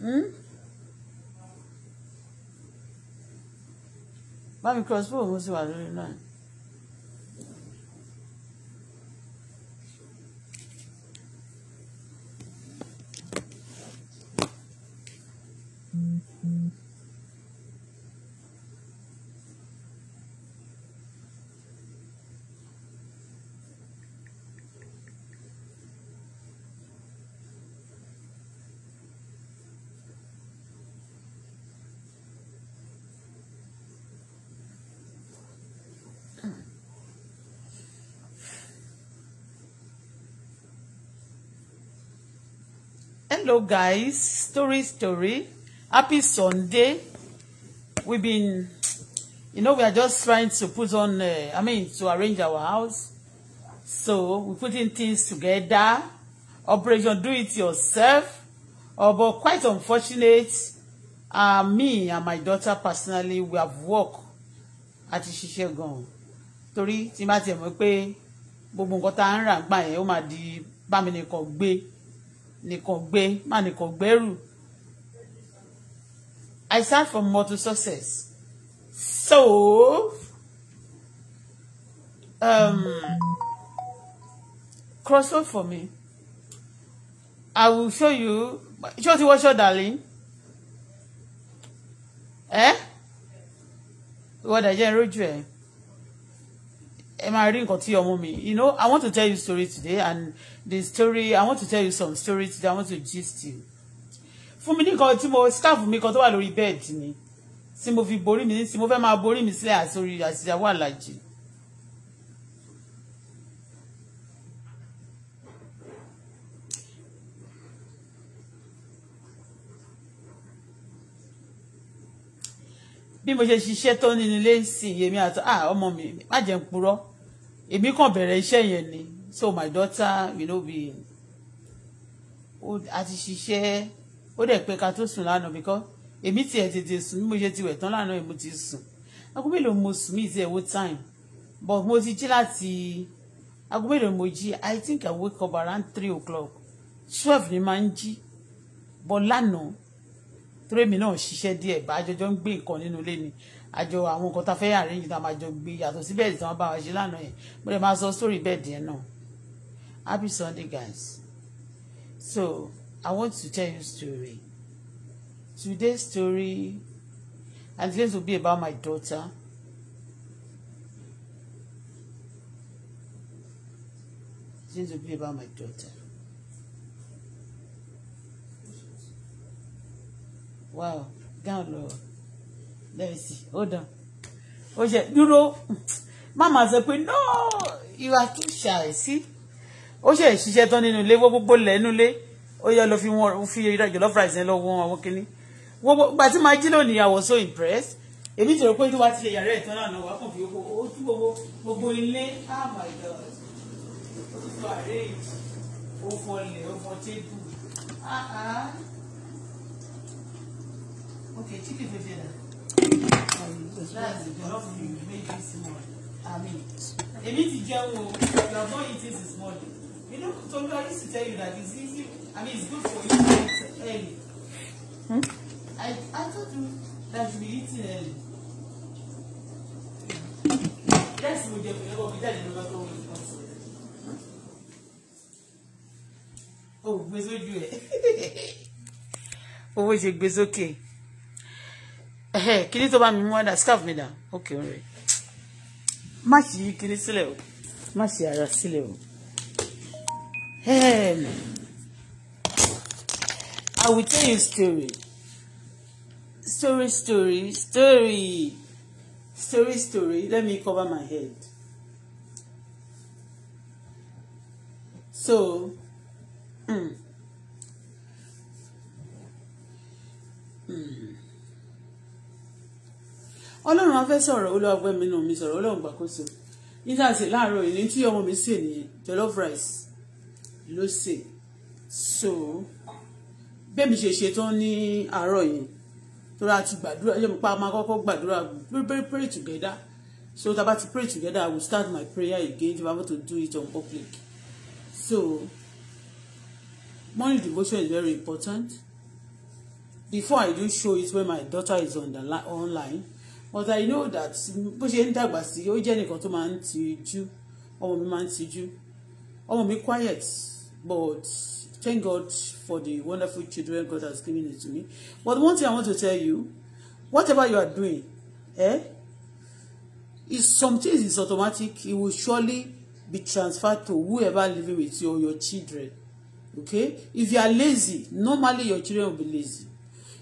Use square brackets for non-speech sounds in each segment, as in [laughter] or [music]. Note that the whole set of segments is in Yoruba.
bá hmm? mi cross phone mo sì wà hello guys story story happy sunday we've been you know we are just trying to put on uh, i mean to arrange our house so we're putting things together operation do it yourself oh, but quite unfortunate uh, me and my daughter personally we have work at ṣiṣẹ́ gan-an torí tí n bá tiẹ̀ mọ̀ pé gbogbo nǹkan tá à ń rà gbà yẹn ó máa di bámi nìkan gbé nìkan gbé má nìkan gbẹ́rù I stand for multiple success so um, cross over for me I will show you ṣé o ti wọṣọ darling ẹ eh? ìwọ dàjẹ́ ń rójú ẹ̀ ẹ I rí nǹkan tí ọmọ you know i want to tell you story today and the story i want to tell you some stories that i want to gist you fún mi ní nǹkan tí mo staff mi kan tó wà lórí bed mi tí mo fi borí mi tí mo fẹ́ máa borí mi sílẹ̀ àsórí àtìyàwó àlàjì. bí mo ṣe ṣiṣẹ́ tó nínú ilé ìsìn yèmí àti ah, ọmọ mi má jẹun purọ́ èmi kàn bẹ̀rẹ̀ iṣẹ́ yẹn ni so my daughter you know be a ti ṣiṣẹ́ ó dẹ̀ pé ká tó sùn lánàá because èmi tiẹ̀ tètè sùn bí mo ṣe ti wẹ̀ tán lánàá èmi ti sùn aago mélòó mo sùn mí ti ẹ̀wọ́ time but mo ti jí láti aago mélòó mo jí i think i wake up around three o'clock twelve ni máa ń jí but lánàá torí èmi náà ṣiṣẹ́ díẹ̀ bá a jọjọ́ ń gbé nǹkan nínú ilé ni àjọ àwọn nǹkan tá a fẹ́ arrange tá a máa jọ gbé yàtọ̀ sí bẹ́ẹ̀dì tí wọ́n bá wa ṣe lánàá yẹn mo lè máa sọ sórí bẹ́ẹ̀dì yẹn náà happy sunday guys so i want to tell you story today's story and it's going to be about my daughter it's going to be about my daughter wow god lord let me see hold on ó ṣe dúró mama sọ pé no you are too shy sí ó ṣe ìṣiṣẹ́ tán nínú ilé wọ́n gbogbo lẹ́nu ilé ó yẹ lọ fi wọn fi jollof rice lọ wọn àwọn kìnnì gbogbo ìgbà tí máa jí lónìí I was so impressed èmi ti rò pé tí wàá ti ṣe yàrá ìtàn náà náà wàá kàn fi owó ó tún gbogbo gbogbo ilé ah my god ó ti tó arrange ó fọlẹ̀ ó fọ tébù ah ah ok chicken fẹ́fẹ́ náà èmi ti jẹun o you are not eating this morning you know I used to tell you that it's easy I mean it's good for you to eat early hmm? I I told you that you be eating early let's go there for your bed and never go with us o gbé sójú ẹ owó ṣe gbé sókè. Okay kí ni tó bá mi mú wádà scarf mi dà ókè ń rè má ṣì yí kiri sílẹ̀ o má ṣì ara sílẹ̀ o I will tell you story story story story story story let me cover my head so. Mm. Mm ọlọ́run afẹ́ sọ̀rọ̀ ó lọ́ọ́ gbẹ́mí nù mí sọ̀rọ̀ ó lọ́ọ́ gbàkóso nígbà tí láàárọ̀ ìní tí ọmọ mi sè nìyẹn jollof rice ló sè so bẹ́ẹ̀ mi ṣe ṣe tán ní àárọ̀ yẹn torí a ti gbàdúrà yẹ́n pa máa kọ́kọ́ gbàdúrà pray pray together so tá a bá ti pray together i will start my prayer again if i want to do it on public so morning devotion is very important before i do show it when my daughter is on the online but I know that bó ṣe ń dàgbà sí ó jẹ́ nìkan tó máa ń tijú ọmọ mi máa ń tijú ọmọ mi quiet but thank God for the wonderful children God has given it to me but one thing I want to tell you whatever you are doing eh is something is automatic it will surely be transferred to whoever living with you or your children okay if you are lazy normally your children will be lazy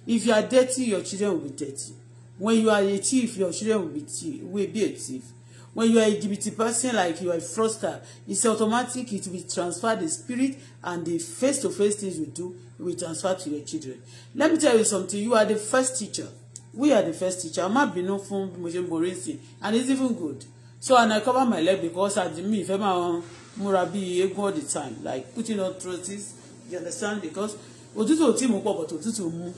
if you are dirty your children will be dirty When you are a thief, your children will be, thief, will be a thief. When you are a LGBT person, like you are a fraudster, it's automatic, it will transfer the spirit and the face-to-face things you do, will transfer to your children. Let me tell you something, you are the first teacher. We are the first teacher. I'm not being fún bí mo ṣe and it's even good. So, and I cover my leg because I didn't mean if I'm a múra bí eégún all the time, like putting on trousers, you understand? Because òtútù ò tí mú pọ̀, but òtútù mú.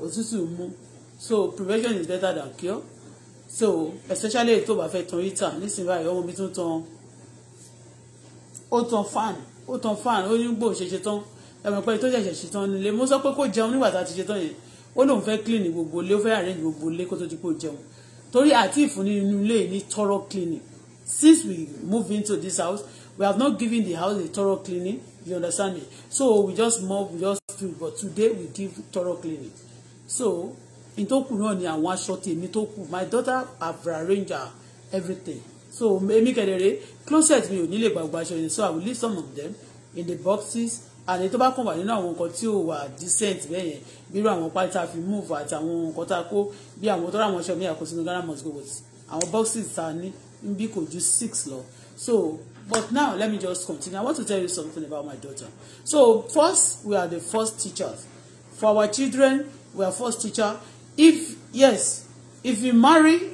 Òtútù mú so prevention is better than cure so especially tó bá fẹ́ tan heater nísìnyí báyìí ọmọ mi tún tan ó tan fan ó tan fan ó ní gbò ṣe ṣe tán ẹ̀mọ̀ pé tó ṣẹ̀ṣẹ̀ ṣe tán nílé mo sọ pé kó jẹun nígbà tá a ti ṣe tán yẹn ó lóun fẹ́ clean gbogbo ilé ó fẹ́ arrange gbogbo ilé kó tó di pé ó jẹun torí àti ìfúnni inú ilé ní thorough cleaning since we move into this house we have not given the house a thorough cleaning you understand me so we just mop we just do but today we give thorough cleaning so in tó kù náà ni àwọn aṣọ tèmi tó kù my daughter have arranged everything so èmi kẹ̀dẹ̀rẹ̀ closet mi ò nílè gbàgbà aṣọ yẹn so I will leave some of them in the boxes àní tó bá kàn wà nínú àwọn nǹkan tí ò wà decent bẹ́ẹ̀ yẹn bírú àwọn pálí tá a fi move àti àwọn nǹkan tá a kó bí àwọn tó ráwọn aṣọ mi àkó sínú Ghana must go with àwọn boxes tá a ní níbí kò ju six lọ so but now let me just continue I want to tell you something about my daughter so first we are the first teachers for our children we are first teacher if yes if you marry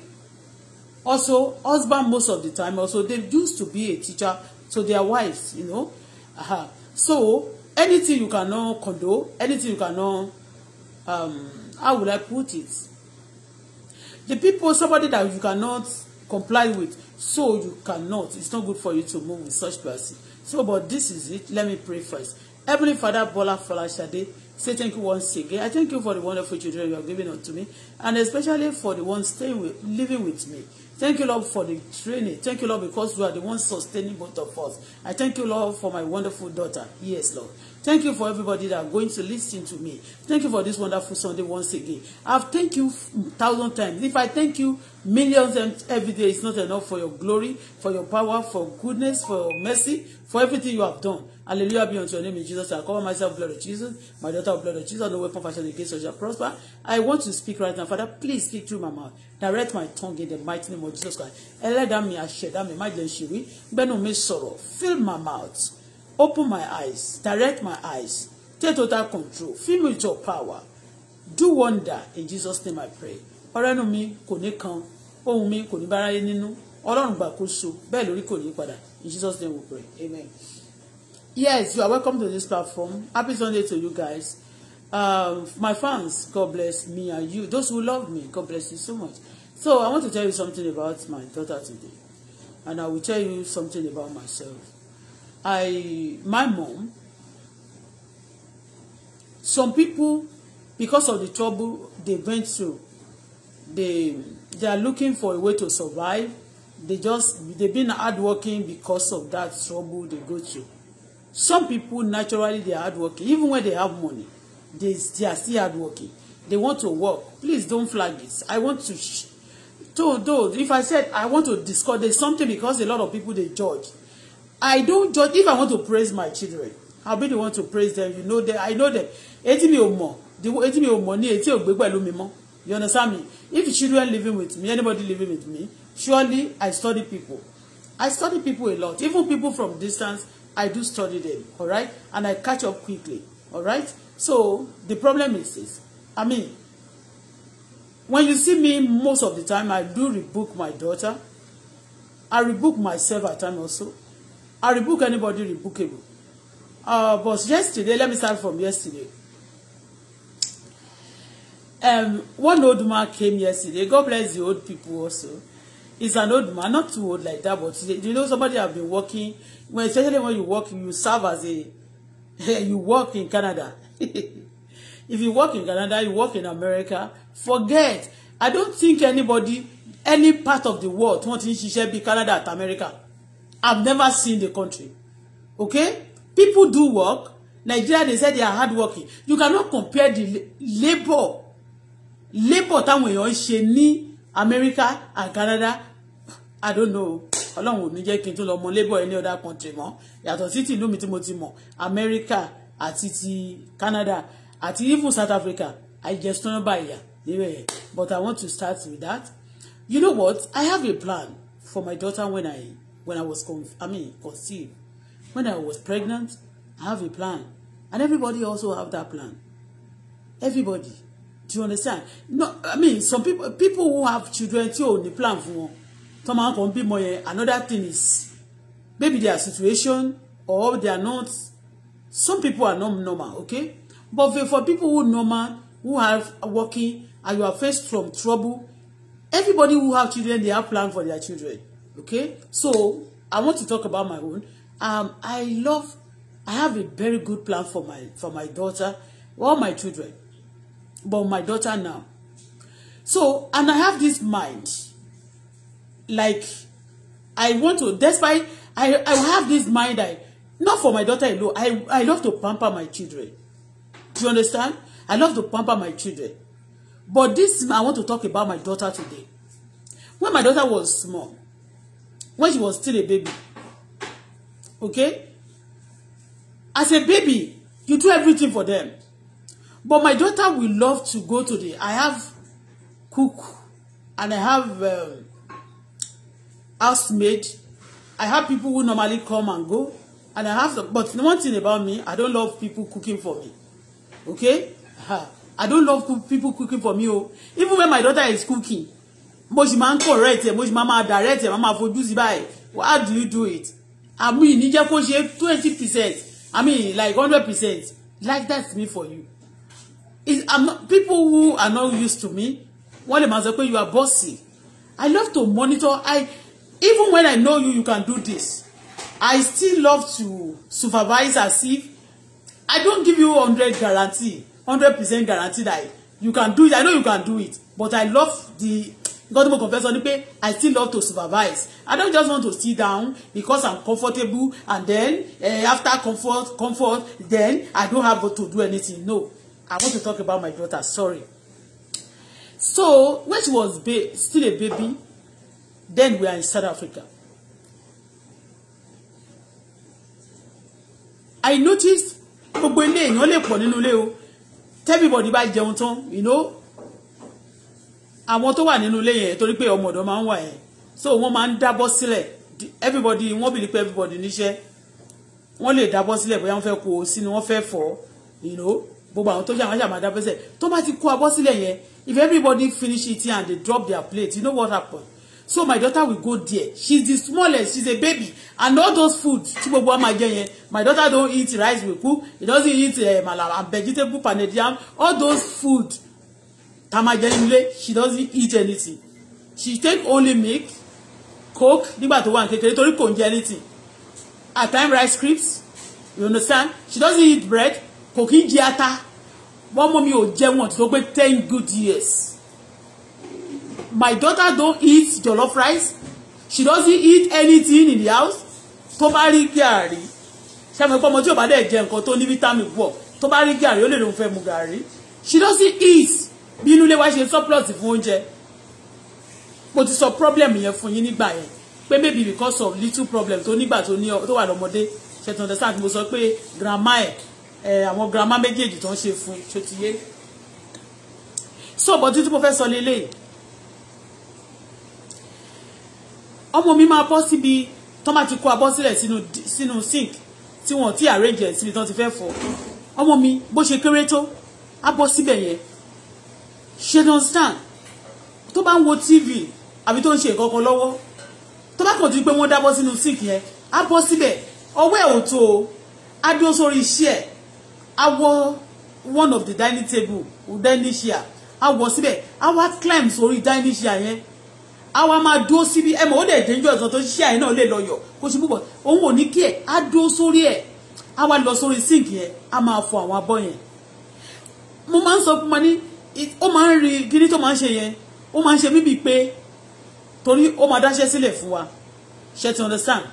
also husband most of the time also they used to be a teacher to their wives you know uh-huh. so anything you cannot condone anything you cannot um how would I put it the people somebody that you cannot comply with so you cannot it's not good for you to move with such person so but this is it let me pray first Heavenly Father Bola Folashade Say thank you once again. I thank you for the wonderful children you are giving unto me, and especially for the ones staying with, living with me. Thank you, Lord, for the training. Thank you, Lord, because you are the one sustaining both of us. I thank you, Lord, for my wonderful daughter. Yes, Lord. Thank you for everybody that are going to listen to me. Thank you for this wonderful Sunday once again. I've thanked you thousand times. If I thank you millions and every day, it's not enough for your glory, for your power, for goodness, for your mercy, for everything you have done. Hallelujah be unto your name in Jesus. I call myself, blood of Jesus, my daughter, of blood of Jesus, no weapon fashioned against us shall prosper. I want to speak right now. Father, please speak through my mouth. Direct my tongue in the mighty name of Jesus Christ. Ẹlẹ́dàá mi, àṣẹ̀dá mi, má jẹ́ n ṣìwí. Gbẹ́nu Fill my mouth. Open my eyes, direct my eyes, take total control, fill me with your power. Do wonder in Jesus' name I pray. Ọ̀rẹ́ inú mi kò ní kan, ohun mi kò ní báráyé nínú, Ọlọ́run gbàkóso, bẹ́ẹ̀ lórí kò ní padà. In Jesus' name we pray. Amen. Yes, you are welcome to this platform. Happy Sunday to you guys. Um, my fans, God bless me and you. Those who love me, God bless you so much. So I want to tell you something about my daughter today. And I will tell you something about myself. I my mom some people because of the trouble they went through they they are looking for a way to survive they just they've been hardworking because of that trouble they go through some people naturally they are hardworking even when they have money they they are still hardworking they want to work please don't flag it I want to sh to if I said I want to discuss there's something because a lot of people they judge I don't judge if I want to praise my children I'll be the one to praise them you know that I know them etí mi ò mọ̀ etí mi ò mọ̀ ní etí ògbé mi mọ́ you understand me if children living with me anybody living with me surely I study people I study people a lot even people from distance I do study them all right and I catch up quickly all right so the problem is this I mean when you see me most of the time I do rebuke my daughter I rebuke myself at times also I rebuke anybody rebukable. Uh, but yesterday, let me start from yesterday. Um, one old man came yesterday. God bless the old people also. He's an old man, not too old like that, but you know somebody have been working. When especially when you work, you serve as a [laughs] you work in Canada. [laughs] If you work in Canada, you work in America, forget. I don't think anybody, any part of the world, wants to ń ṣiṣẹ́ Canada at America. I've never seen the country. Okay? People do work. Nigeria, they say they are hardworking. You cannot compare the labor. Labor time èèyàn ń ṣe America and Canada. I don't know. Ọlọ́run ò ní jẹ́ kí n tún labor any other country mọ́. Yàtọ̀ sí tìlú mi tí mo ti mọ̀. America at city, Canada at even South Africa. I just don't buy ya. But I want to start with that. You know what? I have a plan for my daughter when I when I was conf I mean conceived. When I was pregnant, I have a plan. And everybody also have that plan. Everybody. Do you understand? No, I mean some people people who have children tí ò ní plan for wọn. Tó máa kàn another thing is maybe their situation or they are not some people are not normal, okay? But for people who normal, who have working and you are faced from trouble, everybody who have children, they have plan for their children. Okay, so I want to talk about my own. Um, I love. I have a very good plan for my for my daughter, all my children, but my daughter now. So and I have this mind, like I want to. Despite I I have this mind. I not for my daughter alone. I I love to pamper my children. Do you understand? I love to pamper my children. But this I want to talk about my daughter today. When my daughter was small, when she was still a baby. Okay? As a baby, you do everything for them. But my daughter will love to go to the... I have cook and I have um, housemaid. I have people who normally come and go. And I have... Some, but one thing about me, I don't love people cooking for me. Okay? I don't love people cooking for me. oh. Even when my daughter is cooking, mo sì máa ń correct ẹ̀ mo sì máa máa direct ẹ̀ máa máa fojú sí báyìí how do you do it àmì ìníjẹ́ kó ṣe twenty percent I mean like hundred percent like that's me for you Is I'm not, people who are not used to me wọ́n lè máa sọ pé you are bossy I love to monitor I even when I know you you can do this I still love to supervise as if I don't give you hundred guarantee hundred percent guarantee that you can do it I know you can do it but I love the God mo confess ni pé I still love to supervise I don't just want to sit down because I'm comfortable and then uh, after comfort comfort then I don't have to do anything no I want to talk about my daughter sorry so when she was ba still a baby then we are in South Africa I noticed gbogbo ilé èèyàn lè pọ̀ nínú ilé o everybody bá jẹun tán you know àwọn tó wà nínú ilé yẹn torí pé ọmọ ọ̀dọ́ máa ń wà yẹn so wọ́n máa ń dábọ́ sílẹ̀ everybody wọ́n bìlí pé everybody níṣẹ́ wọ́n lè dábọ́ sílẹ̀ bóyá wọ́n fẹ́ kó o sínú wọ́n fẹ́ fọ́ you gbogbo àwọn tó yà wọ́n yà máa dábọ́ tó bá ti kó abọ́ sílẹ̀ yẹn if everybody finish it and they drop their plate you know what happen so my daughter will go there she's the smallest she's a baby and all those food tí gbogbo wa máa jẹ yẹn my daughter don eat rice with cook she doesn't eat uh, malala and vegetable panadium all those food tá máa she doesn't eat anything she take only milk coke nígbà tó wà ní kékeré torí kò ń jẹ anything at times rice crisps you understand she doesn't eat bread kò kí ń jẹ ata wọ́n mọ́ mi ò jẹ wọn tó pé ten good years my daughter don't eat jollof rice she doesn't eat anything in the house tó bá rí gàrí ṣé àwọn ẹ̀kọ́ ọmọ tí ò bá dẹ̀ jẹ nǹkan tó ní vitamin pọ̀ tó bá rí gàrí ó lè lóun fẹ́ mu gàrí she doesn't eat bí inú ilé wa ṣe surplus fún oúnjẹ mo ti sọ problem yẹn fún yín nígbà yẹn pé maybe because of little problem tó nígbà tó ní tó wà lọ́mọdé ṣe tó ń tẹ̀sán àti mo sọ pé grandma ẹ̀ ẹ̀ àwọn grandma méjèèjì tó ń ṣe fún ṣó ti yé so but títí mo fẹ́ sọ lélẹ̀ ọmọ mi máa bọ́ síbi tán bá ti kó abọ́ sílẹ̀ sínú sink tí wọ́n ti arrange ẹ̀ síbi tán ti fẹ́ fọ̀ ọmọ mi bó ṣe kéré tó á bọ́ síbẹ̀ yẹn ṣe don stand tó bá ń wo tv àbí tó ń ṣe nǹkan kan lọ́wọ́ tó bá kàn ti pé wọ́n dábọ́ sínú sink yẹn á bọ́ síbẹ̀ ọwọ́ ẹ̀ ò tó o á dúró sórí iṣẹ́ ẹ̀ á wọ one of the dining table dining chair á wọ síbẹ̀ á wá climb sórí dining chair yẹn á wá máa dúró síbi ẹ̀ mọ̀ ó dẹ̀ dẹ́njọ́ ẹ̀sán tó ṣiṣẹ́ yẹn náà lè lọ yọ̀ kó ṣe púpọ̀ òun ò ní kí ẹ̀ á dúró sórí ẹ̀ á wá lọ sórí sink yẹn á máa fọ àwọn abọ́ yẹn mo máa ń sọ fún wọn ní ó máa ń rí kíní tó máa ń ṣe yẹn ó máa ń ṣe mí bíi pé torí ó máa dáṣẹ́ sílẹ̀ fún wa ṣe ti understand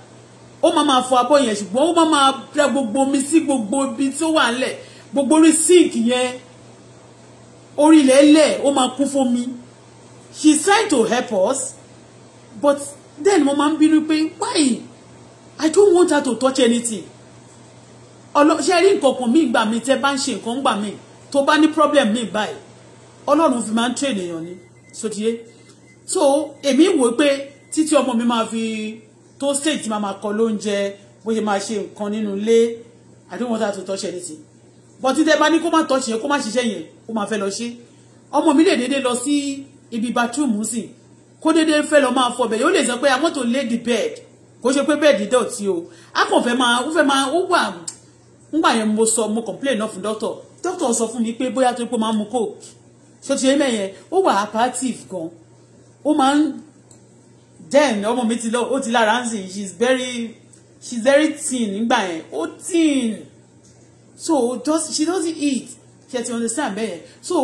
ó máa máa fọ abọ́ yẹn ṣùgbọ́n ó máa máa dà gbogbo omi sí gbogbo ibi tó wà ńlẹ̀ gbogbo orí síǹkì yẹn orí ilẹ̀ ẹlẹ̀ ó máa kún fún mi she tried to help us but then mo máa ń bínú pé why i don't want her to touch anything ọlọ ṣe rí nǹkan kan mí gbà mí tẹ bá ń ṣe nǹkan gbà mí tó bá ní problem mí báyìí ọlọ́run fi máa ń train èèyàn ni sotiye so èmi wò pé títí ọmọ mi máa fi tó stage tí máa máa kọ lóúnjẹ bó ṣe máa ṣe nǹkan nínú ilé I don't want her to touch anything but tí tẹ bá ní kó má touch yẹn kó má ṣiṣẹ́ yẹn kó má fẹ́ lọ ṣe ọmọ mi lè déédéé lọ sí ibi bathroom sí kó déédéé fẹ́ lọ máa fọ bẹ̀ yóò lè sọ pé I want to lay the bed kó ṣe pé bẹ́ẹ̀dì dọ̀tí o a kàn fẹ́ máa ó fẹ́ máa ó wà ńgbà yẹn mo sọ mo complain náà fún doctor doctor sọ fún mi pé bóyá tó pé máa mu coke so ti ẹ̀mẹ̀ yẹn ó wà apathic gan ó máa ń then ọmọ mi ti lọ ó ti lára ń sìn she is very she is very thin nígbà yẹn ó thin so just she doesn't eat she ti understand bẹ́ẹ̀ so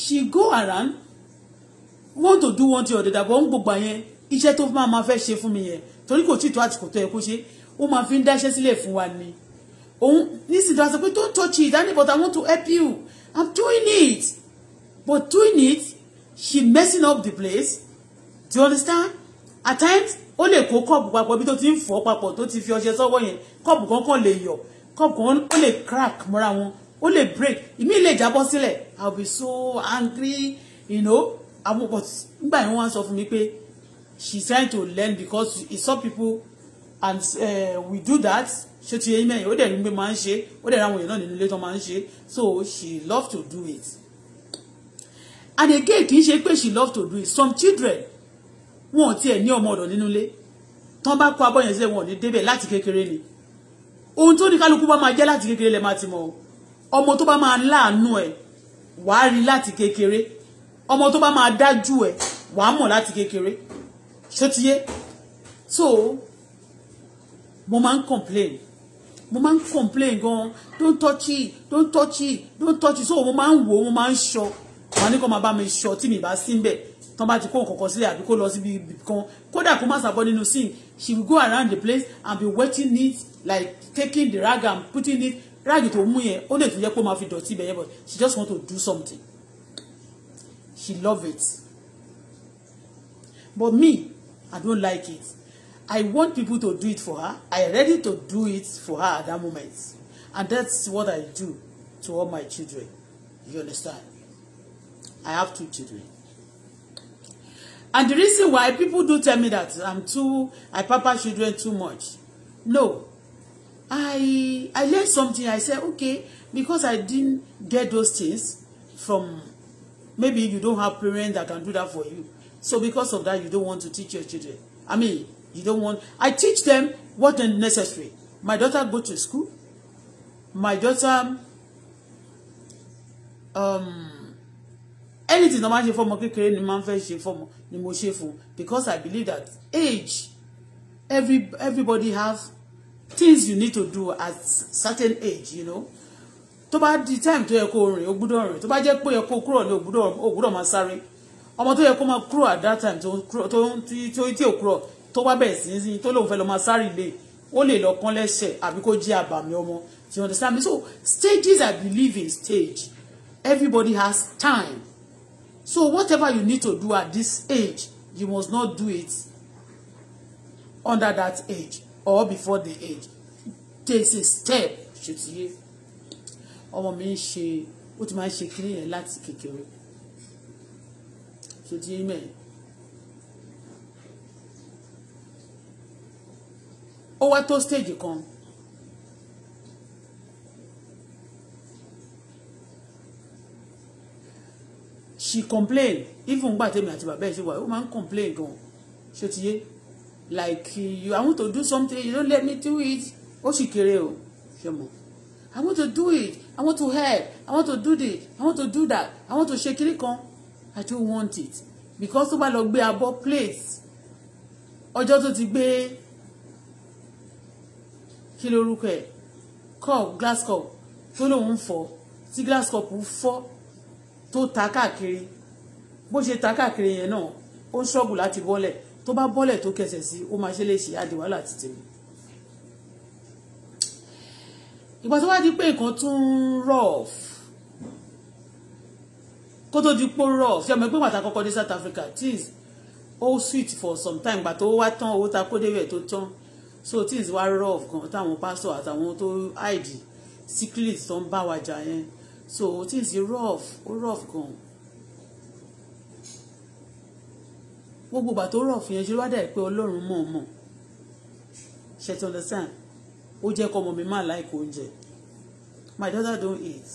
she go around want to do one thing or the other but ń gbogbo yẹn iṣẹ́ tó máa ma fẹ́ ṣe fún mi yẹn torí kò tí tó àtìkò tó yẹ kó ṣe ó máa fi ń dáṣẹ́ sílẹ̀ fún wa ni òun nísìnyí tó a sọ pé don't touch it anybody I want to help you I'm doing it But doing it, she messing up the place. Do you understand? At times, only lè kó kọ́ọ̀bù papọ̀ bí tó ti ń fọ́ papọ̀ tó ti fi ọṣẹ sọ́wọ́ yẹn kọ́ọ̀bù kankan lè yọ kọ́ọ̀bù kan ó crack more wọn ó lè break ìmí lè jábọ́ sílẹ̀ I will be so angry you know àwọn but by yẹn wọ́n á sọ fún mi trying to learn because e some people and uh, we do that ṣé ti yẹ yín mẹ́yìn ó dẹ̀ rí pé máa ń ṣe ó dẹ̀ ra àwọn so she love to do it and again kì í ṣe pé she love to do it some children wọn ò tiẹ̀ ní ọmọ ọ̀dọ̀ nínú ilé tán bá kó abọ́ yẹn sílẹ̀ wọn ò ní débẹ̀ láti kékeré ni ohun tó ní kálukú bá máa jẹ́ láti kékeré lẹ máa ti mọ̀ ọmọ tó bá máa láàánú ẹ̀ wàá rí láti kékeré ọmọ tó bá máa dájú ẹ̀ wàá mọ̀ láti kékeré ṣó ti yé so mo máa ń complain mo máa ń complain gan don't touch it don't touch it don't touch it so mo máa ń wò ó mo máa ń ṣọ́ wọn ní kó máa bá mi sọ tí mi bá sí ń bẹ̀ tán bá ti kó nǹkan kan sílẹ̀ àbí kó lọ síbi kan kódà kó má sàbọ̀ nínú sink she will go around the place and be wetting it like taking the rag and putting it rag tó mú yẹn ó lè tún jẹ́ kó máa fi dọ̀tí bẹ̀yẹ̀ but she just want to do something she love it but me I don't like it I want people to do it for her I ready to do it for her at that moment and that's what I do to all my children you understand I have two children. And the reason why people do tell me that I'm too, I pamper children too much. No. I I learned something. I said, okay, because I didn't get those things from, maybe you don't have parents that can do that for you. So because of that, you don't want to teach your children. I mean, you don't want, I teach them what is necessary. My daughter go to school. My daughter, um, anything tó máa ń ṣe fọ́mọ kékeré ni máa ń fẹ́ ṣe fọ́mọ ni mo ṣe fún because I believe that age every everybody have things you need to do at certain age you know tó bá di time tó yẹ kó rìn o gbúdọ̀ rìn tó bá jẹ́ pé yẹ kó kúrò ní o gbúdọ̀ o gbúdọ̀ máa sáré ọmọ tó yẹ kó máa kúrò at that time To to to tí ò kúrò To wá bẹ̀rẹ̀ sí sí tó lóun fẹ́ lọ máa sáré lé ó lè lọ kán lẹ́sẹ̀ àbí kó jẹ́ àbàmì ọmọ do you understand me so stages I believe in stage everybody has time so whatever you need to do at this age you must not do it under that age or before the age takes a step ṣètìyé ọmọ mi ń ṣe ó ti máa ń ṣe kiri yẹn láti kékeré ṣètìyé mẹ́rin ó wá tó stage kan. she complain even gbà tèmi àti bàbá ẹ̀ ṣe wà ó máa ń complain gan ṣé ti yé like you i want to do something you don't let me do it ó sì kéré o ṣe mọ̀ i want to do it i want to help i want to do this i want to do that i want to ṣe kiri kan i don't want it because tó bá lọ gbé abọ́ place. ọjọ́ tó ti gbé kí lorúkọ ẹ̀ cup glass cup tó lòun fọ́ tí glass cup fọ́ tó ta káàkiri bó ṣe ta káàkiri yẹn náà ó ń láti bọ́lẹ̀ tó bá bọ́lẹ̀ tó kẹsẹ̀ sí ó máa ṣe léṣe àdìwálà títí mi. ìgbà tó wá di pé nǹkan tún rough kó tó di pé rough ṣe ọmọ ẹgbẹ́ pàtàkì kọ́kọ́ dé South Africa things ó sweet for some time gbà tó wá tán owó ta kó débẹ̀ tó tán so things wá rough gan táwọn pásọ àtàwọn tó hide secret tó ń bá wa jà yẹn so things rough ó rough gan gbogbo ìgbà tó rough yẹn ṣe wá dà pé ọlọ́run mọ̀ mọ̀ ṣe ti understand ó jẹ́ kọ́ ọmọ mi máa láìkó oúnjẹ my daughter don't eat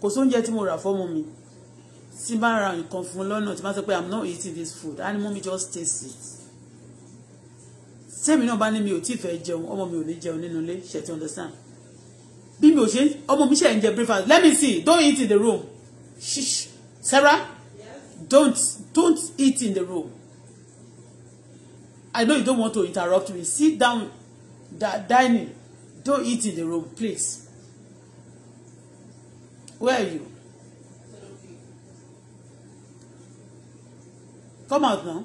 kò sóúnjẹ tí mo rà fọ́mọ mi tí bá ra nǹkan fún lọ́nà tí bá sọ pé i'm not eating this food and mommy just taste it tẹ́mi náà bá ní mi ò tí ì fẹ́ jẹun ọmọ mi ò ní jẹun nínú ilé ṣe ti understand bí mi ò ṣe ọmọ mi ṣe ń jẹ breakfast let me see don't eat in the room shish Sarah don't don't eat in the room I know you don't want to interrupt me sit down dining don't eat in the room please. Where are you? Come out now.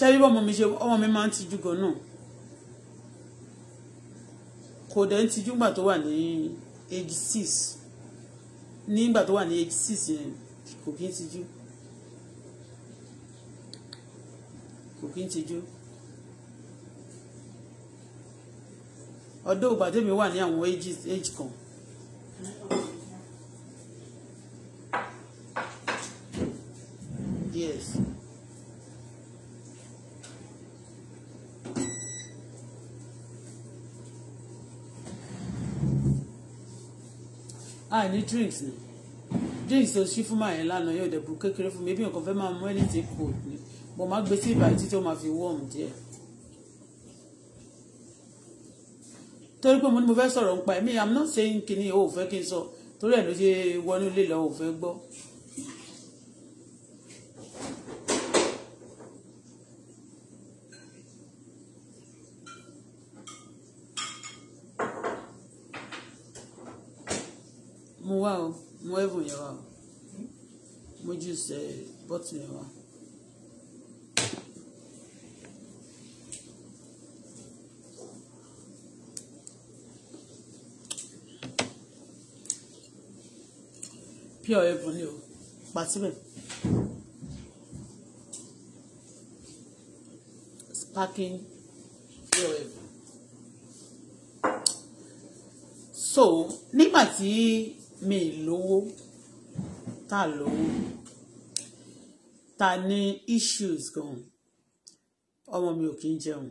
ṣe rí ọmọ mi ṣe ọmọ mi máa ń tijú gan náà kò dẹ̀ ń tijú nígbà tó wà ní age six nígbà tó wà ní age six yẹn kò kí ń tijú kò kí ń tijú ọdún ìgbà tèmi wà ní àwọn age kan yes. ah ní drinks ni drinks o ṣí fún màá yẹn lánàá yóò dẹ̀bù kékeré fún mi ebi nǹkan fẹ́ máa mú anything cold ni mo máa gbé sí ìbàyí títí ó máa fi warm díẹ̀. torí pé mo fẹ́ sọ̀rọ̀ nípa ẹ̀mí i'm not saying kinní o ò fẹ́ kí n sọ torí ẹ̀ ló ṣe wọnú ilé lọ ò fẹ́ gbọ́. wá o mú ẹ̀bùn yẹn wá o mú jùsẹ̀ bọ́tù yẹn wá. pure ẹ̀bùn ni o pa síbẹ̀. sparking pure so nígbà tí mi lówó ta lówó ta ní issues gan ọmọ mi ò kí ń jẹun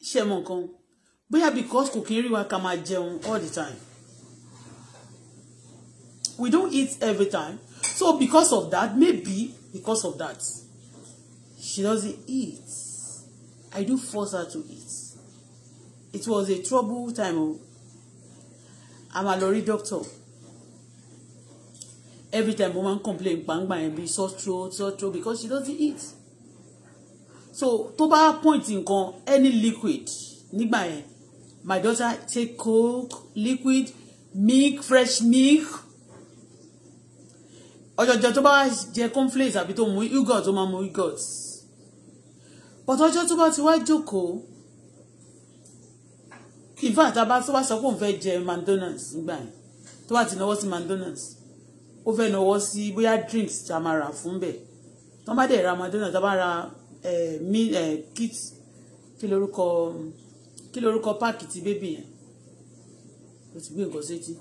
ṣe mọ nǹkan bóyá because kò kí ń rí wa ká máa jẹun all the time we don't eat every time so because of that maybe because of that she doesn't eat I do force her to eat it was a trouble time o a máa lọ rí doctor every time mo máa ń complain gbangba yẹn bíi sore throat sore throat because she doesn't eat so tó bá point nǹkan any liquid nígbà yẹn my daughter take coke liquid milk fresh milk ọjọjọ tó bá jẹ cornflakes àbí tó mu yogurt tó máa mu yogurt but ọjọ́ tó bá ti wá jókòó in fact tá a bá tó bá sọ pé òun fẹ́ jẹ McDonald's nígbà yẹn tó bá ti náwó sí McDonald's ó fẹ́ náwó sí bóyá drinks tá a máa rà fún bẹ̀ tó bá dẹ̀ ra McDonald's tá a bá ra kit kí lorúkọ kí lorúkọ páàkì ti bébì yẹn ó ti gbé nǹkan sétí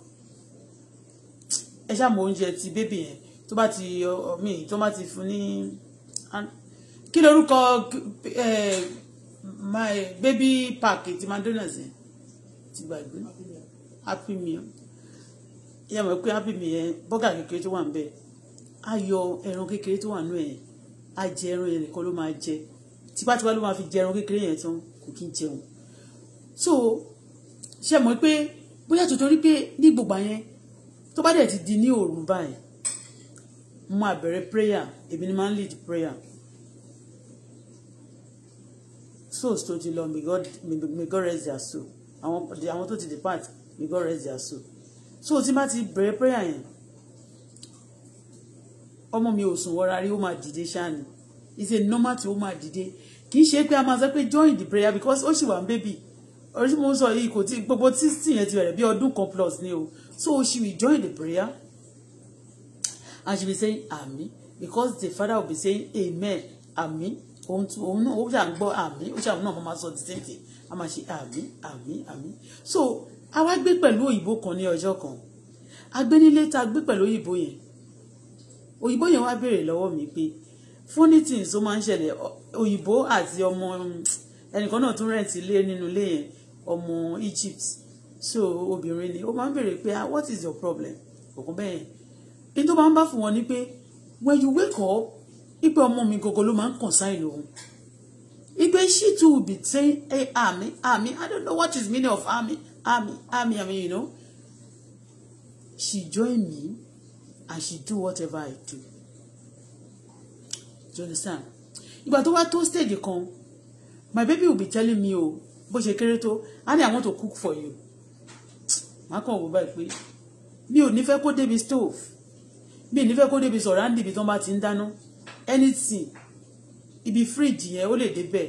ẹ ṣáà mọ oúnjẹ ti bébì yẹn tó bá ti mi tó bá ti fún ní kí lorúkọ baby park ti McDonald's yẹn ti gbàgbé happy meal ìyá mọ̀ pé happy meal yẹn bọ́gà kékeré tó wà ń bẹ̀ á yọ ẹran kékeré tó wà nù ẹ̀ á jẹ ẹran yẹn nìkan ló máa jẹ tipátipá ló máa fi jẹ ẹran kékeré yẹn tán kò kí n jẹun so ṣe mọ̀ pé bóyá tòtòrí pé ní gbogbo yẹn tó bá dẹ̀ ti di ní òru báyìí mo máa bẹ̀rẹ̀ prayer èmi ni máa ń lead prayer souls tó ti lọ may God may God rest their soul àwọn àwọn tó ti part may go rest their soul so tí má ti bẹ̀rẹ̀ prayer yẹn ọmọ mi ò sùn wọra rí ó máa dìde ṣáà ni it's a normal tí ó máa dìde kì í ṣe pé a máa sọ pé join the prayer because ó sì wà ń bébì orí mo ń sọ yìí kò tí gbogbo títì yẹn ti bẹ̀rẹ̀ bí ọdún kan plus ni o so she will join the prayer and she be saying àmín because the father will be saying amen àmín òun náà ó ṣà ń gbọ́ àmín ó ṣà ń náà mo máa sọ the same thing a máa ṣe àmì àmì àmì so a wá gbé pẹ̀lú òyìnbó kan ní ọjọ́ kan a gbé nílé tá a gbé pẹ̀lú òyìnbó yẹn òyìnbó yẹn wá béèrè lọ́wọ́ mi pé funny things ó máa ń ṣẹlẹ̀ òyìnbó àti ọmọ ẹnìkan náà tún rẹ̀ǹtì ilé nínú ilé yẹn ọmọ Egypt so obìnrin ni ó máa ń béèrè pé ah what is your problem òkun bẹ́ẹ̀ yẹn ní tó máa ń bá fún wọn ni pé when you wake up ipe ọmọ mi gọgọ ló máa ń kàn sáì lòun Igwe, she too will be saying, hey, army, army. I don't know what is meaning of army, army, army, I mean, you know. She joined me and she do whatever I do. Do you understand? Ìgbà tó wá tó the kan, my baby will be telling me, oh, but she kéré to, honey, I want to cook for you. My kàn will báyìí pé mi ò ní fẹ́ kó débi stove, Me, never go to the surrounding sọ̀rọ̀ àǹdìbí tó ń anything ibi fíríjì yẹn ó lè débẹ̀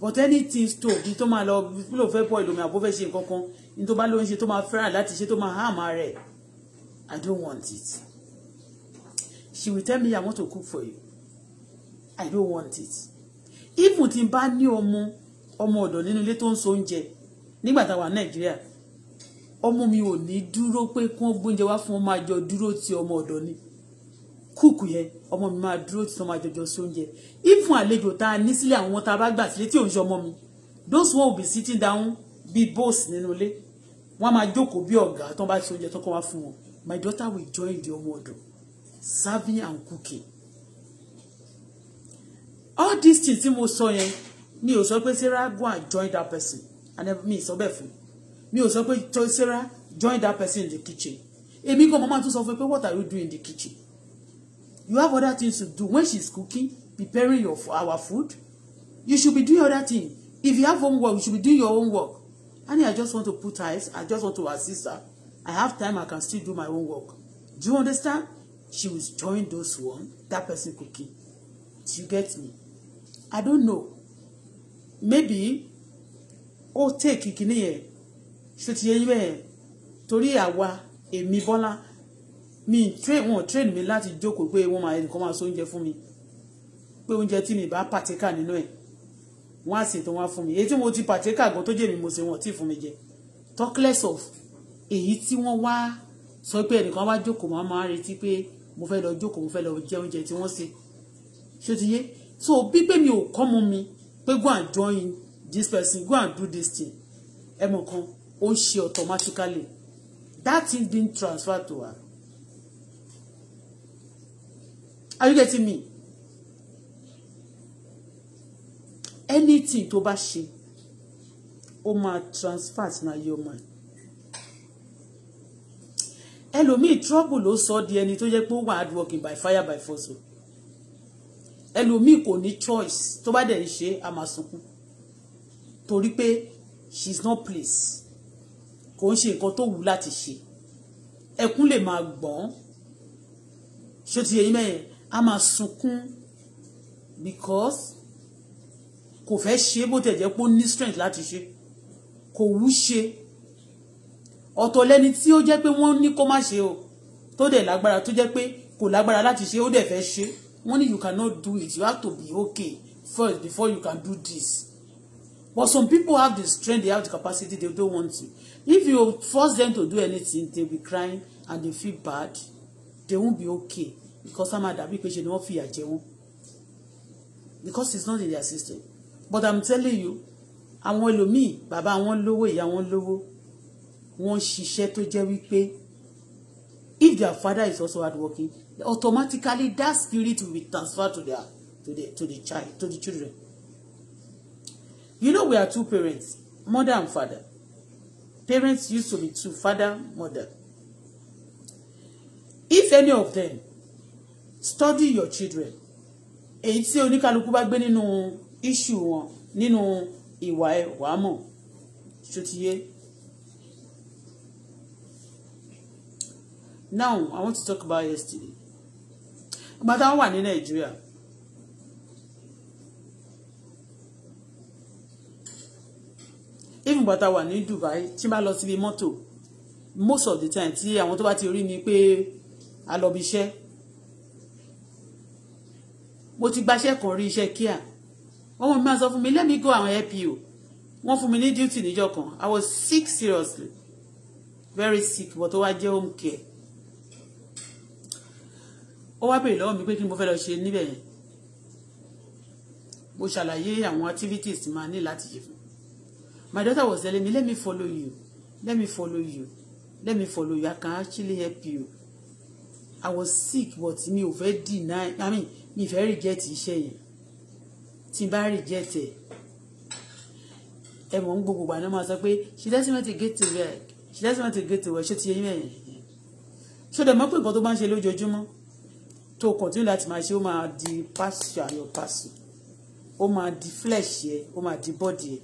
but anything store bí tó máa lọ bí ló fẹ́ bọ́ ìlòmí àbó fẹ́ ṣe nǹkan kan ní tó bá ló ń ṣe tó máa fẹ́ràn láti ṣe tó máa hàn máa rẹ̀ I don't want it she will tell me I want to cook for you I don't want it even tí n bá ní ọmọ ọmọ ọ̀dọ̀ nínú ilé tó ń so oúnjẹ nígbà táwa Nàìjíríà ọmọ mi ò ní dúró pé kí wọ́n gbóúnjẹ wá fún ọmọ àjọ dúró ti ọmọ ọ̀dọ̀ ni kúùkù yẹn ọmọ mi máa dúró tí wọ́n máa jọjọ sí oúnjẹ ìfún àlejò tá a ní sílé àwọn tá a bá gbà sílé tí ò ń ṣe ọmọ mi those one will be sitting down be boss nínú ilé wọ́n máa jókòó bí ọ̀gá tó ń bá ṣe oúnjẹ tó kọ́ wá fún wọn my daughter will join the ọmọ ọ̀dọ̀ serving and cooking all these things tí mo sọ yẹn mi ò sọ pé sarah go and join that person and mi sọ bẹ́ẹ̀ fún mi ò sọ pé sarah join that person in the kitchen èmi gan mo máa tún sọ fún pé what are you doing in the kitchen You have other things to do. When she's cooking, preparing your our food, you should be doing other things. If you have homework, you should be doing your own work. And I just want to put eyes. I just want to assist her. I have time. I can still do my own work. Do you understand? She will join those one, that person cooking. Do You get me? I don't know. Maybe, ó take ìkíní yẹn. Ṣé ti yẹ yín bẹ́ẹ̀? Torí àwa, èmi Bọ́lá, mi wọn train mi láti jókòó pé wọ́n máa ẹnìkan máa so oúnjẹ fún mi pé oúnjẹ tí mi bá pàtíkà nínú ẹ̀ wọ́n á sì tó wá fún mi èyí tí mo ti pàtíkà gan tó jẹ́ mi mo ṣe wọ́n tí fún mi jẹ talkless of èyí tí wọ́n wá sọ pé ẹnìkan wá jókòó máa máa retí pé mo fẹ́ lọ jókòó mo fẹ́ lọ jẹ oúnjẹ tí wọ́n ṣe ṣé ti yé so bí pé mi ò kọ́ mu mi pé go and join this person go and do this thing ẹ mọ̀ kan ó ń ṣe automatically that thing been transferred to her are you getting me anything to bá ṣe ó máa transfer sínú ayé ọmọ ẹ ẹlòmíì trouble ló so di ẹni to jẹ́ pé hard working by fire by force Hello, me kò ní choice To bá dẹ̀ ń ṣe a máa she's not pleased kò ń ṣe nǹkan tó wù láti ṣe ẹkún lè máa gbọ́n ṣé a máa sunkún because kò fẹ́ ṣe bó tẹ̀ jẹ́ pé ó ní strength láti ṣe kò wú ṣe ọ̀tọ̀ lẹ́ni tí ó jẹ́ pé wọ́n ní kó má ṣe o tó dẹ̀ lágbára tó jẹ́ pé kò lágbára láti ṣe ó dẹ̀ fẹ́ ṣe wọ́n ní you cannot do it you have to be okay first before you can do this but some people have the strength they have the capacity they don't want to if you force them to do anything they be crying and they feel bad they won't be okay because a máa dàbí pé ṣe ni wọ́n fìyà because it's not in their system but i'm telling you àwọn ẹlòmíì bàbá wọn lówó ìyá wọn lówó wọ́n ṣiṣẹ́ tó jẹ́ wípé if their father is also hardworking automatically that spirit will be transferred to their to the to the child to the children you know we are two parents mother and father parents used to be two father mother if any of them study your children èyí tí oníkálukú bá gbé nínú issue wọn nínú ìwà ẹ̀ wàá mọ̀ ṣòtìyé. now i want to talk about yesterday ìgbà táwọn wà ní nàìjíríà even ìgbà táwọn wà ní dubai tí n bá lọ síbi mọ́tò most of the time tí àwọn tó bá ti rí mi pé a lọ bí iṣẹ́ mo ti gbaṣẹ́ kan rí iṣẹ́ kíá ọmọ mi máa sọ fún mi let me go àwọn LPO wọ́n fún mi ní duty níjọ́ kan I was sick seriously very sick but ó wá jẹ́ home care ó wá béèrè lọ́wọ́ mi pé kí ni mo fẹ́ lọ ṣe níbẹ̀ yẹn mo ṣàlàyé àwọn activities tí máa ní láti ṣe fún my daughter was telling me let me follow you let me follow you let me follow you I can actually help you I was sick but mi ò fẹ́ deny I mean mi fẹ́ rìjẹ́tì iṣẹ́ yẹn tí n bá rìjẹ́tì ẹ̀ ẹ mọ̀ ń gbogbo gbà náà máa sọ pé she doesn't want to get to work she doesn't want to get to work ṣé ti yẹ yín ẹ̀yìn ṣó dẹ̀ mọ́ pé nǹkan tó bá ń ṣe lójoojúmọ́ tó continue láti máa ṣe ó máa di pásù àyọ̀ pásù ó máa di flesh yẹ ó máa di body yẹ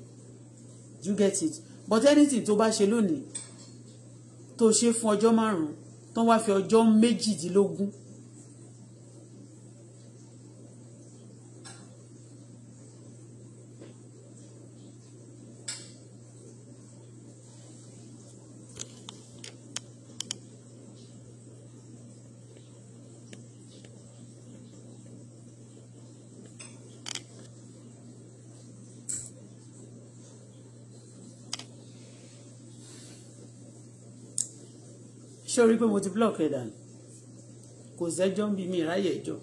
you get it but anything tó bá ṣe lónìí tó ṣe fún ọjọ́ márùn-ún tó wá fi ọjọ́ méjìdínlógún ṣé o rí pé mo ti block ẹ̀ dànù kò sẹ́jọ́ ń bí mi ráyè ẹjọ́.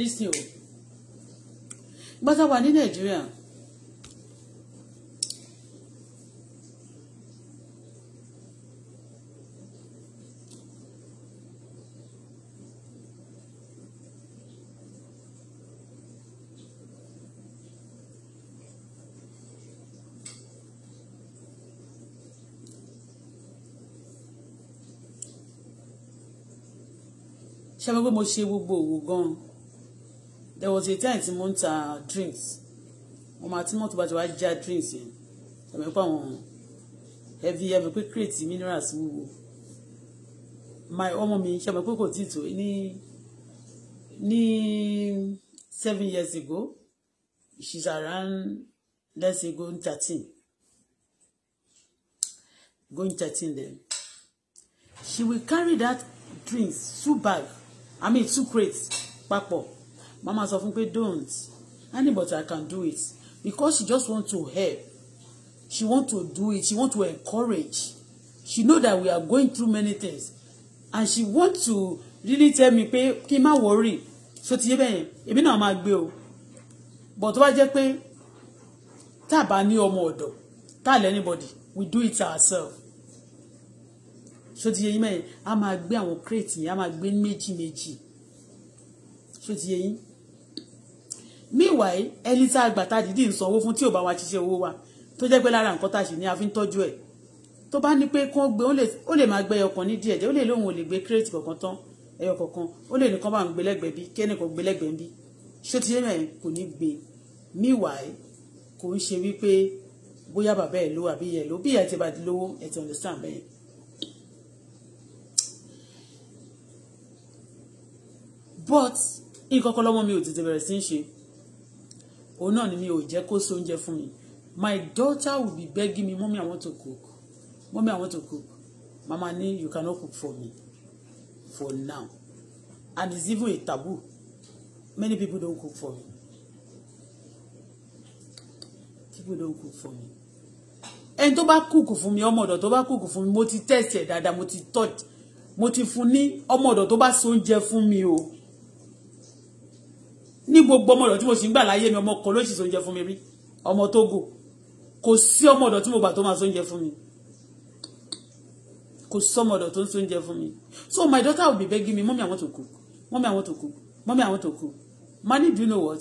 listen o gbọ́dọ̀ wà ní nàìjíríà. ṣe mọ̀ pé mo ṣe gbogbo òwò gan-an there was a time tí mo ń ta drinks mo máa tí mọ́tò bá ti wá já drinks yẹn ẹ̀mí pa àwọn ẹbí ẹ̀mí pé crate minerals wúwo my ọmọ mi ṣe mọ̀ pé kò tí tó ní ní seven years ago she's around let's say going thirteen going thirteen then she will carry that drinks two bags I mean two crates papọ̀ mama sọ fún pé don't anybody I can do it because she just want to help she want to do it she want to encourage she know that we are going through many things and she want to really tell me pé kí n má worry so ti yé bẹ́yẹn èmi náà máa gbé o but tó bá jẹ́ pé tá a bá ní ọmọ ọ̀dọ̀ tá a lẹ́ anybody we do it ourselves so ti yẹ mẹ́rin a máa gbé àwọn crate yẹn a máa gbé méjì méjì so ti meanwhile ẹni tá a gbà tá a dìídì ń sanwó fún tí ò bá wa ṣiṣẹ́ owó wa tó jẹ́ pé lára nǹkan tá a ṣì ní a fi ń tọ́jú ẹ̀ tó bá ní pé kán gbé ó lè máa gbé ẹyọ kan ní díẹ̀ díẹ̀ ó lè lóun ò lè gbé crate kọ̀ọ̀kan tán ẹyọ kọ̀ọ̀kan ó lè nìkan bá ń gbé lẹ́gbẹ̀ẹ́ bí kẹ́ni kan gbé lẹ́gbẹ̀ẹ́ bí ṣé ti mẹ́rin kò ní gbé meanwhile kò ń ṣe wípé bóyá bàbá ẹ̀ ló àbí ẹ̀ ló bí ẹ̀ ti bá di lówó ẹ̀ ti understand bẹ́yẹn but nǹkan kan lọ́mọ mi ò tètè bẹ̀rẹ̀ sí í ṣe òun náà ni mi ò jẹ́ kó sóúnjẹ fún mi my daughter will be begging me mommy i want to cook mommy i want to cook mama ni you cannot cook for me for now and it's even a taboo many people don't cook for me people don't cook for me ẹni tó bá kúkù fún mi ọmọ ọ̀dọ̀ tó bá kúkù fún mi mo ti tẹ̀sí ẹ̀ dáadáa mo ti touch mo ti fún ní ọmọ tó bá sóúnjẹ fún mi o ní gbogbo ọmọ ọ̀dọ̀ tí mo sì ń gbà láyé mi ọmọ kan ló sì sóúnjẹ fún mi rí ọmọ Tógò kò sí ọmọ tí mo gbà tó máa sóúnjẹ fún mi kò sọmọ ọ̀dọ̀ tó ń sóúnjẹ fún mi so my daughter will be begging me mommy I want to cook mommy I want to cook mommy I want to cook mani do you know what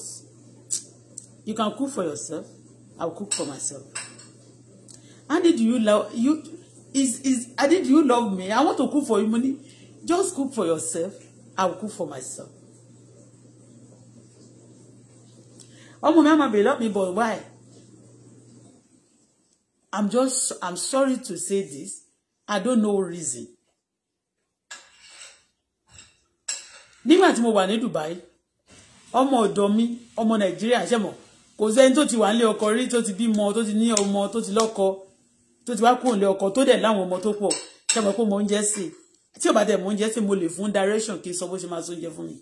you can cook for yourself I will cook for myself Andy do you love you is is Andy do you love me I want to cook for you money just cook for yourself I will cook for myself ọmọ mi á máa bèrè lọ́pìn but why i'm just i'm sorry to say this i don't know reason nígbà tí mo wà ní Dubai ọmọ ọ̀dọ̀ mi ọmọ Nàìjíríà ṣe mọ̀ kò sẹ́ni tó ti wà nílé ọkọ rí tó ti bímọ tó ti ní ọmọ tó ti lọ́kọ tó ti wá kúrò nílé ọkọ tó dẹ̀ láwọn ọmọ tó pọ̀ ṣe mọ̀ pé mo ń jẹ́ sí i tí ò mo ń jẹ́ sí mo lè fún direction kí n sọ bó ṣe máa sóúnjẹ fún mi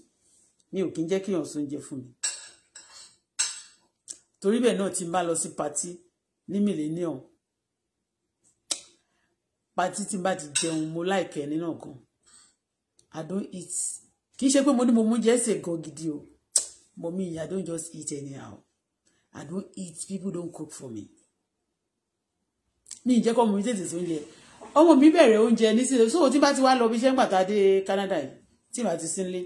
mi ò kí ń jẹ́ kí èèyàn sóúnjẹ fún mi torí bẹ́ẹ̀ náà ti bá lọ sí patí ní millennium patí tí bá ti jẹun mo láìkẹ́ nínú gan i don't eat kì í ṣe pé mo ní mo mú jẹ́ ṣe gan gidi o but me i don't just eat anyhow i don't eat people don't cook for me mi ì jẹ́ kọ́ mo mi tètè sóúnjẹ ọmọ mi bẹ̀rẹ̀ oúnjẹ nísìnyí so tí bá ti wá lọ bí iṣẹ́ ń gbàtà Canada yìí tí bá ti sínlé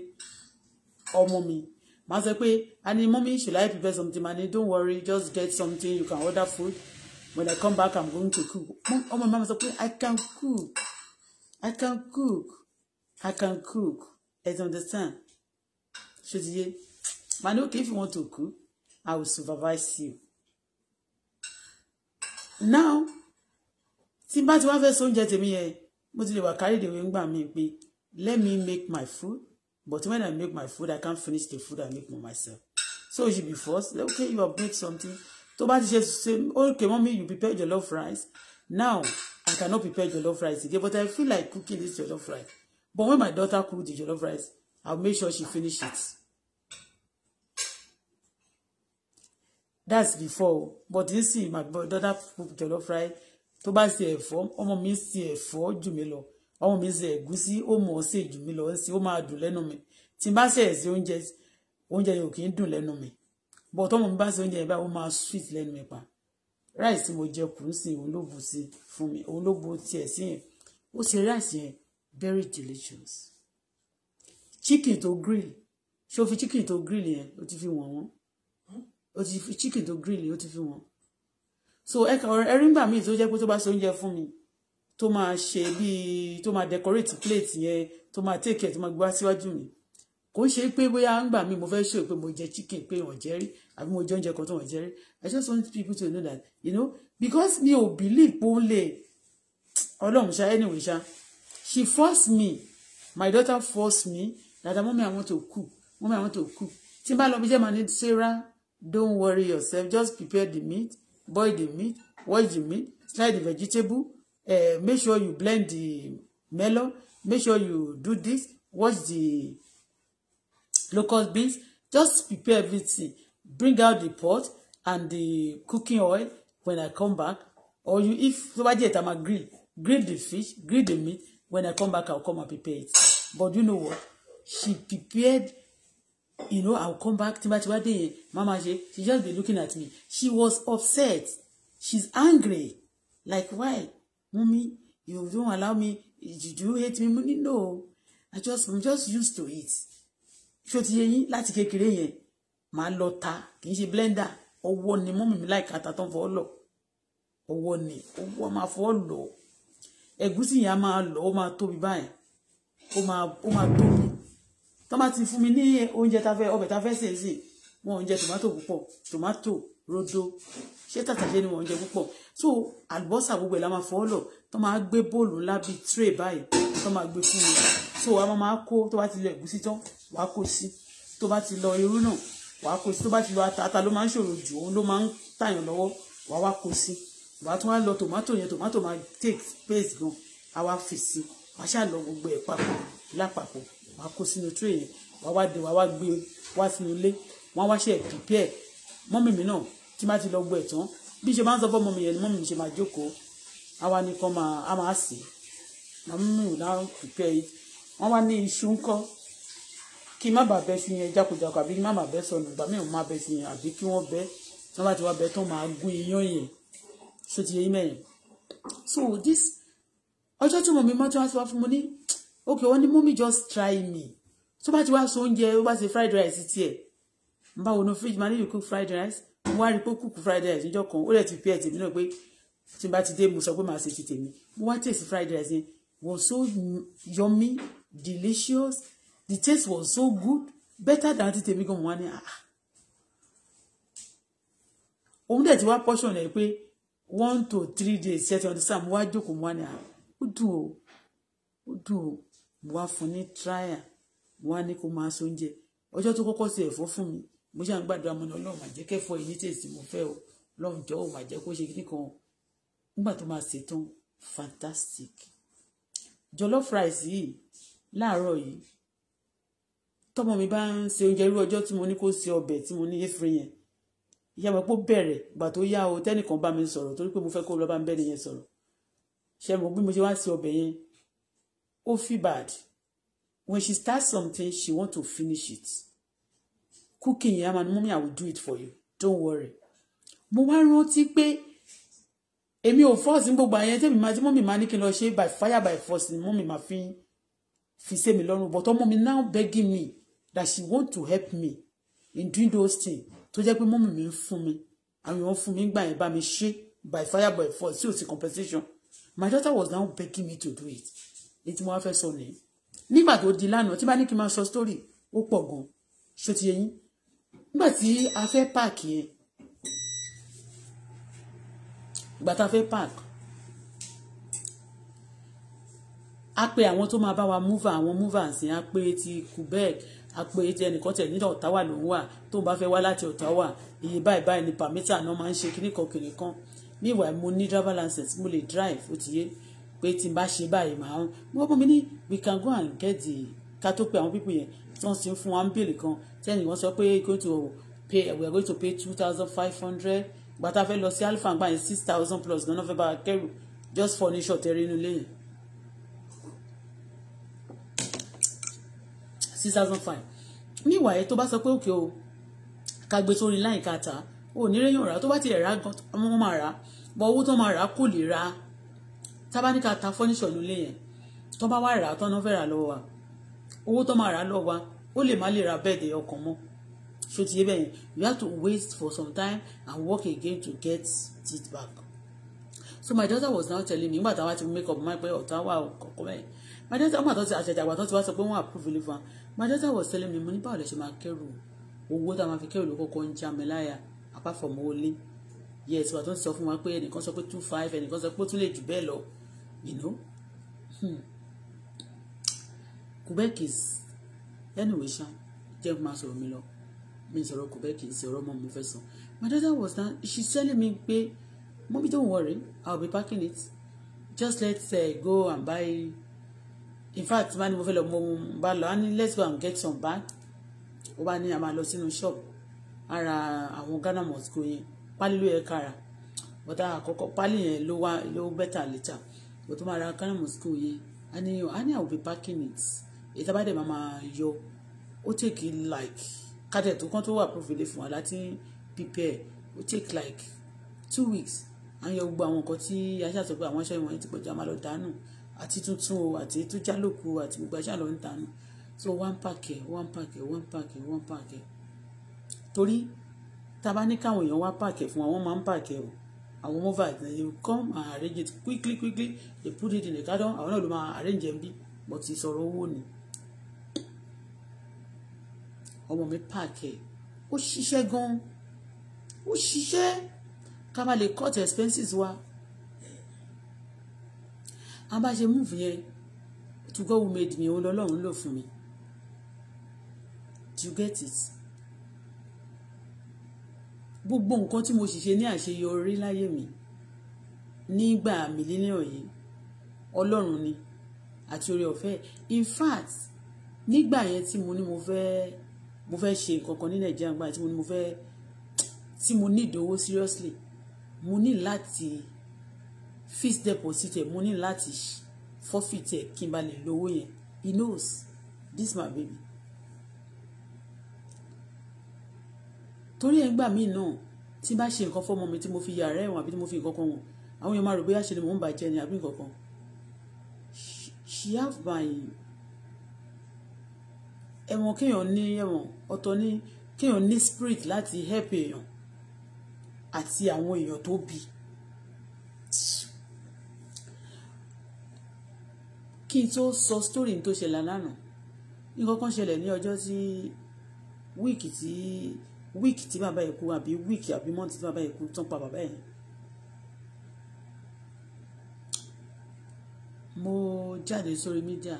ọmọ mi màá sọ pé ani mummy should I prepare something màá don't worry just get something you can order food when I come back I'm going to cook ọmọ mi máa sọ pé I can cook I can cook I can cook as you understand ṣe ti yé màá ní okay if you want to cook I will supervise you now tí bá ti wá fẹ́ sóúnjẹ tèmi yẹn mo ti lè wà kárí ìdèwé ńgbà mi pé let me make my food But when I make my food, I can't finish the food I make for myself. So she be forced. Okay, you have made something. Tó bá ti ṣe ṣe okay, mommy, you prepare jollof rice. Now, I cannot prepare jollof rice again, but I feel like cooking this jollof rice. But when my daughter cook the jollof rice, I'll make sure she finish it. That's before. But you see, my daughter cook jollof rice. Tó bá ṣe ẹ̀fọ́, ọmọ mi ṣe ẹ̀fọ́ jù mí lọ ọmọ mi ṣe ẹ̀gúsí ó mọ̀ ọ́ sí èjù mi lọ sí ó máa dùn lẹ́nu mi tí n bá ṣe ẹ̀sìn oúnjẹ oúnjẹ yẹn ò kì í dùn lẹ́nu mi bọ́ tọ́mọ mi bá ṣe oúnjẹ yẹn báyìí ó máa sweet lẹ́nu mi pa ráìsì mo jẹ kùrú sí òun ló bu sí fún mi òun ló bu tiẹ̀ sí yẹn ó ṣe ráìsì yẹn very delicious chicken to grill ṣé o fi chicken to grill yẹn o ti fi wọ̀n wọ́n o ti fi chicken to grill yẹn o ti fi wọ̀n so ẹ̀ka ẹ̀rí ńgbà míì tó jẹ́ pé tó bá ṣe oúnjẹ fún mi tó máa ṣe bíi tó máa decorate plate yẹn tó máa take it, tó máa gbé wá síwájú mi kò ń ṣe pé bóyá ń gbà mí mo fẹ́ ṣe pé mo jẹ chicken pé wọ́n jẹ́ rí àbí mo jẹ oúnjẹ kan tó wọ́n jẹ́ rí I just want people to know that you know because mi ò believe pé ó lè ọlọ́run ṣá anyway ṣá she forced me my daughter forced me dada mọ́mí I want to cook mọ́mí I want to cook tí n bá lọ bí jẹ́ màá Sarah don't worry yourself just prepare the meat boil the meat wash the meat slide the vegetable uh, make sure you blend the melon make sure you do this wash the locust beans just prepare everything bring out the pot and the cooking oil when I come back or you if somebody at my grill grill the fish grill the meat when I come back I'll come and prepare it but you know what she prepared you know I'll come back timatiwa dey mama she she just be looking at me she was upset she's angry like why Mommy, you don't allow me. You do hate me. Mommy, no. I just, I'm just used to it. Ṣé o ti yẹ yín láti kékeré yẹn? Màá lọ ta, kì í ṣe blender. Ọwọ́ ni mọ́mì mi láì kàtà tán fọ́ lọ. Ọwọ́ ni, ọwọ́ máa fọ́ lọ. Ẹ̀gúsí yẹn á máa lọ, ó máa tóbi báyìí. Ó máa, ó máa tóbi. Tọ́ bá ti fún mi ní oúnjẹ ta fẹ́, ọbẹ̀ ta fẹ́ sèé sèé. oúnjẹ tòmátò púpọ̀, tòmátò, rodo, ṣé tàtàṣé ni wọ́n ń jẹ púpọ̀ so àlùbọ́sà gbogbo ẹ̀ la máa fọwọ́ lọ tó máa gbé bóòlù ńlá bíi tray báyìí tó máa gbé fún mi so a máa máa kó tó bá ti lọ ẹ̀gúsí tán wàá kó sí tó bá ti lọ irú náà wàá kó sí tó bá ti lọ ata ló máa ń ṣòro jù òun ló máa ń tàyàn lọ́wọ́ wàá wá kó sí wàá tún wá lọ tòmátò yẹn tòmátò máa take space gan a wá fi sí wàá ṣáà lọ gbogbo ẹ̀ papọ̀ lápapọ̀ wàá kó sínú tray yẹn wàá wá dé wàá wá gbé wá sínú ilé wọ́n wá ṣe prepare mọ́mì mi náà tí má ti lọ gbọ́ ẹ̀ bí ṣe máa ń sọ fọ́ mọ́mì yẹn ni mọ́mì ṣe máa jókòó àwa nìkan máa máa sè màmí ò náà pípẹ́ yìí wọ́n wá ní iṣu ń kí má bàa bẹ́ sí yẹn jákujàku àbí má bàa bẹ́ sọnù ìgbà mẹ́rin má bẹ́ sí yẹn àbí kí wọ́n bẹ́ wọ́n bá ti wá bẹ́ tán máa gún iyán yẹn ṣó ti yẹ yín so this ọjọ́ tí mọ̀mí má ti wá sí wá fún mi ní ok wọ́n ní mọ́mí just try me tó bá ti wá so oúnjẹ ó bá ṣe fried rice tiẹ̀ báwo ni fridge máa ní you cook fried rice mo wá rí pé kúkú fried rice níjọ́ kan ó lè ti pé ẹ̀ tèmi náà pé tí n bá ti dé mo sọ pé màá ṣe ti tèmi mo wá taste Friday rice yẹn was so yummy delicious the taste was so good better than ti tèmi gan mo wá ní ah, ah. òun dẹ̀ ti wá portion rẹ̀ pé one to three days ṣe ti ọdún sáà mo wá jókòó mo wá ní ah ó dùn o ó dùn o mo wá fún ní trial mo wá ní kó máa so oúnjẹ ọjọ́ tó kọ́kọ́ ṣe ẹ̀fọ́ fún mi mo ṣáà ń gbàdúrà mo ní ọlọ́run má jẹ́ kẹ́fọ́ yìí ní tèsí mo fẹ́ o ọlọ́run jọ̀ọ́ má jẹ́ kó ṣe kíní kan nígbà tó máa ṣe fantastic jollof rice yìí láàárọ̀ yìí tọ́mọ mi bá ń ṣe oúnjẹ irú ọjọ́ tí mo ní kó ṣe ọbẹ̀ tí mo ní éfiri yẹn ìyá mi pé bẹ̀rẹ̀ ìgbà tó yá o tẹ́nìkan bá mi sọ̀rọ̀ torí pé mo fẹ́ kó lọ bá ń bẹ́ni yẹn sọ̀rọ̀ ṣe mo bí mo ṣe wá ṣe ọbẹ̀ yẹn ó feel bad when she starts something she want to finish it cooking yẹn máa ní mummy i will do it for you don't worry mo wá rántí pé èmi ò force ní gbogbo àyẹn tẹ́mi máa tí mummy máa ní kí n lọ ṣe by fire by force ni mummy máa fi fi sé mi lọ́rùn but ọmọ mi now begging me that she want to help me in doing those things tó jẹ́ pé mummy mi ń fún mi àwọn èèyàn fún mi ń gbà yẹn bá mi ṣe by fire by force tí ò sí compensation my daughter was now begging me to do it èyí tí mo wá fẹ́ sọ nìyí nígbà tó di lánàá tí bá ní kí n máa sọ story ó pọ̀ gan-an ti yẹ yín nígbà tí a fẹ́ páàkì yẹn ìgbà tá a fẹ́ páàkì a pe àwọn tó máa bá wa múvà àwọn múvà sí a pe ti Quebec a pe ti ẹnìkan tẹ̀ nílẹ̀ Ottawa ló ń wà tó bá fẹ́ wá láti Ottawa iye báyìí báyìí ni pàmítà náà máa ń ṣe kíní kan kiri kan meanwhile mo ní driver license mo lè drive ó ti yé pé tí n bá ṣe báyìí màá wọ́n mọ́ mi ní we can go and get the ká tó pe àwọn pípò yẹn tí wọ́n sì ń fún wa ń béèrè kan tẹ́ni wọ́n sọ pé going to pay we are going to pay two thousand five hundred gbàtà fẹ́ lọ sí alpha gbà yẹn six thousand plus gan-an fẹ́ bá a kẹ́rù just for ní ṣọ̀tẹ́rẹ́ inú lẹ́yìn six thousand five meanwhile tó bá sọ pé òkè o ká gbé sórí láì ká ta ò ní réyàn rà tó bá ti rà gan wọ́n máa rà bọ́ owó tó máa rà kò lè ra tábánikà ta fọ́níṣọ̀ nílé yẹn tó bá wá rà tán náà fẹ́ rà lọ́wọ́ wa owó tó máa rà lọ wa ó lè má lè ra bẹ́ẹ̀dì ọkàn mọ́ ṣó ti yé bẹ́ẹ̀ you have to wait for some time and work again to get it back so my daughter was now telling me nígbà táwa ti make up mind pé ọ̀tá wà kọ̀ọ̀kan bẹ́ẹ̀ my daughter ọmọ àtọ́tí àṣẹjàgbà tó ti wá sọ pé wọ́n approve ilé fún wa my daughter was telling me mo ní báwo lè ṣe máa kẹ́rù owó tá a máa fi kẹ́rù ló kọ́kọ́ ń já mi láyà apart from owó lé yes wà tó ń sọ fún wa pé ẹnìkan sọ pé two five ẹnìkan sọ pé ó tún lè jù bẹ́ẹ̀ lọ you know. Hmm. Kubeki's, is anyway ṣá jẹ́ kó máa sọ̀rọ̀ mi lọ mi sọ̀rọ̀ Quebec is ọ̀rọ̀ mọ́ mi sọ my daughter was down she telling me pé mommy don't worry i will be packing it just let's uh, eh, go and buy in fact máa ní mo fẹ́ lọ mo bá lọ i let's go and get some bag ó bá ní a máa lọ sínú shop ara àwọn Ghana must go yẹn pálí ló yẹ kára bọ́tà àkọ́kọ́ pálí yẹn ló wá ló bẹ́tà lẹ́tà bọ́tà máa ra Ghana must go yẹn a ní oh, i will be packing it èyí tá bá dẹ̀ máa máa yọ ó take like kádẹ̀ tó kán tó wà profile fún wa láti prepare ó take like two weeks à ń yọ gbogbo àwọn nǹkan tí aṣáàtọ̀ pé àwọn aṣọ ìwọ̀nyí ti pọ̀jù àmàlọ́ dànù àti tuntun o àti tó jálòkù àti gbogbo aṣáàlọ́ ń dànù so one pack one pack one pack one pack torí tá a bá ní káwọn èèyàn wá pack fún wa wọ́n máa ń pack o àwọn mova they will come and arrange it quickly quickly they put it in the garden àwọn náà ló máa arrange ẹ̀ bí but ìsọ̀rọ̀ owó ni ọmọ mi páàkì ẹ̀ ó ṣiṣẹ́ gan-an ó ṣiṣẹ́ ká má lè cut expenses wa a bá ṣe move yẹn to God who made me òun lọ́lọ́run lò fún mi do you get it gbogbo nǹkan tí mo sì ṣe ní àṣeyọrí láyé mi nígbà mílíọ̀nù yìí ọlọ́run ni àti oore ọ̀fẹ́ in fact nígbà yẹn tí mo ní mo fẹ́ẹ́ mo fẹ́ ṣe nǹkan kan ní nàìjíríà nígbà tí mo ní mo fẹ́ tí mo ní ìdánwò seriously mo ní láti fixed deposit ẹ̀ mo ní láti forfeit ẹ̀ kí n ba lè lówó yẹn he knows this my baby. torí ẹ̀ ń gbà míì náà tí n bá ṣe nǹkan fọ́mọ mi tí mo fi yàrá ẹ̀wọ̀n àbí tí mo fi nǹkan kan wọ̀n àwọn èèyàn máa rò bóyá ṣe ni mò ń bàjẹ́ ni àbí nǹkan kan she have my ẹ̀wọ̀n kéèyàn ní ẹ̀wọ̀n ọ̀tọ̀ ní kéèyàn ní spirit láti help èèyàn àti àwọn èèyàn tó bí kí n tó sọ story tó ṣẹlẹ̀ lánàá nǹkan kan ṣẹlẹ̀ ní ọjọ́ tí wíìkì tí wíìkì tí bàbá yẹn kú àbí week àbí mọ́ǹtì tí bàbá yẹn kú tán pa bàbá yẹn mo jáde sórí mídíà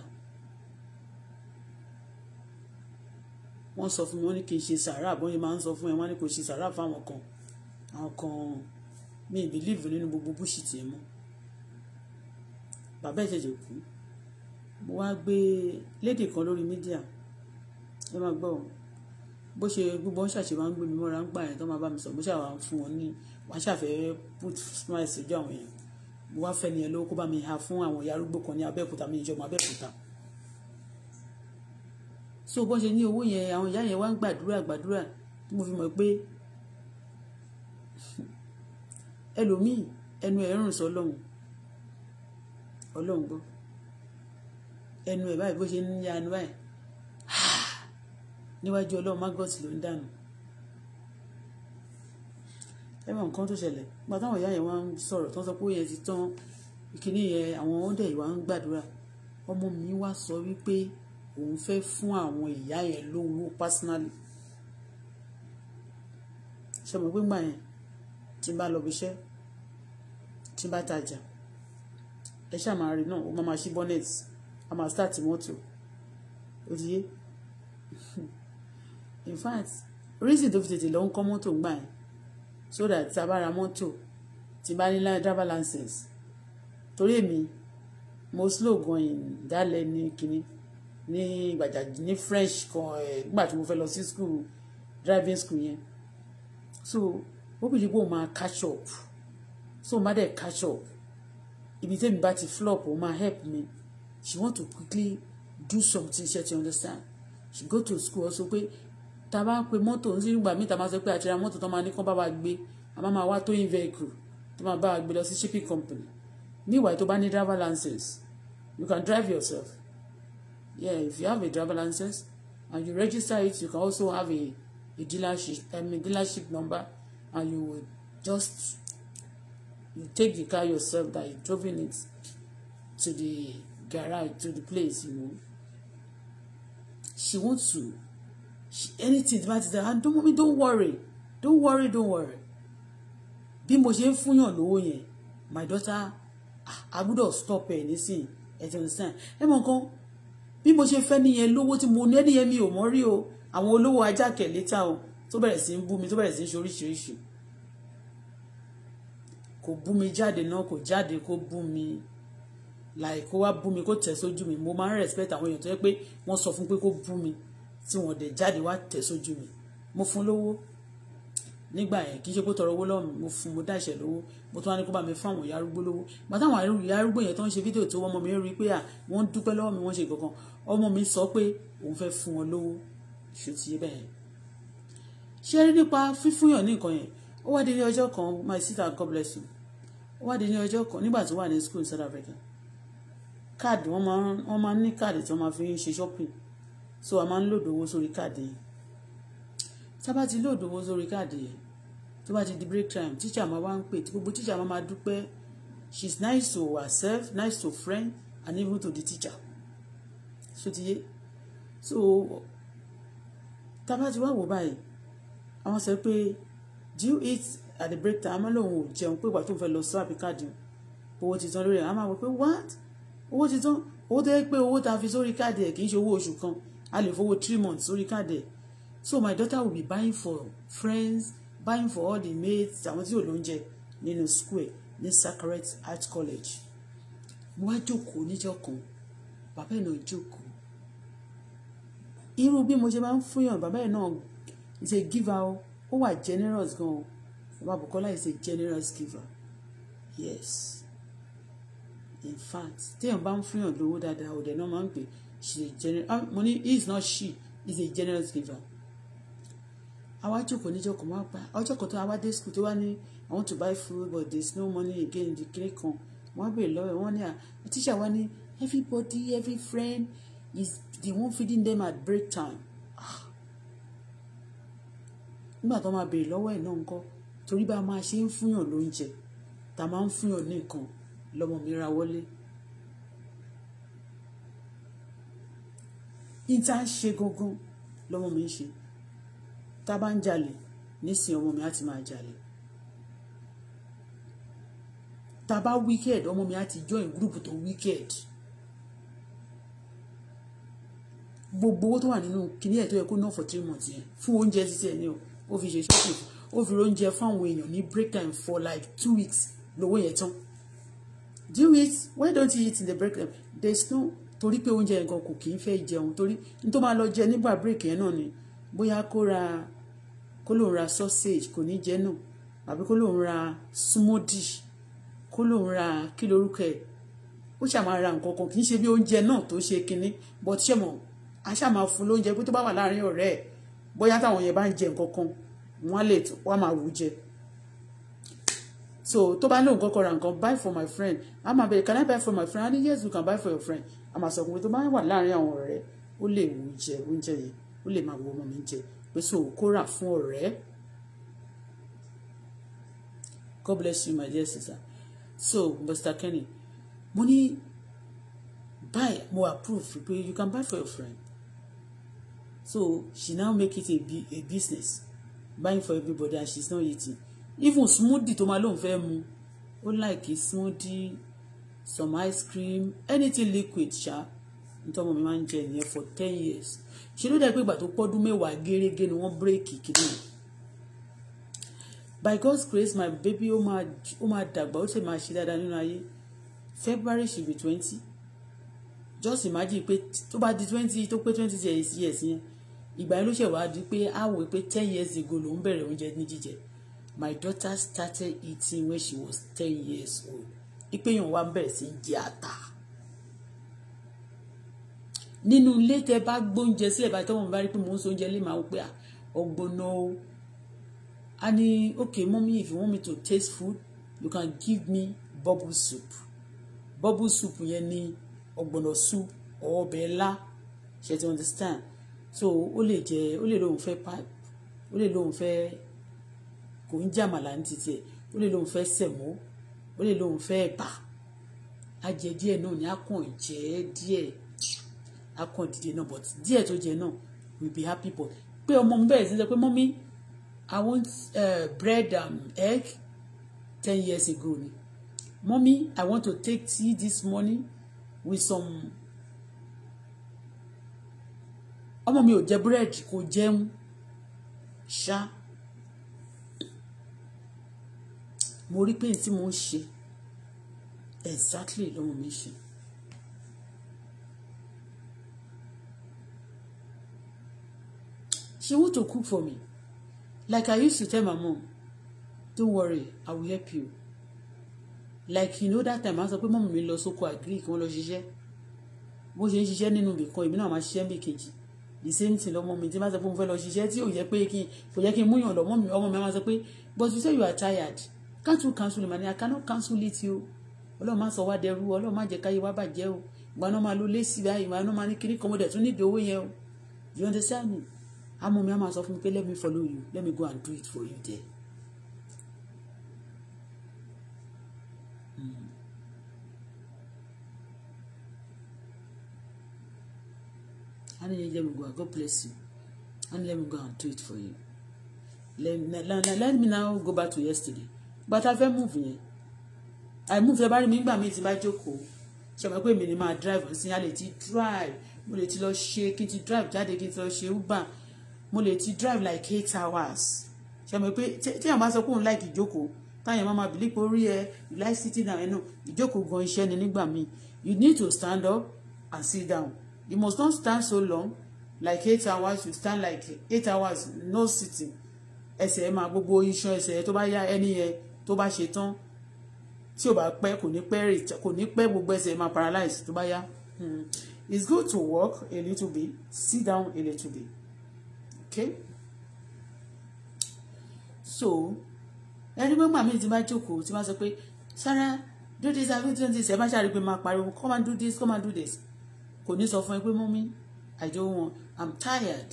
wọ́n sọ fún mi wọ́n ní kí n ṣe sàrà àbọ̀yìn máa ń sọ fún ẹ wọ́n ní kò ṣe sàrà fáwọn kan àwọn kan mi ì bìlíìfù nínú gbogbo búṣì tì í mú bàbá ìṣẹ̀jẹ̀ kú mo wá gbé lédè kan lórí mídíà ẹ máa gbọ́ bó ṣe gbogbo wọn ṣàṣe máa ń gbé mi mọ́ra ń gbà yẹn tó máa bá mi sọ bó ṣàwà fún wọn ní wàá ṣàfẹ́ put smile sójú àwọn èèyàn mo wá fẹ́ ni ẹ lówó kó bá mi ha fún àwọn ìyá arúgbó kan ní Abẹ́òkúta mi ìjọba Abẹ́òkúta so bó ṣe ní owó yẹn àwọn ìyá yẹn wá ń gbàdúrà gbàdúrà tí mo fi mọ̀ pé ẹlòmíì ẹnu ẹ̀ rùn sọ ọlọ́run ọlọ́run gbọ́ ẹnu ẹ̀ báyìí bó ṣe ń yanu báyìí [sighs] níwájú ọlọ́run magọ́tì ló ń dànù ẹ mọ nǹkan tó ṣẹlẹ̀ gba táwọn ìyá yẹn wá ń sọ̀rọ̀ tán sọ pé ó yẹ ti tán ìkíní yẹn àwọn ọ̀dẹ̀ ìwà ń gbàdúrà ọmọ mi wá sọ wípé òun fẹ́ fún àwọn ìyá yẹn lówó personally ṣe mọ̀ gbígbà yẹn tí n bá lọ bíṣẹ́ tí n bá tajà ẹ ṣáà máa rí náà ó máa ṣí bonnet a máa start mọ́tò ó ti yé [laughs] in fact reason tó fi tètè lọ ń kọ́ mọ́tò gbà yẹn so that tá a bá ra mọ́tò tí n bá ní driver license torí èmi mo slow gan in ní kínní ní gbàjàgì ní french kan ẹ̀ nígbà tí mo fẹ́ lọ sí school driving school yẹn so ó bìí pé ó máa catch up so má dẹ̀ catch up ibi tẹ́mi bá ti flop ó máa help me she want to quickly do something she ti understand she go to school also pé ta bá pe mọ́tò ń sínú ìgbà míì ta máa sọ pé àti ra mọ́tò tó máa ní kán bá wa gbé a máa máa wá towing vehicle tó máa bá wa gbé lọ sí shipping company níwàá tó bá ní driver license you can drive yourself yeah if you have a driver license and you register it you can also have a a dealership I mean dealership number and you would just you take the car yourself that you drove in it to the garage to the place you know she wants to she, anything about it and don't don't worry don't worry don't worry bí mo ṣe ń fúnyàn lówó yẹn my daughter I ah, would ẹ̀ nísìnyí anything. ti understand Hey, mọ̀ nǹkan bí mo ṣe fẹ́ nìyẹn lówó tí mo ní ẹnìyẹn mi ò mọ́ rí o àwọn olówó ajákẹ̀ létà o tó bẹ̀rẹ̀ sí ń bú mi tó bẹ̀rẹ̀ sí ń ṣe oríṣiríṣi kò bú mi jáde náà kò jáde kó bú mi láì kó wá bú mi kó tẹ̀ sójú mi mo máa ń respect àwọn èèyàn tó yẹ pé wọ́n sọ fún pé kó bú mi tí wọ́n dẹ̀ jáde wá tẹ̀ sójú mi mo fún lówó nígbà yẹn kì í ṣe pé tọrọ owó lọ́wọ́ mo fún mo dá ìṣẹ̀ lówó mo tún wá ní kó bá mi fún àwọn ìyá arúgbó lówó bàtà àwọn ìyá arúgbó yẹn tó ń ṣe fídíò tó wọ́n mọ́ mi rí pé à wọ́n dúpẹ́ lọ́wọ́ mi wọ́n ṣe kankan ọmọ mi sọ pé òun fẹ́ fún ọ lówó ṣó ti yé bẹ́ẹ̀ ṣe rí nípa fífúnyàn ní nǹkan yẹn ó wá dé ní ọjọ́ kan my sister God bless you ó wá dé ní ọjọ́ kan nígbà tó wà ní school in South Africa káàdì wọ́n máa wọ́n máa ní káàdì tí wọ́n máa fi ń ṣe shopping so a máa ń lòdò owó sórí káàdì yìí tá a bá ti lòdò owó sórí káàdì yìí tó bá ti di break time teacher máa wá ń pè tí gbogbo teacher máa máa dúpẹ́ she is nice to herself nice to friend and even to the teacher ṣòtìyé so tábà ti wá wò báyìí àwọn sọ pé do you eat at the break time lòun ò jẹun pé ìgbà tó ń fẹ́ lọ sọ àbí káàdì owó ti tán lórí ẹ̀ á máa wọ what owó ti tán owó tó yẹ pé owó ta fi sórí card, ẹ̀ kì í ṣe owó oṣù kan a lè fowó three months sórí káàdì ẹ̀ so my daughter will be buying for friends buying for all the mates àwọn tí ò lóúnjẹ nínú square ní Sacred Heart College mo wá jókòó níjọ́ kan bàbá ẹ̀ náà jókòó irú bí mo ṣe máa ń fúnyàn bàbá ẹ̀ náà is a giver o ó wà generous gan o bàbá Bukola is a generous giver yes in fact téèyàn bá ń fúnyàn lówó dáadáa òde náà máa ń pè she is generous ah mo ní he is not she he is a generous giver àwa jókòó níjọ́ kò máa pa ọjọ́ kan tó àwa dé school tó wá ní i want to buy food but there is no money again the kiri kan wọ́n bèrè lọ́wọ́ wọ́n ní à ah, tíṣà wá ní everybody every friend is the one feeding them at break time ah. nígbà tó máa béèrè lọ́wọ́ ẹ̀ náà ńkọ́ torí bá a máa ṣe ń fúnyàn lóúnjẹ tá a máa ń fúnyàn ní nǹkan lọ́mọ mi ra wọlé níta ń ṣe gangan lọ́mọ mi ń ṣe tá a bá ń jalè nísìnyí ọmọ mi á ti máa jalè tá a bá wíkẹ́ẹ̀d ọmọ mi á ti join gúrùpù tó wíkẹ́ẹ̀d. gbogbo owó tó wà nínú kíní ẹ̀ tó yẹ kó ná for three months yẹn fún oúnjẹ títí ẹ̀ ní o ó fi ṣe shopping ó fi oúnjẹ fáwọn èèyàn ní break time for like two weeks lówó yẹn tán do it why don't you eat in the break time there is no torí pé oúnjẹ nǹkan kò kì í fẹ́ jẹun torí n tó máa lọ jẹ nígbà break yẹn náà ni bóyá kó ra kó lóun ra sausage kò ní jẹ náà àbí kó lóun ra smoothie kó lóun ra kí lorúkọ ẹ̀ ó ṣàmà ra nǹkan kan kì í ṣe bí oúnjẹ náà tó ṣe kinní but ṣé mo a ṣáà máa fún lóúnjẹ pé tó bá wà láàrin ọ̀rẹ́ ẹ̀ bóyá táwọn yẹn bá ń jẹ nǹkan kan wọ́n lè wọ́n máa wù jẹ so tó bá lóun kọ́kọ́ ra nǹkan buy for my friend a máa bẹ̀rẹ̀ can I buy for my friend a ní yes you can buy for your friend a máa sọ pé tó bá wà láàrin àwọn ọ̀rẹ́ ó lè wù jẹ oúnjẹ yẹn ó lè máa wo ọmọ mi jẹ pé so kó rà fún ọ̀rẹ́ God bless you my dear sister so Mr. Kenny mo ní buy mo approve pé you can buy for your friend so she now make it a, a business buying for everybody and she's not eating even smoothie to my lóun fẹ́ mu ó like smoothie some ice cream anything liquid ṣá nítorí ọmọ mi máa ń jẹ ìyẹn for ten years ṣe ló dẹ̀ pé ìgbà tó pọ́dún mẹ́wàá gẹ́rẹ́gẹ́ ni wọ́n bírèkì kìíní by God's grace my baby ó máa ó máa dàgbà ó sì máa ṣe dáadáa nínú ayé February should be twenty just imagine pé tó bá di twenty tó pé twenty years yẹn ìgbà yẹn ló ṣẹ̀ wá di pé á wò pé ten years ago lòún bẹ̀rẹ̀ oúnjẹ ní jíjẹ my daughter started eating when she was ten years old ìpéyàn wa bẹ̀rẹ̀ sí jẹ ata nínú ilé tẹ bá gbóúnjẹ sílẹ̀ báyìí tọ́wọ́n bá rí pé mò ń so oúnjẹ lè máa wò pé ọgbọ́nà o a ní okay mommy if you want me to taste food you can give me bubble soup bubble soup yẹn ni ọgbọ́nà soup or ọbẹ̀ ilá ṣe understand so ó lè jẹ ó lè lóun fẹ́ pa ó lè lóun fẹ́ kò ń jàmàlà ní titi ẹ̀ ó lè lóun fẹ́ sẹ̀mó ó lè lóun fẹ́ bà á jẹ díẹ̀ náà ni á kàn jẹ díẹ̀ á kàn dìde náà but díẹ̀ tó jẹ náà we be happy but pé ọmọ mi bẹ̀rẹ̀ sí sọ pé mọ́mí I want uh, bread and egg ten years ago ni mọ́mí I want to take tea this morning with some ọmọ mi ò jẹ búrẹ́dì kò jẹun ṣá mo rí pé tí mo ń ṣe exactly lọ́mọ mi ṣe. She want to cook for me like I used to tell my mom don't worry I will help you like you know that time a sọ pé mọ́mù mi lọ sóko agric wọ́n lọ ṣiṣẹ́ bó ṣe ń ṣiṣẹ́ nínú ibìkan èmi náà máa ṣiṣẹ́ méjèèjì the same thing lọ́mọ mi tí bá sọ pé mo fẹ́ lọ ṣiṣẹ́ tí ò yẹ pé kí kò yẹ kí n múyàn lọ́mọ mi ọmọ mi máa sọ pé but you say you are tired can't you cancel me I cannot cancel it o ọlọ́run má sọ wá dẹrú ọlọ́run má jẹ́ káyé wá bàjẹ́ o ìgbà náà máa lo lẹ́sì báyìí ìgbà náà máa ní kíní kan mo dẹ̀ tún nídìí owó yẹn o you understand me àmọ́ mi á máa sọ fún mi pé let me follow you let me go and do it for you there honey let me go God bless you honey let me go and do it for you let, let, let, let me now go back to yesterday but I fẹ́ move yẹn I move yẹn bá rí mi nígbà míì tí n bá jókòó ṣe mọ̀ pé ni máa drive sí a lè ti drive mo lè ti lọ ṣe kí n ti drive jáde kí n ti lọ ṣe uber mo lè ti drive like eight hours ṣe mọ̀ pé tí àwọn bá sọ pé like ìjókòó táyà máa bìlí pé orí ẹ you like sitting down ẹ náà ìjókòó gan iṣẹ́ ni nígbà míì you need to stand up and sit down You must not stand so long, like eight hours, you stand like eight hours, no sitting. Ẹsẹ̀ máa gbogbo iṣan ẹsẹ̀ tó bá yá ẹni yẹn tó bá ṣe tán tí ò bá pẹ́ kò ní pẹ́ kò ní pẹ́ gbogbo ẹsẹ̀ máa paralyze tó bá yá. Hmm. It's good to walk a little bit, sit down a little bit. Okay? So, ẹni pé màmí ti bá jókòó ti bá sọ pé Sarah do this i will do this ẹ bá ṣàrí máa pariwo come and do this come and do this kò ní sọ fún ẹ pé mọ́mí I don't want I'm tired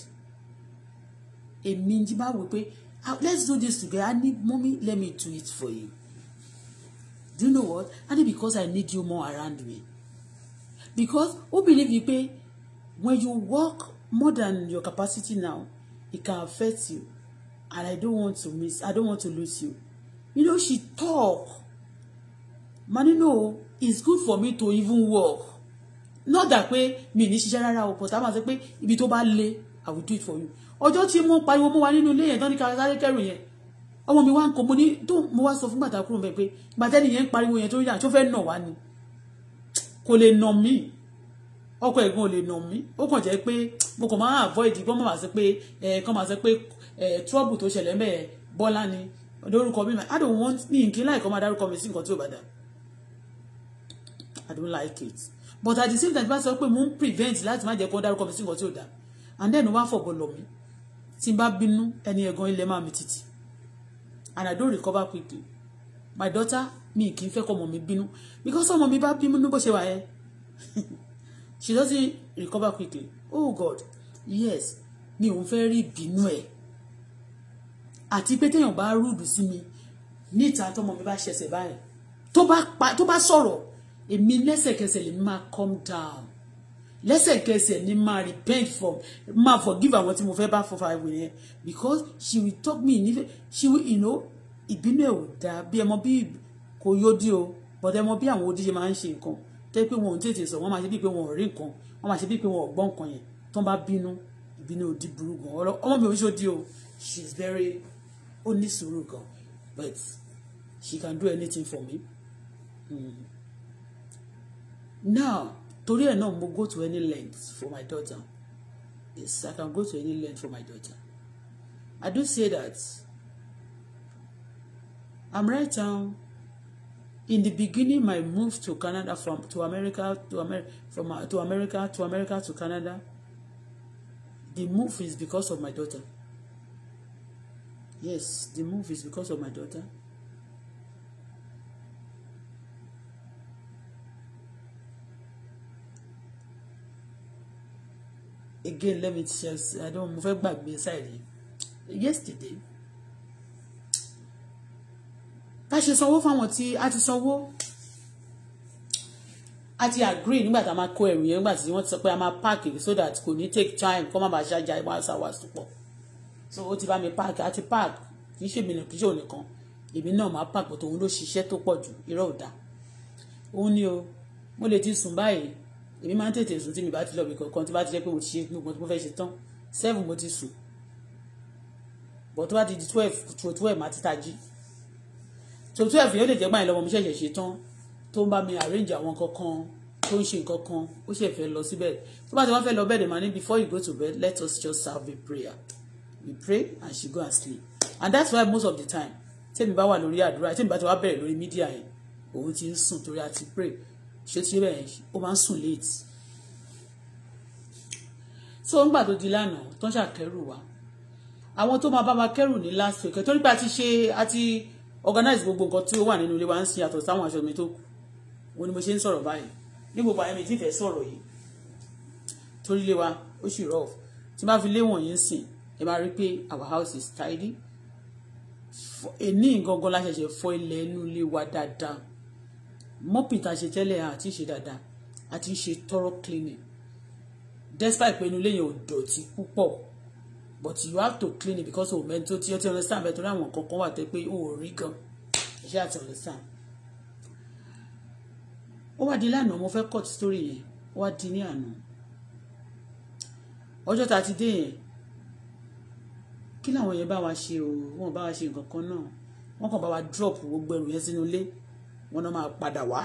èmi ti bá wò pé ah, let's do this together I need mommy. let me do it for you do you know what I need because I need you more around me because who believe you pay when you work more than your capacity now it can affect you and I don't want to miss I don't want to lose you you know she talk man you it's good for me to even work not that pé mi ní ṣiṣẹ́ rárá o but a máa sọ pé ibi tó bá le i will do it for you ọjọ́ tí mo pariwo mo wà nínú ilé yẹn tán ní kárakárẹ́ kẹrù yẹn ọmọ mi wá ń kọ mo ní tó mo wá sọ fún gbàtà kúrò bẹ́ẹ̀ pé gbàtẹ́ni yẹn ń pariwo yẹn tó yà tó fẹ́ nà wá ni kò lè nà mí ọkọ ẹ̀gbọ́n ò lè nà mí ó kàn jẹ́ pé mo kàn máa avoid gbọ́n máa sọ pé ẹ̀ kàn máa sọ pé ẹ̀ trouble tó ṣẹlẹ̀ mẹ́ẹ̀ bọ́lá ni lórúkọ mi i don't want me nkí láì kọ́ máa dárúkọ mi sí nǹkan tí ò bá dà i don't like it but at the same time tí wọ́n sọ pé mò ń prevent láti má jẹ́ kó dárúkọ mi sí nǹkan tí ò dáa and then wọ́n á fọ̀bọ̀ lọ̀ mí tí n bá bínú ẹni ẹ̀gàn ilẹ̀ máa mi títì and I don't recover quickly my daughter mi kì í fẹ́ kọ́ ọmọ mi bínú because ọmọ mi bá bínú bó ṣe wà ẹ́ [laughs] she doesn't recover quickly oh God yes mi ò ń fẹ́ rí ìbínú ẹ̀ àti pé téèyàn bá rúdù sí mi níta tọmọ mi bá ṣẹ̀ṣẹ̀ báyìí tó bá sọ̀rọ̀ èmi lẹ́sẹ̀kẹsẹ̀ lèmi máa come down lẹ́sẹ̀kẹsẹ̀ ni máa repent for máa forgive àwọn tí mo fẹ́ bá fọfà ìwé yẹn because she will talk me nífẹ̀ẹ́ she will you know ìbínú ẹ̀ ò dáa bí ẹmọ bí kò yódì o but ẹmọ bí àwọn odíje máa ń ṣe nǹkan tẹ́ pé wọn ò tètè sọ wọ́n máa ṣe bíi pé wọn ò rí nǹkan wọ́n máa ṣe bíi pé wọn ò gbọ́ nǹkan yẹn tó ń bá bínú ìbínú òdì burú gan ọmọ mi ò ṣe òdì o she is very onísùúrù gan but she can do anything for me. Mm now torí ẹ̀ náà mo go to any length for my daughter yes I can go to any length for my daughter I do say that I'm right now in the beginning my move to Canada from to America to America from uh, to America to America to Canada the move is because of my daughter yes the move is because of my daughter again let me just i don't mo fẹ́ gbàgbé side yesterday bá ṣe sanwó fáwọn tí a ti sanwó a ti agree nígbà tá a máa kó ẹrù yẹn nígbà tí wọ́n ti sọ pé a máa park so that kò ní take time kó má bàa ṣáájà ìwà àṣà wa sùpọ̀ so ó ti bá mi park a ti park kì í ṣe èmi kì í ṣe òun nìkan èmi náà máa park but òun ló ṣiṣẹ́ tó pọ̀ jù irọ́ ò dáa òun ni o mo lè ti sùn báyìí èmi máa ń tètè sùn tí mi bá ti lọ bí kankan tí bá ti jẹ́ pé mo ti ṣe gbogbo tí mo fẹ́ ṣe tán seven mo ti sùn bọ̀ tó bá ti di twelve to twelve máa ti tají to twelve yóò lè jẹ́ báyìí lọ́mọ mi ṣẹ̀ṣẹ̀ ṣe tán tó ń bá mi arrange àwọn kankan tó ń ṣe nǹkan kan ó ṣe fẹ́ lọ síbẹ̀ tó bá ti wá fẹ́ lọ bẹ́ẹ̀ dẹ̀ máa ní before you go to bed let us just have a prayer we pray and she go and sleep and that's why most of the time tẹ́mi bá wà lórí àdúrà tẹ́mi bá ti wá bẹ̀rẹ̀ lórí mídíà yẹn òun ti ń sùn torí a ti pray ṣé tí bẹ́ẹ̀ ó máa ń sùn léètì so ńgbà tó di lánàá tó ń ṣàkẹ́rù wa àwọn tó máa bá wa kẹ́rù ní last week torí pé a ti ṣe a ti organize gbogbo nǹkan tí ó wà nínú ilé wa ń sin àtọ̀ sáwọn aṣọ mi tó kù òun ni mo ṣe ń sọ̀rọ̀ báyìí ní gbogbo àyẹ̀mí tí ìfẹ́ sọ̀rọ̀ yìí torí ilé wa ó sì rọ̀ tí bá fi lé wọ̀nyí ń sìn ẹ máa rí pé our house is tidy èní gangan la ṣẹ̀ṣẹ̀ fọ ilẹ̀ inú ilé wa dáadáa mopping tá a ṣe tẹ́lẹ̀ àti ṣe dáadáa àti ṣe thorough cleaning despite pé inú ilé yẹn ò dọ̀tí púpọ̀ but you have to clean it because o mẹ́ni tó ti understand bẹ́ẹ̀ torí àwọn kankan wà tẹ́ pé o ò rí gan ṣé àti understand. ó wá di lánàá mo fẹ́ cut story yẹn ó wá di ní àná ọjọ́ tá a ti dé yẹn kí làwọn yẹn bá wa ṣe o wọn bá wa ṣe nǹkan kan náà wọn kàn bá wa drop gbogbo ẹrù yẹn sínú ilé wọ́n náà máa padà wá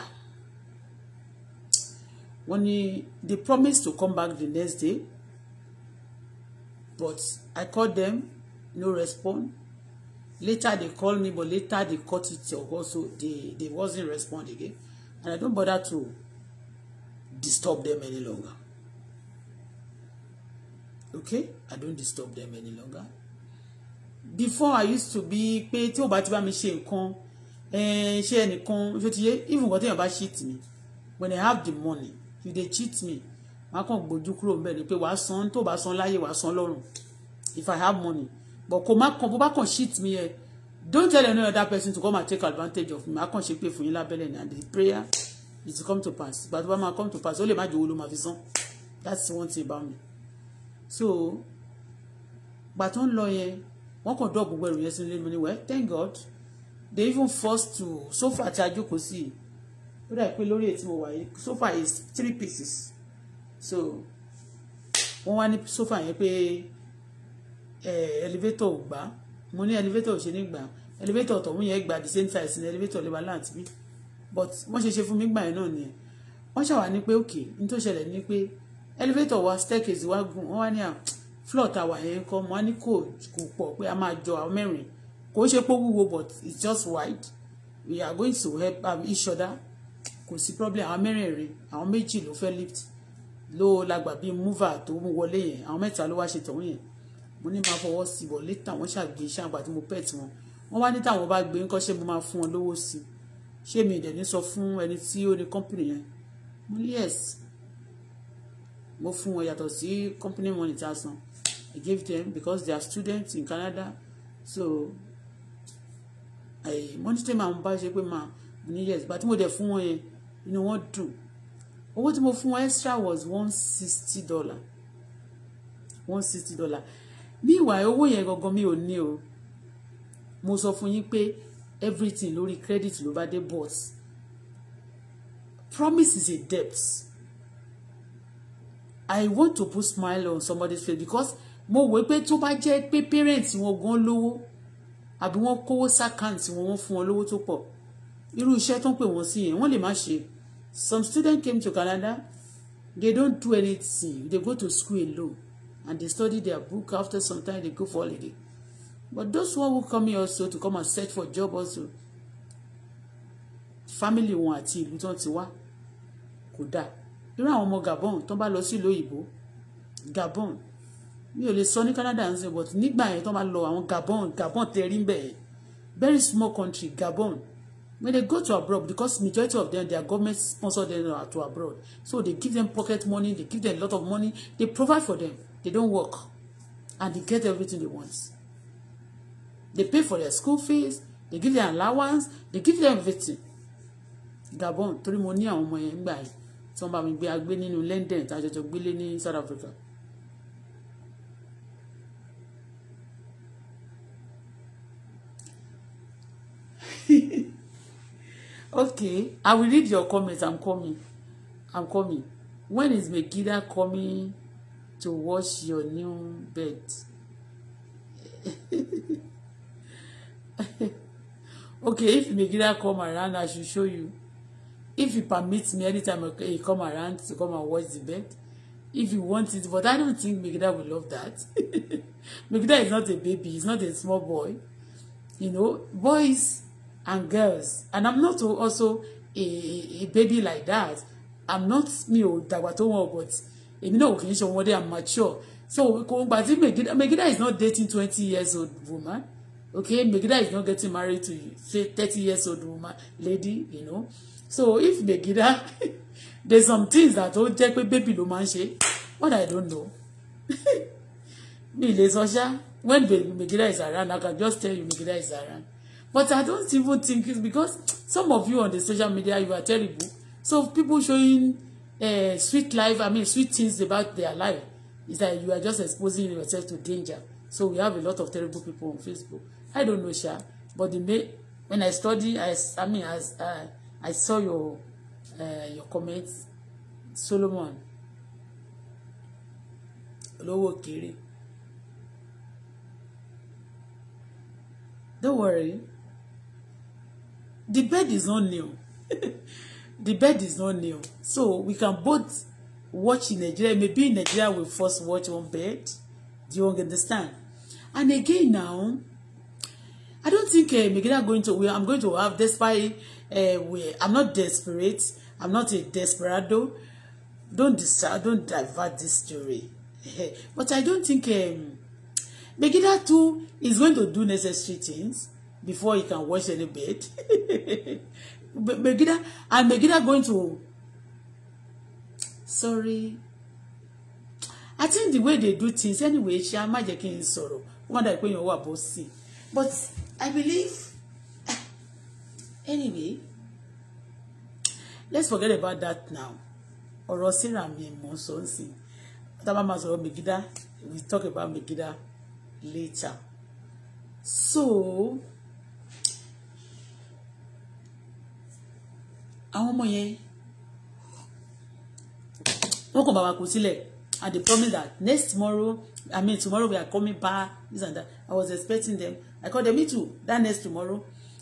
wọ́n ní they promised to come back the next day but I called them no respond later they call me but later they cut it off, also they they wasn't respond again and I don't bother to disturb them any longer okay I don't disturb them any longer before I used to be pé tí o bá ti bá mi ṣe nǹkan ṣé ẹnìkan ṣó ti yé even nǹkan téèyàn bá cheat me when I have the money you dey cheat me wàá kàn gbójú kúrò ń bẹ̀ ni pé wàá san tó bá san láyé wàá san lọ́rùn if I have money but kò má kàn bó bá kàn cheat me yẹn don't tell any other person to come and take advantage of me akànṣe pé fún yín lábẹ́lẹ̀ ni and the prayer is to come to pass ìgbà tó bá máa come to pass ó lè má jò wó ló máa fi san that's one thing about me so gbà tó ń lọ yẹn wọ́n kàn dọ́ gbogbo ẹrù yẹn sí ilé mi ni well thank God they even forced to sofa tí a jókòó sí ó dà pé lórí ètí mo wà yìí sofa is three pieces so wọ́n wá ní sofa yẹn pé eh, elevator ò gbà mo ní elevator ò ṣe ní gbà elevator tọ̀hún yẹn gbà the same size ní elevator lè wà bí but wọ́n ṣe ṣe fún mi gbà yẹn náà nìyẹn wọ́n ṣàwà ní pé òkè ní tó ṣẹlẹ̀ ní pé elevator wa staircase wa gùn wọ́n wá ní à floor tàwa yẹn kọ́ mo wá ní kò kò pọ̀ pé a máa jọ àwọn mẹ́rin kò ń ṣe pé wúwo but it's just wide we are going to help um, each other kò sí problem àwọn mẹ́rẹ̀ẹ̀rin àwọn méjì ló fẹ́ lift ló lágbà bíi mover tó mú wọlé yẹn àwọn mẹ́ta ló wá ṣe tọ̀hún yẹn mo ní máa fọwọ́ sí bọ̀ létà wọ́n ṣàgbé iṣẹ́ àgbà tí mo pẹ̀ tí wọn wọ́n wá ní táwọn bá gbé ńkọ́ ṣé mo máa fún wọn lówó sí ṣé mi ìdẹ̀ ní sọ fún ẹni tí ó ní company yẹn mo ní yes mo fún wọn yàtọ̀ sí company money tá a san I give them because they are students in Canada so mọ́nítì tí màá bá ṣe pé màá ní yes ìgbà tí mo dẹ̀ fún wọn yẹn inú wọn dùn owó tí mo fún wọn extra was one sixty dollar one sixty dollar bí ìwà owó yẹn gangan mi ò ní o mo sọ fún yín pé everything lórí credit ló bá dé but promise is a debt i want to put smile on somebody's face because mo wò pé tó bá jẹ́ pé parents wọn gan lówó àbí wọ́n kówó sákàǹtì wọn wọ́n fún wọn lówó tó pọ̀ irú iṣẹ́ tó ń pè wọ́n sí yẹn wọ́n lè má ṣe some students came to Canada they don't do anything they go to school alone and they study their book after some time they go for holiday but those one who come here also to come and search for job also family wọn àti ìlú tán ti wá kò dáa irú àwọn ọmọ Gabon tó bá lọ sí ìlú òyìnbó Gabon mi ò lè sọ ní Canada ń but nígbà yẹn tó máa lọ àwọn Gabon Gabon tẹ̀rí bẹ̀ very small country Gabon when they go to abroad because majority of them their government sponsor them are to abroad so they give them pocket money they give them a lot of money they provide for them they don't work and they get everything they want they pay for their school fees they give them allowance they give them everything Gabon torí mo ní àwọn ọmọ yẹn ń gbà yẹn tí wọ́n bá mi gbé agbé nínú London tí a jọjọ gbélé ní South Africa [laughs] okay i will read your comments i'm coming i'm coming when is Megida coming to wash your new bed [laughs] okay if Megida come around i should show you if he permits me anytime he come around to come and wash the bed if he wants it but i don't think Megida will love that [laughs] Megida is not a baby he's not a small boy you know boys and girls and i'm not also a, a baby like that i'm not mi ò dàgbà tó wọn but èmi náà kì í ṣe ọmọdé i'm mature so kò gbà megida megida is not dating twenty years old woman okay megida is not getting married to say thirty years old woman lady you know so if megida [laughs] there's some things that ó jẹ́ pé baby ló máa ń ṣe what i don't know [laughs] mi le sọ ṣá when megida is around i can just tell you megida is around But I don't even think it's because some of you on the social media, you are terrible. So people showing uh, sweet life, I mean, sweet things about their life, is that you are just exposing yourself to danger. So we have a lot of terrible people on Facebook. I don't know, Sha, but the may, when I study, I, I mean, I, uh, I saw your, uh, your comments, Solomon, Lowo Kiri. Don't worry the bed is not new [laughs] the bed is not new so we can both watch in Nigeria maybe in Nigeria we first watch one bed do you understand and again now I don't think uh, eh, Megida going to we I'm going to have despite uh, we I'm not desperate I'm not a desperado don't disturb don't divert this story eh, but I don't think um, Megida too is going to do necessary things before he can wash any bed. [laughs] Megida, and Megida going to. Sorry. I think the way they do things anyway, She a má jẹ́ kí n when you dà pé èèyàn But I believe [sighs] anyway, let's forget about that now. Ọ̀rọ̀ Sarah mi mò ń sọ Megida, we talk about Megida later. So. àwọn ọmọ yẹn wọ́n kàn bá wa kú sílẹ̀ and they promise that next tomorrow i mean tomorrow we are coming back this and that i was expecting them i called them me too that next tomorrow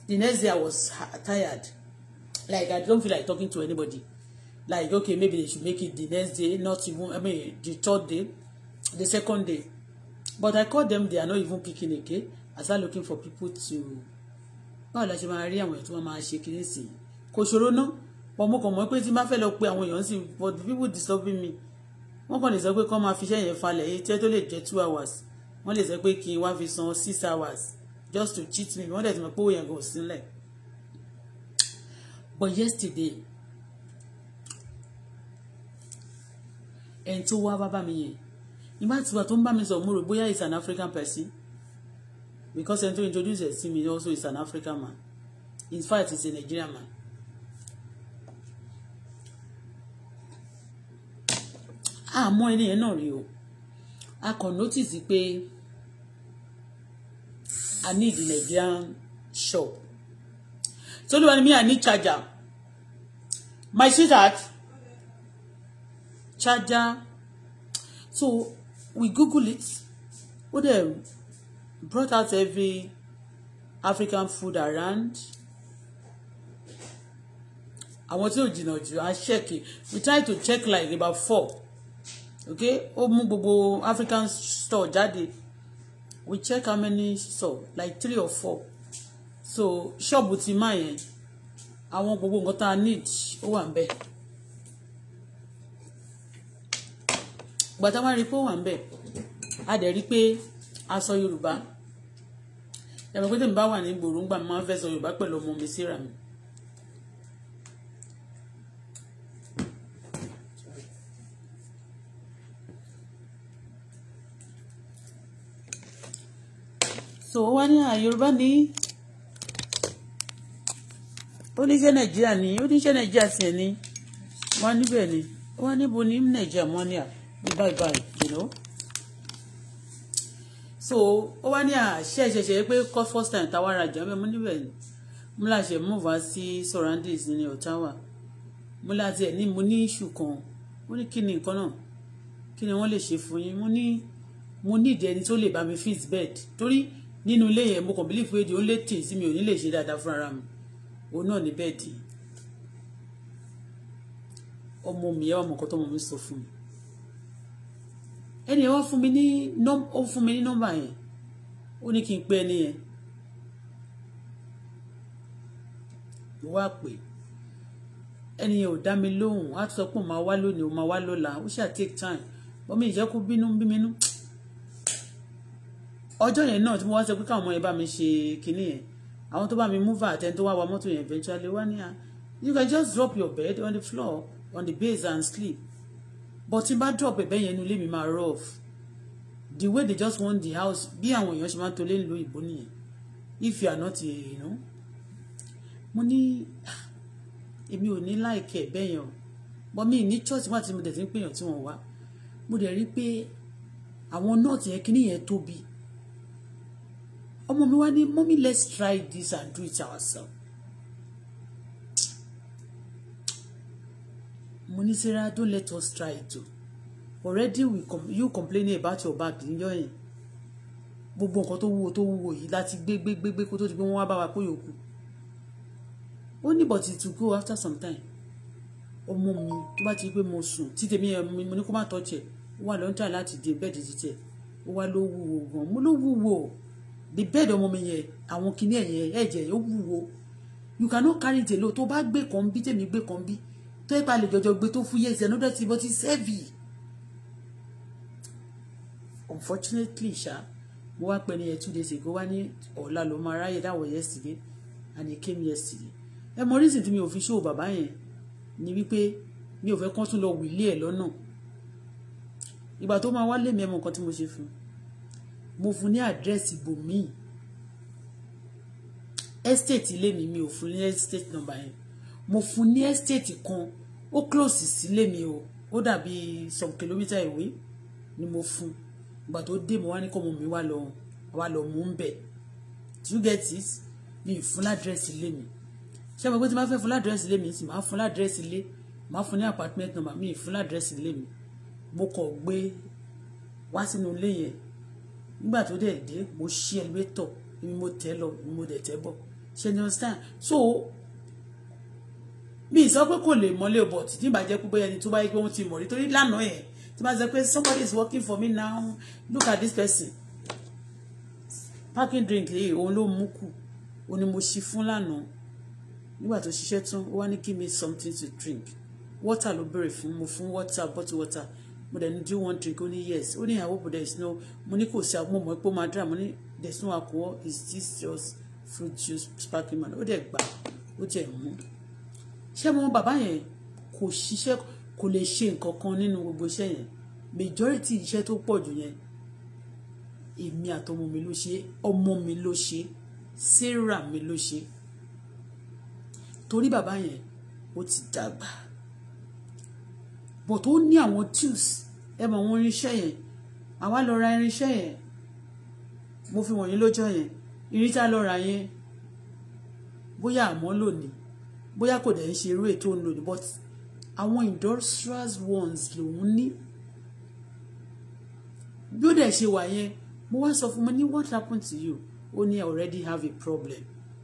the next day i was tired like i don't feel like talking to anybody like okay maybe they should make it the next day not even i mean the third day the second day but i call them they are not even picking again i start looking for people to báwo la ṣe máa rí àwọn ètò wọn máa ṣe kiri sí i kò ṣòro ná but mo kàn mọ̀ pé tí n bá fẹ́ lọ pe àwọn èèyàn sí but people disturbing me wọ́n kàn lè sọ pé kọ́ máa fi iṣẹ́ yẹn falẹ̀ èyí tẹ́ tó lè jẹ́ two hours wọ́n lè sọ pé kí n wá fi san six hours just to cheat me wọ́n dẹ̀ ti mọ̀ pé òyìn kò sílẹ̀ but yesterday ẹni tó wá bá bá mi yẹn ìgbà tí wà tó ń bá mi sọ mo rò bóyá is an African person because ẹni tó introduce ẹ sí mi also is an African man in fact he is a Nigerian man àmọ́ ẹni yẹn náà rí o a kàn notice pé i need Nigerian shop tolúwa ni mi i need charger my sweetheart charger so we google it We dẹ̀ brought out every African food around àwọn tí ò jìnnà jù á ṣẹ́ẹ̀kì we try to check like about four okay ó mú gbogbo African store jáde we check how many store like three or four so ṣọ́ọ̀bù ti má yẹn àwọn gbogbo nǹkan tá a need ó wà ń bẹ̀ gbàtà wá rí pé ó wà ń bẹ̀ a dẹ̀ rí pé aṣọ Yorùbá ẹ̀rọ pé tèmi bá wà ní gbòòrò ń gbà mí máa ń fẹ́ sọ Yorùbá pẹ̀lú ọmọ mi síra mi so ó wá ní ah, Yorùbá ní ó ní ṣé Nàìjíríà ní ó ní ṣé Nàìjíríà sì ní wọ́n níbẹ̀ ni wọ́n níbo ní Nàìjíríà wọ́n ní à ah, ní báyìí báyìí you know so ó wá ní àṣẹ ah, ṣẹṣẹ pé kọ first time táwa rajà mẹ mo níbẹ̀ ni mo láṣẹ mú wá sí surroundings ní Ottawa mo láti ẹ̀ ní mo ní issue kan mo ní kí ni nǹkan náà kí ni wọ́n lè ṣe fún yín mo ní mo ní ìdí ẹni tó lè bá mi fix bed torí nínú ilé yẹn mo kàn believe pé di only thing tí mi ò ní lè ṣe dáadáa fún ara mi òun náà ní bẹ́ẹ̀dì ọmọ mi yẹn wà mọ̀ nǹkan tọ́mọ mi sọ fún mi ẹni yẹn wá fún mi ní ó fún mi ní nọ́mbà yẹn ó ní kí n pè ẹni yẹn mo wá pè ẹni yẹn ò dá mi lóhùn á sọ pé òun máa wá lónìí òun máa wá lọ́la ó ṣáà take time bọ́mí ìjẹ́kú bínú bímínú ọjọ́ yẹn náà tí mo wá sọ pé káwọn ọmọ yẹn bá mi ṣe kinní yẹn àwọn tó bá mi move out tó wá wa mọ́tò yẹn eventually wá ní à ah, you can just drop your bed on the floor on the base and sleep but tí n bá drop ẹ̀bẹ̀ yẹn inú ilé mi máa rough the way they just want the house bí àwọn èèyàn ṣe máa ń tolé ń lo ìbò nìyẹn if you are not a you know mo ní ah, èmi ò ní láìkẹ́ ẹ̀bẹ̀ yẹn o but mi ní church wà tí mo dẹ̀ ti ń pèèyàn tí wọ́n wá mo dẹ̀ rí pé àwọn nọ́ọ̀tì yẹn kíní yẹn tóbi ọmọ mi wá ní mommy let's try this and do it ourselves. mo ní sarah don't let us try it o already we com you complaining about your back níjọ́ yẹn gbogbo nǹkan tó wúwo tó wúwo yìí láti gbé gbé gbé gbé kó tó di pé wọ́n wá bá wa kó yòókù ó ní but it will go after some time ọmọ mi tó bá ti rí pé mo sùn tí tèmi yẹn mo ní kó má tọ́jú ẹ̀ ó wà lọ́jà láti di bẹ́ẹ̀dì títẹ̀ ó wá ló wúwo gan mo ló wúwo o the bed ọmọ mi yẹn àwọn kinní ẹ̀yẹ ẹ̀jẹ̀ yóò wúwo you cannot carry it alone tó bá gbé kan bí tèmi gbé kan bí tó ipa lè jọjọ gbé tó fúyẹ́ ẹsẹ̀ ní ọdọ̀tí but it's heavy. unfortunately ṣá mo wá pẹ́ ní ẹ̀ two days ago wá ní ọ̀la ló máa ráyè dáwọ̀ yesterday and he came yesterday ẹ mọ reason tí mi ò fi ṣó bàbá yẹn ni wípé mi ò fẹ́ kán tún lọ wílé ẹ̀ lọ́nà ìgbà tó máa wá lé mi ẹ mọ nǹkan tí mo ṣe fún un mo fún ní àdírẹ́sì ibòmíì estate ilé mi mi ò fún ní estate number yẹn mo fún ní estate kan ó close sílé mi o ó dàbí some kilometre away ni mo fún ìgbà tó dé mo wá ní kọ́mọ mi wá lọ wá lọ mú un bẹ̀ do you get it mi ì fún ládírẹ́sì ilé mi ṣé mo gbé tí máa fẹ́ fún ládírẹ́sì ilé mi sì máa fún ládírẹ́sì ilé máa fún ní apartment number mi ì fún ládírẹ́sì ilé mi mo kọ̀ gbé wá sínú ilé yẹn nígbà tó dẹ̀ dé mo ṣí elevator ni mo tẹ́ lọ ni mo dẹ̀ tẹ́ bọ̀ ṣe ni understand so mi sọ pé kò lè mọ́lé but tí ìbàjẹ́ pé bóyá ẹni tó bá yẹ pé wọ́n ti mọ̀ rí torí lánàá ẹ̀ tí bá sọ pé somebody is working for me now look at this person parking drink yìí òun ló mú kù òun ni mo ṣí fún lánàá nígbà tó ṣiṣẹ́ tán ó wá ní kí mi something to drink water ló béèrè fún mo fún water bottle water mo dẹ̀ ní do one drink ó ní yes ó ní I hope there is no mo ní kò sí àwọn ọmọ pé ó máa dra mo ní there is no alcohol it's just fruit juice sparkling man ó dẹ̀ gbà ó jẹ̀ mú ṣé mo bàbá yẹn kò ṣiṣẹ́ kò lè ṣe nǹkan kan nínú gbogbo iṣẹ́ yẹn majority iṣẹ́ tó pọ̀ jù yẹn èmi àtọmọ mi ló ṣe ọmọ mi ló ṣe sarah mi ló ṣe torí bàbá yẹn ó ti dàgbà but ó ní àwọn tools ẹ mọ̀ wọn irinṣẹ́ yẹn àwa lọ ra irinṣẹ́ yẹn mo fi wọ̀nyí lọ́jọ́ yẹn irin tá a lọ ra yẹn bóyá àmọ́ lónìí bóyá kò dẹ̀ ń ṣe eré ètò òun lónìí but àwọn industrial ones lòun ní bí ó dẹ̀ ṣe wà yẹn mo wá sọ fún mi ní what happened to you ó ní I already have a problem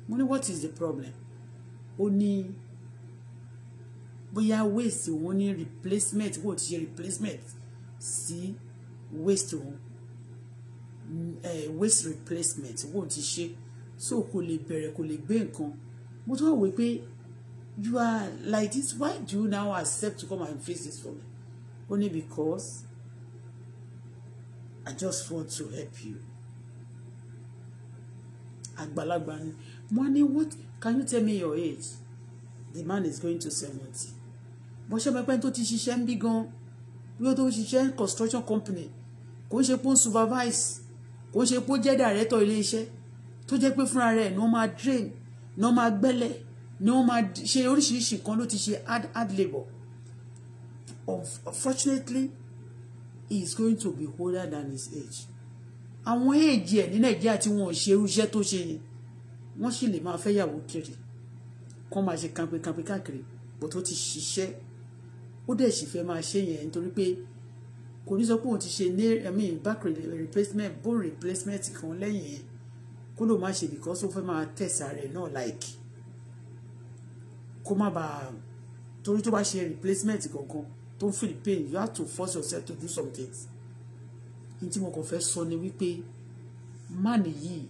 mo ní what is the problem ó ní bóyá waste òun ní replacement wọ́n ti ṣe replacement sí waste uh, waste replacement wọ́n ti ṣe so kò lè bẹ̀rẹ̀ kò lè gbé nǹkan mo tún wà wí pé you are like this why do you now accept to come and face this for me only because I just want to help you àgbàlagbà ni money. what can you tell me your age the man is going to seventy bó ṣe pẹpẹ tó ti ṣiṣẹ́ ń bí gan-an bí ó tó ń ṣiṣẹ́ construction company kò ń ṣe pé ó ń supervise kò ń ṣe pé ó jẹ́ director ilé iṣẹ́ tó jẹ́ pé fúnra rẹ̀ ni wọ́n máa drain ni wọ́n máa gbẹ́lẹ̀ ni wọ́n máa ṣe oríṣiríṣi nǹkan ló ti ṣe hard hard labour unfortunately he is going to be older than his age àwọn èèjì ẹ̀ ní nàìjíríà tí wọ́n ṣe irúṣẹ́ tó ṣe yẹn wọ́n sì lè máa fẹ́ yàwó kiri kó máa ṣe kanpe kanpe káàkiri bó tó ti ṣiṣẹ́ ó dẹ̀ sì fẹ́ máa ṣe yẹn nítorí pé kò ní sọ pé òun ti ṣe ní i mean back replacement bone replacement kan lẹ́yìn yẹn kó ló má ṣe because ó fẹ́ máa tẹ̀sà rẹ̀ náà like kó má bàa torí tó bá ṣe replacement kankan tó ń feel pain you have to force yourself to do something ní tí mo kàn fẹ́ sọ ni wípé mánì yìí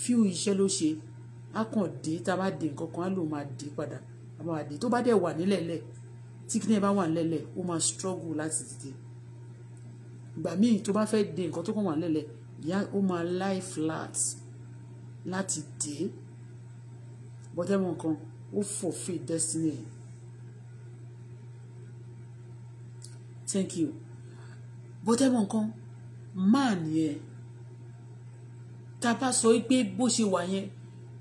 fíw iṣẹ́ ló ṣe á kàn dé tá a bá dé nǹkan kan á lò máa dé padà á máa tó bá dẹ̀ wà nílẹ̀ lẹ́ẹ̀ tí kíní ẹ bá wà lẹ́lẹ̀ ó máa struggle láti dìde ìgbà míì tó bá fẹ́ de nǹkan tó kàn wà lẹ́lẹ̀ ìyá ó máa lie flat láti dé bọ́tẹ́mọ̀ kan ó fulfill destiny thank you bọ́tẹ́mọ̀ kan máa nìyẹn tá a bá sọ pé bó ṣe wà yẹn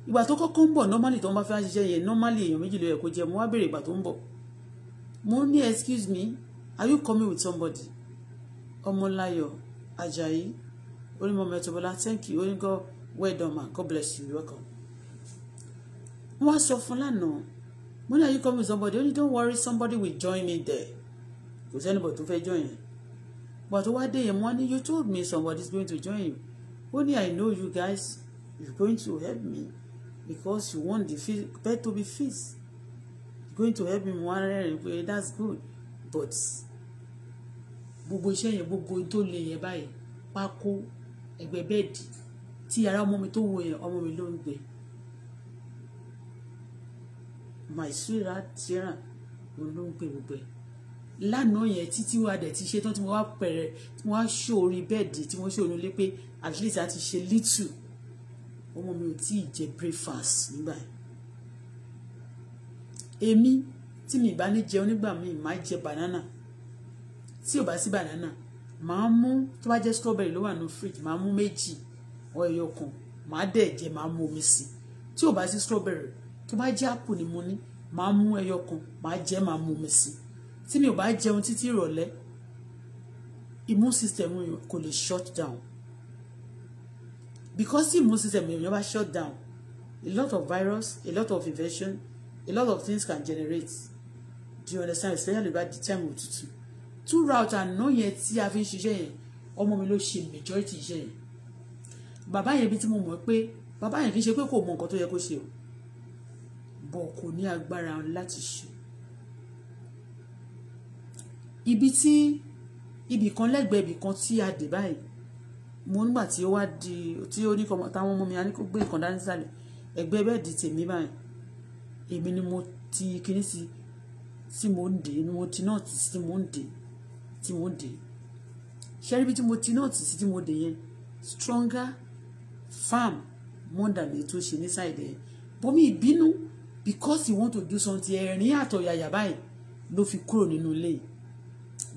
ìgbà tó kọ́kọ́ ń bọ̀ normally tó ń bá fẹ́ ṣiṣẹ́ yẹn normally èèyàn méjì ló yẹ kó mo wá béèrè ìgbà tó ń bọ̀ mo ní excuse me are you coming with somebody ọmọláyọ̀ ajayi onímọ̀mọ́ ẹ̀tọ́bọ̀lá thank you onígọ́ well done ma god bless you welcome. wọ́n wá sọ fún lánàá mo ní are you coming with somebody only don't worry somebody will join me there kò sẹ́ni bọ̀ tó fẹ́ join but wá dé yẹn wọ́n ní you told me somebody is going to join you Only i know you guys you going to help me because you want the fish bed to be fixed going to help him one day. pé that's good but gbogbo iṣẹ́ yẹn gbogbo tó le yẹn báyìí pákó ẹ̀gbẹ́ bẹ́ẹ̀dì tí ara ọmọ mi tó wo yẹn ọmọ mi ló ń gbé my sweetheart tiran ló ń gbé gbogbo ẹ̀ lánàá yẹn títí wà dẹ̀ ti ṣe tán tí mo wá pẹ̀rẹ̀ tí mo wá ṣòrí bẹ́ẹ̀dì tí mo ṣòrí lé pé at least a ti ṣe little ọmọ mi ò tí ì jẹ breakfast nígbà yẹn èmi tí mi bá ní jẹun nígbà míì máa jẹ banana tí ò bá sí banana máa mú tó bá jẹ́ strawberry ló wà ní fridge máa mú méjì ọ̀yọ̀ kan máa dẹ̀ jẹ máa mú omi sí tí ò bá sí strawberry tó bá jẹ́ apple ni mo ní máa mú ẹyọ kan máa jẹ máa mú omi sí tí mi ò bá jẹun títí ìrọ̀lẹ́ immune system kò lè shut down because tí immune system èèyàn bá shut down a lot of virus a lot of infection a lot of things can generate do you understand especially about the time òtútù throughout àná yẹn tí a fi ń ṣiṣẹ́ yẹn ọmọ mi ló ṣe majority iṣẹ́ yẹn bàbá yẹn bí tí mo mọ̀ pé bàbá yẹn kì í ṣe pé kò mọ nǹkan tó yẹ kó ṣe o bọ̀ kò ní agbára láti ṣe ibi tí ibì kan lẹ́gbẹ̀ẹ́ ibì kan tí a dé báyìí mo nígbà tí ó wá di tí ó ní kọ́ táwọn ọmọ mi á ní kó gbé nǹkan dání sálẹ̀ ẹgbẹ́ bẹ́ẹ̀ di tèmi báyìí èmi ni mo ti kíní sí tí mo ń dè ni mo ti náà tì sí tí mo ń dè tí mo ń dè ṣé ibi tí mo ti náà tì sí tí mo dè yẹn stronger farm more than èyí tó ṣe ní side yẹn bomi ìbínú because you want to do something ẹ̀rín àtọ̀yàyà báyìí ló fi kúrò nínú ilé yìí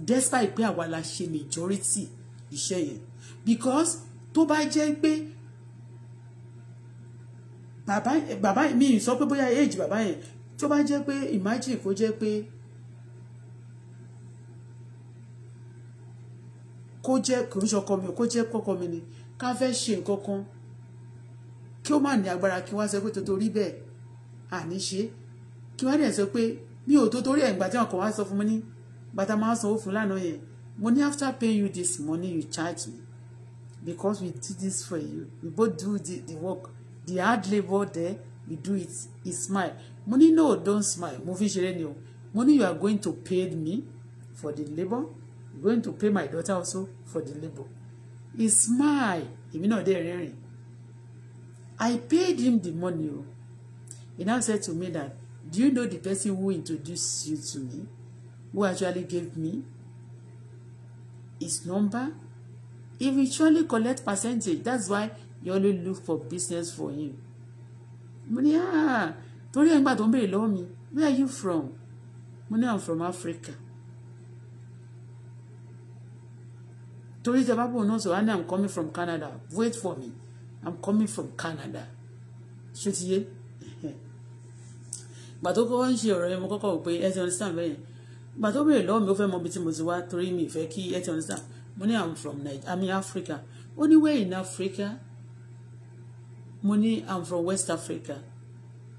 despite pé àwa la ṣe majority iṣẹ́ yẹn because tó bá jẹ́ pé bàbá bàbá mi sọ pé bóyá age bàbá yẹn tó bá jẹ́ pé imagine kó jẹ́ pé kó jẹ́ kò ń ṣọkọ mi kó jẹ́ kọ́kọ́ mi ni ká fẹ́ ṣe nǹkan kan kí ó má ní agbára kí wá sọ pé tòtò rí bẹ́ẹ̀ àní ṣe kí wá dẹ̀ sọ pé mi ò tó torí ẹ̀ tí wọn kọ̀ wá sọ fún mi ní bàtà máa sanwó fún lánàá yẹn mo ní after pay you this money you charge me because we do this for you we both do the, the work the hard labor there we do it he smile Money no don't smile mo fi ṣeré ni o mo you are going to pay me for the labor. you going to pay my daughter also for the labor. he smile èmi náà dé rẹ́rìn I paid him the money o he now said to me that do you know the person who introduced you to me who actually gave me his number he eventually collect percentage that's why you only look for business for him mo ní ah torí ẹ̀ ń gbà tó ń béèrè lọ́wọ́ mi where are you from mo ní i'm from Africa torí ìjọba bò náà sọ wani ah, i'm coming from Canada wait for me i'm coming from Canada ṣé ti yé [laughs] gbà tó kọ́kọ́ ń ṣe ọ̀rọ̀ yẹn mo kọ́kọ́ wò pé ẹ ti understand bẹ́ẹ̀ yẹn gbà tó béèrè lọ́wọ́ mi ó fẹ́ mọ ibi tí mo ti wá torí mi ìfẹ́ kí ẹ ti understand mo ní i'm from Nigeria i'm in Africa ó ní where in Africa mo ní i'm from west africa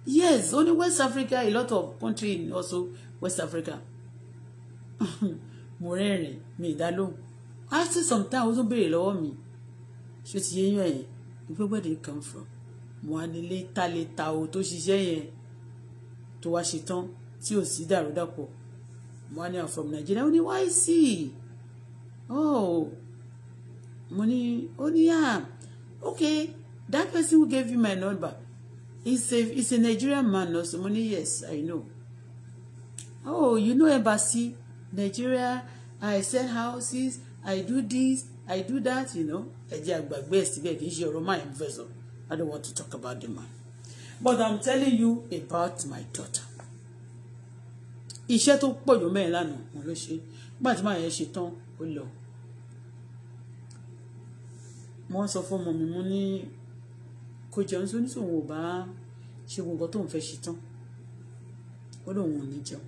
yes only west africa a lot of country in also west africa [laughs] mo rẹ́rìn mi ìdálóhùn after some time ó tún béèrè lọ́wọ́ mi ṣé ti yé yàn yẹn ìgbé where they come from mo á nílé ta lè ta o tó ṣiṣẹ́ yẹn tó wá ṣe tán tí ò sí dàrúdàpọ̀ mo á ní i'm from nigeria ó ní why sí oh mo ní ó ní yà ah, okay that person who gave you my number he's a he's a Nigerian man also mo ní yes I know oh you know embassy Nigeria I sell houses I do this I do that you know I don't want to talk about the man but I'm telling you about my daughter iṣẹ́ tó pọ̀ jù mẹ́rin lánàá wọn ló ṣe nígbà tí màá yẹn ṣe tán ó lọ wọ́n sọ fún ọmọ mi mo ní kò jẹun tó ní tòun ò bá ṣe gbogbo tóun fẹ́ ṣe tán ó lóun ò ní jẹun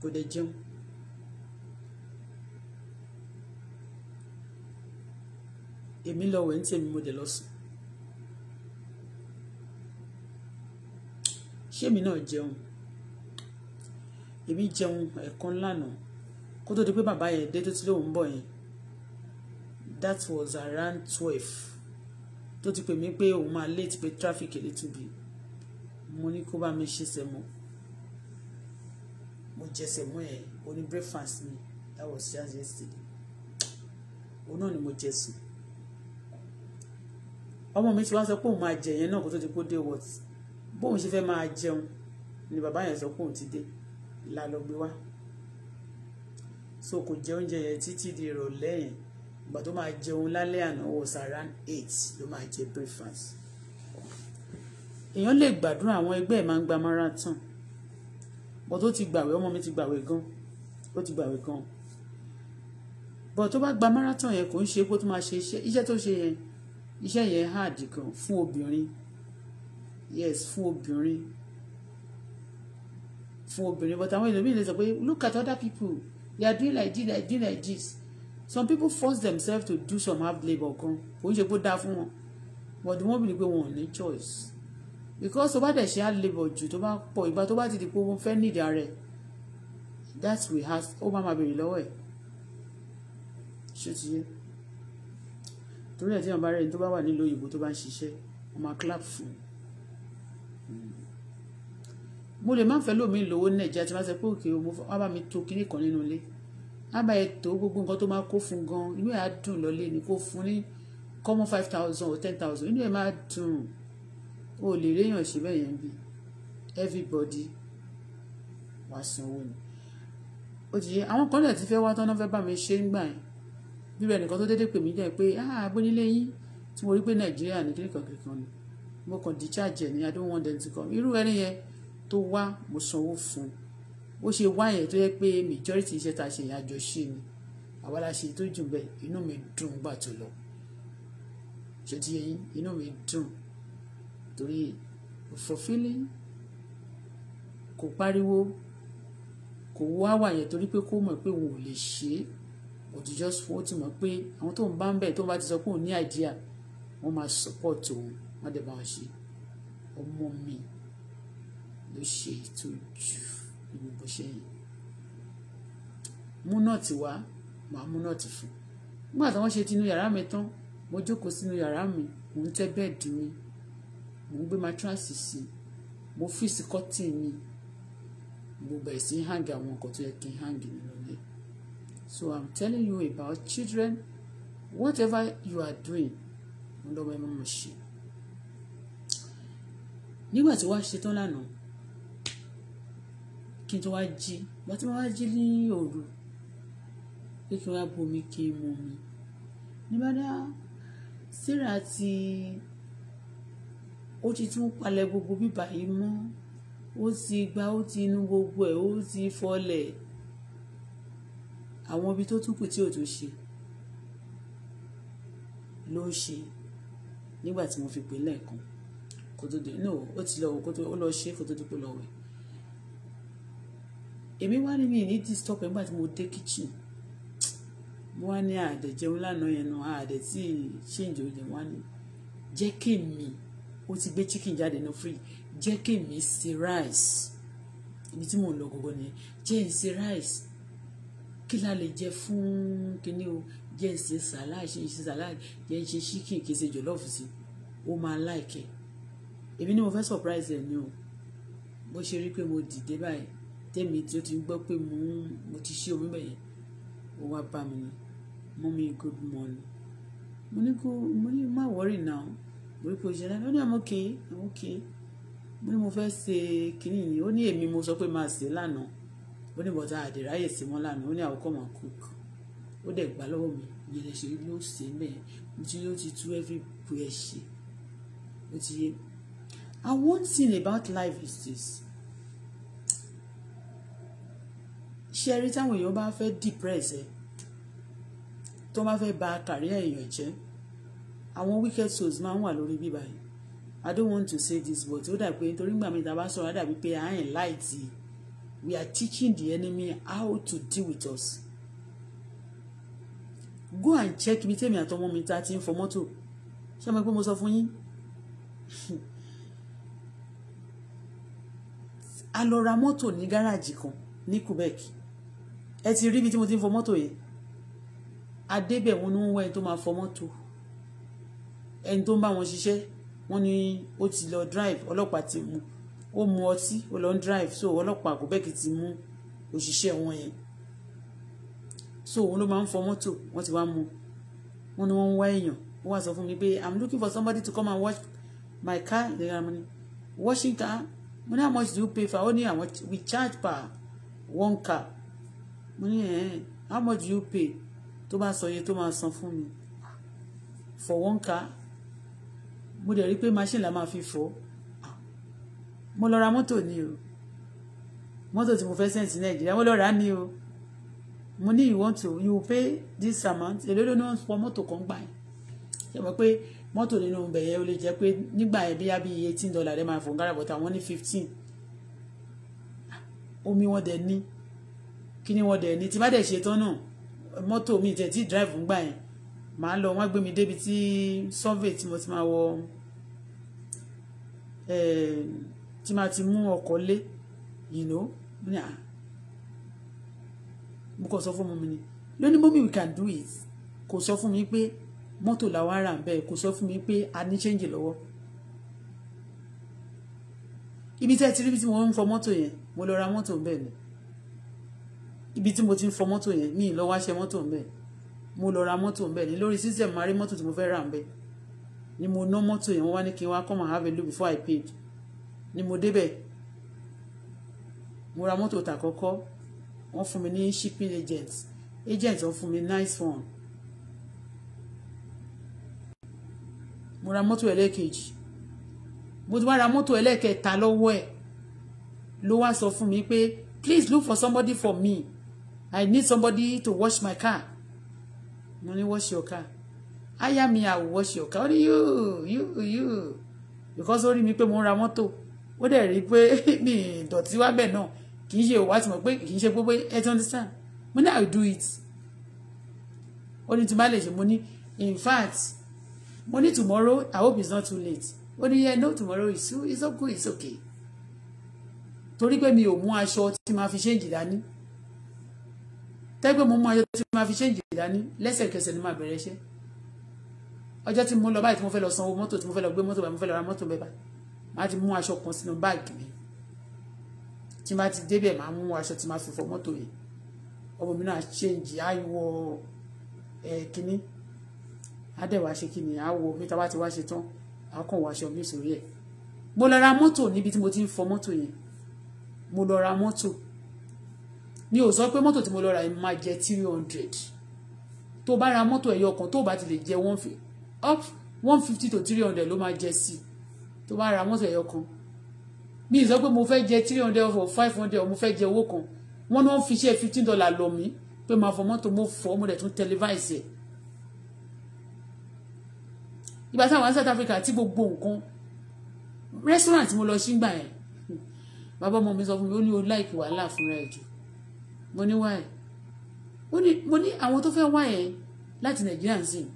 kò dẹ̀ jẹun. èmi lọ wẹ̀ ń tèmi mo dẹ̀ lọ sùn. ṣé náà jẹun èmi jẹun ẹ̀kan lánàá kó tó di pé bàbá yẹn dé tó ti lóun bọ̀ yẹn that was around twelve tó ti pè mí pé òun máa late pé traffic a little bit mo ní kó bá mi ṣe sẹ̀mọ́ mo jẹ sẹ̀mọ́ ẹ̀ oní breakfast mi that was just yesterday òun náà ni mo jẹ sùn ọmọ mi ti wá sọ pé òun máa jẹ yẹn náà kó tó ti kó dé wọ́t bóun ṣe fẹ́ máa jẹun ni bàbá yẹn sọ pé òun ti dé la lọ gbé wá so kò jẹ oúnjẹ yẹn títí di ìrọ̀lẹ́ yẹn ìgbà tó máa jẹun lálẹ́ àná was around eight ló máa jẹ breakfast èèyàn lè gbàdúrà àwọn ẹgbẹ́ ẹ̀ máa ń gba marathon But tó ti gbàwé ọmọ mi ti gbàwé gan ó ti gbàwé gan bọ́ tó bá gba marathon yẹn kò ń ṣe bó tó máa ṣe iṣẹ́ iṣẹ́ tó ṣe yẹn iṣẹ́ yẹn hard gan fún obìnrin yes fún obìnrin fún obìnrin but àwọn èèyàn mi lè sọ pé look at other people they are doing like this they are like this some people force themselves to do some hard labour kan kò ń ṣe kó dáa fún wọn but wọ́n bìrì pé wọn ò ní choice because tó bá dẹ̀ ṣe hard labour jù tó bá pọ̀ ìgbà tó bá ti di pé wọ́n fẹ́ nídìí ara ẹ̀ that we have ó má máa bèrè lọ́wọ́ ẹ̀ ṣé ti yé torí ẹ̀ tí wọn bá rẹ̀ tó bá wà nílùú òyìnbó tó bá ń ṣiṣẹ́ wọn máa clap fún un hmm. mo lè má fẹ́ lómi lówó ní nàìjíríà tí wọ́n bá sọ pé òkè o bá mi to kinní kan nínú ilé á bá ẹ tó gbogbo nǹkan tó máa kó fún gan inú ẹ á dùn lọlé ni kó fún ní common five thousand or ten thousand inú ẹ máa dùn o lè réyàn ṣe bẹ́ẹ̀ yẹn bí everybody wà sanwó ni ó ti yẹ àwọn kan náà ti fẹ́ wá tán náà fẹ́ bá mi ṣe ń gbà yẹn bí rẹ nìkan tó dédé pè mí jẹ́ pé ah bónílé yín tí mo rí pé nàìjíríà ní kíríkan kíríkan ni mo kàn discharge ẹ̀ i don't want them to come irú ẹni yẹn tó wá mo sanwó fún un ó ṣe wá yẹn tó yẹ pé majority iṣẹ́ ta ṣe àjọṣe ni àwa la ṣe tó jù inú mi dùn gbà tó lọ ṣe ti yẹn inú mi dùn torí fulfilling kò pariwo kò wá wà yẹn torí pé kó mọ̀ pé òun ò lè ṣe é òtí just fún ó ti mọ̀ pé àwọn tó ń bá ń bẹ̀ tó bá ti sọ pé òun ní idea wọ́n máa support òun wọ́n dẹ̀ bá wọn ṣe ọmọ mi ló ṣe tó bó ṣe yìí mú nọ́ọ̀tì wá màá mú nọ́ọ̀tì fún nígbà tí wọ́n ṣe tinú yàrá mi tán mo jókòó sínú yàrá mi mò ń tẹ́ bẹ́ẹ̀dì mi mò ń gbé matrasi sí i mo fíìsì kọ́tì mi mo bẹ̀rẹ̀ sí hang àwọn nǹkan tó yẹ kí n hang nílẹ̀ so i'm telling you about children whatever you are doing ń lọ́wọ́ ẹ mọ́ mọ́ ṣe nígbà tí wàá ṣetán lánàá kí n tó wá jí ìgbà tí mo wá jí ní òru pé kí n wá bomi kí n mu mi ní bá dá Sarah ti ó ti tún palẹ̀ gbogbo bíbá yìí mọ́ ó ti gba ó ti inú gbogbo ẹ̀ ó ti fọlẹ̀ àwọn ibi tó tún kù tí ò tún ṣe ló ń ṣe nígbà tí mo fi pè lẹ́ẹ̀kan kó tó dé no ó ti lọ wò kó tó ó lọ ṣe kó tó dé kó lọ wẹ̀ èmi wá ní mi ní disturb nígbà tí mo dé kitchen mo wá ní àdè jẹun lánàá yẹn náà àdè tí change oúnjẹ wá ní jẹ́ kí mi ó ti gbé chicken jáde ní free. jẹ́ kí mi ṣe rice ibi tí mo ń lọ gbogbo nìyẹn jẹ́ n ṣe rice kí la lè jẹ fún kíní o jẹ́ n ṣe salad ṣe n ṣe salad jẹ́ n ṣe chicken kì í ṣe jọlọ́ọ̀fù sí ó máa like ẹ̀ èmi ni mo fẹ́ surprise ẹ̀ ni o bó ṣe rí pé mo dìde báyìí tẹ́mi tí ó ti ń gbọ́ pé mo ń mo ti ṣe omi bẹ̀yẹn ó wá bá mi ni mommy good morning mo ní kó mo ní má worry now mo rí pé ṣe náà ó ní I'm okay I'm okay mo ní mo fẹ́ ṣe kínní yìí ó ní èmi mo sọ pé máa ṣe lánàá ó ní bọ́tà àdìráyè sí mọ́ lánàá ó ní àwòkọ́ máa cook ó dẹ̀ gbà lọ́wọ́ mi ìyẹn lè ṣe ló ṣe mẹ́ẹ̀ mo ti ti tú every prayer ṣe ó ti yé and one thing about life is this ṣé ẹ rí táwọn èèyàn bá fẹ́ depress ẹ tó bá fẹ́ ba kàríà èèyàn jẹ́ àwọn wicked souls máa ń wà lórí bíbá yìí i don't want to say this but ó dàbí pé nítorí gbàmí ta bá sọ̀rọ̀ dàbí pé i am light we are teaching the enemy how to deal with us go and check ibi tèmi àtọmọ mi ta ti ń fọ mọ́tò ṣé ọmọ ẹgbẹ́ mo sọ fún yín [laughs] a lọ ra mọ́tò ní gáràjì kan ní Quebec ẹ ti rí ibi tí mo ti ń fọ mọ́tò yìí adébẹ̀ wọn ni wọ́n wá ẹni tó máa fọ mọ́tò ẹni tó ń bá wọn ṣiṣẹ́ wọ́n ní ó ti lọ drive ọlọ́pàá ti mú ó mu ọtí ó lọ ń drive so ọlọ́pàá kò bẹ́ẹ̀ kì í ti mú òṣìṣẹ́ wọn yẹn so òun ló máa ń fọ mọ́tò wọ́n ti wá mu wọ́n ní wọ́n ń wá èèyàn ó wá sọ fún mi pé i'm looking for somebody to come and watch my car in the morning washing car mo how much do you pay for ó ní àwọn we charge per one car mo ní ẹ̀ how much do you pay tó bá sọ iye tó máa san fún mi for one car mo dẹ̀ rí pé machine la máa fi fọ́ mo lọ ra mọ́tò ni o mọ́tò tí mo fẹ́ sẹ́ǹtì nàìjíríà mo lọ rà á ni o mo ní you want to you pay this amount èlé ló ní wọ́n fọ mọ́tò kan gbà yẹn ṣe mọ̀ pé mọ́tò nínú ibẹ̀ yẹn ó lè jẹ́ pé nígbà yẹn bí yábí eighteen dollar rẹ̀ máa fò ń gáràbọ̀tà wọ́n ní fifteen omi wọn dẹ̀ ní kí ni wọ́n dẹ̀ ní tí bá dẹ̀ ṣe tán náà mọ́tò mi tẹ̀ tí drive ń gbà yẹn màá lọ wọ́n gbé mi débi tí survey tí mo ti máa wọ eh, tí máa ti mú ọkọ̀ lé you know ní à mo kàn sọ fún mi ni lónìí mọ́mí we can do it kò sọ fún mi pé mọ́tò làwọn ará ń bẹ́ẹ̀ kò sọ fún mi pé a ní ṣéǹjì lọ́wọ́ ibi tẹ́ ti rí bí tí wọ́n ń fọ mọ́tò yẹn mo lọ ra mọ́tò bẹ́ẹ̀ ni ibi tí mo ti ń fọ mọ́tò yẹn mi lọ wá ṣe mọ́tò ń bẹ̀ mo lọ ra mọ́tò ń bẹ̀ ní lórí system máa rí mọ́tò tí mo fẹ́ rà ń bẹ̀ ni mo ná mọ́tò yẹn wọ́n wá ní kí n wá come and have a look before I paid ni mo débẹ̀ mo ra mọ́tò tà kọ́kọ́ wọ́n fún mi ní shipping agent agent wọ́n fún mi nice one mo ra mọ́tò ẹlẹ́ẹ̀kejì mo ti wá ra mọ́tò ẹlẹ́ẹ̀kẹta lọ́wọ́ ẹ̀ ló wá sọ fún mi pé please look for somebody for me I need somebody to wash my car. Money wash your car. I Hire me, I will wash your car. Only you, you, you. Because only me mi pé mo ń ra mọ́tò. Ó dẹ̀ rí pé [laughs] mi ìdọ̀tí wá bẹ̀ náà. Kì í ṣe òwá tí mo pé kì í gbogbo ẹ ti understand. Mo I will do it. Only to manage má lè in fact money tomorrow I hope it's not too late. Only ní yeah no tomorrow is so okay. it's okay. Torí pé mi ò mú aṣọ tí màá fi ṣéǹjì dání tẹ́gbẹ́ mo mú ayọ̀ tí mo fi ṣéǹjì dání lẹ́sẹ̀kẹsẹ̀ ni màá bẹ̀rẹ̀ iṣẹ́ ọjọ́ tí mo lọ báyìí tí mo fẹ́ lọ sanwó mọ́tò tí mo fẹ́ lọ gbé mọ́tò báyìí mo fẹ́ lọ ra mọ́tò bẹ́ẹ̀ báyìí màá ti mú aṣọ kan sínú báàgì mi tí màá ti débẹ̀ màá mú aṣọ tí màá fi fọ mọ́tò yìí ọmọ mi náà ṣéǹjì àìwọ ẹ̀ kínní adẹ́wà ṣe kí ni àwọ̀ mi tá bá ti wá ṣe tán àkàn wọ aṣọ mi sórí ẹ̀ mo lọ ra mọ́tò níbi tí mo ti ń fọ mọ́tò yẹn mo lọ ra mọ́tò mi ò sọ pé mọ́tò tí mo lọ rà yìí máa jẹ́ three hundred tó bá ra mọ́tò ẹ̀yọ kan tó bá ti lè jẹ́ one fifty up one fifty to three hundred ló máa jẹ́ sí tó bá ra mọ́tò ẹ̀yọ kan mi ì sọ pé mo fẹ́ jẹ́ three hundred or five hundred or mo fẹ́ jẹ́ owó kan wọ́n ní wọ́n fi ṣe fifteen dollar lọ mí pé màá fọ mọ́tò mo fọ́ mo dẹ̀ tún tẹlifáìsì ẹ̀ ìgbà táwọn South Africa tí gbogbo nǹkan restaurant tí mo lọ sí gbà yẹn bàbá ọmọ mi sọ fún mi ó ní o láìkì wàhálà fúnra ẹ̀ jù mo ní wáyé mo ní àwọn tó fẹ́ wáyé láti nàìjíríà ń sìn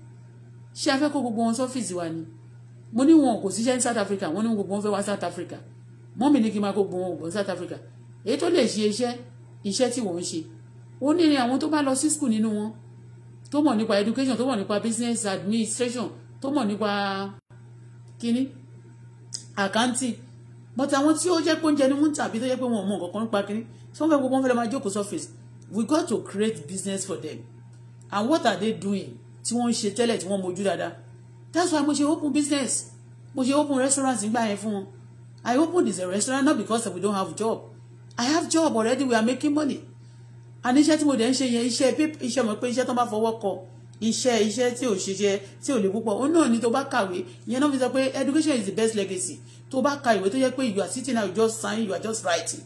ṣé a fẹ́ kó gbogbo wọn sọ́fíìsì wa ni mo ní wọn kò síṣẹ́ ní South Africa wọ́n ní gbogbo wọn fẹ́ wá South Africa mọ́mì ní kí n máa gbogbo wọn gbọ́n South Africa èyí tó lè ṣe iṣẹ́ iṣẹ́ tí wọ́n ń ṣe ó ní àwọn tó bá lọ sí school nínú wọn tó mọ̀ nípa education tó mọ̀ nípa business administration tó mọ̀ nípa kínní àkáǹtì but àwọn tí ó jẹ́ pé oúnjẹ ni wọ́n ń tàbí tó jẹ́ pé wọn ò mọ̀ nǹkan kan nípa kínní some people wọ́n fẹ́ lọ máa jókòó surface we got to create business for them and what are they doing Ti won ń ṣe tẹ́lẹ̀ tí moju dada. that's why mo ṣe open business mo ṣe open restaurant nígbà yẹn fún i opened this restaurant not because we don't have job i have job already we are making money and iṣẹ́ tí mo dẹ̀ ń ṣe yẹn iṣẹ́ iṣẹ́ mọ̀ pé iṣẹ́ tó bá fọwọ́ kọ iṣẹ́ iṣẹ́ tí ò ṣiṣẹ́ tí ò lè púpọ̀ òun náà ni tó bá kàwé ìyẹn náà fi sọ pé education is the best legacy tó bá ka ìwé tó yẹ pé you are sitting now you just sign you are just writing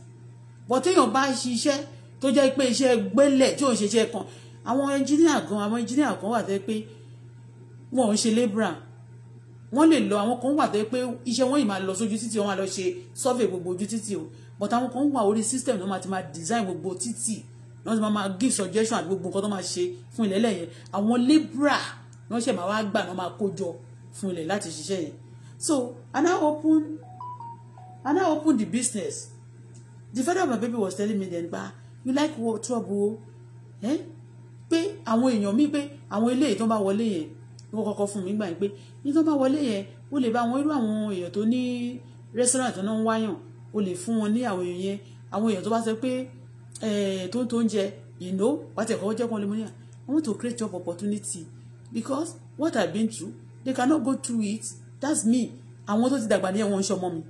bọ́ téèyàn bá ń ṣiṣẹ́ tó jẹ́ pé iṣẹ́ gbélẹ̀ tí òun ṣe iṣẹ́ kan àwọn ẹnjíníà gan àwọn ẹnjíníà kan wà tẹ́ pé wọn ò ń ṣe lébra wọ́n lè lọ àwọn kan wà tẹ́ pé iṣẹ́ wọn yìí máa lọ sójú títì wọ́n máa lọ ṣe survey gbogbo ojú títì o but àwọn kan wà orí system náà máa ti máa design gbogbo títì náà ti máa máa give suggestion àti gbogbo nǹkan tó máa ṣe fún ilẹ̀ lẹ́yìn àwọn lébra náà ṣẹ̀ máa wá gbà náà máa kó jọ fún ilẹ̀ láti ṣiṣẹ́ yẹn so I now open I now open the business the father of my baby was telling me then "Ba, you like what trouble o eh? pé àwọn èèyàn mi pé àwọn eléyìí tó bá wọlé yẹn wọ́n kọ́kọ́ fún mi gbà yín pé ní tó ba. wọlé yẹn o lè bá àwọn irú àwọn èèyàn tó ní restaurant náà ń wáyàn o lè fún wọn ní àwọn èèyàn yẹn àwọn èèyàn tó bá sọ pé eh, tó ń tó ń jẹ ìnáwó wàtẹ̀kọ́ jẹ́ kan lè mú ní à I want to create job opportunity because what I've been through they cannot go through it that's me àwọn to ti dàgbà ní ẹ̀wọ̀n ń ṣọmọ mi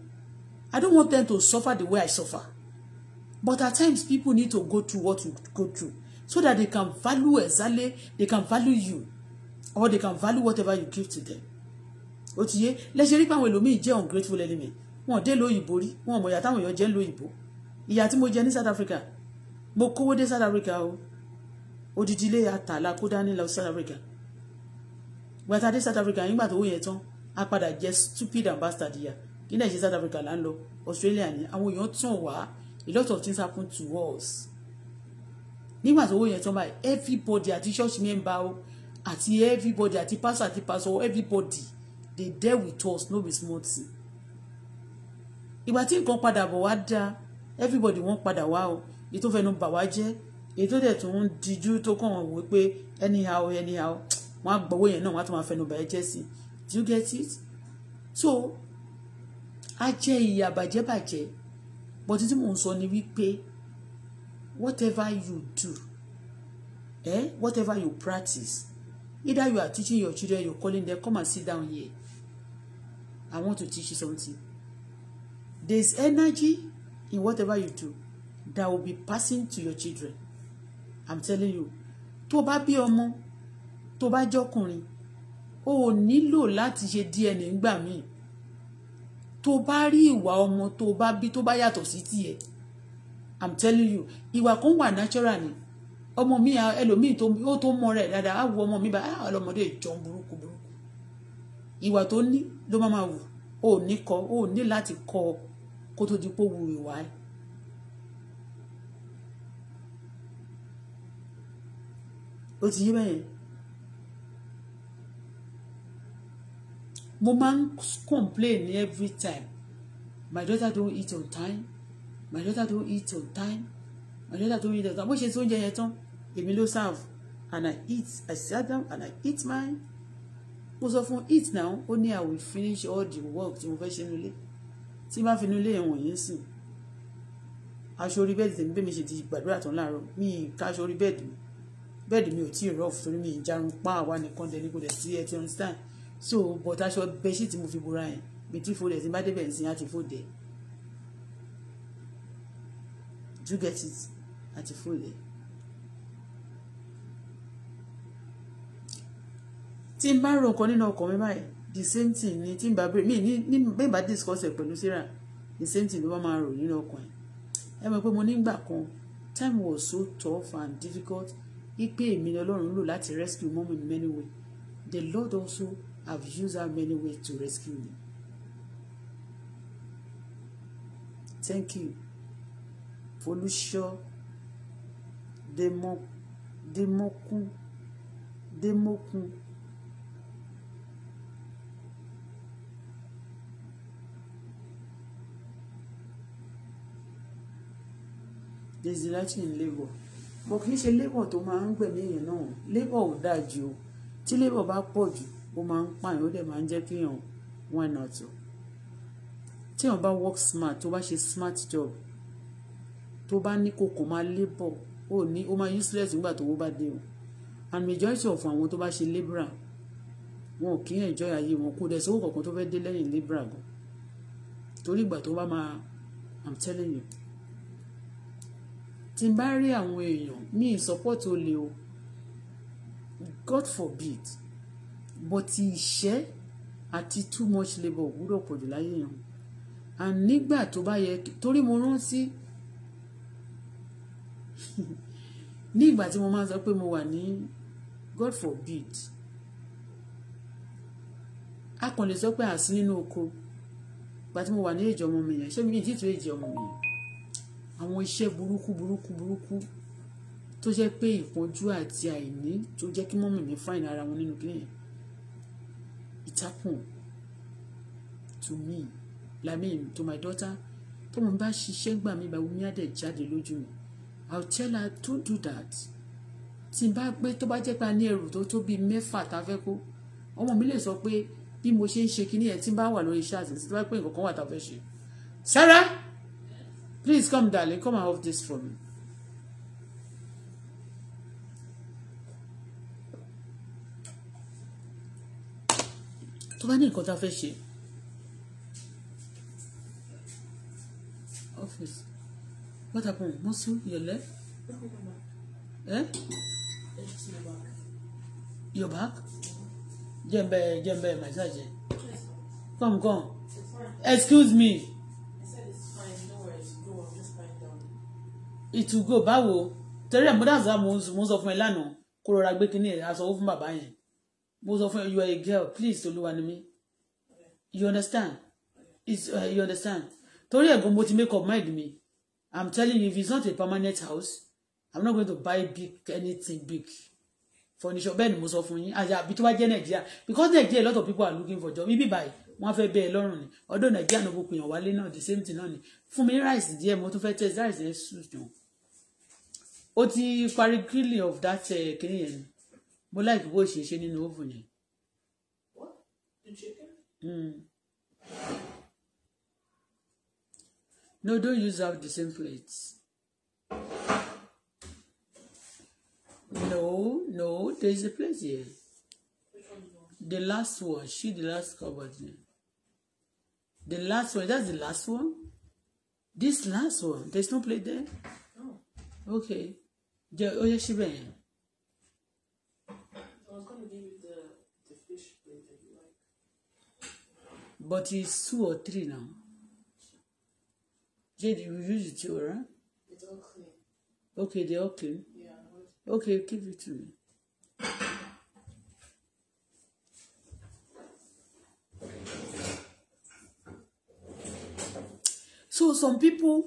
I don't want them to suffer the way I suffer. But at times, people need to go through what you go through so that they can value exactly, they can value you, or they can value whatever you give to them. Ó ti yé lẹ́sẹ̀ rí pé àwọn ẹlòmíì jẹ́ ungrateful enemy wọn dé lóyìnbó rí wọn mọ̀ ìyà táwọn èèyàn jẹ́ lóyìnbó ìyà tí mo jẹ ní South Africa mo kówó dé South Africa o odidi ilé àtàlà kó dání lọ South Africa gbàtà dé South Africa nígbà tó wó yẹn tán a padà jẹ stupid ambassador yà kí náà ṣe South Africa là ń lọ Australia ni àwọn èèyàn tàn wá a lot of things happen to us nígbà tó owó yẹn tán báyìí everybody àti church member o àti everybody àti pastor àti pastor everybody dey there with us no be small thing ìgbà tí nǹkan padà bọ̀ wá dáa everybody wọ́n padà wá o èyí tó fẹnu bà wá jẹ́ èyí tó dẹ̀ tó ń dijú tó kàn wọ́n wípé anyhow anyhow wọ́n á gbọ́wọ́ yẹn náà wọ́n á tó máa fẹnu bà ẹ́ jẹ́ sí do you get it so a jẹ ìyà bàjẹ́bàjẹ́ but tí mò ń sọ ni wípé whatever you do eh whatever you practice either you are teaching your children you calling them come and sit down here i want to teach you something there is energy in whatever you do that will be passing to your children i'm telling you tó bá bí ọmọ tó bá jọkùnrin o ò nílò láti ṣe DNA ńgbà míì tó bá rí ìwà ọmọ tó bá bí tó bá yàtọ̀ sí tiẹ̀ i'm telling you ìwà kan wà natural ni ọmọ mi ẹlòmíì ó tó mọ rẹ̀ dáadáa á wo ọmọ mi bá ah, ọlọmọdé jọ burúkú burúkú ìwà tó ní ló má máa wù ó ní kọ ó ní láti kọ kó tó di pé ó wu ìwà ẹ̀. ó ti yé bẹ́yẹn mo máa ń complain every time my daughter don't eat on time my daughter don't eat on time my daughter don't eat on time bó ṣe tó oúnjẹ yẹn tán èmi ló serve and i eat i sit down and i eat mine mo sọ fún eat now ó ní i will finish all the work tí mo fẹ́ ṣe nílé tí n bá fi nílé yẹn wọ̀nyí sìn aṣọ orí bẹ́ẹ̀dì tèmi bẹ́ẹ̀ mi ṣe ti gbàdúrà tán láàárọ̀ mi ká aṣọ orí bẹ́ẹ̀dì mi bẹ́ẹ̀dì mi ò tí ì rọ́ọ̀fù torí mi ìjarun pa àwa nìkan dẹ̀ ní kò dẹ̀ sí ẹ ti understand so but aṣọ bẹṣí tí mo fi bora yẹn mi tí fò dẹ̀ tí n bá débẹ̀ nsìn àti fò dẹ̀ do get it àti fò dẹ̀. tí n bá ro nǹkan nínú ọkàn mi báyìí the same thing ni tí n bá bèrè mi ní bẹ́ẹ̀ bá discuss ẹ̀ pẹ̀lú Sarah the same thing ló bá máa rò nínú ọkàn ẹ̀ ẹ mọ̀ pé mo nígbà kan time was so tough and difficult ipe èmi ni Ọlọ́run lò láti rescue mom in many ways the Lord also I've used that many ways to rescue you. Thank you. Folusho Demo Demokun Demokun There's election in labour. But kì í ṣe labour tó máa You know, èèyàn náà. Labour ò dáa jù o. Tí ó máa ń pààyàn ó dẹ̀ máa ń jẹ́ kí èèyàn wọ́n ẹ̀nà tó tí èèyàn bá work smart tó bá ṣe smart job tó bá ní kòkò máa labour ó ní ó máa useless nígbà tó wó bá dé o and majority of àwọn tó bá ṣe labourer wọn ò kí enjoy ayé wọn kó dẹ̀ sówó kankan tó fẹ́ dé lẹ́yìn labourer gan torí ìgbà tó bá máa i'm telling you tí n bá rí àwọn èèyàn ní ìsọpọ́tò olè o god forbid but ìṣẹ́ àti too much labour gbúdọ̀ pọ̀jù láyé yẹn and nígbà tó bá yẹ torí mo rántí [laughs] ní ìgbà tí mo máa ń sọ pé mo wà ní God forbid a kàn lè sọ pé àsí nínú oko ìgbà tí mo wà ní èjì ọmọ mi yẹn ṣé mi kì í tìtò èjì ọmọ mi yẹn àwọn iṣẹ́ burúkú burúkú burúkú tó jẹ́ pé ìpọ́njú àti àìní tó jẹ́ kí mọ́mì mi fáìn ara wọn nínú kílíyàn it happened to me like me to my daughter tó mo bá ṣiṣẹ́ gbà mí báwo mi á dẹ̀ jáde lójú mi i will tell her to do that tí n bá gbé tó bá jẹ́ pé a ní ẹrù tó tó bíi mẹ́fà tá a fẹ́ kó ọmọ mi lè sọ pé bí mo ṣe ń ṣe kíní ẹ̀ tí n bá wà lórí iṣẹ́ àti tí n bá pé nǹkan wà tá a fẹ́ ṣe Sarah please come darling come and off this for me. tó bá ní nǹkan tá a fẹ́ ṣe office what happened musu your leg eh your back jẹ́nbẹ́ jẹ́nbẹ́ massage come come excuse me it will go báwo torí ẹ̀ mo dáhùn sáà mo sọ fún ẹ lánàá kó rọra gbé kínní ẹ̀ aṣọ owó fún bàbá yẹn Most sọ you are a girl please olúwa ni me. you understand it's, uh, you understand torí ẹ̀gbọ́n mo ti make up mind me. i'm telling you if it's not a permanent house i'm not going to buy big anything big furniture bẹ́ẹ̀ most mo You fún yín àbí tó bá jẹ́ nàìjíríà because nàìjíríà a lot of people are looking for job Maybe buy. wọ́n fẹ́ bẹ́ẹ̀ lọ́rùn ni ọdọ̀ nàìjíríà náà gbogbo èèyàn wálé the same thing náà ni fún mi rice díẹ̀ mo tún fẹ́ test rice yẹn sùn jù ó ti of that uh, eh, kìnìyẹn mo láìkí bó ṣe ṣe nínú oven yẹn. Hmm. No, don't use out the same plates. No, no, there is a plate here. The last one, She the last cupboard here. The last one, that's the last one. This last one, there's no plate there. No. Okay. The, oh, yes, she been. but it's two or three now. Jade, you use it too, right? It's all clean. Okay, they're all clean? Yeah. Okay, give it to me. So some people,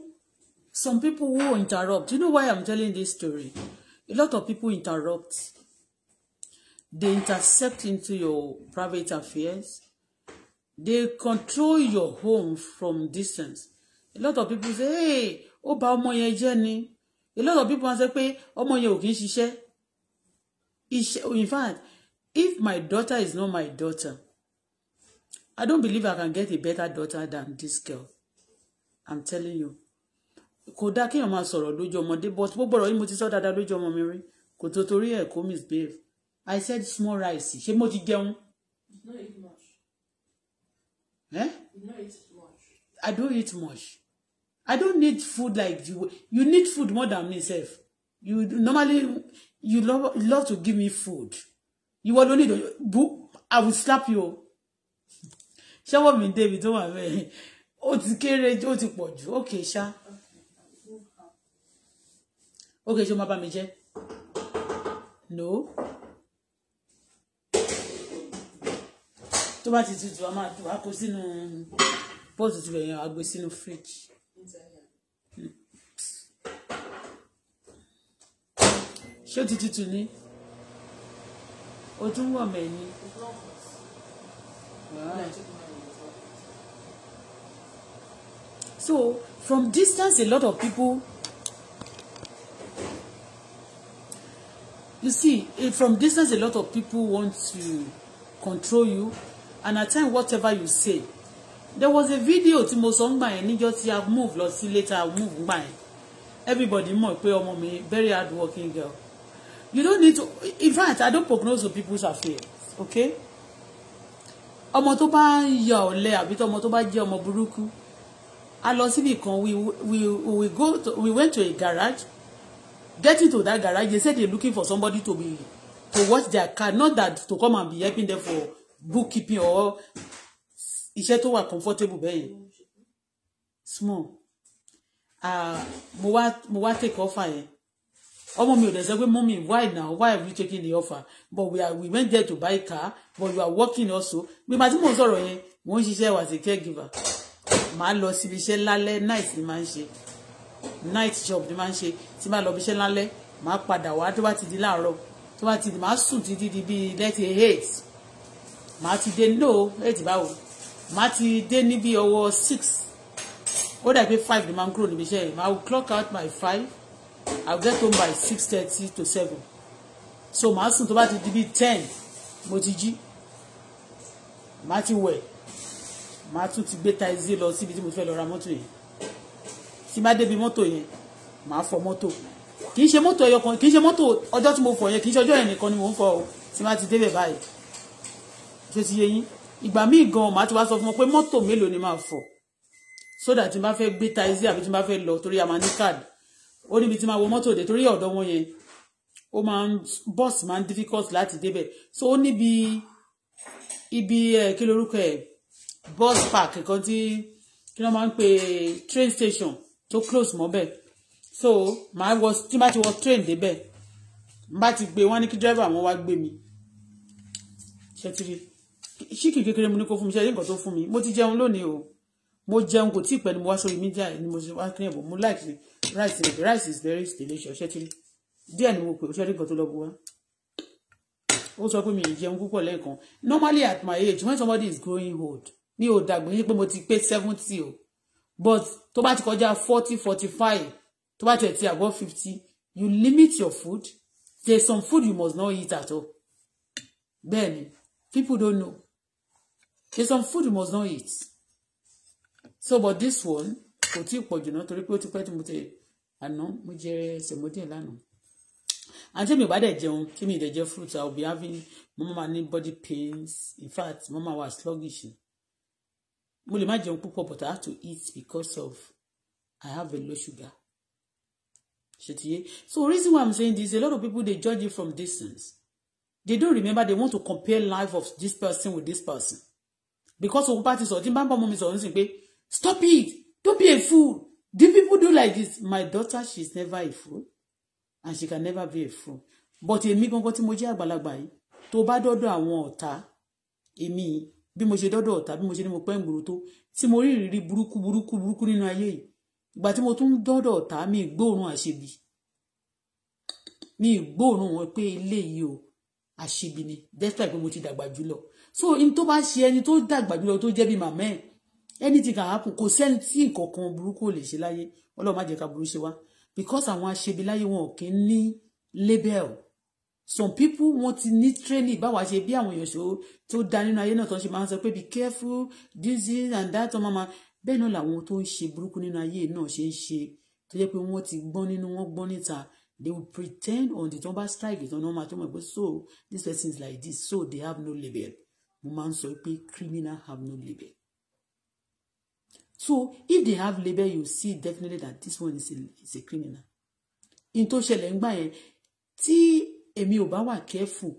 some people who interrupt, you know why I'm telling this story? A lot of people interrupt. They intercept into your private affairs they control your home from distance a lot of people say hey ó bà ọmọ yẹn jẹ́ ni a lot of people say pé ọmọ yẹn ò kì í ṣiṣẹ́ in fact if my daughter is not my daughter I don't believe I can get a better daughter than this girl I'm telling you kò dáa kéèyàn máa sọ̀rọ̀ lójú ọmọdé but gbogbo ọ̀rọ̀ yìí mo ti sọ dáadáa lójú ọmọ mi rí kò tó torí ẹ̀ kó misbehave I said small rice ṣé mo ti jẹun. No, Eh? I don't eat much. I don't need food like you. You need food more than me, myself. You normally you love love to give me food. You will only do boo. I will slap you. Ṣé wọ́n David tó wà bẹ́ẹ̀? Ó ti kéré ó ti pọ̀ Okay, ṣá. Okay, ṣé o máa bá No. tó bá ti tutù a máa wá kó sínú pọ́ọ̀tù tutù yẹn a gbé sínú fíríjì. ṣé ti tutù ni o tún wọ̀ mẹ́ni. So from distance a lot of people you see eh, from distance a lot of people want to control you and at times whatever you say there was a video tí mo sọ ń gbà yẹn níjọ́ tí i move lọ sí later i move gbà yẹn everybody mọ̀ pé ọmọ mi very hard working girl you don't need to in fact i don't prognose to people's affairs okay ọmọ tó bá ń ya ọ̀lẹ àbí tọmọ tó bá jẹ́ ọmọ burúkú a lọ síbi kan we we we go to, we went to a garage getting to that garage they said they looking for somebody to be to watch their car not that to come and be helping them for bookkeeping or iṣẹ́ tó wà comfortable bẹ́ẹ̀ yẹn small ah mo wá mo wá take offer yẹn ọmọ mi ò dẹ̀ sọ pé mọ́mí why now why are we taking the offer but we are we went there to buy car but you are working also bí màá tí mò ń sọ̀rọ̀ yẹn mò ń ṣiṣẹ́ as a caregiver màá lọ síbi iṣẹ́ lálẹ́ night ni màá ń ṣe night job ni màá ń ṣe tí màá lọ bí iṣẹ́ lálẹ́ màá padà wá tó bá ti di láàárọ̀ tó bá ti di màá sùn títí di bíi let's eight màá ti dé no eight báwo màá ti dé níbi ọwọ́ six ó dà pé five ni màá kúrò níbi iṣẹ́ yìí màá clock out my five i'll get home by six thirty to seven so màá sùn tó bá ti di bíi ten mo ti jí màá ti wẹ̀ màá tún ti gbé taxi lọ síbi tí mo fẹ́ lọ ra mọ́tò yẹn tí má débi mọ́tò yẹn màá fọ mọ́tò kì í ṣe mọ́tò ẹyọ kan kì í ṣe mọ́tò ọjọ́ tí mo fọ yẹn kì í ṣe ọjọ́ yẹn nìkan ni mò ń fọ o tí má ti débẹ̀ báyìí ṣé ti yẹ yín gan màá ti wá sọ fún wọn pé mọ́tò ni máa fọ̀ sódà tí n bá fẹ́ gbé taxi àbí tí n bá fẹ́ lọ torí a máa ní káàdì ó níbi tí máa wọ mọ́tò dé torí ọ̀dọ̀ wọn yẹn ó máa ń bọ́ọ̀sì difficult láti débẹ̀ so ó níbi ibi ẹ̀ kí lorúkọ ẹ̀ bus park kan tí kí wọ́n máa ń train station tó close mọ́ bẹ́ẹ̀ so màá wọ tí n bá ti wọ train débẹ̀ n bá ti gbé wọn ní kí driver wọn wá gbé mi ṣe ti rí ṣíkì kékeré mo ní kó fún mi ṣe nǹkan tó fún mi mo ti jẹun lónìí o mo jẹun kò tíì pẹ́ ni mo wá sórí mídíà ni mo ṣe wá kí ẹ̀bùn mo like rice ni rice is very delicious ṣé tí díẹ̀ ni mo pè ṣé rí nǹkan tó lọ bu wá ó sọ pé mi ì jẹun púpọ̀ lẹ́ẹ̀kan normally at my age when somebody is growing old mi ò dàgbé yín pé mo ti pé seventy o but tó bá ti kọjá forty forty five tó bá ti ẹ̀ ti fifty you limit your food there is some food you must not eat at all bẹ́ẹ̀ people don't know There's some food you must not eat. So but this one kò tí ì pọ̀ jù náà torí pé ó ti pẹ́ tí mo ti àná mo jẹ sẹ̀mó díẹ̀ lánàá. Àti mi ò bá dẹ̀ fruit I will be having Mama, máa body pains in fact mama was sluggish. Mo lè má jẹun but I have to eat because of I have a low sugar. Ṣètìyé so reason why I'm saying this a lot of people they judge you from distance. They don't remember they want to compare life of this person with this person because òun bá ti sọ tí bá ń bọ́ ọmọ mi sọ̀rọ̀ ń sìn pé stop it don't be a fool do people do like this my daughter she is never a fool and she can never be a fool but èmi gangan tí mo jẹ́ àgbàlagbà yìí tó bá dọ́dọ̀ àwọn ọ̀tá èmi bí mo ṣe dọ́dọ̀ ọ̀tá bí mo ṣe ní mo pẹ́ ń gbòòrò tó tí mo rí ìrírí burúkú burúkú burúkú nínú ayé yìí ìgbà tí mo tún dọ́dọ̀ ọ̀tá mi ìgbóòórùn àṣebi mi ìgbóòórùn wọn pé ilé yìí o àṣebi ni despite pé mo ti dàgbà jùlọ so in tó bá ṣe ẹni tó dàgbà jùlọ tó jẹ́ bí màmá ẹ̀ anything can happen kò sẹ́ni tí nǹkan kan burúkú ò lè ṣe láyé ọlọ́run má jẹ́ ká burú ṣe wá because àwọn aṣebiláyé wọn ò kí ń ní label some people wọn ti ní training báwa ṣe bí àwọn èèyàn tó da nínú ayé náà tó ń ṣe máa ń sọ pé be careful this and that ọmọ máa bẹ́ẹ̀ náà làwọn tó ń ṣe burúkú nínú ayé náà ṣe ń ṣe tó jẹ́ pé wọ́n ti gbọ́n nínú wọ́n gbọ́n níta they will pretend on the tó ń bá strike ìtàn náà máa tó mọ̀ pé so this person is like this so they have no label mo máa ń sọ pé criminal have no label so if they have label you see definitely that this one is a, is a criminal in tó ṣẹlẹ̀ ń gbà yẹn tí èmi ò bá wà careful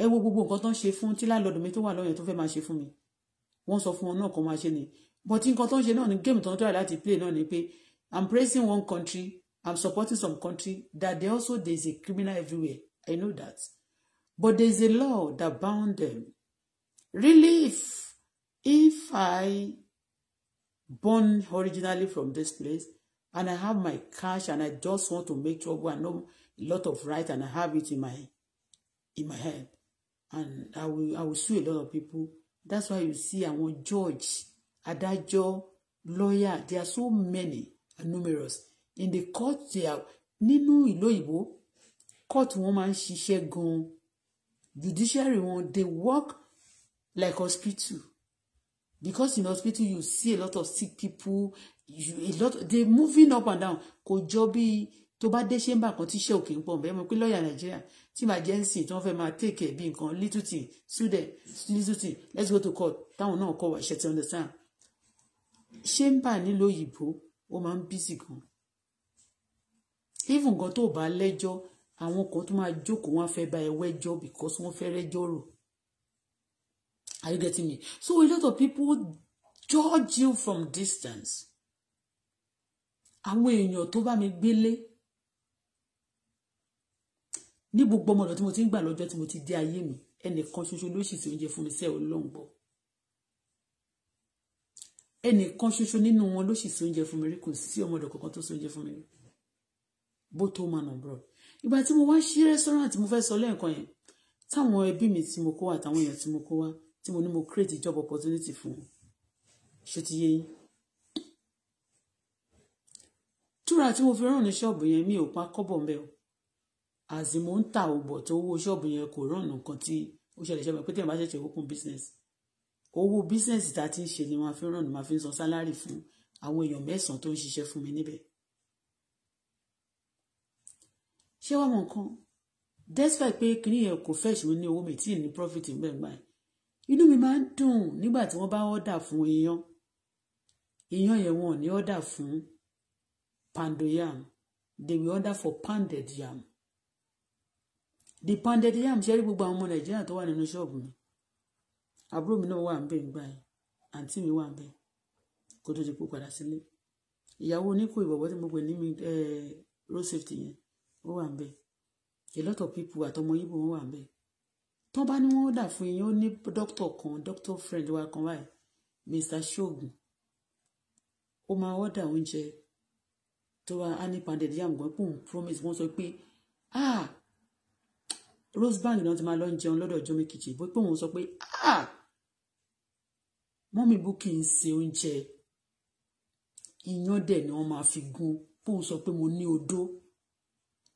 ẹ wo gbogbo nǹkan tó ń ṣe fún tí láńlọ́ọ̀dù mi tó wà lọ́yẹ̀ tó fẹ́ máa ṣe fún mi wọ́n sọ fún wọn náà kan máa ṣe ni but nǹkan tó ń ṣe náà ni game tó ń tọ́ra láti play náà ni pé i'm praising one country i'm supporting some country that they also there is a criminal everywhere i know that but there is a law that bound them Relief. E If I born originally from this place and I have my cash and I just want to make trouble and know a lot of right and I have it in my in my head and I will I will sue a lot of people. That's why you see I want judge, adájọ́, lawyer, there are so many and numerous. In the court they are nínú ìlú court woman. She share ṣiṣẹ́ gan-an judiciary wọn they work like hospital because in hospital you see a lot of sick people you a lot they moving up and down kò jọ bí tó bá dé chamber kan tí iṣẹ́ òkè ń pọ̀ bẹ́ẹ̀ mo pé lọ́ọ̀yà nàìjíríà tí emergency tí wọ́n fẹ́ máa take ẹ̀ bí nǹkan little thing sude little thing let's go to court táwọn náà kọ̀ wá ṣe ti understand chamber nílò òyìnbó ó máa ń busy gan even gan tó bá lẹ́jọ́ àwọn kan tó máa jókòó wọn fẹ́ bá ẹ wẹ́jọ́ because wọ́n fẹ́ rẹ́jọ́ rò Are you getting me? So a lot of people judge you from distance. Àwọn èèyàn tó bá mi gbélé ní gbogbo ọmọ tí mo ti ń gbà lọ́jọ́ tí mo ti dé ayé mi ẹnìkan ṣoṣo ló sì sí oúnjẹ fún mi sẹ́ ọlọ́run gbọ́. Ẹnìkan ṣoṣo nínú wọn ló sì sí oúnjẹ fún mi rí kò sí ọmọ ọ̀dọ̀ kankan tó sí oúnjẹ fún mi rí. Bó tó máa nà bọ̀. Ìgbà tí mo wá sí rẹ́sọ́ràn tí mo fẹ́ sọ lẹ́ẹ̀kan yẹn táwọn ẹbí mi tí mo kó wá àtàwọn èèyàn tí mo kó wá tí mo ní mo create job opportunity fún un ṣe ti yé yín túra tí mo fi ràn ní ṣọ́ọ̀bù yẹn mi ò pa kọ́bọ̀ mbẹ́ o àzì mo ń ta òbọ̀ tó owó ṣọ́ọ̀bù yẹn kò ràn nǹkan tí ó ṣẹlẹ̀ ṣọ́ọ̀bù pé tẹ̀yìn bá ṣẹ̀ṣẹ̀ ó business owó business tá a ti ń ṣe ni wọ́n á fi ràn ní máa fi ń san sálárì fún àwọn èèyàn mẹ́sàn-án tó ń ṣiṣẹ́ fún mi níbẹ̀. ṣé wàá mọ̀ nǹkan despite pé kinní kò fẹ́ ṣòwò ní owó mi tí ì ní profit ń bẹ̀ ń báyìí inú mi máa ń dùn nígbà tí wọ́n bá ọ̀dà fún iyán iyán yẹn wọn ò ní fún pando yam they will order for pounded yam the pounded yam ṣe rí gbogbo àwọn ọmọ nàìjíríà tó wà nínú ṣọ́ọ̀bù mi àbúrò mi náà wà ń bẹ̀ ń gbà yìí àǹtí mi wà ń bẹ̀ kó tó ti kó padà sílé ìyàwó oníkó ìbọ̀wọ́ tí mo pè ní mi eh, road safety yẹn ó wà ń bẹ̀ a lot of people àtọmọ yìí bò wọ́n wà ń bẹ̀ tó bá ní wọ́n dà fún yín ó ní dókítà kan dókítà friend wa kan báyìí Mr. Ṣoògùn ó máa ọ́dà oúnjẹ tó wá honey pounded yam gan pò promise wọ́n sọ pé ah Rosebank náà ti máa lọ jẹun lọ́dọ̀ ọjọ́ méjìjì bó pé òun sọ pé ah mọ́mí búkì ń ṣe oúnjẹ iyán dẹ̀ ni wọ́n máa fi gun bóun sọ pé mo ní odó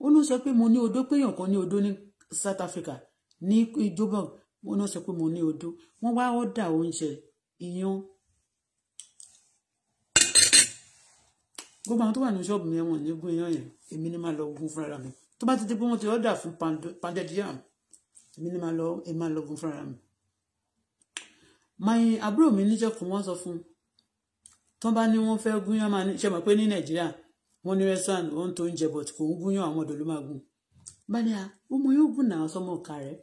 ó ló sọ pé mo ní odó pé èèyàn kan ní odó ní South Africa ní ìjọba wọn náà sọ pé mo ní odó wọn wá ọdà oúnjẹ iyán gbogbo àwọn tó wà ní ṣọ́ọ̀bù mi ẹ̀wọ̀n ní iyán yẹn èmi ni màá lọ gún fúnra mi tó bá ti dé pé wọ́n ti ọ̀dà fún pounded yam èmi ni màá lọ èmi màá lọ gún fúnra mi. mayin àbúrò mi níjẹ̀kùn wọ́n sọ fún un tán bá ní wọ́n fẹ́ gún yán máa ní ṣe mọ̀ pé ní nàìjíríà wọ́n ní restaurant wọ́n tó ń jẹ but kò ń gún àwọn ọ̀dọ́ ló máa gún bá ní a ó mọ yóò gùn náà sọmọ ọ̀ka rẹ̀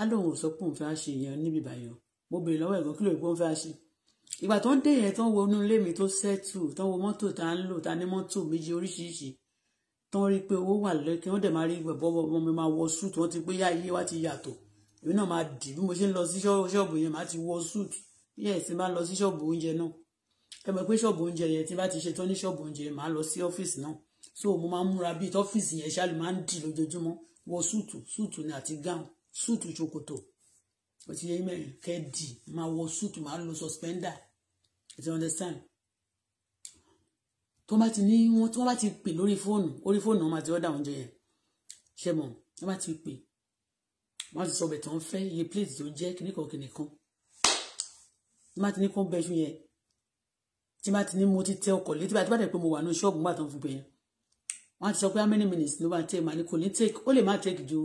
á lóun ò sọ pé òun fẹ́ á ṣe ìyẹn níbi ìbàyàn mo béèrè lọ́wọ́ ẹ̀gbọ́n kí ló pé òun fẹ́ á ṣe ìgbà tó ń dé yẹn tó ń wo inú ilé mi tó sẹ́tù tó ń wo mọ́tò tá ń lò tá ní mọ́tò méjì oríṣiríṣi tó ń rí i pé owó wà lẹ́kẹ́ wọ́n dẹ̀ máa rí ìgbẹ̀bọ́ ọmọ mi máa wọ súùtù wọ́n ti pé yá iye wa ti yàtọ̀ èmi náà máa dì bí mo ṣe ń lọ sí ṣọ́ọ̀bù yẹn máa ti wọ súùtù yẹ́ ẹ̀sìn máa lọ sí ṣọ́ọ̀bù oúnjẹ náà ẹ mọ̀ pé ṣọ́ọ̀bù oúnjẹ yẹn tí bá ti ṣe tán ní ṣọ́ọ̀bù oúnjẹ máa lọ sí ọ́fíìsì náà so mo máa ń múra bíi tọ́fíìsì yẹn ṣáà lè máa ń dì lójoojúmọ́ wọ súùtù súùtù ni àti gáùn súùtù ṣòkòtò ó ti yẹ mẹ́rin kẹ́ẹ̀dì máa wọ súùtù máa lo suspender you understand tó bá ti ní wọn tó bá ti pè lórí fóònù orí fóònù wọn máa ti ọ́dà oúnjẹ yẹn ṣe mọ̀ wọn bá ti pè wọn ti sọ ọbẹ̀ tó ń fẹ́ iye plate tó jẹ́ kìnnìkan kìnnìkan tí bá ti ní kán bẹ́ṣu yẹn tí bá ti ní mo ti tẹ ọkọ̀ létí bá ti bá tẹ̀ pé mo wà ní ṣọ́ọ̀bù nígbà tó ń fún pé wọn ti sọ pé how many minutes ló máa tẹ̀ màá ní kò ní take ó lè má take ju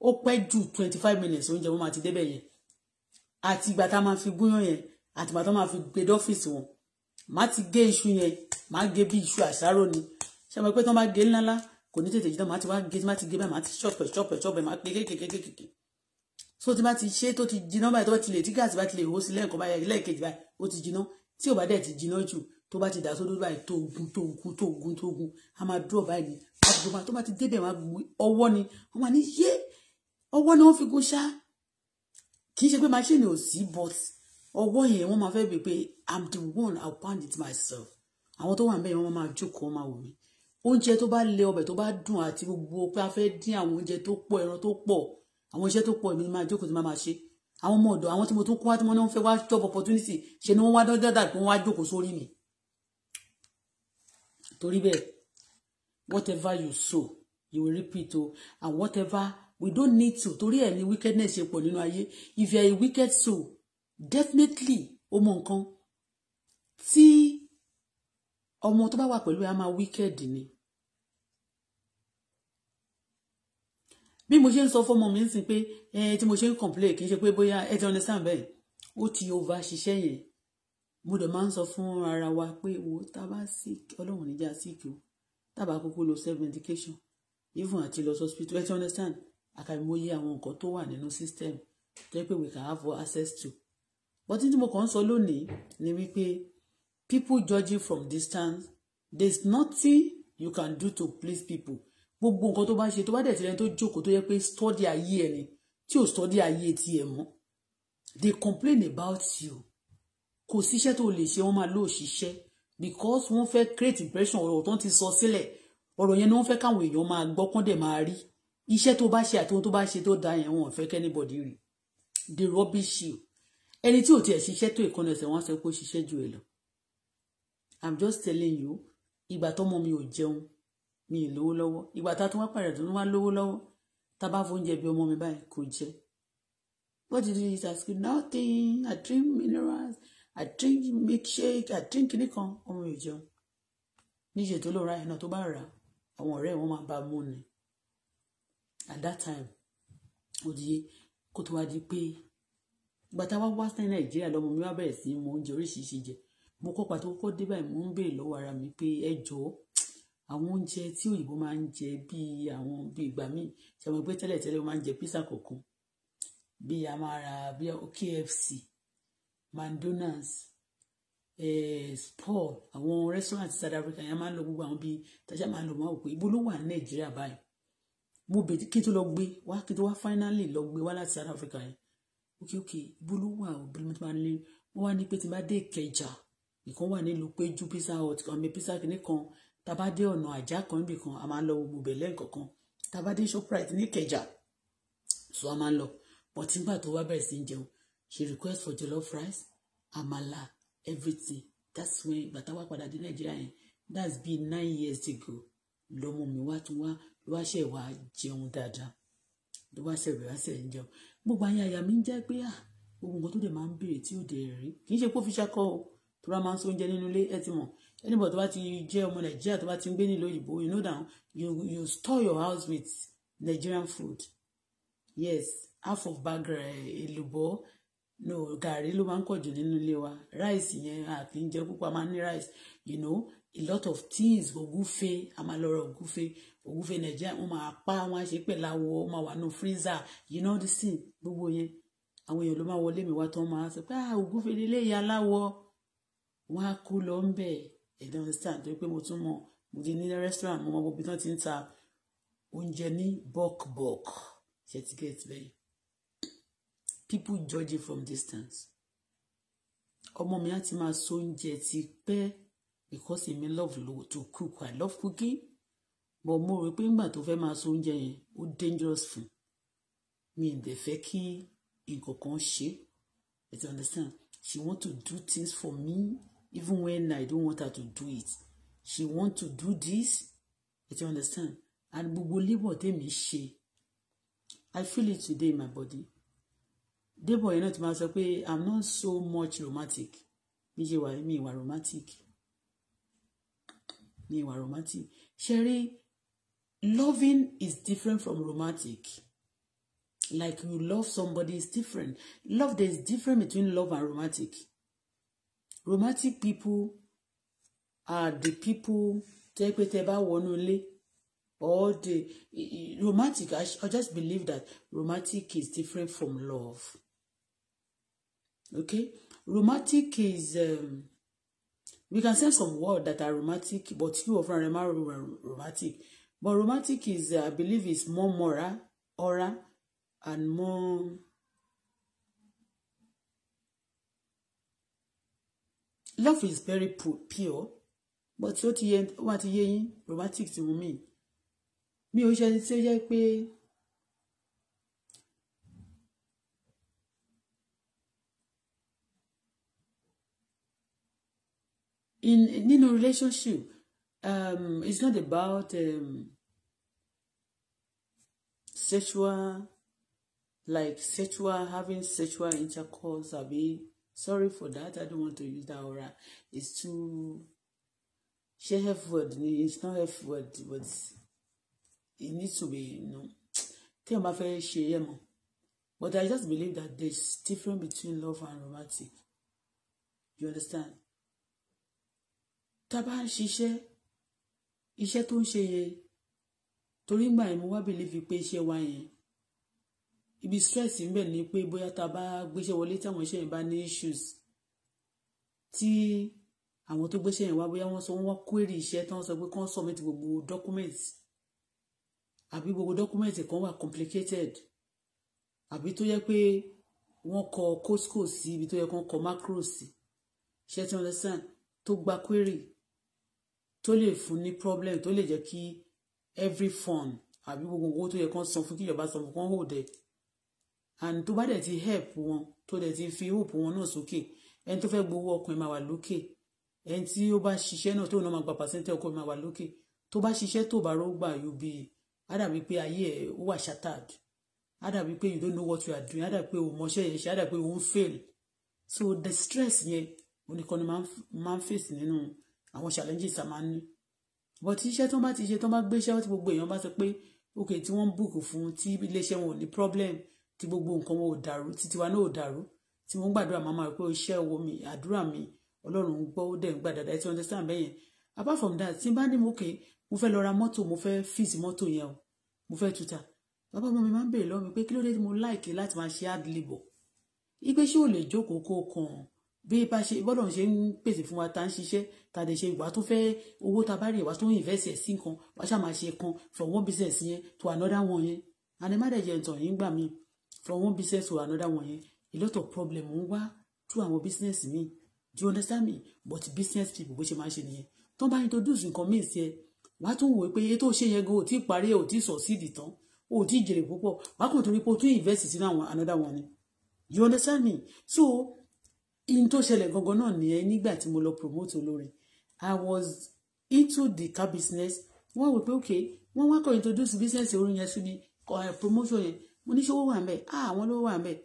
ó pẹ́ ju twenty five minutes oúnjẹ wọn máa ti débẹ̀ yẹn àti ìgbà tá a máa fi gúnyán yẹn àti ìgbà tá a máa fi gbé dọ́fíìsì wọn má ti gé iṣu yẹn má gé bí iṣu àṣáró ni ṣé mo pé tí wọn bá gé ńláńlá kò ní tètè jìdá má ti wá gé má ti gé báyìí má ti ṣọpẹ ṣọpẹ ṣọpẹ má pé kékèké so tí bá ti ṣe tó ti jiná báyìí tó bá ti lè tí gáàsì bá ti lè hó sí lẹ́ẹ̀kan báyìí lẹ́ẹ̀kejì báyìí ó ti jiná tí ò bá dẹ̀ ti jiná jù tó bá ti dà sódó báyìí tó gun tó gun tó gun tó gun a máa dúró báyìí ni àdùgbò tó bá ti ọwọ́ ni wọ́n fi gún ṣá kì í ṣe pé machine ò sí but ọwọ́ yẹn wọ́n máa fẹ́ bi pé i'm the one i pound it myself àwọn tó wà ń bẹ́ẹ̀ wọ́n máa jókòó wọ́n máa wò mí oúnjẹ tó bá le ọbẹ̀ tó bá dùn àti gbogbo pé a fẹ́ dín àwọn oúnjẹ tó pọ̀ ẹran tó pọ̀ àwọn iṣẹ́ tó pọ̀ èmi máa jókòó tí máa máa ṣe àwọn ọmọ ọ̀dọ̀ àwọn tí mo tún kó wá tí wọ́n fẹ́ wá job opportunity ṣe ni wọ́n wá dọ́dọ́ dà pé wọ́n wá jókòó sórí mi. torí bẹ́ẹ̀ whatever you sow you will reap it o and whatever we don't need to torí ẹ̀ ni wickedness ṣe pọ̀ nínú ayé if you are a wicked soul definitely O mọ nǹkan tí ọmọ tó bá wà pẹ̀lú ẹ̀ á máa wicked ni. bí mo ṣe ń sọ fọmọ mi ń sìn pé ẹ tí mo ṣe ń complain kì í ṣe pé bóyá ẹ ti understand bẹ́ẹ̀ ó ti over ṣiṣẹ́ yẹn mo dẹ̀ máa ń sọ fún ara wa pé wo tá a bá sick ọlọ́run níjà sick o tá kúkú lo self medication even àti lọ hospital ẹ ti understand àkàìmọye àwọn nǹkan tó wà nínú system tó yẹ pé we can have access to but tí mo kàn ń sọ lónìí ni wípé people judging from distance there is nothing you can do to please people gbogbo nǹkan tó bá ṣe tó bá dẹ̀ tirẹ̀ tó jókòó tó yẹ pé study ayé ẹ̀ ni tí ò study ayé tiẹ̀ mọ́ they complain about you kò síṣẹ́ tó lè ṣe wọ́n máa lò ṣiṣẹ́ because wọ́n fẹ́ create impression ọ̀rọ̀ tó ń ti sọ sílẹ̀ ọ̀rọ̀ yẹn ni wọ́n fẹ́ káwọn èèyàn máa gbọ́ kán dẹ̀ máa rí iṣẹ́ tó bá ṣe àti ohun tó bá ṣe tó da yẹn wọn ò fẹ́ kẹ́nìbọ̀dì rí the rubbish you ẹni tí ò tiẹ̀ ṣiṣẹ́ tó ìkànnì ẹ̀sẹ̀ wọn sọ pé ṣiṣẹ́ jù ẹ lọ i'm just telling you ìgbà tọ́mọ mi ò jẹun mi ì lówó lọ́wọ́ ìgbà tá a tún wá pàrẹ̀ tó ń wá lówó lọ́wọ́ tá a bá fóúnjẹ bí ọmọ mi báyìí kò jẹ what did you eat as good nothing i drink minerals i drink milkshake i drink nìkan ọmọ mi ò jẹun níṣẹ́ tó lọ́ọ́ ra ẹ̀ náà tó bá rà àwọn ọ̀rẹ́ wọn máa bá a mú ni at that time òdìye kó tó wá di pé ìgbà tá a wá wá sí nàìjíríà lọ́mọ mi wá bẹ̀rẹ̀ sí mọ oúnjẹ oríṣiríṣi jẹ mo kọ́ pàtó kọ́kọ́ dé báyìí ń béèrè lọ́wọ́ ara mi pé ẹ jọ̀ọ́ àwọn oúnjẹ tí òyìnbó máa ń jẹ bíi àwọn bíi ìgbà míì tí a máa gbé tẹ́lẹ̀ tẹ́lẹ̀ máa ń jẹ písà kọ̀ọ̀kan bíi a bíi KFC McDonald's eh, Spur àwọn restaurant South Africa yẹn máa ń lọ gbogbo àwọn bíi tàṣà máa ń lọ máa wò ibo ló wà ní nàìjíríà báyìí mo bèèrè kí n tó lọ gbé wá kí n tó wá finally lọ gbé wá láti South Africa yẹn ok ok bólú wà ó bólú mi ti máa lé wọn wá ní pé tí n bá dé Ìkẹjà ìkan wà nílùú pé ju pizza hut àmì pizza kìíní kan tàbá dé ọ̀nà àjà kan níbì kan a máa ń lọ wo gbogbo ẹ̀lẹ́ nǹkankan tàbá dé Shoprite ní Ìkẹjà so a máa lọ but nígbà tó wá bẹ̀rẹ̀ sí í jẹun she request for jollof rice àmàlà everything that's when ìgbà táwa padà dé Nàìjíríà yẹn that's been nine years ago lọmọ mi wá tún wá ló wá ṣe wá jẹun dáadáa ló wá ṣe bẹ̀rẹ̀ ṣe ń jẹun gbogbo ayé àyà mi ń jẹ́ pé à ah, gbogbo nǹkan tó dẹ̀ máa ń béèrè tí ò dẹ̀ rí kì í ṣe kó fi ṣakọ o tó bá máa ń sóúnjẹ nínú ilé ẹ ti mọ̀ anybody tó bá ti jẹ́ ọmọ nàìjíríà tó bá ti ń gbé nílùú òyìnbó you know that you you store your house with Nigerian food yes half of bag eh, èlùbọ́ no gàrí ló máa ń pọ̀ jù nínú ilé wa rice yẹn àti ń jẹ púpọ̀ a máa ń ní rice you know a lot of things ògúfe a máa lọ́rọ̀ ògúfe ògúfe nàìjíríà wọ́n máa pa wọ́n á ṣe pẹ̀ láwọ̀ wọ́n máa wà nù freezer you know this thing gbogbo yẹn àwọn èèyàn ló máa wọlé mi wá tó máa sọ pé ah ògúfe nílé ìyá aláwọ̀ wọ́n á kú lọ ń bẹ̀ ẹ̀dọ́n stand torí pé mo tún mọ̀ mo ti ní restaurant mo mọ gbogbo tán ti ń ta oúnjẹ ní bọ́kbọ́k ṣe ti get bẹ́ẹ̀ people judge it from distance ọmọ mi á ti máa so oúnjẹ ti pẹ́ẹ́ because èmi love lo to cook i love cooking but mo rò pé ńgbà tó fẹ́ máa so oúnjẹ yẹn ó dangerous fún mi ì dẹ̀ fẹ́ kí nǹkan kan ṣe you understand she want to do things for me even when i don't want her to do it she want to do this you understand and gbogbo labour tèmi ṣe i feel it today in my body labour yẹn náà ti máa sọ pé i'm not so much romantic mi ṣe wà mí ìwà romantic ní ìwà romantic ṣe rí loving is different from romantic like you love somebody is different love there is different between love and romantic romantic people are the people tẹ́ pé tẹ́ bá wọnú ilé all the romantic I, I just believe that romantic is different from love okay romantic is um, we can send some words that are romantic but few of them are romantic but romantic is uh, I believe is more moral aura, and more love is very pure but tí ó end, what you ti romantic ti mú me. mi ò say ẹni tí in in a relationship um, it's not about um, sexual like sexual having sexual intercourse I mean, sorry for that i don't want to use that word it's too ṣe f word it's not f word but it needs to be you know tell wọn bá fẹ́ but i just believe that there's difference between love and romantic you understand tá a bá ń ṣiṣẹ́ iṣẹ́ tó ń ṣe yẹn torí ngbà yẹn mo wá bìlífì pé iṣẹ́ wa yẹn ibi stress ń bẹ ni pé bóyá tá a bá gbéṣẹ́ wọlé táwọn iṣẹ́ yẹn bá ní issues tí àwọn tó gbéṣẹ́ yẹn wá bóyá wọ́n sọ wọ́n wá query iṣẹ́ tí wọ́n sọ pé kán submit gbogbo document àbí gbogbo document kan wà complicated àbí tó yẹ pé wọ́n kọ cosco sí ibi tó yẹ kán kọ macro sí ṣé tí wọ́n lè sàn tó gba query tó lè fún ní problem tó lè jẹ́ kí every phone, àbí gbogbo owó tó yẹ kán san fún kíjọba san fún kán hold dẹ and tó bá dẹ̀ ti help wọn tó dẹ̀ ti fi hope wọn náà sókè ẹni tó fẹ́ gbowó ọkùnrin máa wà lókè ẹni tí ó bá ṣiṣẹ́ náà tó náà máa gba pàṣẹ́ntẹ́ ọkùnrin máa wà lókè tó bá ṣiṣẹ́ tó bá rógbà yóò bí ádàbí pé ayé ẹ̀ ó wà shattered ádàbí pé you don't know what you are doing ádàbí pé o mọṣẹ́ yẹn ṣe ádàbí pé o ń fail so the stress yẹn oníkanni máa ń face nínú àwọn challenges a máa ń ní but iṣẹ́ tí wọ́n bá ti ṣe tí wọ́n bá gbéṣẹ́ tí gbogbo èèyàn bá sọ pé ok tí wọ́n ń book fún tí iléeṣẹ́ wọn ò ní problem tí gbogbo nǹkan wọn ò dàrú tí tiwa náà ò dàrú tí wọ́n gbàdúrà máa máa pé iṣẹ́ owó mi àdúrà mi ọlọ́run ń gbọ́ ó dẹ̀ ń gbà dáadáa tí wọ́n ti sàn bẹ́yẹn apart from that tí n bá ní mo kè mo fẹ́ lọ ra mọ́tò mo fẹ́ fix mọ́tò yẹn o mo fẹ́ tuta bàbá ọmọ mi máa ń béèrè lọ́wọ́ mi pé kí ló dé tí mo láìkè láti máa ṣe ad libo ipe ò lè jókòó kó kàn bí bá ṣe bọ́dọ̀ ṣe ń pèsè fún wa tá ń ṣiṣẹ́ tá dẹ̀ ṣe ìwà tó fẹ́ owó tá bá rí ìwà tó ń invest ẹ̀ sí nǹkan wàá ṣáà máa ṣe kan from one business yẹn to another one yẹn and ẹ má dẹ̀ jẹ ǹtọ̀ yín gbà mí from one business to another one yẹn a lot of problem ń wá through àwọn business mi do you understand me but business people bó ṣe máa ń ṣe nìyẹn tó bá introduce nǹkan míì sí ẹ wàá tún wò pé ètò ṣe yẹn gan ò tí ì parí ò tí ì succeed tán ò tí ì jèrè púpọ̀ wàá torí pé o tún invest sínú àwọn another one ni you understand me so in tó ṣẹlẹ̀ gangan náà nìyẹn nígbà tí mo lọ promote olórin i was into the car business wọ́n wò pé ok wọ́n wá kọ́ introduce business orin yẹn sí mi eh, promotion yẹn mo ní ṣòwò wà ń bẹ̀ ah àwọn lówó wà ń bẹ̀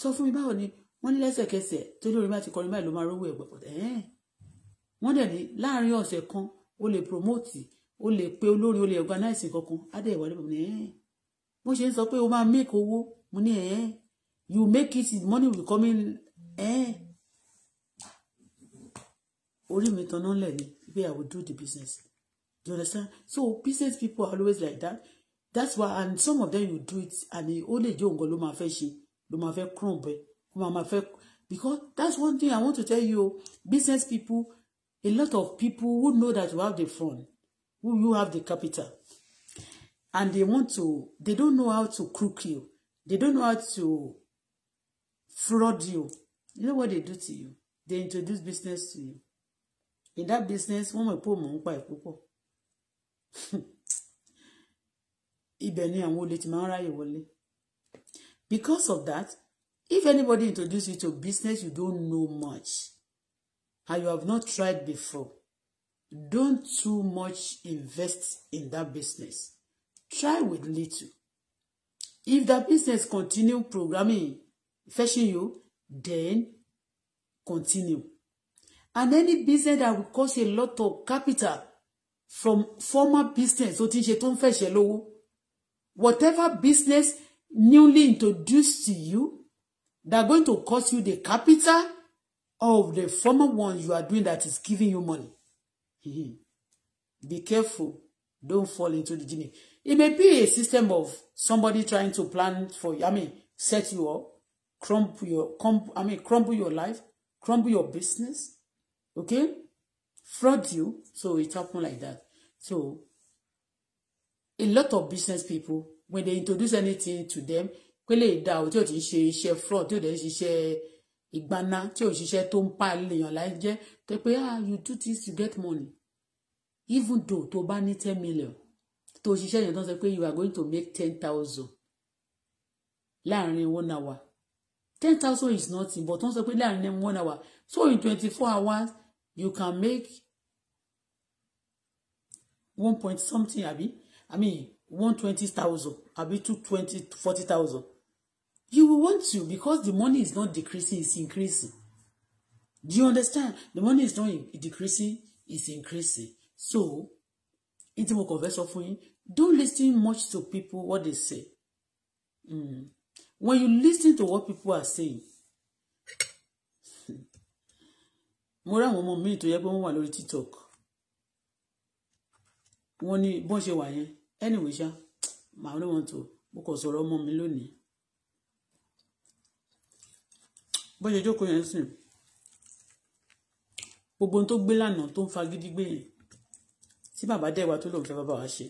sọ fún mi báwo ni wọ́n ní lẹ́sẹ̀kẹsẹ̀ tó lórí bá ti kọrin báyìí ló máa rówó ẹ̀gbọ́n pọ̀ wọ́n dẹ̀ ní láàárín ọ̀sẹ̀ kan o lè promote o lè pe olórin o lè organize kankan adé ìwádìí bọ̀ ní bó ṣe ń sọ pé o máa make owó mo ní you make it money will come in orí mi tan náà lẹ̀ ni bí i will do the business you understand so business people are always like that that's why and some of them you do it and ó lè jẹ́ òǹgọ́ ló máa fẹ́ ṣe ló máa fẹ́ kúrò bẹ́ẹ̀ ó máa máa fẹ́ because that's one thing I want to tell you business people a lot of people who know that you have the fund who you have the capital and they want to they don't know how to crook you they don't know how to fraud you you know what they do to you they introduce business to you in that business wọ́n mọ̀ pé òun ń pa ẹ̀ púpọ̀ [laughs] ibẹ̀ ni àwọn olè ti máa ń ráyè wọlé because of that if anybody introduce you to business you don't know much and you have not tried before don't too much invest in that business try with little if that business continue programming fetching you then continue. And any business that will cost a lot of capital from former business tó ti ń ṣe tó ń whatever business newly introduced to you that going to cost you the capital of the former one you are doing that is giving you money. [laughs] Be careful. Don't fall into the genie. It may be a system of somebody trying to plan for you. I mean, set you up crumble your crumble, I mean crumble your life, crumble your business, okay? Fraud you. So it happened like that. So a lot of business people, when they introduce anything to them, pé lè dá o tí ò fraud You then dẹ̀ ṣiṣẹ́ ìgbaná tí ò ṣiṣẹ́ tó ń pa èèyàn láì jẹ́ ah you do this you get money even though tó bá ní ten million to ṣiṣẹ́ yẹn tó ń sọ you are going to make ten thousand láàrin one hour ten thousand is nothing but wọ́n sọ pé láàrin one hour so in twenty four hours you can make one point something àbí i mean one twenty thousand àbí two twenty forty thousand you will want to because the money is not decreasing it's increasing do you understand the money is not decreasing it's increasing so n tí mo kàn fún yín don't listen much to people what they say. Mm when you listen to what people are saying mo rí àwọn ọmọ míì tó yẹ pé wọ́n wà lórí tiktok wọ́n ní bọ́n ṣe wà yẹn anyway ṣá màá ní wọn tó mo kàn sọ̀rọ̀ ọmọ mi lónìí bọ́n ṣe jókòó yẹn sìn gbogbo ohun tó gbé lánàá tó ń fa gidigbé yẹn tí bàbá dẹ̀ wá tó lòun fẹ́ bàbá wa ṣe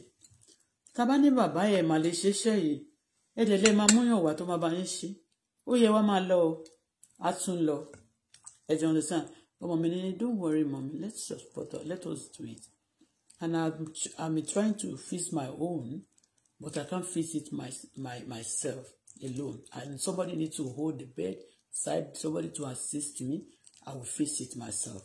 tá a bá ní bàbá ẹ̀ mà lè ṣeṣẹ́ yìí ẹ lè lè máa múyàn wá tó máa bá yín ṣe ó yẹ wá máa lọ ọ tún lọ ẹ jọ understand ọmọ mi ní don't worry mọ̀mí let's support her let us do it and i'm i'm trying to fix my own but i can't fix it my, my myself alone and somebody need to hold the bed side somebody to assist me i will fix it myself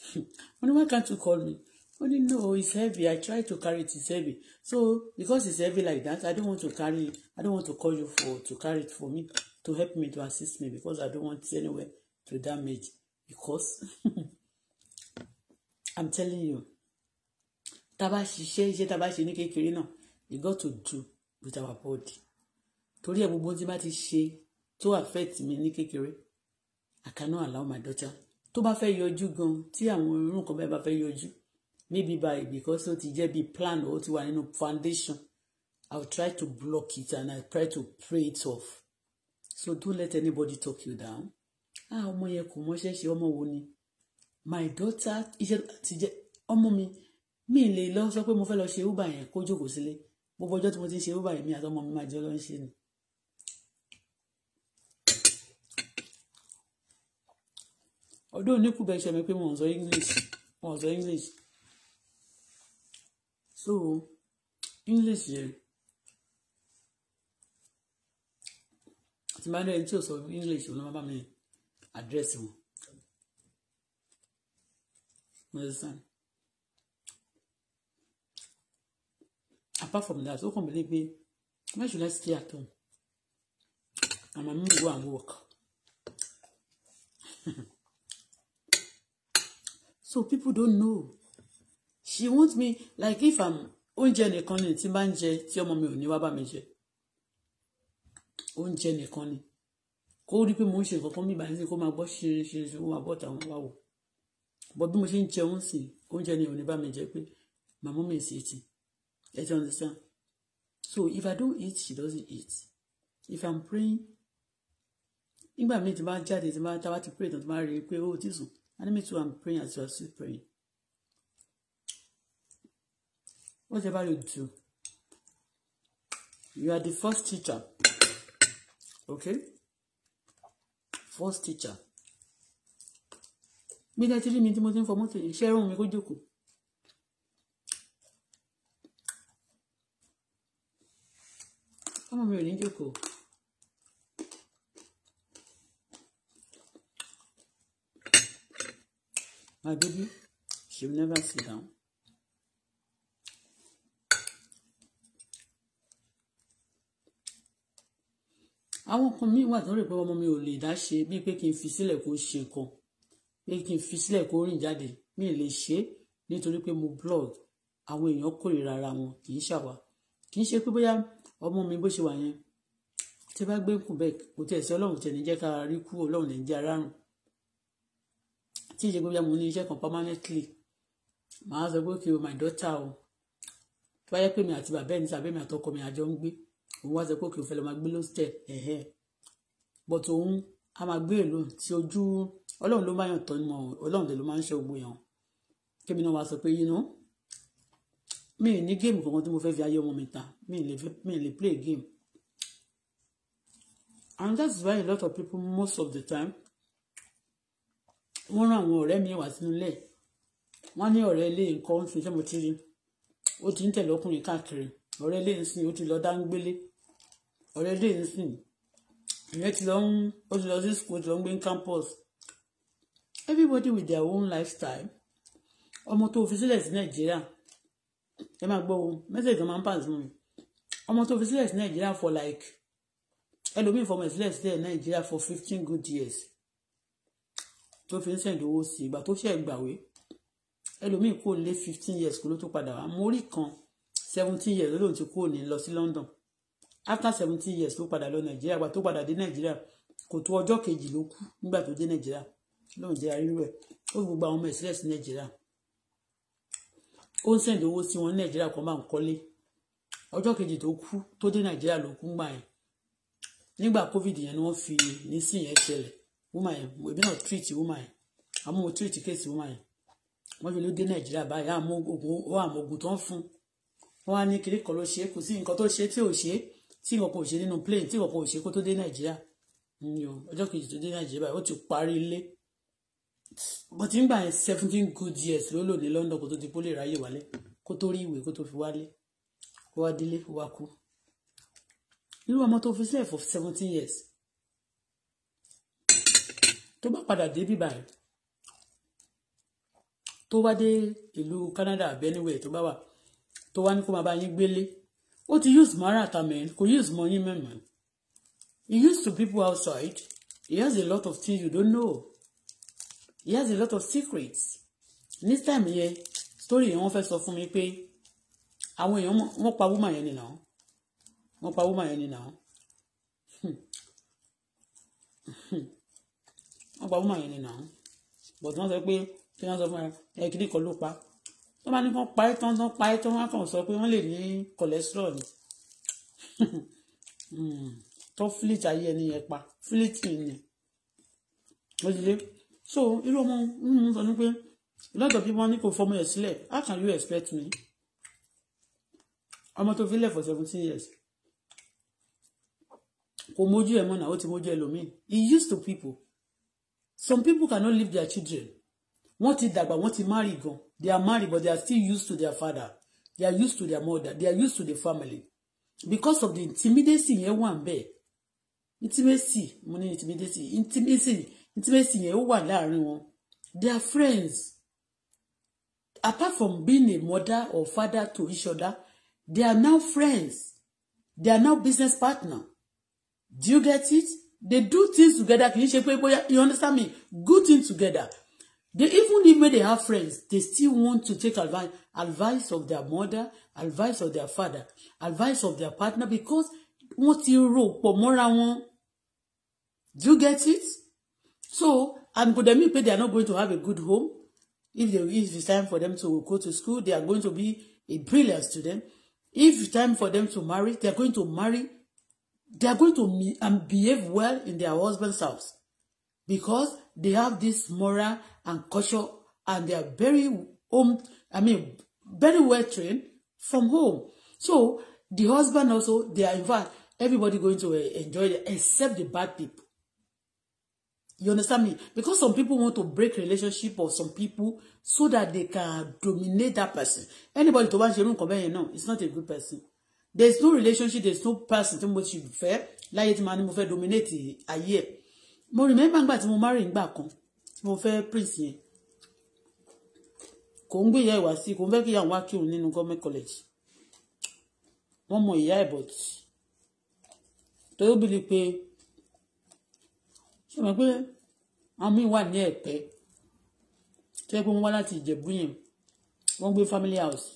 [laughs] why can't you call me ó no it's heavy i try to carry it it's heavy so because it's heavy like that i don't want to carry i don't want to call you for to carry it for me to help me to assist me because i don't want it anywhere to damage because [laughs] i'm telling you taba a bá ṣiṣẹ́ iṣẹ́ tá a bá ṣe ní kékeré náà you got to do with our body torí ẹ gbogbo tí bá ti ṣe tó affect mi ní kékeré i cannot allow my daughter tó bá fẹ́ yọjú gan tí àwọn irun kan bẹ́ẹ̀ bá fẹ́ yọjú Maybe by because ó ti jẹ́ bí plan ó ti wà nínú foundation i will try to block it and i try to pray it off so don't let anybody talk you down ah ọmọ yẹn kò mọṣẹ́ ṣe ọmọ wo ni my daughter iṣẹ́ ti jẹ́ ọmọ mi mi lè lọ sọ pé mo fẹ́ lọ ṣe uber yẹn kó jókòó sílé gbogbo ọjọ́ tí mo ti ń ṣe uber yẹn mi àtọmọ mi máa jẹ́ lọ ń ṣe ni. ọdún oníkùbẹ̀ ṣe mi pé mo ń sọ english mo ń sọ english so english yẹn tí máa ń rẹ ẹni tí ò sọ english òun ló máa bá mi àdírẹ́sì wọn understand apart from that ó kàn mí lé pé why should I stay at home and my mum go and work [laughs] so people don't know she want me like if i'm oúnjẹ nìkan ni tí bá ń jẹ tí ọmọ mi ò ní wá bá mi jẹ oúnjẹ nìkan ni kó rí pé mo ń ṣe nǹkan kan mi ìbànú sí kó máa gbọ́ ṣeré ṣeré ṣeré wọn àbọ̀ tàwọn wá wò bọ́ bí mo ṣe ń jẹun sí oúnjẹ ni ò ní bá mi jẹ pé màmá mi sì ti ẹ ti understand so if i don't eat she doesn't eat if i'm praying nígbà míì tí bá jáde tí bá tá bá ti pray tán tí bá rí i pé ó oh, ti sùn i need me to am praying as you are still praying whatever you do, you are the first teacher. Okay? First teacher. Bí ẹ ti rí mi tí mo ti ń fọ mọ́tò yìí, ṣé ẹ̀rọ mi kó jókòó? Ọmọ mi ò ní jókòó. My baby, she will never sit down. àwọn nǹkan míì wà tó rè pé ọmọ mi ò lè dá ṣe bíi pé kí n fi sílẹ̀ kó ṣe nǹkan pé kí n fi sílẹ̀ kó rìn jáde mi lè ṣe é nítorí pé mo blog àwọn èèyàn kórìíra ara wọn kì í ṣàwà kì í ṣe pé bóyá ọmọ mi bó ṣe wà yẹn tí bá gbé kù bẹ́ẹ̀ kò tẹ̀ sí ọlọ́run tẹ̀ ní jẹ́ ká rí kú ọlọ́run ní jẹ́ arárùn tí ìṣe pé bóyá mo ní iṣẹ́ kan permanently màá sọ pé kí o my daughter o tó bá yẹ pé mi àti bàbá ẹni tàbí mi àtọkọ mi àjọ ń gbé òun wá sọ pé òkè òfẹ́ lọ máa gbé lóṣẹ̀ ẹ̀hẹ́ but òun a máa gbé ìlú tí ojú ọlọ́run ló máa yàn tọ́ mọ ọlọ́run ló máa ń ṣe ògbó yàn kémi náà wá sọ pé yín mi ní géèmù kankan tí mo fẹ́ fi ayé ọmọ mi ta mi lè play game and that's why a lot of people most of the time wọ́n rán àwọn ọ̀rẹ́ mi wá sínú ilé wọ́n ní ọ̀rẹ́ ilé nǹkan fi ṣé mo ti rí ó ti ń tẹ̀lé ọkùnrin káàkiri ọ̀rẹ́ ilé ń ó ti lọ dáńgbélé Already, dè ń sìn ìyẹn ti lọ ń ó school long lọ campus everybody with their own lifestyle ọmọ tó fi sílẹ̀ sí nàìjíríà ẹ máa gbọ́ ohun mẹ́sẹ̀jì tó máa ń pàṣẹ mi ọmọ tó fi sílẹ̀ sí nàìjíríà for like ẹlòmíì fọmọ ìsílẹ̀ sílẹ̀ nàìjíríà for fifteen good years tó fi ń sẹ̀ǹdì owó sí ìgbà tó ṣẹ̀ gbàwé ẹlòmíì kò lé fifteen years kó ló tó padà wá mo kan seventeen years ló lòun ti ní lọ sí London after seventeen years ló padà lọ nàìjíríà gbà tó padà dé nàìjíríà kò tó ọjọ́ kejì ló kú nígbà tó dé nàìjíríà lóun jẹ́ arírú ẹ̀ ó fi gbogbo àwọn ọmọ ìsílẹ̀ sí nàìjíríà ó ń sẹ̀ǹdì owó sí wọn ní nàìjíríà kan máa ń kọ́lé ọjọ́ kejì tó kú tó dé nàìjíríà ló kú gbà yẹn nígbà covid yẹn ni wọ́n fi nísìn yẹn ṣẹlẹ̀ woman yẹn èmi náà treat woman yẹn àmọ́ mo treat case woman yẹn wọ́n fi ló dé nàìjíríà báyìí àmọ́ ogun tó ń fún wọn á ní kiri kan ló ṣe kò sí nǹkan tó ṣe tí ò ṣe é tí ìwọ kò ṣe nínú plane tí ìwọ kò ṣe kó tó dé nàìjíríà hmm, ọjọ́ kejì tó dé nàìjíríà ó ti parí ilé but nígbà yẹn seventeen good years ló lò ní London kó tó di pólè ráyè wálé kó tó rí ìwé kó tó fi wálé kó wá délé kó wá kú irú ọmọ tó fi sílẹ̀ for seventeen years tó bá padà dé bíbá yìí tó bá dé ìlú Canada àbẹ́niwẹ̀ tó bá wà tó wá ní kó máa bá yín gbélé ó ti use mara tamẹ kò use money, yín he used to people outside he has a lot of things you don't know he has a lot of secrets this time yẹn story yẹn wọ́n fẹ́ sọ fún mi pé àwọn èèyàn wọ́n pa woman yẹn nìyẹn wọ́n pa woman yẹn nìyẹn wọ́n pa woman yẹn nìyẹn but wọ́n sọ pé kí wọ́n sọ fún ẹ kí ni kò ló pa tó bá ní kán pa ẹ́ tán tán pa ẹ́ tán wọ́n kàn sọ pé wọ́n lè ní cholesterol ni [laughs] tó flit ayé ẹni yẹn pa flitting ni òjìlé so irú ọmọ ń sọ ní pé lọ́dọ̀ bí wọ́n ní kò fọmọ yẹn sílẹ̀ how can you expect me ọmọ tó fi lẹ̀ for seventeen years kò mójú ẹ̀ mọ́ náà ó ti mójú ẹlòmíì he used to people some people cannot leave their children wọ́n ti dàgbà wọ́n ti marry gan-an They are married, but they are still used to their father. They are used to their mother. They are used to the family. Because of the intimidation. yẹn wà ń bẹ̀. Intimacy, mo Intimidation. intimacy, intimacy, intimacy yẹn ó wà They are friends. Apart from being a mother or father to each other, they are now friends. They are now business partner. Do you get it? They do things together. you understand me? Good things together. They even if when they have friends, they still want to take advice, advice of their mother, advice of their father, advice of their partner because what you rò for mọ́ra wọn. Do you get it? So, and but that mean they are not going to have a good home. If they, if it's time for them to go to school, they are going to be a brilliant student. If it's time for them to marry, they are going to marry. They are going to be, and behave well in their husband's house because they have this moral and culture, and they are very home, I mean, very well trained from home. So the husband also, they are in fact, everybody going to eh, enjoy it except the bad people. You understand me? Because some people want to break relationship of some people so that they can dominate that person. Anybody to bá ń ṣe irú nǹkan bẹ́ẹ̀ it's not a good person. There's no relationship, there's no person tí mo ti fẹ́ láyé tí màá ní mo dominate ayé ẹ̀. Mo remember ngbà tí mo marry ngbà kan tí mo fẹ́ print yẹn kò ń gbé ìyá ìwà sí kò ń fẹ́ kí ìyá òun wá kírun nínú government college wọ́n mọ ìyá ìbọ̀t torí ó bí ni pé ṣe mọ̀ pé àwọn míì wà ní ẹ̀pẹ́ tó yẹ pé wọ́n wá láti ìjẹ̀bú yẹn wọ́n gbé family house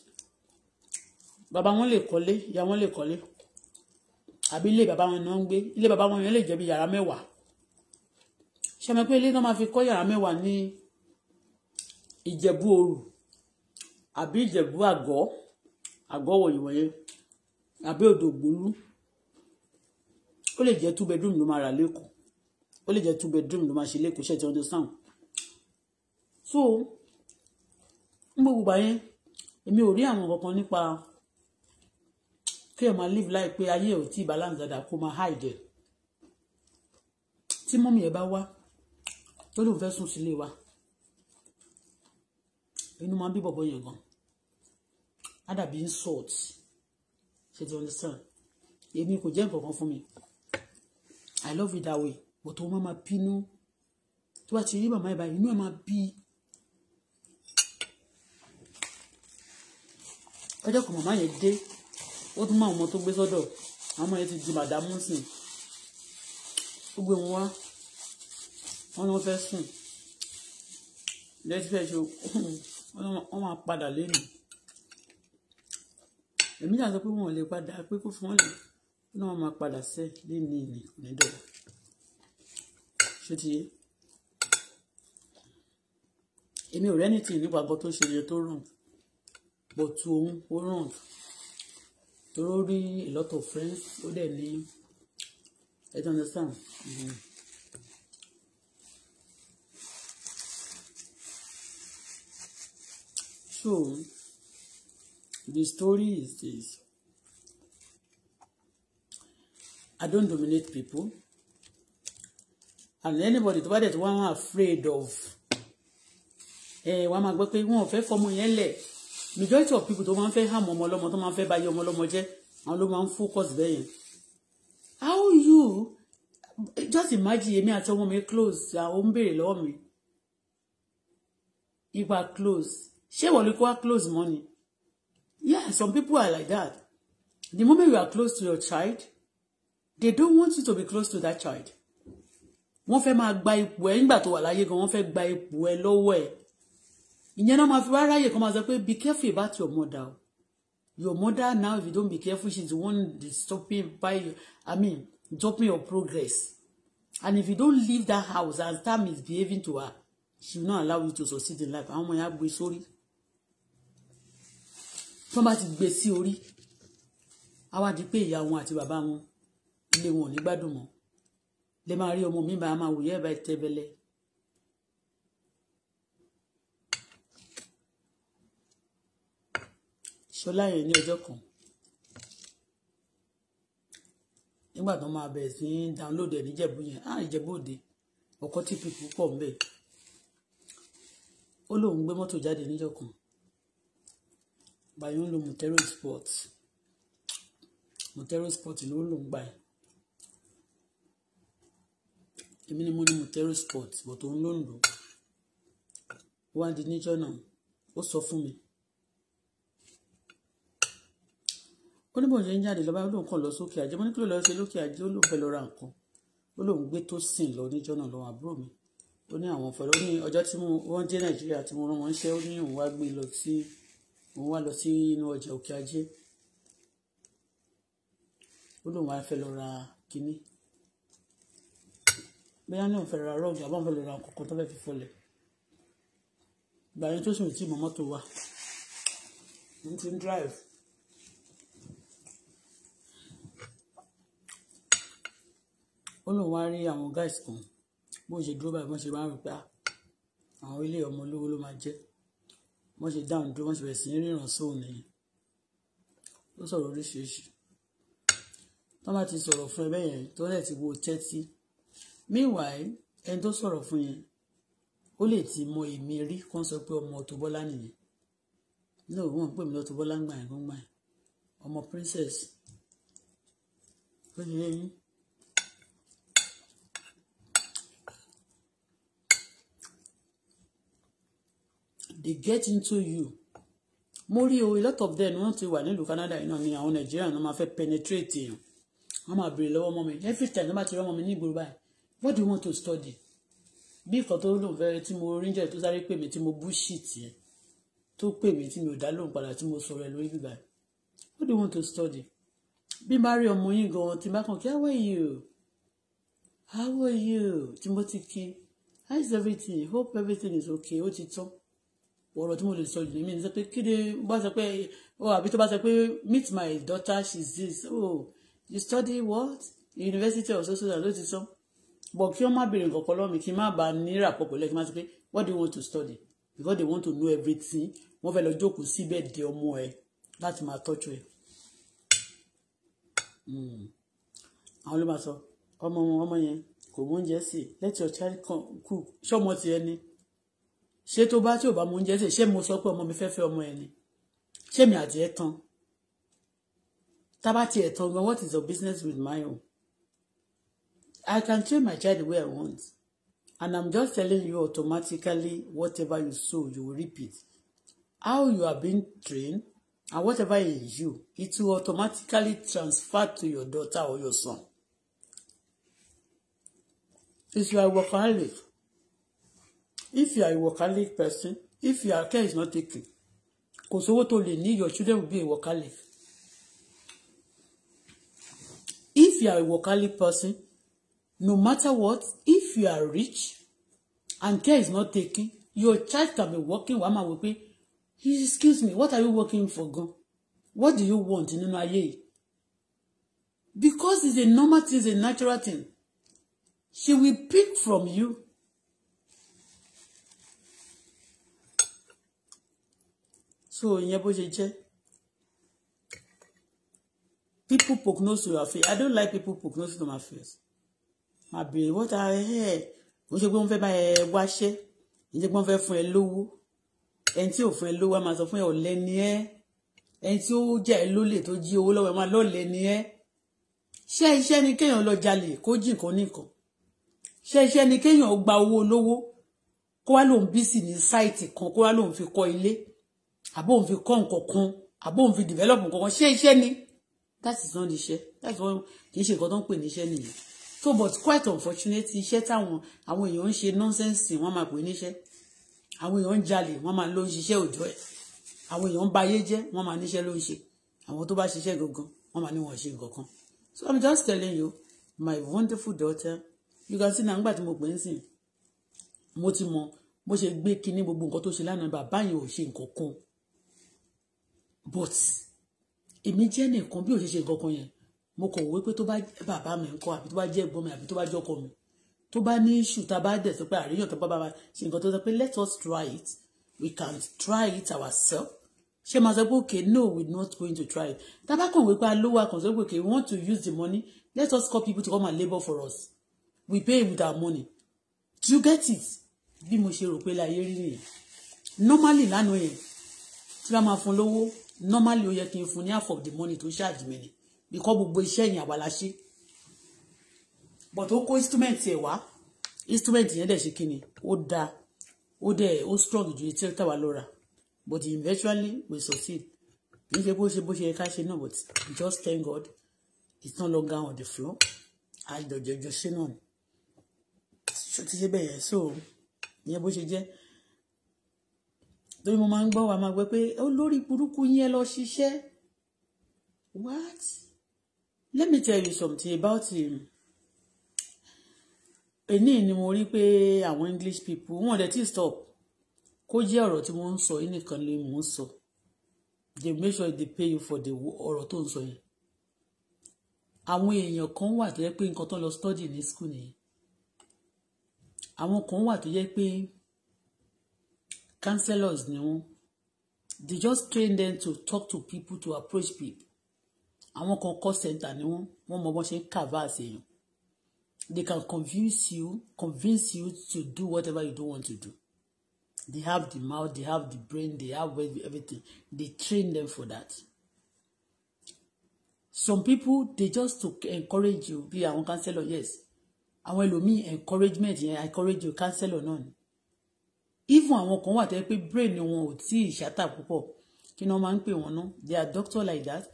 bàbá wọn lè kọ́lé ìyá wọn lè kọ́lé àbí ilé bàbá wọn ni wọ́n ń gbé ilé bàbá wọn yẹn lè jẹ́ bí yàrá mẹ́wàá ṣe mọ̀ pé ilé náà máa fi kọ́ yàrá mẹ́wàá ní ìjẹ̀bú òru àbí ìjẹ̀bú àgọ́ àgọ́ wọ̀nyíwọ̀nyẹn àbí odò gbólú ó lè jẹ́ two bedroom ló máa rà lẹ́kọ̀ọ́ ó lè jẹ́ two bedroom ló máa ṣe lẹ́kọ̀ọ́ ṣe ti understand so ń gbogbo gbà yẹn èmi ò rí àwọn kankan nípa kí ẹ máa live life pé ayé ò tí balance dada kó máa hide ẹ tí mọ́mí ẹ bá wá tó lóun fẹ́ sùn sílé wa inú máa ń bí bọ̀bọ̀ yẹn gan ádàbí insult ṣe ti understand èmi kò jẹ́ nǹkan fún mi i love it that way but òun máa bínú tó bá ti rí màmá ìbá inú ẹ̀ máa bí ọjọ́ kan màmá yẹn dé ó tún máa ọmọ tó gbé sọ́dọ̀ àwọn ọmọ yẹn ti di màdámù sí i ó gbé wọn wá wọ́n ní wọ́n fẹ́ sùn lẹ́sibẹ̀ ṣe wọ́n máa padà lẹ́nu èmi náà sọ pé wọn ò lè padà pé kó fún wọn lè ní wọ́n máa padà sẹ́ lẹ́nu ìní onídọ̀là ṣé ti yé èmi ò rẹ́ni tì nípa bọ́ tó ṣe yẹ tó rùn bọ̀ tu òun ó rùn tó rí a lot of friends ó dẹ̀ ní ẹ ti understand. Mm-hmm. So, the story is this. I don't dominate people. And anybody to bá dẹ̀ tí afraid of Eh, one man go pé one ò fẹ́ fọmọ yẹn lẹ̀ majority of people tó máa ń fẹ́ hàm ọmọ ọlọ́mọ tó máa ń fẹ́ báyé ọmọ ọlọ́mọ jẹ́ àwọn ló máa ń focus there. How you just imagine me at home mi close àwọn ń béèrè alone. If I close ṣé will require close money yeah some people are like that the moment you are close to your child they don't want you to be close to that child wọ́n fẹ́ máa gba ipò ẹ nígbà tó wà láyé gan wọ́n fẹ́ gba ipò ẹ lọ́wọ́ ẹ ìyẹn náà máa fi wá ráyè kan máa sọ be careful about your mother your mother now if you don't be careful she's the one stopping by you i mean stopping your progress and if you don't leave that house and start misbehaving to her she will not allow you to succeed in life àwọn ọmọ yẹn á gbé tí wọ́n bá ti gbé sí orí á wá di pé ìyá wọn àti bàbá wọn ilé wọn ò ní gbádùn mọ́ lè máa rí ọmọ mi bá máa wòye ẹ̀bá ìtẹ́bẹ̀lẹ̀. ṣọlá yẹn ní ọjọ́ kan nígbà tó máa bẹ̀rẹ̀ sí í download ẹ̀ níjẹ̀bú yẹn á ah, ìjẹ̀bú ọkọ̀ tí pípọ̀ ń bẹ̀ ó lóun gbé mọ́tò jáde níjọ́ kan gbà yóò lo Montero sport Montero sport ló lò ń gbà yìí èmi ni mo ní Montero sport bọ̀ tó ń lò ń lò ó wá di níjọ́ náà ó sọ fún mi ó ní bòun ṣe ń jáde lọ́ba ó lóun kàn lọ sókè àjẹ́ mo ní kí ló lọ ṣe lókè àjẹ́ ó lóun fẹ́ lọ ra nǹkan ó lóun gbé tó sìn lọ níjọ́ náà lọ́wọ́ àbúrò mi ó ní àwọn fẹ́rẹ́ ó ní ọjọ́ tí wọ́n dé Nàìjíríà tí mo rán wọn ṣẹ́ ó ní òun wá gbé lọ sí. Si mo wá lọ sí inú ọjà òkè ajé ó lóun wá fẹ́ lọ ra kínní bóyá náà fẹ́ ra rọ́ọ̀gì àbáwọn fẹ́ lọ ra kọ̀ọ̀kan tó fẹ́ fi fọlẹ̀ ìgbà tó sùn tí mọ́mọ́ tó wà mo ti ń drive ó lóun wá rí àwọn guys kan bó ṣe dúró báyìí bó ṣe máa ń rí pé ah, àwọn ilé ọmọ olówó ló máa jẹ́ wọ́n ṣe dáhùn dúró wọ́n ṣe bẹ̀rẹ̀ sí ní ríran sóun nìyẹn ó sọ̀rọ̀ oríṣiríṣi tó bá ti sọ̀rọ̀ fún ẹ bẹ́ẹ̀ yẹn tó lẹ̀ ti wo tẹ́tí meanwhile ẹni tó sọ̀rọ̀ fún yẹn ó lè ti mọ èmi rí kó ń sọ pé ọmọ Auto Bola nìyẹn ní òun wọn pè mí lọ́tọ̀ Bọ́lá ń gbà yẹn gbọ́ngbà yẹn ọmọ princess ó ṣe yẹn they get into you mo rí o a lot of them wọ́n ti wà nílùú Canada yìí náà ni àwọn Nàìjíríà náà máa fẹ́ penetrate èèyàn wọ́n máa béèrè lọ́wọ́ ọmọ mi every time wọ́n bá ti rí ọmọ mi ní ìgboro báyìí what do you want to study bí ìkan tó lò fẹ́ tí mo rí jẹ́ tó sáré pè mí tí mo bullshit yẹn tó pè mí tí mi ò dá lóhùn padà tí mo sọ̀rọ̀ ẹ̀ lórí bíbá yìí what do you want to study bí má rí ọmọ yín gan tí má kàn kí how are you how are you tí mo ti kí how is everything hope everything is okay ó ti tán ọ̀rọ̀ tí mo lè sọ jù mí ni sọ pé kéde bá sọ pé ọ àbí tó bá sọ pé meet my daughter she is this oh you study what university of social and social sọ but kí wọ́n má béèrè nǹkan kan lọ́mì kí n má bàa nira pọ̀ pẹ̀lú ẹ̀ kí n má sọ pé what do you want to study because they want to know everything wọ́n fẹ́ lọ jókòó síbẹ̀ de ọmọ ẹ láti máa tọ́jú ẹ. Hmm. àwọn ló máa sọ ọmọ ọmọ yẹn kò mú oúnjẹ sí let your child cook ṣọmọ tiẹ̀ ni ṣé tó bá tí ò bá mú oúnjẹ sè ṣé mo sọ pé ọmọ mi fẹ́ fẹ́ ọmọ ẹ ni ṣé mi àti ẹ tán tá bá tiẹ̀ tán gan what is your business with my own I can train my child the way I want and I'm just telling you automatically whatever you sow you will reap it how you are being trained and whatever is you it will automatically transfer to your daughter or your son Is if you are workaholic if you are a workaholic person if your care is not taken kò sówó tó lè ní your children will be a workaholic if you are a workaholic person no matter what if you are rich and care is not taken your child can be working wàá máa wò pé excuse me what are you working for gan what do you want nínú ayé yìí because it's a normal thing it's a natural thing she will pick from you so ìyẹn bó ṣe jẹ́ people poke nose to your face i don't like people poke nose to my face mà bèrè what are ẹ kò ṣe pé wọ́n fẹ́ bá ẹ wáṣẹ́ kò ṣe pé wọ́n fẹ́ fún ẹ lówó ẹni tí ò fún ẹ lówó a máa sọ fún ẹ ọ̀lẹ ni ẹ ẹni tí ó jà ẹ lólè tó jí owó lọ́wọ́ ẹ máa lọ́lẹ ni ẹ ṣé iṣẹ́ ni kéèyàn lọ jalè kó jì nǹkan nìkan ṣé iṣẹ́ ni kéèyàn gba owó olówó kó wá lòun bí sì ní sáìtì kan kó wá lòun fi kọ́ ilé àbóhùn fi kọ́ nǹkan kan àbóhùn fi develop nǹkan kan ṣé iṣẹ́ ni that is not the iṣẹ́ that is why kì í ṣe nǹkan tó ń pè ní iṣẹ́ nìyẹn so but quite unfortunate iṣẹ́ táwọn àwọn èèyàn ń ṣe nonsense wọ́n máa pè níṣẹ́ àwọn èèyàn ń jalè wọ́n máa ló ń ṣiṣẹ́ òjọ́ ẹ̀ àwọn èèyàn ń ba ayé jẹ́ wọ́n máa níṣẹ́ ló ń ṣe àwọn tó bá ṣiṣẹ́ gangan wọ́n máa ní wọ́n ṣe nǹkan kan so i'm just telling you my wonderful daughter you can see na ngbà tí mo pè ń mo ti mọ bó ṣe gbé kinní gbogbo nǹkan tó ṣe lánàá bàbá yẹn ò ṣe nǹkan kan but èmi jẹ́ nìkan bí ò ṣe ṣe nǹkan kan yẹn mo kàn wé pé tó bá jẹ́ bàbá mi ńkọ́ àbí tó bá jẹ́ ẹ̀gbọ́n mi àbí tó bá jẹ́ ọkọ mi tó bá ní iṣu tá a bá dẹ̀ sọ pé àríyàn tó bá bá ṣe nǹkan tó sọ pé let us try it we can try it ourselves ṣé máa sọ pé okay no we not going to try it tá a bá kàn wé pé alówó àkànṣe pé okay we want to use the money let us call people to come and labour for us we pay with our money do you get it bí mo ṣe rò pé láyé rí nìyẹn normally lánàá yẹn tí wọ́n máa fún lówó normally ó yẹ kí n fún ní half of the money tó ṣáàjì mi ni because gbogbo iṣẹ́ yẹn àwa la ṣe but ó kó instrument ẹ̀ wá instrument yẹn dẹ̀ ṣe kí ni ó da ó dẹ̀ ó strong ju etí ẹ̀ta wa lọ́ra but eventually we succeed kì í ṣe bó ṣe bó ṣe ká ṣe náà but just thank God it's no longer on the floor àjọjọjọ ṣe náà ni ṣe ti ṣe bẹ́ẹ̀ yẹn so ìyẹn bó ṣe jẹ́ lórí mo máa ń gbọ́ wa máa gbọ́ pé olórí burúkú yẹn lọ ṣiṣẹ́ what let me tell you something about him èní ni mo rí pé àwọn English people wọn dẹ̀ ti stop kó jẹ́ ọ̀rọ̀ tí wọ́n ń sọ yìí nìkan lè mò ń sọ they make sure they pay you for the ọ̀rọ̀ tó ń sọ yìí àwọn èèyàn kan wà tó yẹ pé nǹkan tó lọ study ní school nìyí àwọn kan wà tó yẹ pé counselors ni wọ́n they just train them to talk to people to approach people àwọn kan call center ni wọ́n wọ́n mọ bọ́n ṣe ń kàvá àṣeyàn they can convince you convince you to do whatever you don't want to do they have the mouth they have the brain they have everything they train them for that some people they just to encourage you bí àwọn counselor yes àwọn ẹlòmíì encouragement yẹn encourage you counselor náà even àwọn kan wà tó yẹ pé brain wọn ò tí ì ṣàtà púpọ̀ kí wọ́n máa ń pè wọ́n ná they are doctor like that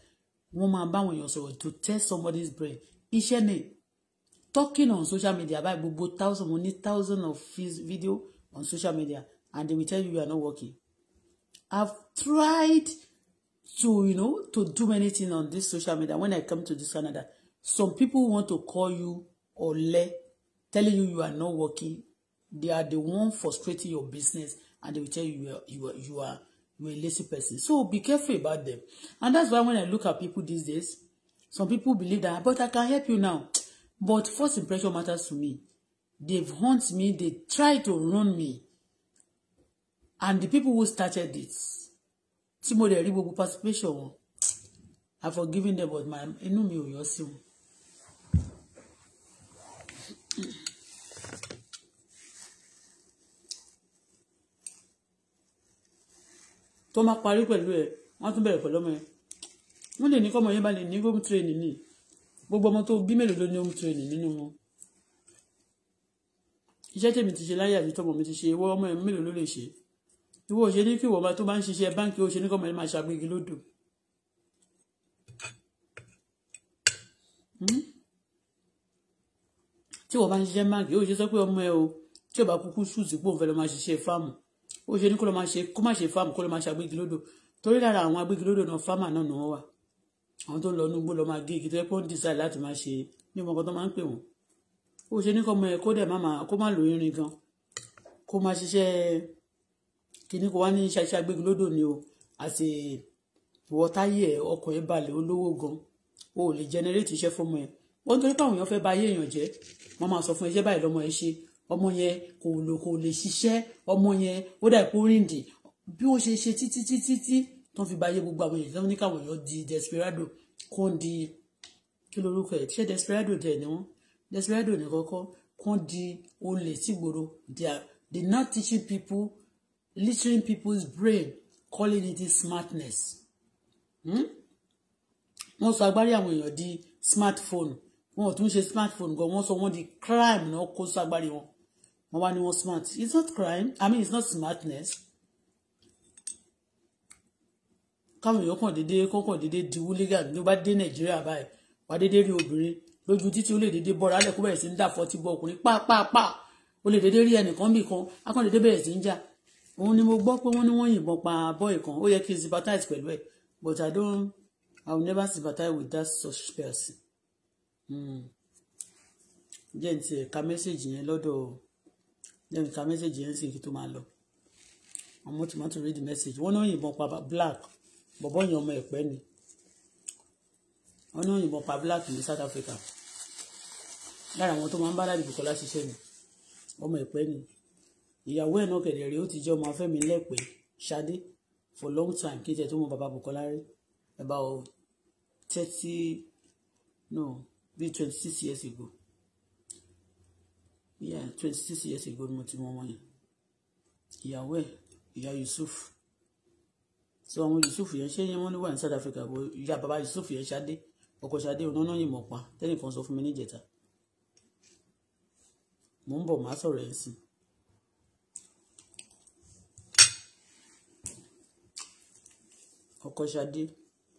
wọ́n máa bá àwọn èèyàn sọ̀rọ̀ to test somebody's brain iṣẹ́ ni talking on social media báyìí gbogbo thousand mo ní thousand of his video on social media and they will tell you you are not working I've tried to you know to do many things on this social media when I come to this Canada some people want to call you ọ̀lẹ telling you you are not working they are the one frustrating your business and they will tell you you are you are, you are you're a lazy person so be careful about them and that's why when I look at people these days some people believe that but I can help you now but first impression matters to me they've haunt me they try to ruin me and the people who started this, tí mo dẹ̀ rí gbogbo participation wọn I forgiven them but my inú mi ò yọ sí tó máa parí pẹ̀lú ẹ̀ wọ́n tún bẹ̀rẹ̀ pẹ̀lú ọmọ yẹn wọ́n lè ní kọ́mọ yẹn bá lè ní home training ni gbogbo ọmọ tó bí mélòó ló ní home training nínú wọn iṣẹ́ tèmi ti ṣe láyé àti tọmọ mi ti ṣe ìwọ ọmọ yẹn mélòó ló lè ṣe ìwọ ò ṣe ní kí ìwọ ọba tó bá ń ṣiṣẹ́ báńkì ó ṣe ní kọ́mọ yẹn máa ṣàgbégi lódò hmm? tí ìwọ bá ń ṣiṣẹ́ báńkì ó ṣe sọ pé ọmọ ẹ o tí ò bá kúkú ṣùtì pò ń fẹ́ lọ máa ṣiṣẹ́ fáàmù ó ṣe ní kó lọ máa ṣe kó má ṣe fáàmù kó lọ máa ṣe agbégilódò torí lára àwọn agbégilódò náà fáàmà náà nù wọ́n wà àwọn tó ń lọ inú igbó lọ máa gé igi tó yẹ pé ó ń dísáì láti máa ṣe ní ọmọ kan tó máa ń pè wọ́n ó ṣe ní kó ọmọ yẹn kó dẹ̀ má kó má lò irin gan kó máa ṣiṣẹ́ kíní kó wá ní ṣaṣẹ́ agbégilódò ni o àti ìwọ táyé ẹ ọkọ ẹ balẹ̀ olówó gan o ò lè jẹnẹrétì iṣẹ́ fọ́mọ ẹ wọ́n torí pé àwọn èèyàn fẹ́ bà ayé èèyàn jẹ́ wọ́n máa sọ fún ọmọ yẹn kò lò kò lè ṣiṣẹ́ ọmọ yẹn ó dà ìpó ríǹdì bí wọ́n ṣe ṣe títí títí tí tó ń fi báyé gbogbo àwọn èèyàn ní káwọn èèyàn di desperado kó ń di kí lorúkọ ẹ̀ ṣé desperado dẹ̀ ni wọ́n desperado ní kọ́kọ́ kó ń di olè sígboro they not teaching people literally people's brain calling it smartness hmm? wọ́n sọ agbárí àwọn èèyàn di smartphone wọn ò tún ṣe smartphone gan wọ́n sọ wọ́n di crime náà kó sọ agbárí wọn wọ́n wá ní wọ́n smart it's not crime i mean it's not smartness káwọn èèyàn kàn déédéé kó kàn déédéé di wúlígà ló bá dé nàìjíríà báyìí wà déédéé rí obìnrin lójú títí ó lè déédéé bọ́ra alẹ́ kó bẹ̀rẹ̀ sí ń dà fọ́tí bọ́ ọkùnrin pápápá ó lè déédéé rí ẹnìkan bì kan akọ́n déédéé bẹ̀rẹ̀ sí ń jà òun ni mo gbọ́ pé wọ́n ní wọ́n yìnbọn pa bọ́ì kan ó yẹ kí n sympathize pẹ̀lú ẹ̀ but i don't i will never sympathize with that such person. Hmm. jẹ́ ní ti ẹ̀ka mẹ́sẹ̀gì yẹn lọ́dọ̀ then we can message yẹn sì to tó máa lọ àmọ́ tí wọ́n read the message wọ́n náà yìnbọn black But yẹn ọmọ make ni wọ́n náà yìnbọn black in South Africa lára àwọn tó to remember bá láti Bùkọ́lá ṣiṣẹ́ ni ọmọ ẹ̀pẹ́ ni ìyàwó ẹ̀ náà kẹ̀dẹ̀ rí ó ti jẹ́ ọmọ afẹ́mi lẹ́pẹ́ Ṣadé for long time kí n tẹ̀ tó mọ about thirty no be twenty six years ago yeah twenty six years ago ni mo ti mọ ọmọ ìyàwó ẹ̀ ìyá Yusuf so ọmọ Yusuf yẹn ṣé wọ́n ní wà ní South Africa bó ìyá Baba Yusuf yẹn ṣadé ọkọ ṣadé onáná yìí mọ̀ pa tẹ́nìkan sọ fún mi níjẹta mò ń bọ̀ má sọ̀rọ̀ ẹ̀ sí i. ọkọ ṣadé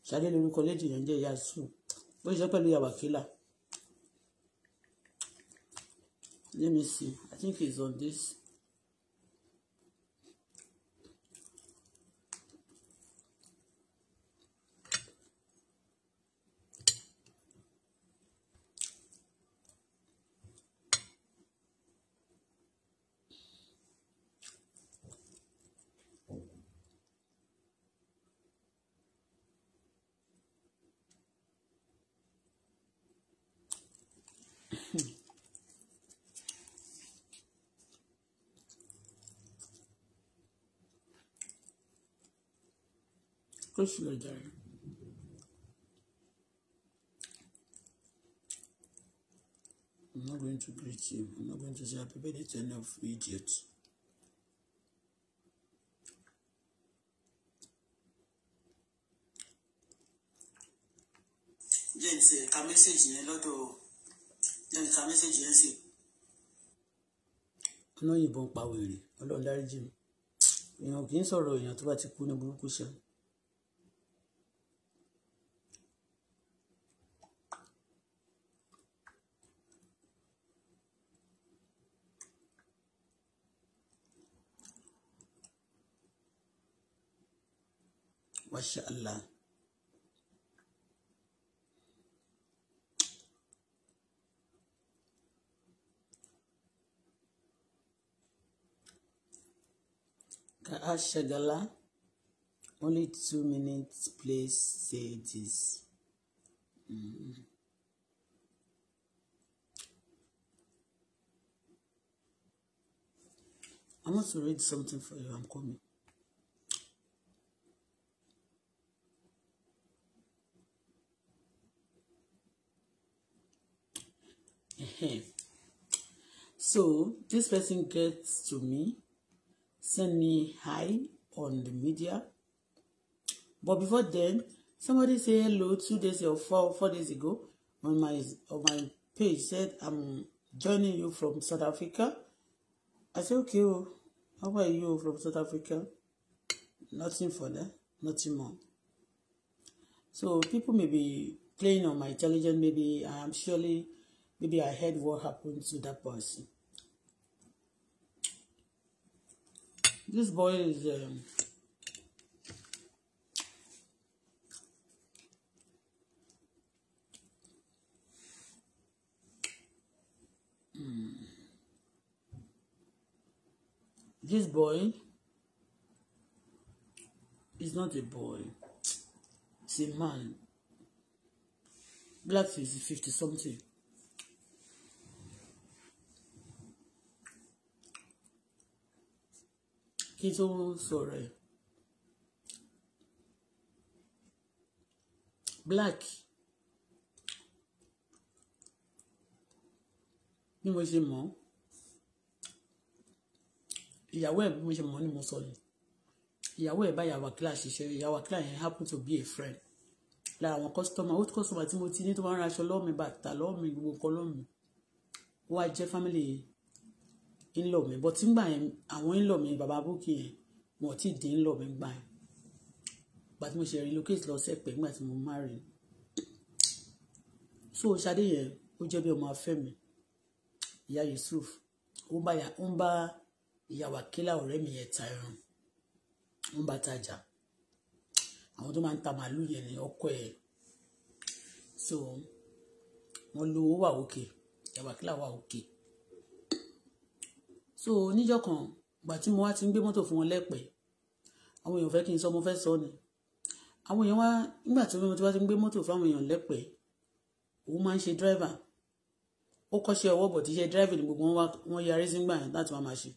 ṣadé lórúkọ lédè yẹn jẹ ìyá bó ṣe pẹ̀lú ìyá wàkílà let me see i think it's on this Praise the Lord. I'm not going to greet him. I'm not going to say happy birthday to any of you idiots. James, ka mẹ́sẹ̀gì yẹn lọ́dọ̀ James, ka mẹ́sẹ̀gì yẹn sì. Ọlọ́yìnbọn pa wèrè, Ọlọ́run dáríjì mi. Èèyàn kì í sọ̀rọ̀ èèyàn tó bá ti kú ní burúkú ṣe. Masha Allah. Ashagala, only two minutes, please say this. Mm. Mm-hmm. I want to read something for you. I'm coming. so this person gets to me send me hi on the media but before then somebody say hello two days or four four days ago on my on my page said i'm joining you from south africa i say okay oh, how are you from south africa nothing further nothing more so people may be playing on my intelligence maybe i am surely Maybe I heard what happened to that person. This boy is um, hmm. this boy is not a boy it's a man blackface is 50 something kí tó sọ̀rọ̀ ẹ̀ black bí mo ṣe mọ̀ ìyàwó ẹ̀ bí mo ṣe mọ̀ ni mo sọ ni ìyàwó ẹ̀ bá yàwá kílà ṣiṣẹ́ ìyàwó kílà yẹn happen to be a friend lára àwọn kọ́sítọ́mà ó kọ́sítọ́mà tí mo ti ní tó máa ń raṣọ lọ́ọ̀mì bàtà lọ́ọ̀mì gbogbo nǹkan lọ́ọ̀mì ó wá jẹ́ family yìí in-law mi but nígbà yẹn àwọn in-law mi bàbá Bukky yẹn wọn ti dín in-law mi gbà yẹn gbà tí mo ṣe relocate lọ sẹ́pẹ̀ nígbà tí mo marry so Ṣadé yẹn ó jẹ́ bí ọmọ afẹ́ mi ìyá Yusuf ó ń bá ìyá Wákílà ọ̀rẹ́ mi yẹn ta ẹran ó ń bá tajà àwọn tó máa ń ta màálù yẹn ní ọkọ ẹ̀ so wọn lo owó wà òkè ìyá Wákílà wà òkè so níjọ́ kan ìgbà tí mo wá ti ń gbé mọ́tò fún wọn lẹ́pẹ́ àwọn èèyàn fẹ́ kí n sọ mo fẹ́ sọ ni àwọn èèyàn wá nígbà tí mo ti wá ti ń gbé mọ́tò fún àwọn èèyàn lẹ́pẹ́ òun máa ń ṣe dírẹ́fà ó kọ́ṣẹ́ ọwọ́ bọ̀ tíṣẹ́ dírẹ́fì ni gbogbo wọn yarí sígbà láti máa máa ṣe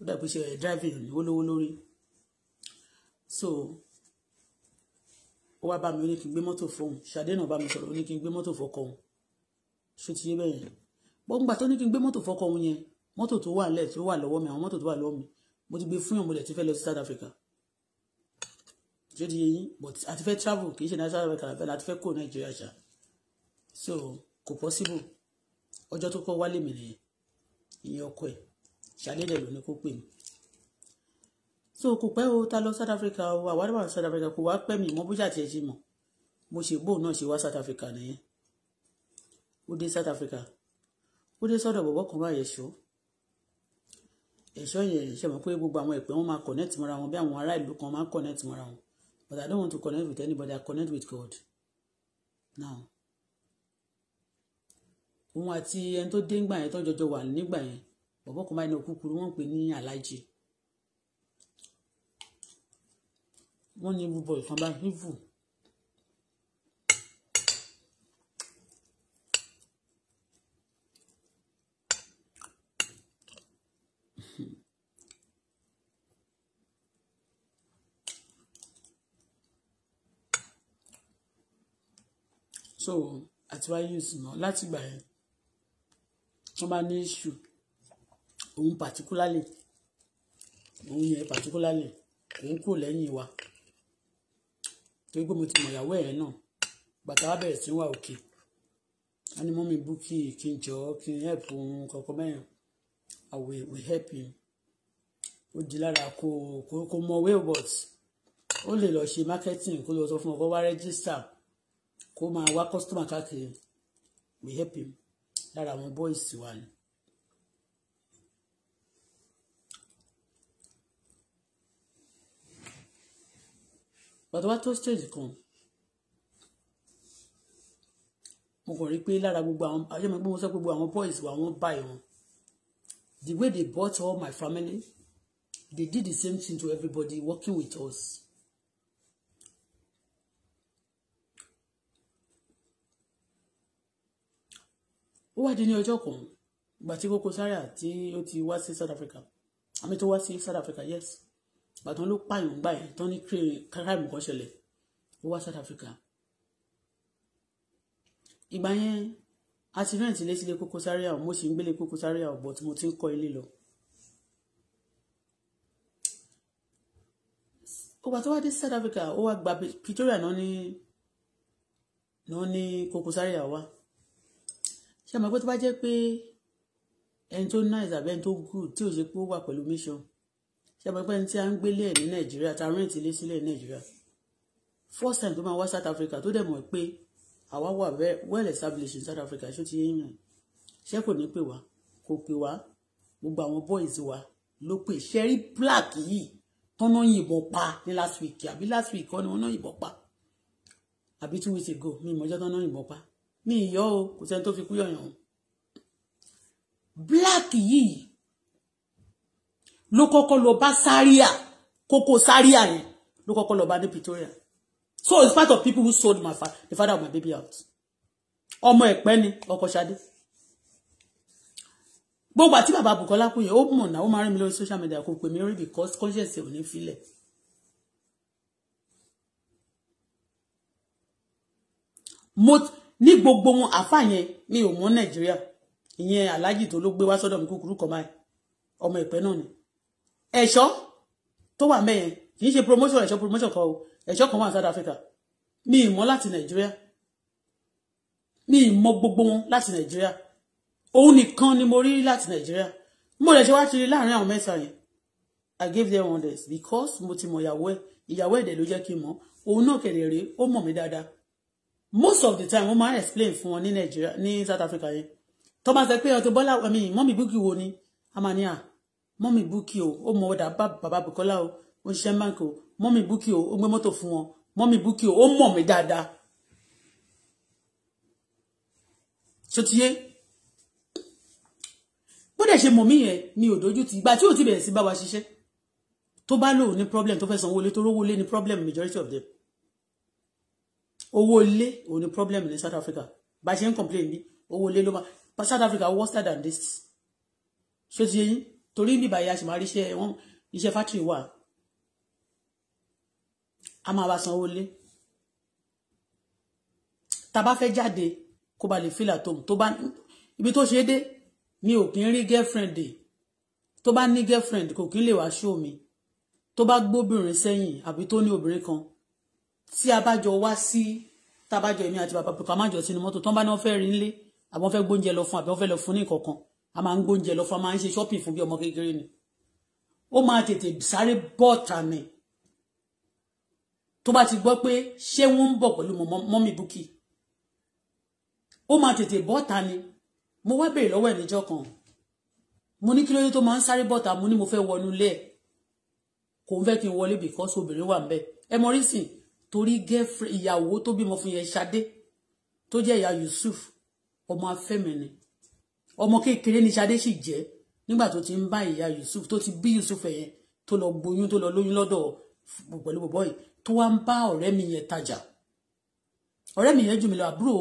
ó dàbí ṣe dírẹ́fì ni ó lówó lórí so ó wá bá mi ó ní kí n gbé mọ́tò fóun ṣàdé náà bá mi sọ̀rọ̀ ó ní kí n gbé mọ́tò fọkọ òun ti yé bẹ́ẹ̀ yẹn gbọ́ngbà tó ní kí n gbé mọ́tò fọkọ yẹn mọ́tò tó wà lẹ̀ tó wà lọ́wọ́ mi àwọn mọ́tò tó wà lọ́wọ́ mi mo ti gbé fún yàn mo lẹ̀ fẹ́ lọ sí South Africa tí ó di yẹn but àti fẹ́ travel kì í ṣe ní South Africa bẹ́ẹ̀ láti fẹ́ kó Nàìjíríà ṣá so kò possible ọjọ́ tó kọ́ wálé mi nìyẹn ìyẹn ọkọ ẹ̀ ṣàdédé ló ní kó pè mí so kò pẹ́ o ta lọ South Africa o àwárí wà South Africa kò wá pẹ́ mi mọ́ bójú àti ẹ̀jẹ̀ mọ̀ mo ṣe gbóò náà ṣe wá South Africa nìyẹn ó dé South Africa ó dé sọ́dọ̀ bọ̀bọ̀ kan báyẹn ṣọ́ ẹ̀ṣọ́ yẹn ṣe mọ̀ pé gbogbo àwọn ìpè wọn máa connect mọ́ra wọn bí àwọn ará ìlú kan máa connect mọ́ra wọn but I don't want to connect with anybody I connect with God now òun àti ẹni tó dé ńgbà yẹn tó jọjọ wà nígbà yẹn bọ̀bọ́ kan bá iná kúkúrú wọ́n ń pè ní alájì wọ́n ní ibùbọ̀ ìkan bá hífù so àti wá use mọ́ láti ìgbà yẹn wọ́n bá ní issue òun particularly òun yẹn particularly òun kò lẹ́yìn wa torí pé mo ti mọ̀ ìyàwó ẹ̀ náà bàtà wa bẹ̀rẹ̀ sí wà òkè wọ́n ní mọ́mí búkì kí n jọ kí n help òun kọ̀ọ̀kan mẹ́rin I will, will help him ó di lára kó kó mọ wayward ó lè lọ ṣe marketing kó lọ sọ fún ọkọ wá register kó máa wá customer káàkiri we help him lára àwọn boys wa ni. bàtà wá tó stage kan mo kàn rí pé lára gbogbo àwọn ayé mi sọ gbogbo àwọn boys wa wọ́n báyìí wọn the way they bought all my family they did the same thing to everybody working with us. ó wá di ní ọjọ́ kan ìgbà tí Koko Zaria tí ó ti wá sí South Africa àmì tó wá sí South Africa yes ìgbà tó ń lọ pààyàn gbà yẹn tó ní crime kan ṣẹlẹ̀ ó wá South Africa ìgbà yẹn a ti rẹ́ǹtì ilé sílé Koko Zaria mo sì ń gbélé Koko Zaria bọ̀ tí mo ti ń kọ́ ilé lọ. ògbà tó wá dé South Africa ó wá gba Pretoria náà ní náà ní wá ṣé àmọ́ pé tó bá jẹ́ pé ẹni tó nice àbí ẹni tó good tí ò ṣe pé ó wà pẹ̀lú mission ṣé àmọ́ pé ẹni tí a ń gbélé ẹ̀ ní nàìjíríà ta rent ilé sílẹ̀ ní nàìjíríà first time tó máa wá south africa tó dẹ̀ mọ̀ pé àwa wà well established in south africa ṣó ti yé yàn ṣé kò ní pè wá kò pè wá gbogbo àwọn boys wa ló pè ṣẹ́rí black yìí tọ́nà yìnbọn pa ní last week àbí last week kọ́ ni wọ́n náà yìnbọn pa àbí two weeks ago mi ìmọ̀jọ́ tọ́nà yìnbọn pa mi ìyọ́ o kò sẹ́ni tó fi kú yọ̀yàn black yìí ló kọ́kọ́ lọ bá sáríà kókó sáríà yẹn ló kọ́kọ́ lọ bá ní Pretoria so it's part of people who sold my fa the father of my baby out ọmọ ẹ̀pẹ́ ni ọkọ Ṣadé gbogbo àti bàbá Bùkọ́lá kú yẹn ó mọ̀ náà ó máa rí mi lórí social media kò pè mí rí because conscience ò ní filẹ̀ mo ní gbogbo wọn àfà yẹn mi ò mọ nàìjíríà ìyẹn aláàjì tó ló gbé wá sọ́dọ̀ mi kúkúrú kan báyìí ọmọ ìpẹ́ náà ni ẹ̀ṣọ́ tó wà mẹ́yẹn kì í ṣe promotion ẹ̀ṣọ́ promotion kan o ẹ̀ṣọ́ kan wà ní South Africa mi ì mọ láti nàìjíríà mi ì mọ gbogbo wọn láti nàìjíríà òun nìkan ni mo rí láti nàìjíríà mo lè ṣe wá kiri láàrin àwọn mẹ́ta yẹn i gave them wonders because mo ti mọ ìyàwó ẹ̀ ìyàwó ẹ̀dẹ̀ ló jẹ́ kí n mọ̀ òun náà kẹ̀rẹ̀ ó mọ̀ mí dáadáa most of the time wọ́n máa ń explain fún wọn ní Nigeria ní South Africa yẹn tó máa sọ pé Auto Bola I mean mọ́mì búkì wo ni amania mọ́mì búkì o ó mọ ọ̀dà bàbá Bukola o ó ń ṣiṣẹ́ báńkì o mọ́mì búkì o ó gbé mọ́tò fún wọn mọ́mì búkì o ó mọ̀ mí dáadáa ṣòtíyé bó dẹ̀ ṣe mọ̀ mí yẹn mi ò dojú ti ìgbà tí ò ti bẹ̀rẹ̀ sí bá wa ṣiṣẹ́ tó bá lóun ní problem tó fẹ́ sanwó lé tó rówó lé ní problem majority of them owó ilé òní problem ní South Africa bá ṣe ń complain ní owó ilé ló But South Africa worse than this ṣé ti yẹ yín torí níbi ìbàyà ṣì máa wọn iṣẹ́ factory wà a máa bá san owó ilé tá bá fẹ́ jáde kó ba lè feel at tó bá ibi tó ṣe é dé mi ò kí ń rí girlfriend dè tó bá ní girlfriend kò kí ń lè wá show mi tó bá gbóbìnrin sẹ́yìn àbí tó ní obìnrin kan tí a bá jọ wá sí tá a bá jọ èmi àti bàbá pẹ̀lú àmàjọ sínú mọ́tò tán bá náà fẹ́ rí nílé àbí wọ́n fẹ́ gbóúnjẹ lọ fún àbí wọ́n fẹ́ lọ fún ní nǹkan kan a máa ń gbóúnjẹ lọ fún a máa ń ṣe shopping fún bí ọmọ kékeré ni ó máa tètè sáré bọ́ tàmì tó bá ti gbọ́ pé ṣé wọ́n ń bọ̀ pẹ̀lú mọ́mí búkì ó máa tètè bọ́ ta ni mo wá bèrè lọ́wọ́ ẹ̀ níjọ́ kan mo ní kí lóyún tó máa ń sáré bọ́ta mo ní torí girlfriend ìyàwó tó bímọ fún yẹn Ṣadé tó jẹ́ ìyá Yusuf ọmọ afẹ́mi ni ọmọ kékeré ni Ṣadé sì jẹ́ nígbà tó ti ń bá ìyá Yusuf tó ti bí Yusuf ẹ̀yẹn tó lọ gboyún tó lọ lóyún lọ́dọ̀ pẹ̀lú bọ̀bọ̀ yìí tó wá ń bá ọ̀rẹ́ mi yẹn tajà ọ̀rẹ́ mi yẹn jù mí lọ àbúrò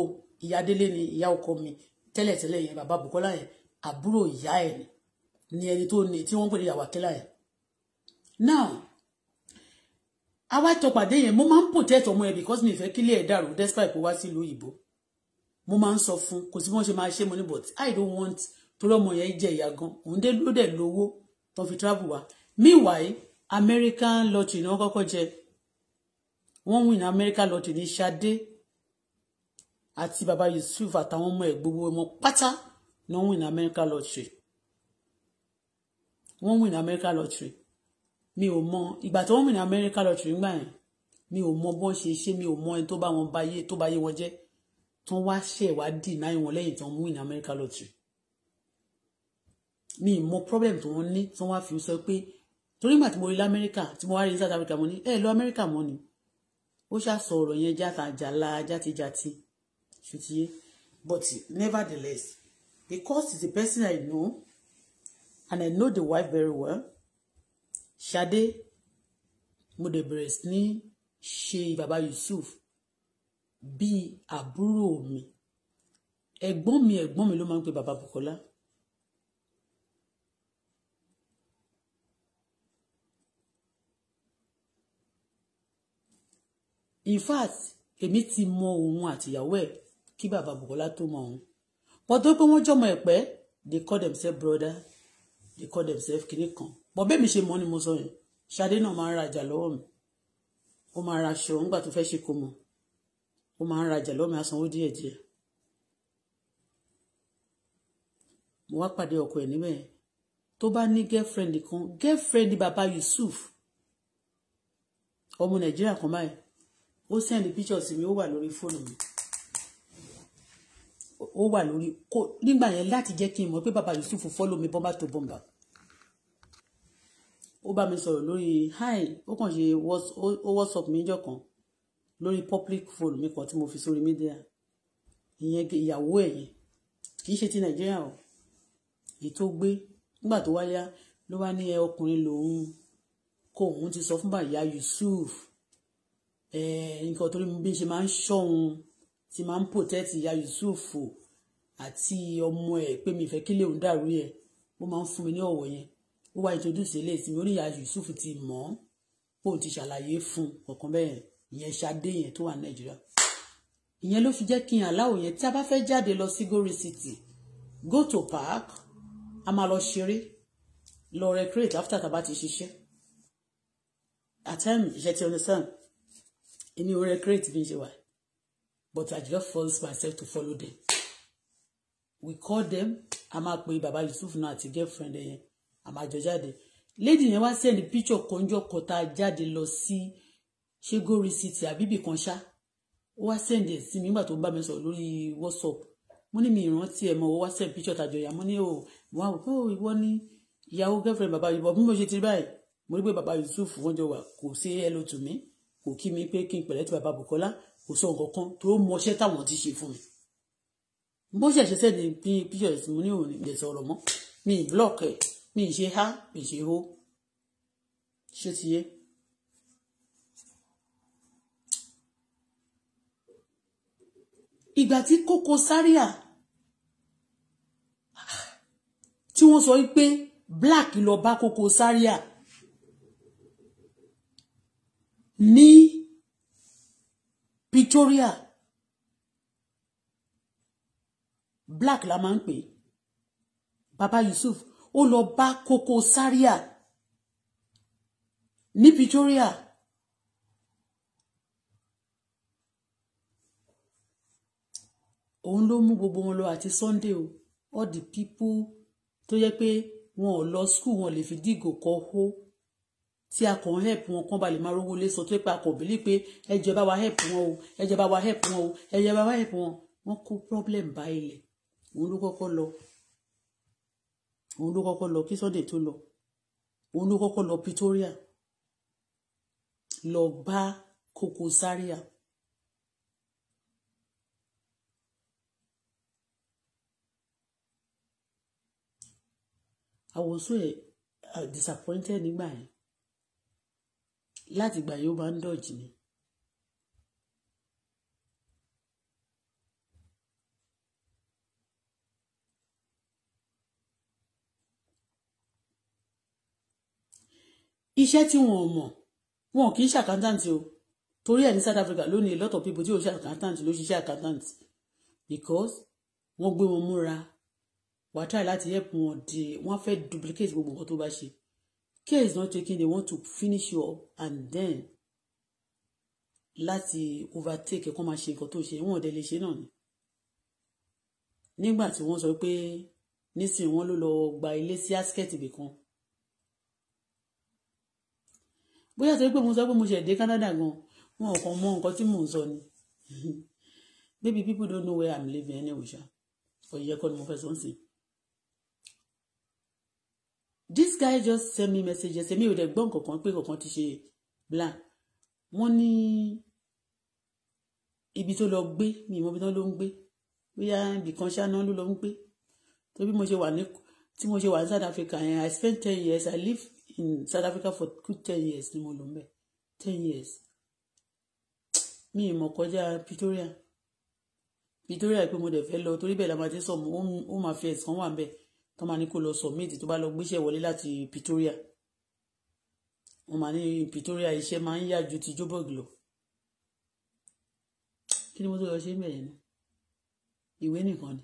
ìyá Délé ni ìyá ọkọ mi tẹ́lẹ̀tẹ́lẹ̀ yẹn bàbá Bùkọ́lá yẹn àbúrò ìyá ẹ̀ ni ẹni tó ní tí wọ́n ń pè ní ìyàwó Akẹ́lá yẹn now àwa jọ pàdé yẹn mo máa ń protect ọmọ ẹ because mi ìfẹ́ kílé ẹ̀ dàrú despite kó wá sílùú òyìnbó mo máa ń sọ fún kò sí bí wọ́n ṣe máa ṣe mo ní but i don't want torí ọmọ yẹn jẹ ìyá gan òun dé ló dẹ̀ lówó tó fi travel wá meanwhile american lottery ni wọ́n kọ́kọ́ jẹ wọ́n win american lottery ní Ṣadé àti baba Yusuf àtàwọn ọmọ ẹ̀ gbogbo ọmọ pátá ni wọ́n win american lottery wọ́n win american lottery mi ò mọ ìgbà tí wọ́n mìíràn Amẹ́ríkà lọ tìrì gbà yẹn mi ò mọ bọ́n ṣe ṣe mi ò mọ ẹni tó bá wọn bá yé tó bá yé wọn jẹ́ tó wá ṣẹ̀ wá dì náà wọn lẹ́yìn tó ń mú ìnà Amẹ́ríkà lọ tìrì mi ì mọ problem tó wọ́n ní tó wá fi sọ pé torí ìgbà tí mo rí lamẹ́ríkà tí mo wá rí South Africa mo ní ẹ lọ Amẹ́ríkà mọ́ ni ó ṣá sọ yẹn játa jàlá játijàti ṣùtìyé but nevertheless because it's a person I know and I know the wife very well Ṣadé mo dẹ̀ bẹ̀rẹ̀ sí ní ṣe bàbá Yusuf bíi àbúrò mi ẹ̀gbọ́n mi ẹ̀gbọ́n mi ló máa ń pe bàbá Bukola. in fact èmi ti mọ òun àtìyàwó ẹ̀ kí bàbá Bukola tó mọ òun pọtó pé wọ́n jọmọ ẹ̀pẹ́ they call themselves brother they call themselves kìnìkan bọ́ bẹ́ẹ̀ mi ṣe mọ́ ni mo sọ yẹn Ṣadé náà máa ń rajà lọ́wọ́ mi ó máa ra aṣọ nígbà tó fẹ́ ṣe kó mọ́ ó máa ń rajà lọ́wọ́ mi á díẹ̀díẹ̀ mo wá pàdé ọkọ ẹ̀ níbẹ̀ tó bá ní girlfriend kan girlfriend bàbá Yusuf ọmọ Nàìjíríà kan báyìí ó send pictures mi ó wà lórí fóònù mi ó wà lórí kó nígbà yẹn láti jẹ́ kí n mọ̀ pé bàbá Yusuf follow mi bọ́mbà tó bọ́mbà ó bá mi sọ̀rọ̀ lórí hi ó kàn ṣe ó whatsapp mi jọ kan lórí public phone mi kan tí mo fi sórí media ìyẹn ìyàwó ẹ̀ yẹn kì í ṣe ti nàìjíríà o èyí tó gbé nígbà tó wáyá ló wá ní ẹ ọkùnrin lòun kó òun ti sọ fún bàyá Yusuf ẹ nǹkan torí bí n ṣe máa ń ṣọ́hun ti máa ń protect ìyá Yusuf àti ọmọ ẹ̀ pé mi ìfẹ́ kí lèun dàrú yẹ ó máa ń fún mi ní ọ̀wọ̀ yẹn ó wá introduce eléyìí sí mi ó ní ìyá Yusuf ti mọ̀ ọ́ bóun ti ṣàlàyé fún ọ̀kan bẹ́ẹ̀ ìyẹn Ṣadé yẹn tó wà ní Nàìjíríà ìyẹn ló fi jẹ́ kí n àláwò yẹn tí a bá fẹ́ jáde lọ sí Gori City go to park a máa lọ ṣeré lọ recreate after tàbá ti ṣiṣẹ́ at time iṣẹ́ ti understand èmi ò recreate bí n ṣe wà but I just force myself to follow them we call them a máa pe baba Yusuf náà àti girlfriend yẹn àmàjọ jáde lady yẹn wá send picture kọjọ kọta jáde lọ sí ṣé gòrí city àbíbì kan ṣá ó wá send ẹ̀ sí mi nígbà tó bá mi sọ̀rọ̀ lórí whatsapp mo ní mi ìrántí ẹ̀ mọ́ ó wá send picture tàjọ ìyá mo ní oh, o wà ó pé ìwọ ní ìyàwó girlfriend bàbá yìí bọ̀ bí mo ṣe ti rí báyìí mo rí pé bàbá Yusuf wọ́n jọ wà kò sí hello to me kò kí mi pé kí n pẹ̀lẹ́ ti bàbá Bukola kò sọ nǹkan kan tó mọṣẹ́ táwọn ti ṣe fún mi bó ṣẹ̀ṣẹ̀ sẹ́ni píṣọ̀ ẹ̀sìn mo ní òun ìgbésẹ̀ ọ̀rọ̀ mọ́ mi ì blọ́ọ̀kì ẹ̀ mi ì ṣe há mi ì ṣe tí Koko Zaria tí wọ́n sọ pé black lọ bá Koko Zaria ní Pretoria black la máa ń pè baba Yusuf ó lọ bá Koko Zaria ní Pretoria òun ló mú gbogbo wọn lọ àti Sunday o all the people tó yẹ pé wọn ò lọ school wọn lè fi dígò kọ hó tí a kàn help wọn kán ba lè máa rówó lé sọ tó pa kò bílí pé ẹjọ bá wa help wọn o ẹjọ bá wa help wọn o ẹjọ bá wa help wọn wọn kó problem bá ilẹ̀ òun ló kọ́kọ́ lọ òun ló kọ́kọ́ lọ kí Sunday tó lọ òun ló kọ́kọ́ lọ Pretoria lọ bá Koko Zaria àwòsàn ẹ uh, disappointed nígbà yẹn láti gbà yóò máa ń dọ̀jì ni iṣẹ́ tí wọn ò mọ̀ wọn kì í ṣe accountant o torí ẹ̀ ní South Africa lónìí a lot of people tí ò ṣe accountant ló ṣiṣẹ́ accountant because wọ́n gbé wọn múra wàá try láti help wọn di wọ́n fẹ́ duplicate gbogbo nǹkan tó bá ṣe care is not taken they want to finish you up and then láti overtake ẹ̀kọ́ máa ṣe nǹkan tó ṣe wọn ò dẹ̀ lè ṣe náà ni nígbà tí wọ́n sọ pé nísìnyí wọ́n ló lọ gba ilé sí asket ibì kan bóyá torí pé mo sọ pé mo ṣẹ̀ dé Canada gan wọn kàn mọ nǹkan tí mò ń sọ ni maybe [laughs] people don't know where I'm living anyway ṣá for iye kọ́ ni mo fẹ́ sọ ń sìn. this guy just send me messages èmi ò dẹ̀ gbọ́ nǹkan kan pé kankan ti ṣe blank wọ́n ní ibi tó lọ gbé mi ìmọ̀ ibi tó lọ ń gbé bóyá ibì kan ṣáná ló lọ ń gbé torí mo ṣe wà ní tí mo ṣe wà ní South Africa yẹn I spent ten years I live in South Africa for good ten years ni mo lò ń bẹ̀ ten years mi ì mọ̀ kọjá Pretoria Pretoria pé mo dẹ̀ fẹ́ lọ torí bẹ́ẹ̀ la máa ti sọ ó máa fi ẹ̀sán wà ń bẹ̀ tó máa ní kó lọ submit tó bá lọ gbéṣẹ́ wọlé láti Pretoria wọ́n máa ní Pretoria iṣẹ́ máa ń yá ju ti Joburg lọ kí ni mo tó lọ ṣe ń bẹ̀rẹ̀ ni ìwé nìkan ni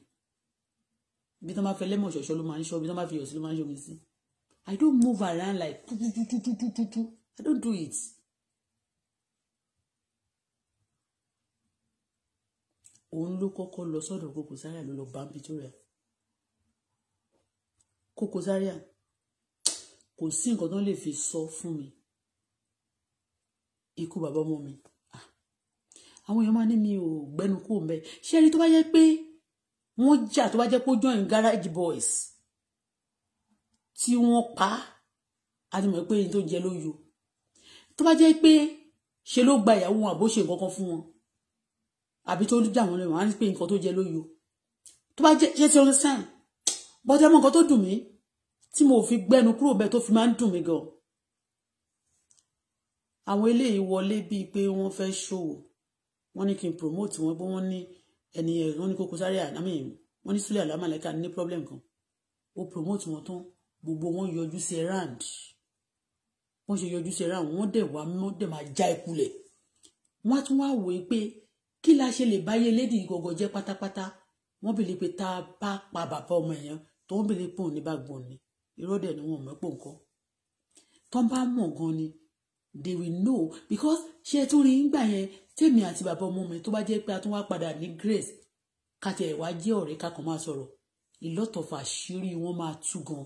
ibi tó máa fẹ́ lẹ́mọ̀ ṣọ̀ṣọ́ ló máa ń ṣọ́ ibi tó máa fi yọ̀ sí ló máa ń ṣọ́ mi sí. I don't move around like I don't do it. Òun ló kọ́kọ́ lọ sọ́dọ̀ Koko Zaria ló lọ bá Victoria. Koko Zaria kò sí nǹkan tó lè fi sọ fún mi ikú bàbá ọmọ mi àwọn èèyàn máa ní mi ò gbẹnu kú òun bẹ́ẹ̀ ṣé ẹni tó bá jẹ́ pé wọ́n jà tó bá jẹ́ pé ó join garage boys tí wọ́n pa á ni mọ̀ pé ní tó jẹ ló yọ tó bá jẹ́ pé ṣe ló gba ìyàwó wọn àbó ṣe nǹkan fún wọn àbí tó dà wọn lẹ́wọ̀n á ní pé nǹkan tó jẹ ló yọ tó bá jẹ́ ṣe ti ọdún sáà bọ́dá mọ́ nǹkan tó dùn mí tí mo fi gbẹ́nu kúrò bẹ́ẹ̀ tó fi máa ń dùn mí gan àwọn eléyìí wọlé bíi pé wọ́n fẹ́ ṣòwò wọ́n ní kí n promote wọn bó wọ́n ní ẹni wọ́n ní Koko Zaria àmì wọ́n ní Sule Alao Malaika ní problem kan ó promote wọn tán gbogbo wọn yọjú sí erand wọn ṣe yọjú sí erand wọn dẹ̀ wá wọn dẹ̀ máa já ikulẹ̀ wọn á tún wá wòye pé kí la ṣe lè báyé lédi ìgọgọ jẹ pátápátá wọn bèlè pé tá a bá pa bàbá ọmọ èèyàn tó ń bèlè pọ̀ ní bàgbọ́n ni irọ́ dẹ̀ ni wọn mọ̀ nǹkan tó ń bá mọ̀ gan ni they will know because ṣe tún rí ń gbà yẹn tèmi àti bàbá ọmọ mi tó bá jẹ́ pé a tún wá padà ní grace kàtẹ́ ìwà jẹ́ ọ̀rẹ́ ká kàn máa sọ̀rọ̀ ìlọ́tọ̀fà ṣírí wọn máa tú gan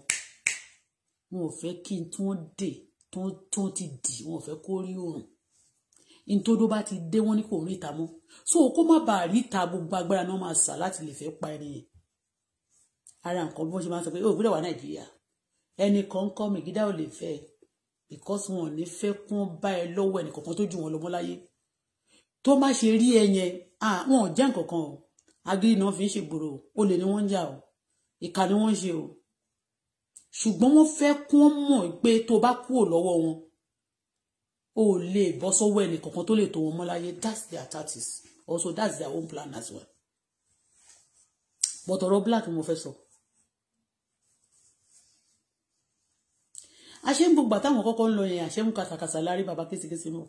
wọn ò fẹ́ kí n tó dè tó ti dì wọn ò fẹ́ kó rí òrùn nítorí ó bá ti dé wọn ní kò rí ìta mọ́ so kó má bàa rí ìta gbogbo agbára náà máa sà láti lè fẹ́ pa ẹni yẹn ara nǹkan bí wọ́n ṣe máa sọ pé ó gbọ́dọ̀ wà nàìjíríà ẹnì kan kọ́ mi gídá ò lè fẹ́ ẹ because wọn ò ní fẹ́ kí wọ́n bá ẹ lọ́wọ́ ẹnì kankan tó ju wọn lọ́mọ láyé tó má ṣe rí ẹ yẹn wọn ò jẹ́ nǹkan kan o agídí náà fi ń ṣègbòrò olè ni wọ́n ń jà o ìkà ni wọ́n ń ṣe o ṣùgbọ́n wọ́n fẹ́ kó mọ̀ pé tó bá kúrò lọ́wọ́ wọn ó lè bọ́ sọ́wọ́ ẹnì kankan tó lè tó wọn mọ́ that's their tactics also that's their own plan as well but ọ̀rọ̀ black mo fẹ́ sọ. àṣẹ ń gbogbo àtàwọn kọ́kọ́ ń lọ yẹn àṣẹ ń kàṣàkàṣà lárí bàbá késekése mọ́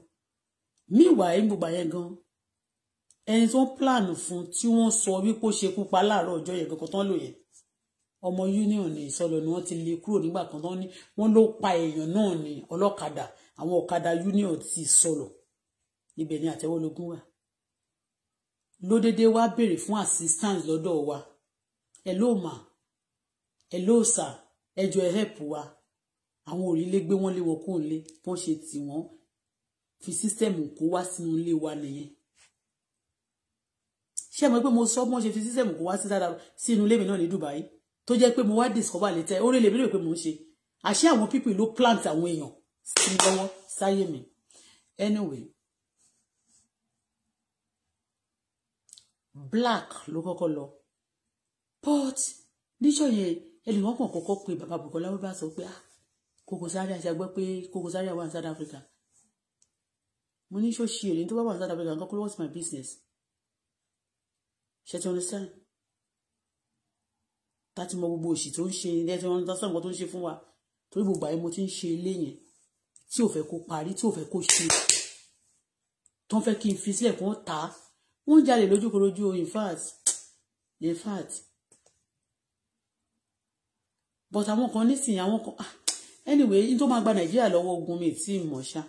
meanwhile ń gbogbo àyẹn gan ẹni tó ń plan fún tí wọ́n sọ wípé ó ṣekú pa láàárọ̀ ọjọ́ yẹn kankan tán lò yẹn ọmọ union ní ìsọlọ ni wọ́n ti lé kúrò nígbà kan tán ní wọ́n ló pa èèyàn náà ní ọlọ́kadà àwọn ọ̀kadà union ti sọlọ ibẹ̀ ni àtẹwọ́lógún wà lódédé wá béèrè fún assistance lọ́dọ̀ wa ẹ ló mà ẹ ló sà ẹjọ help wa àwọn òrìlé gbé wọn lé wọn kó lé bọ́n ṣe tì wọ́n fi sísẹ́mù kó wá sínú ilé wa nìyẹn ṣé ẹ mọ̀ pé mo sọ bọ́n ṣe fi sísẹ́mù kó wá sínú ilé mi náà ní Dubai tó jẹ́ pé mo wá discover létẹ́ orí lèmi rè pé mo ń ṣe àṣé àwọn people ló plant àwọn èèyàn sí lọ́wọ́ sáyé mi anyway black ló kọ́kọ́ lọ but níjọ́ yẹn ẹnìkan kan kọ́kọ́ pé bàbá Bùkọ́lá wọ́n bá sọ pé ah Koko Zaria àṣàgbọ́ pé Koko Zaria wà South Africa mo ní ṣó ṣe èrè tó bá wà ní South Africa nǹkan kó lọ́wọ́ sí my business ṣe ti understand láti mọ gbogbo òṣì tó ń ṣe ilé tí wọ́n ń tọ́sán nǹkan tó ń ṣe fún wa torí gbogbo àyè mo ti ń ṣe ilé yẹn tí ò fẹ́ kó parí tí ò fẹ́ kó ṣe tó ń fẹ́ kí n fi sílẹ̀ kó tà á wọ́n ń jalè lójúkorojú in fact in fact but àwọn kan nísìnyí àwọn kan ah, anyway n tó máa gba nàìjíríà lọ́wọ́ ogun mi tí ì mọ̀ ṣá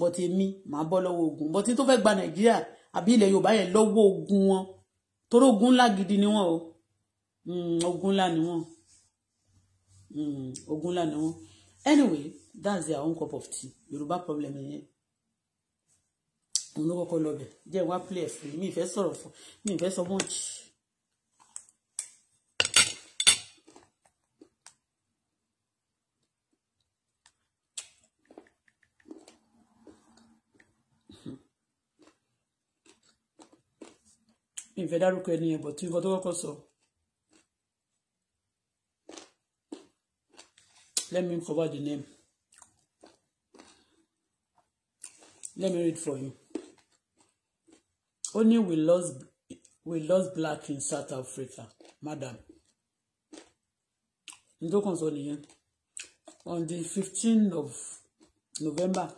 but èmi màá bọ́ lọ́wọ́ ogun but n tó fẹ́ gba nàìjíríà àbí ilẹ̀ yorùbá yẹn lọ́wọ́ ogun wọn torí ogun ńlá gidi ni wọn o Mm, ogun ńlá ni wọ́n mm, Ogunla ńlá ni wọ́n anyway that's their own cup of tea yorùbá problem yẹn òun ló kọ́kọ́ lọ bẹ̀ jẹ́ wá play ẹ̀ fún mi ìfẹ́ sọ̀rọ̀ fún mi ìfẹ́ sọ much. ìfẹ́ dárúkọ ẹni ẹ̀bọ̀ tí nǹkan tó kọ́kọ́ sọ. So. Let me forward the name. Let me read for you. Only we lost we lost black in South Africa, madam. Ndokan sọ nìyẹn. On the fifteenth of November,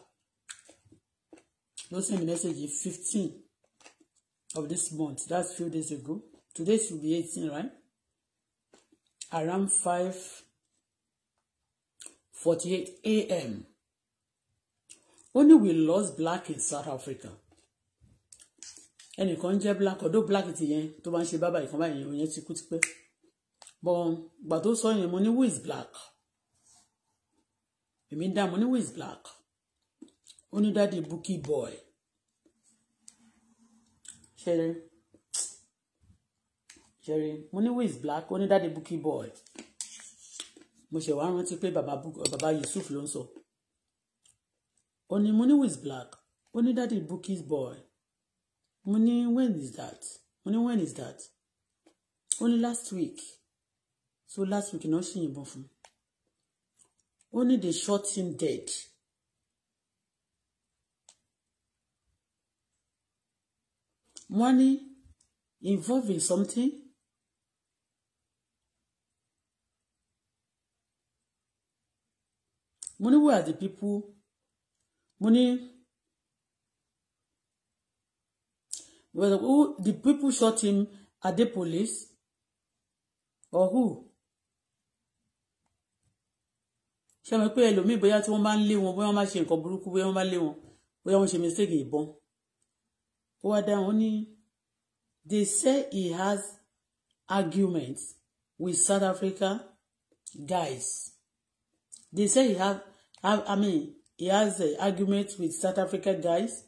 ló send me message fifteen of this month, that's few days ago. Today should be eighteen, right? Around five 48 a.m. ó ní we lost black in South Africa ẹnìkan jẹ́ black ọ̀dọ́ black ti yẹn tó bá ń ṣe bábà ìkan báyìí ìròyìn ti kú tipẹ́ bọ́n gbà tó sọ yẹn mo ní who is black èmi ń dá mo ní who is black ó ní dáàdi Bukky boy ṣẹlẹ̀ ṣẹlẹ̀ mo ní who is black ó ní dáàdi Bukky boy mo ṣe wá rántí pé bàbá bàbá Yusuf ló ń sọ ó ní mo ní with black ó ní daddy Buki's boy mo ní when is that mo ní when is that ó ní last week so last week náà ṣì yìnbọn fún ó ní they shot him dead. wọ́n ní involved in something mo ní where are the people mo ní who the people shot him are they police or who ṣé mo pé ẹlòmíì bóyá tí wọ́n bá ń lé wọn bóyá wọ́n bá ṣe nǹkan burúkú bóyá wọ́n bá lé wọn bóyá wọ́n ṣe mistake ìbọn ó wá dáhùn ó ní they say he has arguments with South Africa guys they say he have I, I mean, he has an argument with South African guys.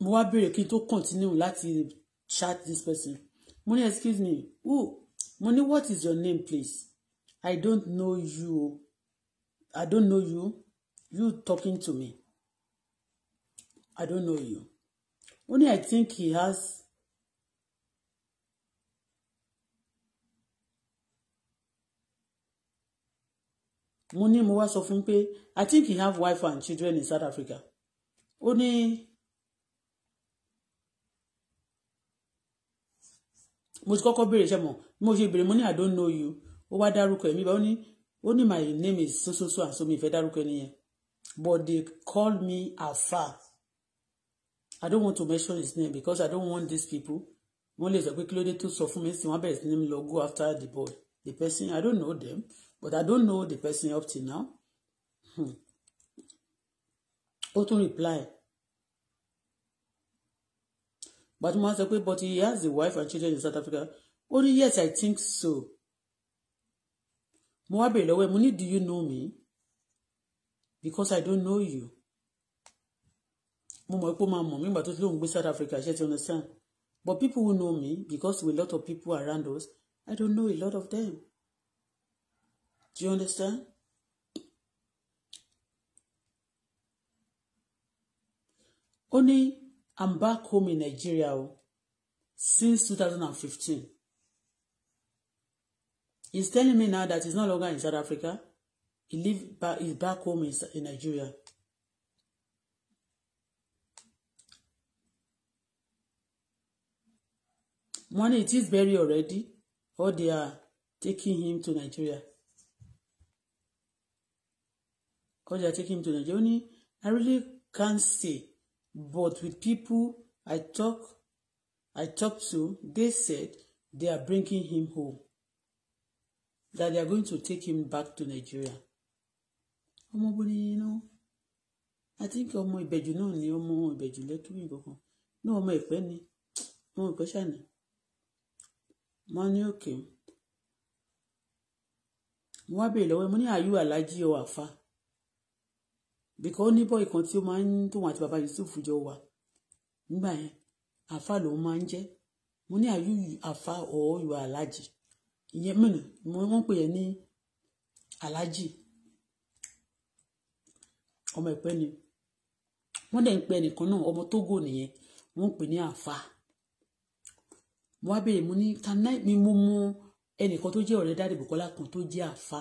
Mo wá béèrè kí to continue láti chat this person. Mo ní excuse me, who? Mo ní what is your name please? I don't know you. I don't know you. You talking to me. I don't know you. Only I think he has mo ní mo wá sọ fún pé i think he have wife and children in south africa ó ní mo ti kọ́kọ́ béèrè ṣe mọ̀ mo ṣe béèrè mo ní i don't know you ó wá dárúkọ ẹ̀mí bá ó ní ó ní my name is so so so and so mi ìfẹ́ dárúkọ ẹni yẹn but they call me afa i don't want to mention his name because i don't want these people wọ́n lè sọ pé kí ló dé tó sọ fún mi sí wọ́n bẹ̀rẹ̀ sí ní lọ go after the boy the person i don't know them but I don't know the person up till now hmm. ó tún reply but mo sọ pé but he has a wife and children in South Africa ó ní yes I think so mo wá bèrè lọ́wọ́ ẹ̀ mo ní do you know me because I don't know you mo mọ̀ pé ó máa mọ̀ mí ìgbà tó ti lóun gbé South Africa ṣe ti understand but people who know me because we a lot of people around us I don't know a lot of them. Do you understand? Only I'm back home in Nigeria o since 2015. He's telling me now that he's no longer in South Africa. He live back, he's back home in, in Nigeria. Money, it is buried already, or they are taking him to Nigeria. because they are taking him to Nigeria. Ó I really can't say, but with people I talk, I talk to, they said they are bringing him home. That they are going to take him back to Nigeria. Omo bó ni I think omo ìbẹ̀jù náà ni omo ìbẹ̀jù lẹ́tùmí kankan. Ní ọmọ ìpẹ́ ni, ọmọ ìpẹ́ ṣàní. Mo ní òkè. Mo wá bèèrè lọ́wọ́ ayu mo ní àyù because ní bọ́ọ̀ kan tí ó máa ń tóun àti bàbá Yusuf jọ wà nígbà yẹn àfa lòun máa ń jẹ́ mo ní àyù àfa or you are alájì ìyẹn mìíràn wọ́n pè é ní alájì ọmọ ìpẹ́ ni wọ́n dẹ̀ ń pẹ́ nìkan náà ọmọ Tógò nìyẹn wọ́n pè ní àfa mo wá béèrè mo ní ta náà mi mo mú ẹnìkan tó jẹ́ ọ̀rẹ́ Daddy Bukola kan tó jẹ́ àfa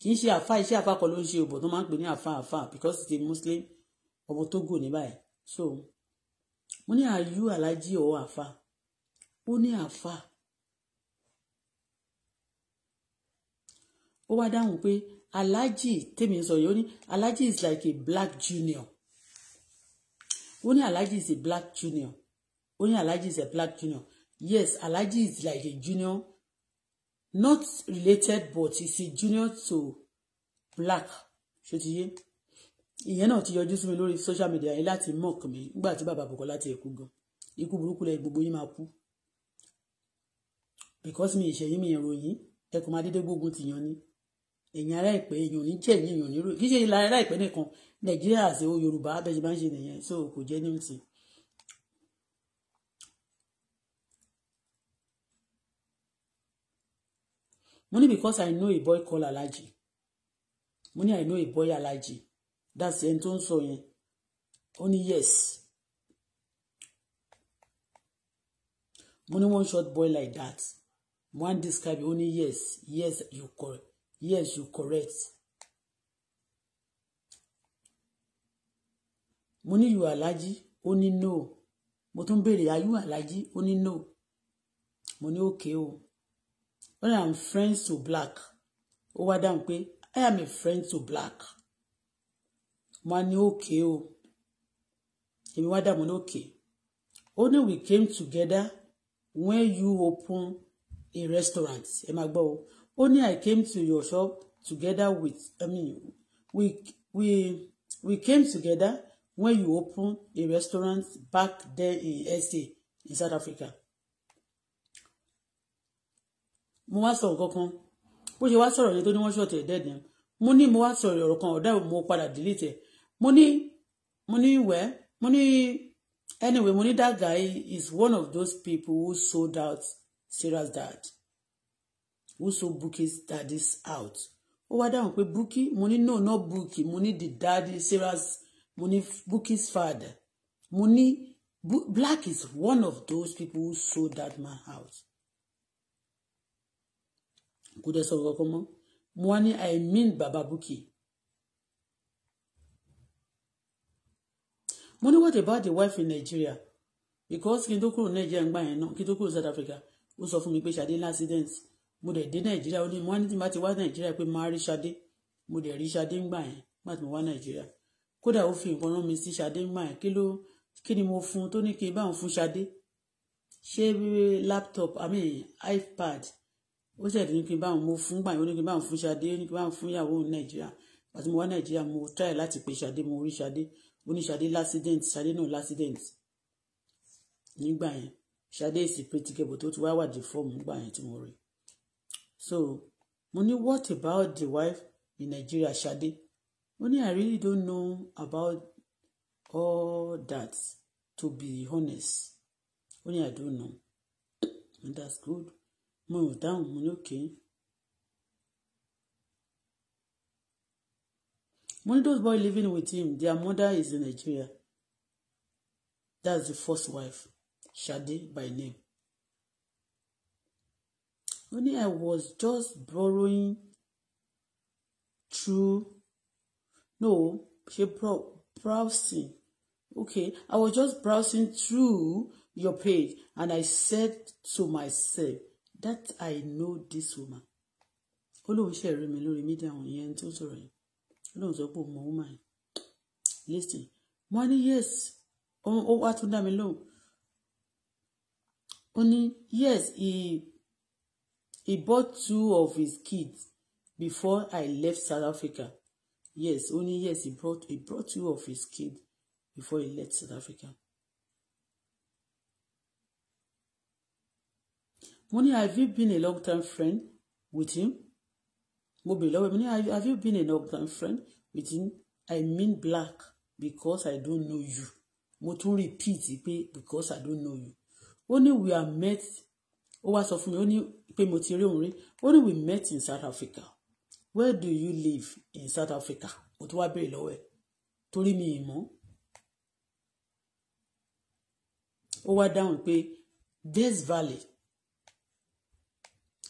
kì í ṣe àfa iṣẹ́ àfa kan ló ń ṣe òbò tó máa ń pè ní àfa àfa because it's a muslim ọmọ Tógò ní báyìí so mo ní àyú alájí ọwọ́ àfa ó ní àfa ó wá dáhùn pé alájí tèmi sọ yìí ó ní alájí is like a black junior ó ní alájí is a black junior ó ní alájí is a black junior yes alájí is like a junior not related but is a junior to black ṣòtíyé ìyẹn náà ti yọjú sí mi lórí social media yẹn láti mock mi nígbà tí bàbá Bùkọ́lá ti ẹ̀kú gan ikú burúkú lẹ gbogbo yín máa kú because mi ìṣẹ̀yìn mi ìròyìn ẹkùn máa dédé gbógun ti yan ni ẹ̀yìn ará ìpẹ́ èèyàn ní jẹ̀yìn èèyàn ní ròyìn kí ṣe ìlà ará ìpẹ́ nìkan Nàìjíríà àti Yorùbá abẹ́jẹ́ bá ń ṣe nìyẹn so kò jẹ́ ní ti. mo because I know a boy called Alhaji mo I know a boy Alhaji that's ẹni tó ń sọ yẹn ó yes mo one short boy like that One describe only yes yes you correct yes you correct mo you Alhaji Only no mo tún béèrè are you Alhaji Only no mo ní okay o. Oh when am friends to black ó wá dáhùn pé i am a friend to black mo á ní òkè o èmi wá dáhùn ní òkè ó ní we came together when you open a restaurant ẹ máa gbọ́ o ó i came to your shop together with i mean we we we came together when you open a restaurant back there in SA in South Africa mo wá sọ nǹkan kan bó ṣe wá sọ̀rọ̀ yẹn tó ní wọ́n ṣọ̀tẹ̀ ẹ̀ dẹ́ẹ̀dẹ́ mo ní mo wá sọ̀rọ̀ ọ̀rọ̀ kan ọ̀dà mo padà delete ẹ̀ mo ní mo ní wẹ́ mo ní anyway mo ní that guy is one of those people who sold out Sarah's dad who sold Buki's daddies out ó wá dáhùn pé Buki mo ní no not Buki mo ní the daddy Sarah's mo ní Buki's father mo ní black is one of those people who sold that man out kò dẹ̀ sọ̀rọ̀ kankan mọ́ mo wá ní i mean baba Bukky mo ní what about the wife in Nigeria because kí n tó kúrò Nigeria ń gbà yẹn náà kí n tó kúrò South Africa ó sọ fún mi pé Ṣadé ní accident mo dẹ̀ dé Nàìjíríà ó ní mo wá ní tí n bá ti wá Nàìjíríà pé máa rí Ṣadé mo dẹ̀ rí Ṣadé ń gbà yẹn má ti mo wá Nàìjíríà kódà ó fi nǹkan rán mi sí Ṣadé ń gbà yẹn kí ló kí ni mo fún tó ní kí n bá fún Ṣadé ṣé laptop i mean ipad ó ṣẹ̀dí ní kí n bá òun mo fún gbà yẹn ó ní kí n bá òun fún Ṣadé ó ní kí n bá òun fún ìyàwó òun Nàìjíríà àti mo wá Nàìjíríà mo try láti pe Ṣadé mo rí Ṣadé ó ní Ṣadé lásídẹ̀ǹtì Ṣadé náà lásídẹ̀ǹtì nígbà yẹn Ṣadé sì pé tìkẹ́bù tó ti wá wàdí fọ́ọ̀mù nígbà yẹn tí mo rí so mo ní what about the wife in Nigeria Ṣadé ó ní I really don't know about all that to be honest ó ní I don't know and that's good mo ò dáhùn mo lókè mo ní those boys living with him their mother is in Nigeria that's the first wife Shade by name Only I was just borrowing through no ṣe browsing okay I was just browsing through your page and I said to myself that I know this woman ó lóun ṣe rí mi lórí mídíà àwọn yẹn tó sọ̀rọ̀ yẹn ó sọ pé òun mọ woman yẹn listen mo ní yes ó wá tún dá mi lóhùn ó ní yes he he bought two of his kids before I left South Africa yes ó ní yes he brought he brought two of his kids before he left South Africa mo ní have you been a long time friend with him mo bèrè lọ́wọ́ mi ní have you been a long time friend with him I mean black because I don't know you mo tún repeat pé because I don't know you ó ní we are met ó wá sọ fún mi ó ní pé mo ti rí òun rí ó ní we met in South Africa where do you live in South Africa mo tún wá bèrè lọ́wọ́ ẹ̀ torí mi ì mọ̀ ó wá dáhùn pé Des Valley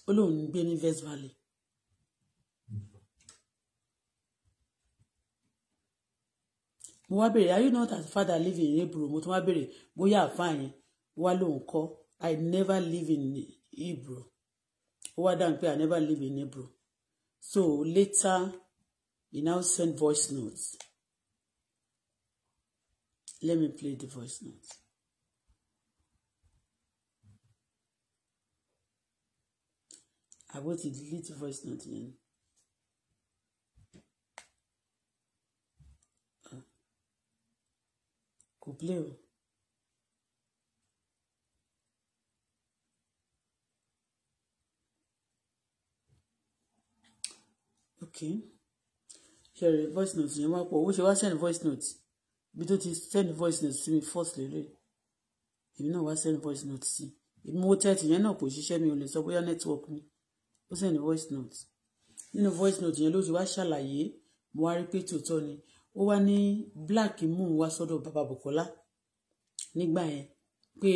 ó lóun ń gbé ní West Valley mo wá béèrè are you not as father living in Hebrew mo tún wá béèrè bóyá àfáàyàn wá lóun kọ́ I never live in Hebrew ó wá dáhùn pé I never live in Hebrew so later he now send voice notes let me play the voice notes. I want to delete voice note yẹn ni. Ah. play okay Here, voice notes. yẹn want to. owó ṣe wá send voice notes. bí tó send voice notes to me firstly. You know, náà send voice note sí èmi mo tẹ́tì You know, kò ṣiṣẹ́ mi ò lè sọ bóyá network mi ó sẹ̀ ní voice note nínú voice note yẹn ló ti wá ṣàlàyé mo wá rí pé tòótọ́ ni ó wá ní black moon wá sọ́dọ̀ bàbá Bùkọ́lá nígbà yẹn pé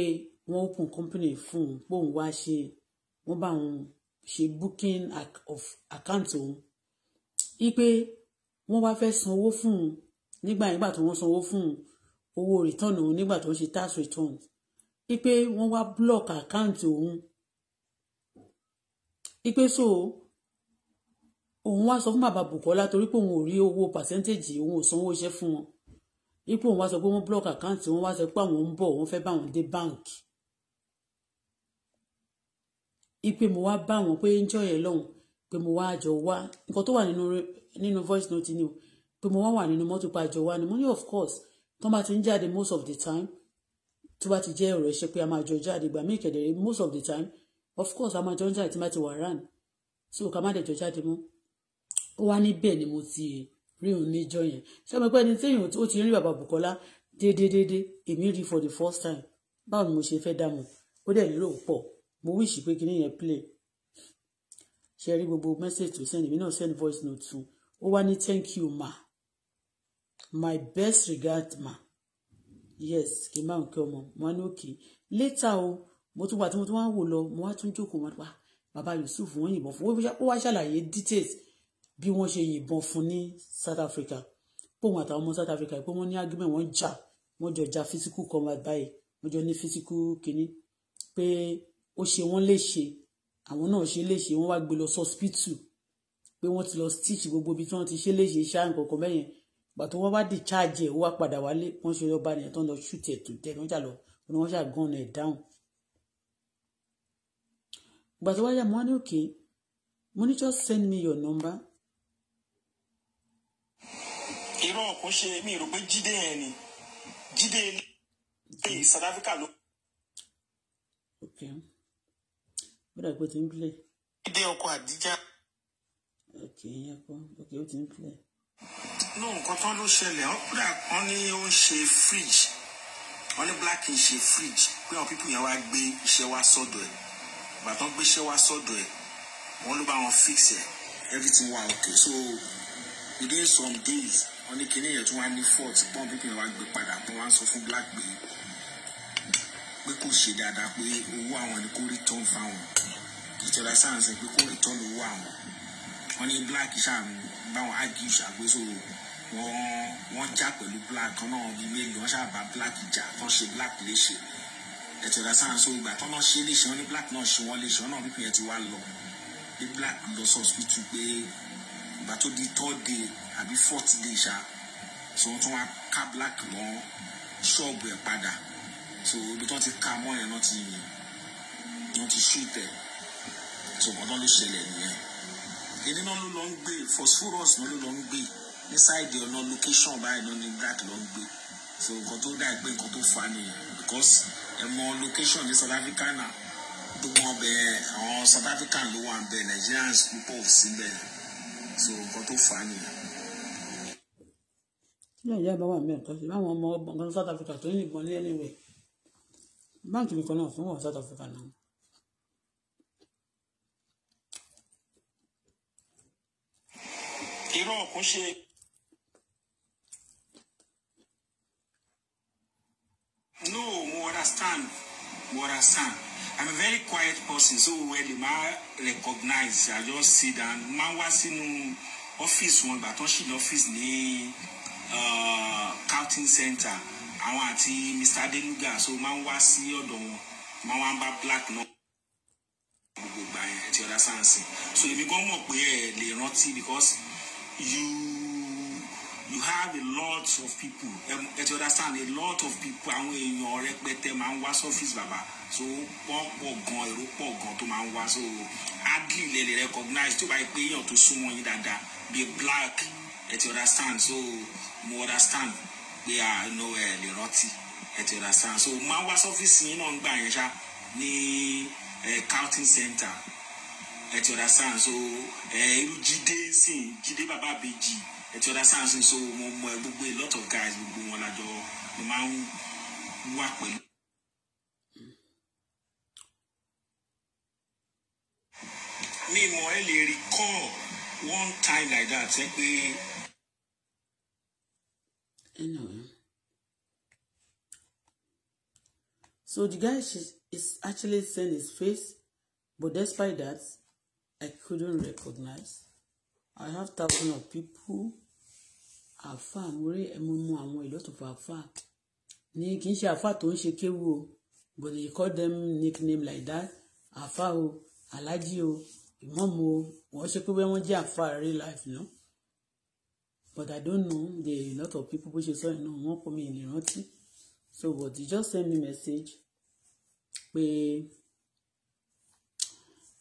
wọ́n open company fún un pé òun wá ṣe wọ́n bá òun ṣe booking of account òun ipe wọ́n wá fẹ́ sanwó fún un nígbà yẹn nígbà tó wọ́n sanwó fún un owó return òun nígbà tó ń ṣe tax return ipe wọ́n wá block account òun ipe so òun wá sọ fún bàbá Bùkọ́lá torí pé òun ò rí owó pàṣẹ́ntéèjì òun ò sanwó iṣẹ́ fún wọn ipò òun wá sọ pé wọ́n block account wọ́n wá sọ pé àwọn ń bọ̀ wọ́n fẹ́ bá wọn dé báǹkì ipe mo wá bá wọn pé ń jọ yẹn lọ́hùn pé mo wá àjọ wá nǹkan tó wà nínú nínú voice note ni o pé mo wá wà nínú mọ́tò pa àjọ wá ni mo ní of course tó bá ti ń jáde most of the time tó bá ti jẹ́ ọ̀rọ̀ iṣẹ́ pé a máa jọ jáde gbà mí ìkẹ̀dẹ̀ most of the time of course àwọn àjọ ń jáde tí má ti wà ran so ká má dẹ̀ jọ jáde mọ́ ó wá níbẹ̀ ni mo ti rí òun níjọ yẹn ṣé ọmọ ẹgbẹ́ ni téèyàn ó ti rí bàbá Bùkọ́lá déédéédéé èmi rí for the first time báwo ni mo ṣe fẹ́ dààmú ó dẹ̀ nílò pọ̀ mo wíṣì pé kí nìyẹn play ṣe rí gbogbo message to send èmi náà send voice note tún ó wá ní thank you ma my best regard ma yes kì í máa ń kí ọmọ mo á ní òkè later o. Oh, mo tún wà tí mo tún wá wò lọ mo wá tún jókòó wọn pa ah, bàbá Yusuf wọn yìnbọn fún ó wá ṣàlàyé details bí wọ́n ṣe yìnbọn fún ní South Africa póun àtàwọn ọmọ South Africa pé wọ́n ní argument wọ́n jà wọ́n jọ ja physical combat báyìí wọ́n jọ ní physical kínní pé ó ṣe wọ́n léṣe àwọn náà ṣe léṣe wọ́n wá gbé lọ sọ́spítù pé wọ́n ti lọ stitch gbogbo ibi tí wọ́n ti ṣe léṣe ṣáà nǹkan mẹ́yẹn gbà tó bá di charge ẹ̀ wọ́n wá padà wálé wọ́n ṣe lọ́ọ́ bá nìyẹn tó ń lọ shoot ẹ̀ tó jẹ́ wọ́n jà lọ wọ́n ṣàgán dáhùn But why wáyà mo wá ní òkè just send me your number. irọ́ kò ṣe mi rò pé jíde yẹn ni jíde ní South Africa ló. Okay. bọ́dà ìpò ti ń play. jíde ọkọ àdíjà. ok ìyẹn okay, ok ó ti ń play. ní nǹkan tán ló ṣẹlẹ̀ ọ̀pọ̀dà kan ní ó ń fridge Only black ń ṣe fridge pé people pípù yẹn wá gbé iṣẹ́ wá sọ́dọ̀ ẹ̀ bàtàn gbéṣẹ́ wá sọ́dọ̀ ẹ̀ wọ́n ló bá wọn fix ẹ̀ everything wà okay so within some days wọ́n ní kinní yẹn tún wá ní fault pọ́n pípín wa gbé padà pọ́n wá ń sọ fún black pé pé kò ṣe dáadáa pé owó àwọn ni kò return fáwọn ìtẹ̀lá sáǹsì pé kò return owó àwọn wọ́n ní black ṣàmù báwọn argue ṣàgbéso wọ́n wọ́n já pẹ̀lú black kan náà bíi méjì wọ́n ṣàbá black jà wọ́n ṣe black léṣe ẹ̀tọ́ ìdá sáà so ìgbà tọ́nà ṣe lè ṣe wọn ní black náà ṣe wọn lè ṣe wọn náà pípẹ́ yẹn ti wá lọ ní black lọ sọ hospital pé ìgbà tó di third àbí fourth day ṣá so wọ́n tún wá ká black mọ́ ṣọ́ọ̀bù ẹ̀ padà so ibi tó ti ká mọ́ yẹn náà ti wọ́n ti shoot ẹ̀ so ọ̀dọ́ ló ṣẹlẹ̀ nìyẹn èdè náà ló lọ ń gbé phosphorus náà ló lọ ń gbé ní sáìdì ọ̀nà location báyìí náà ní black lọ ń gbé so nǹkan tó dá pé nǹkan tó fa nìyẹn because ẹ mọ location ní South Africa náà gbogbo ọbẹ̀ àwọn South African ló wà ń bẹ Nigerians púpọ̀ ò sí bẹ́ẹ̀ so nǹkan tó fà á nìyẹn. ilé ìyá bá wà mí nǹkan ṣe báwọn ọmọ ọgbọ̀n South Africa tó ń yìnbọn ní ẹnìwẹ̀ báńkì nìkan náà fún wọn South Africa náà. irọ́ kún ṣe. No, mo understand. Mo understand. I'm a very quiet person, so when the man recognize, I just sit down. Man was in office one, but tó ń ṣì ní ọ́fíìsì uh, ní counting center. Àwọn àti Mr. Adeluga, so man was sí your door, Man wá black náà gbogbo gbà yẹn ti ọ̀dà sáǹsì. So èmi gan mọ̀ pé ẹ lè rántí because you you have a lot of people ẹ ti understand a lot of people àwọn èèyàn rẹpẹtẹ máa ń wá sọ́fíìsì bàbá so wọ́n pọ̀ gan èrò pọ̀ gan tó máa ń wá so hardly lè recognize tó bá yẹ pé èèyàn tó súnmọ́ yín dáadáa bí black ẹ ti understand so mo understand pé à no ẹ lè rántí ẹ ti understand so máa ń wá sọ́fíìsì yín náà ń gbà yẹn ṣá ní counting center ẹ ti understand so irú jíde sìn jíde bàbá àbèjì ẹtí ọ̀dà sáǹsì so mo mọ ẹ gbogbo a lot of guys gbogbo wọn lájọ mo máa ń wà pẹ̀lú. mi mọ ẹ lè recall one time like that ẹ pé. anyway so the guy is is actually seeing his face but despite that I couldn't recognize. I have thousands of people àáfà orí ẹmu mu àwọn ìlọ́tọ̀fọ̀ àáfà ni kì í ṣe àáfà tó ń ṣe kéwu o but they call them nickname like that àáfà o alájí o ìmọ̀mù o wọ́n ṣe pé bẹ́ẹ̀ wọ́n jẹ́ àáfà real life náà but I don't know the lot of people bó ṣe sọ yẹn náà wọ́n kọ́ mi ìlè rántí so but they just send me message pé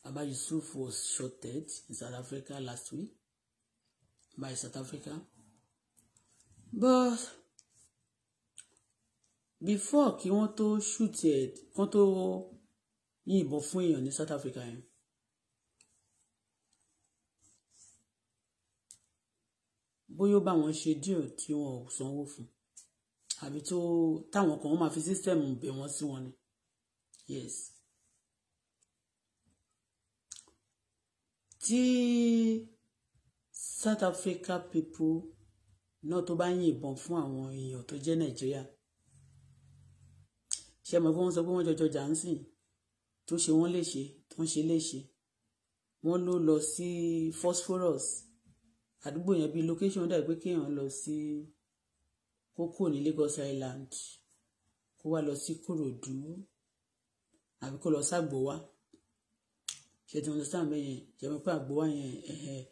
Baba Yusuf was shot dead in South Africa last week by South Africa but before kí wọ́n tó shoot ẹ̀ kán tó yìnbọn fún èèyàn ní South Africa yẹn bóyá ó bá wọn ṣe díẹ̀ tí wọn ò sanwó fún àbí tó táwọn kan wọn máa fi sísẹ̀mù bẹ̀ wọ́n sí wọn ni yes. tí South Africa people náà tó bá yìnbọn fún àwọn èèyàn tó jẹ́ nàìjíríà ṣe mọ̀ pé wọ́n sọ pé wọ́n jọjọ jansen tó ṣe wọ́n léṣe tó ń ṣe léṣe wọ́n ló lọ sí phosphorus àdúgbò yẹn bíi location dàbí pé kéèyàn lọ sí kókó ní Lagos Island kó wá lọ sí Kòròdú àbí kó lọ ságbowa ṣe tí wọ́n lọ sáà mẹyẹn ṣe mọ̀ pé àgbowá yẹn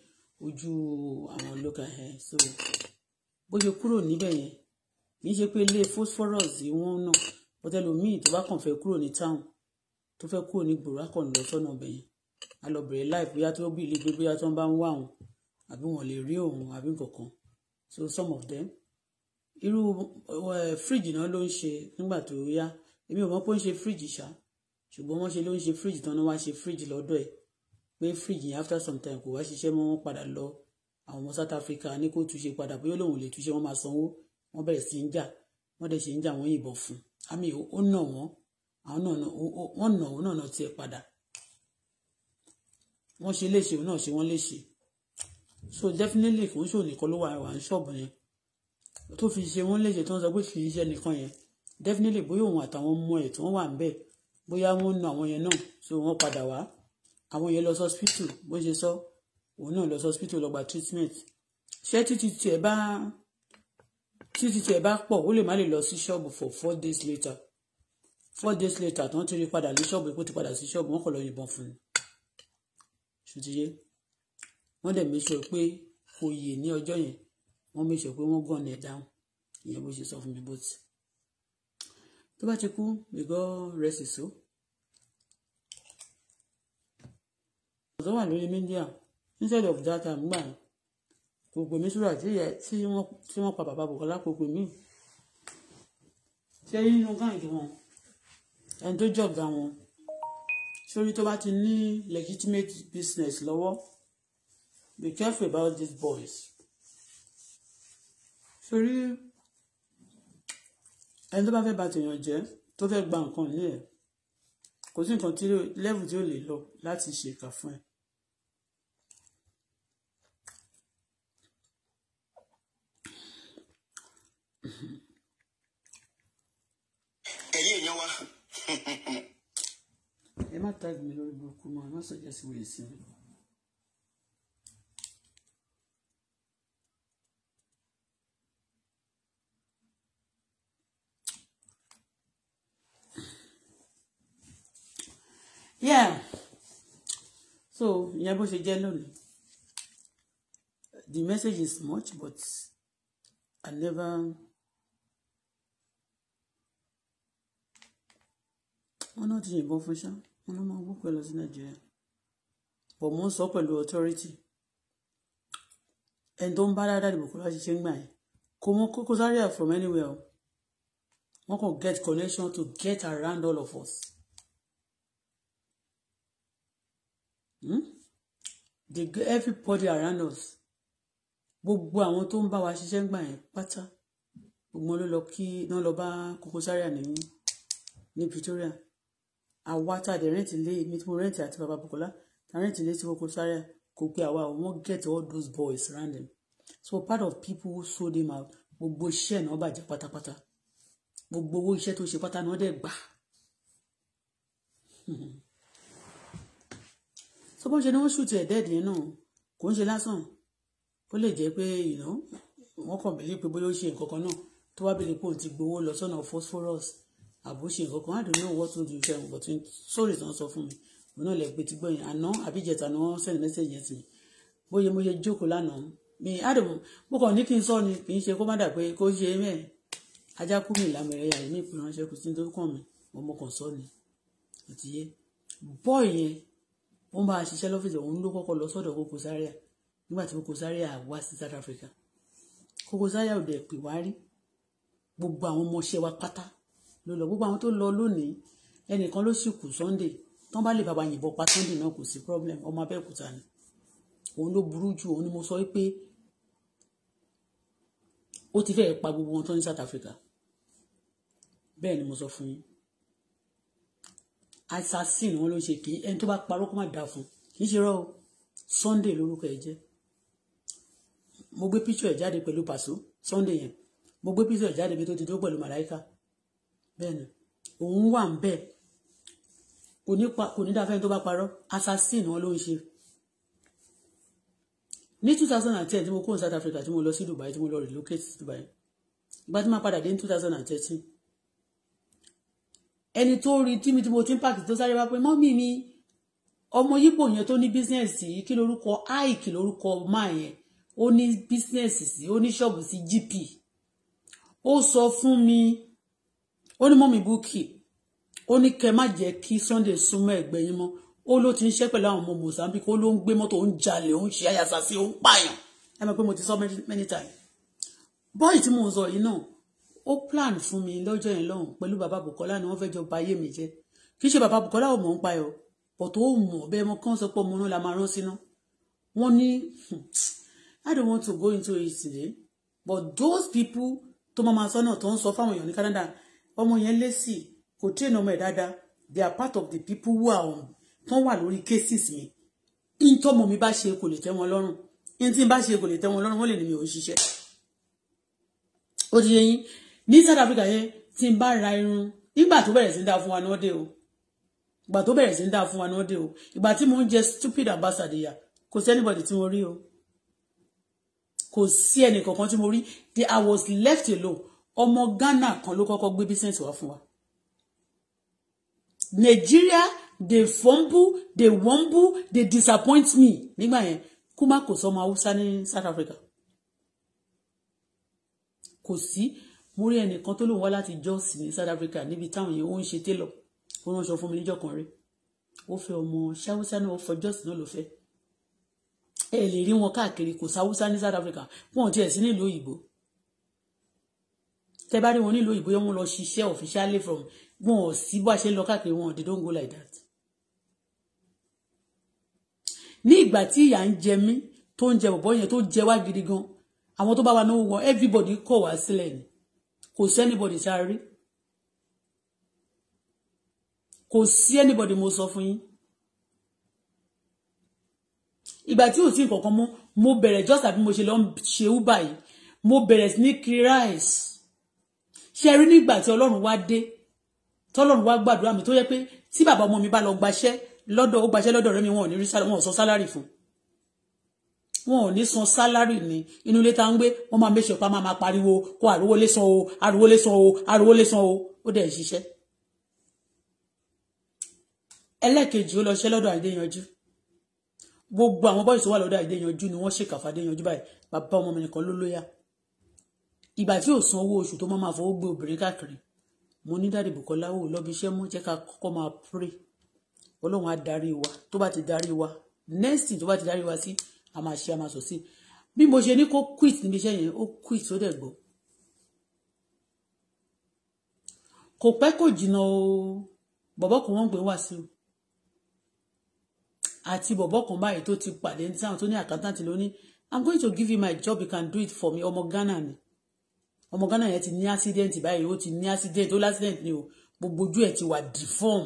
ojú àwọn lókà ẹ so bó ṣe kúrò níbẹ̀ yẹn kì í ṣe pé ilé phosphorus wọn náà bọ́tẹ́lómìn tó bá kàn fẹ́ kúrò ní town tó fẹ́ kúrò ní gbòòrò akọ̀ lọ sọ́nà ọbẹ̀ yẹn a lọ bẹ̀rẹ̀ láì bóyá tó bí ilé gbé bóyá tó ń bá ń wá òun àbí wọn lè rí òun àbí kankan so some of them irú fíríjì náà ló ń ṣe nígbà tó yá èmi ò mọ̀ pé ó ń ṣe fíríjì ṣá ṣùgbọ́n wọ́n ṣe ló ń ṣe fíríjì tán wọ́n wá ṣe fíríjì lọ́dọ̀ ẹ̀ pé fíríjì yẹn after some time kò wá ṣiṣẹ́ mọ́ wọ́n padà lọ àwọn ọmọ South Africa ní kó túnṣe padà bóyá lòun ò lè túnṣe wọn máa sanwó wọn bẹ̀rẹ̀ sí ń jà wọn dẹ̀ ṣe ń jà wọn yìnbọn fún àmì ó nà wọn àwọn náà wọn nà òun náà tiẹ̀ padà wọn ṣe léṣe òun náà ṣe wọn léṣe so definitely kò ń ṣòwò nìkan ló wà wà ní ṣọ́ọ̀bù yẹn tó fi ṣe wọn léṣe tó ń sọ pé kì í ṣe nìkan yẹn definitely bóyá òun àtàwọn ọmọ ẹ̀ tó ń wà ń bẹ̀ bóyá wọn nà àwọn yẹn náà so wọn padà wá àwọn yẹn lọ sọ hospital bó ṣe sọ. So, òun náà lọ sí hospital lọ gba treatment ṣé títí tí ẹ bá títí tí ẹ bá pọ̀ ó lè má lè lọ sí ṣọ́ọ̀bù for four days later four days later tí wọ́n ti rí padà ní ṣọ́ọ̀bù epo ti padà sí ṣọ́ọ̀bù wọ́n kọ̀ lọ yìnbọn fún un ṣùtìyẹ wọ́n dẹ̀ mẹ́sọ̀ pé kò yè ní ọjọ́ yẹn wọ́n mẹ́sọ̀ pé wọ́n gàn ẹ̀ dáhùn ìyẹn bó ṣe sọ fún mi bó ti tó bá ti kú gbẹ̀gọ́ rẹ̀ sì so. ọ̀tọ̀ wà lórí mídíà instead of that time gbà kò pè mí sùúrà tí wọ́n pa bàbá Bùkọ́lá kò pè mí ṣé nínú gáàngì wọn ẹni tó jọ̀gá wọn sórí tó bá ti ní legitimate business lọ́wọ́ be careful about these boys sórí ẹni tó bá fẹ́ bà tèèyàn jẹ́ tó fẹ́ gba nǹkan ní ẹ̀ kò sí nǹkan tí level tí ó lè lọ láti ṣèkà fún ẹ ẹ̀yin èèyàn wa. ẹ má tag mi lórí burúkú mọ́ ẹ má sọjá sí wòye sí mi. yeah so ìyẹn bó ṣe jẹ́ lónìí the message is much but I never. wọn náà ti yìnbọn fún ṣá wọn náà máa gbókù ẹ lọ sí nàìjíríà bọ̀ mò sọ pẹ̀lú authority ẹni tó ń bá dáadáa dìbò kó láti ṣe ń gbà yẹn kò mọ Koko Zaria from anywhere o wọn kàn get connection to get around all of us. Hmm? They get everybody around us gbogbo àwọn tó ń bá wa ṣiṣẹ́ ń gbà yẹn pátá gbogbo wọn ló lọ kí náà lọ bá Koko Zaria nìyí ní Pretoria àwa tá a dẹ̀ rẹ́ǹtì lé mi tí mo rẹ́ǹtì àti bàbá Bukola tá a rẹ́ǹtì lé tí mo kó sáré kò pé àwa ò wọ́n get all those boys around them so part of people who sold him out gbogbo iṣẹ́ náà bàjẹ́ pátápátá gbogbo owó iṣẹ́ tó ṣe pátá náà dẹ̀ gbà so bọ́n ṣe ni wọ́n ṣùtì ẹ̀dẹ́ẹ̀dì yẹn náà kò ń ṣe lásán ó lè jẹ́ pé ìná wọ́n kàn bẹ̀lẹ́ pé bóyá ó ṣe nǹkan kan náà tó wá bẹ̀lẹ́ pé òun ti gbowó lọ sọ́nà phosphorus àbóṣe nǹkan I don't know what to do seven but sóòrè tán sọ fún mi mo náà lè gbé tí gbọ́yìn àná àbíjẹta ni wọ́n send message yẹn sí mi bóyá mo ṣe jókòó lánàá mi àdùn mo kàn ní kí n sọ ni kì í ṣe kó má dà pé kó ṣe mẹ́ẹ̀ ajá kú mi ìlànà ẹ̀yà rẹ̀ ní ìpínlẹ̀ ránṣẹ́ kù sí ní tó kàn mí mo mọ̀ kàn sọ ni àti yé bọ́ọ̀ yẹn wọ́n máa ṣiṣẹ́ lọ́fíìsì òun ló kọ́kọ́ lọ sọ́dọ̀ Koko Zaria nígbà tí Koko Zaria wá sí South Africa Koko Zaria ò dẹ̀ pè wá rí gbogbo àwọn ọmọọṣẹ́ wa pátá ló lọ gbogbo àwọn tó lọ lónìí ẹnìkan ló sì kù Sunday tán bá lè bàbá yìnbọn pa Sunday náà kò sí problem ọmọ Abẹ́òkúta ni òun ló burú jù òun ni mo sọ pé ó ti fẹ́ẹ̀ pa gbogbo wọn tó ní South Africa bẹ́ẹ̀ ni mo sọ fún yín assassin wọn ló ṣe kì í ẹni tó bá parọ́ kó má dáa fún kì í ṣe rọ́ Sunday lórúkọ ẹ̀ jẹ́ mo gbé píṣọ ẹ̀ jáde pẹ̀lú pàṣọ Sunday yẹn mo gbé píṣọ ẹ̀ jáde bí tó ti dúró pẹ̀lú màláìka bẹ́ẹ̀ni òun wà ń bẹ́ẹ̀ kò ní dáfẹ́ tó bá parọ́ assassin wọn ló ń ṣe ní two thousand and ten tí mo kúrò ní South Africa tí mo lọ sí Dubai tí mo lọ relocate sí Dubai ìgbà tí mo padà dé ní two thousand and thirteen ẹni tó rí tí mi tí mo ti ń pàkì tó sáré wá pé mọ́mì mi ọmọ yípo yẹn tó ní bísíǹsì yìí kí lorúkọ áìkì lorúkọ máa yẹn ó ní bísíǹsì sí ó ní ṣọ́ọ̀bù sí GP ó sọ fún mi ó ní mọ́mí búkì ó ní kẹ má jẹ́ kí Sunday súnmọ́ ẹ̀gbẹ́ mọ́ ó ló ti ń ṣẹ́ pẹ̀lú àwọn ọmọ Mozambique ó ló ń gbé mọ́tò ó ń jalè ó ń ṣe àyàsà sí ó ń pààyàn ẹ mọ̀ pé mo ti sọ many times bọ́ọ̀ì tí mo ń sọ yìí náà ó plan fún mi lọ́jọ́ yẹn lọ́hùn pẹ̀lú bàbá Bukola ni wọ́n fẹ́ jọ ba mi jẹ́ kì í ṣe bàbá Bukola ò mọ̀ ń payọ̀ pọ̀ tó mọ̀ bẹ́ẹ̀ mọ kán sọ pé ọmọ náà la máa rán síná wọ́n ní hmm, I don't want to go into it today but those people tó máa ma sọ náà tó ń sọ fáwọn èèyàn ní Canada ọmọ yẹn lésì kò train ọmọ ẹ̀ dáadáa they are part of the people who are on tán wà lórí cases mi in tọ́mọ mi bá ṣe kò lè tẹ́ wọn lọ́rùn in tí n bá ṣe kò lè tẹ́ wọn lọ́rùn wọ́n lè ní mi ò ṣiṣẹ́ ó ti yẹ yín ní South Africa yẹn tí n bá ra irun nígbà tó bẹ̀rẹ̀ sí ń dá fún wa ní ọdẹ o ìgbà tó bẹ̀rẹ̀ sí ń dá fún wa ní ọdẹ o ìgbà tí mo ń jẹ stupid ambassador yà kò sí anybody tí mo rí o kò sí ẹnì kankan tí mo rí I was left alone ọmọ Ghana kan ló kọ́kọ́ gbé business wá fún wa Nigeria they fumble they wumble they disappoint me nígbà yẹn Kuma kò sọmọ Haúsá ní South Africa kò sí mo rí ẹnìkan tó lòun wá láti Jos ní South Africa níbi táwọn yẹn ó ń ṣe télọ̀ ó ránṣọ fún mi níjọ́ kan rí ó fẹ́ ọmọ ṣáwúsá náà ó fọ Jos náà ló fẹ́ ẹ lè rí wọn káàkiri kò sáwúsá ní South Africa wọn ò tiẹ̀ sí nílùú òyìnbó tẹ bá rí wọn nílùú ìbóyá wọn lọ ṣiṣẹ́ officially from wọn ò sí bá ṣe ń lọ káàkiri wọn they don't go like that. ní ìgbà tí ìyà ń jẹ mí tó ń jẹ bọ̀bọ̀ yẹn tó jẹ wá gidi gan àwọn tó bá wa náwó wọn everybody kọ̀ wá sílẹ̀ ni kò sí anybody tá a rí kò sí anybody mo sọ fún yín ìgbà tí ò sí nǹkan kan mọ́ mo bẹ̀rẹ̀ just àbí mo ṣe lọ ṣe uber yìí mo bẹ̀rẹ̀ sí ní kiri rice ṣe rí nígbà tí ọlọ́run wá dé tọ́lọ́run wá gbàdúrà mi tó yẹ pé tí bàbá ọmọ mi bá lọ gbaṣẹ́ lọ́dọ̀ ó gbaṣẹ́ lọ́dọ̀ rẹ̀ mi wọn ò ní rí wọn ò san sálárì fún wọn ò ní san sálárì ní inú ilé tá ń gbé wọn máa méṣe ọ̀pá máa máa pariwo kó àrówó lé san o àrówó lé san o àrówó lé san o ó dẹ̀ ń ṣiṣẹ́ ẹlẹ́ẹ̀kejì ó lọ ṣẹ́ lọ́dọ̀ àìdéyanjú gbogbo àwọn bọ́ọ̀sì tó wà lọ́dọ̀ àìdéyanjú ni wọ́n ṣèkàfà àìdéyanjú báyìí bàbá ọmọ mi nìkan ló lóyà ìgbà tí ò san owó oṣù tó máa fọwọ́ gbé obìnrin káàkiri mo ní dáàdì Bùkọ́lá ò lọ́bi iṣẹ́ mú jẹ́ ká kọ́kọ́ máa pray ọlọ́run á darí wa tó bá ti darí wa next thing tó bá ti darí wa sí a máa ṣe a máa sọ sí bí mo ṣe ní kó quit níbi iṣẹ́ yẹn ó quit ó dẹ̀ gbọ́ kò pẹ́ kò jìnnà o bọ̀bọ́ kan wọ́n ń gbé wá sí o àti bọ̀bọ́ kan báyìí tó ti pàdé ní sáwọn tó ní àkátàntì lóní i'm going to give you my job you can do it for me ọmọ Ghana ni ọmọ Ghana yẹn ti ní accident báyìí ó ti ní accident ó accident. ni o gbogbo ojú ẹ̀ ti wà deform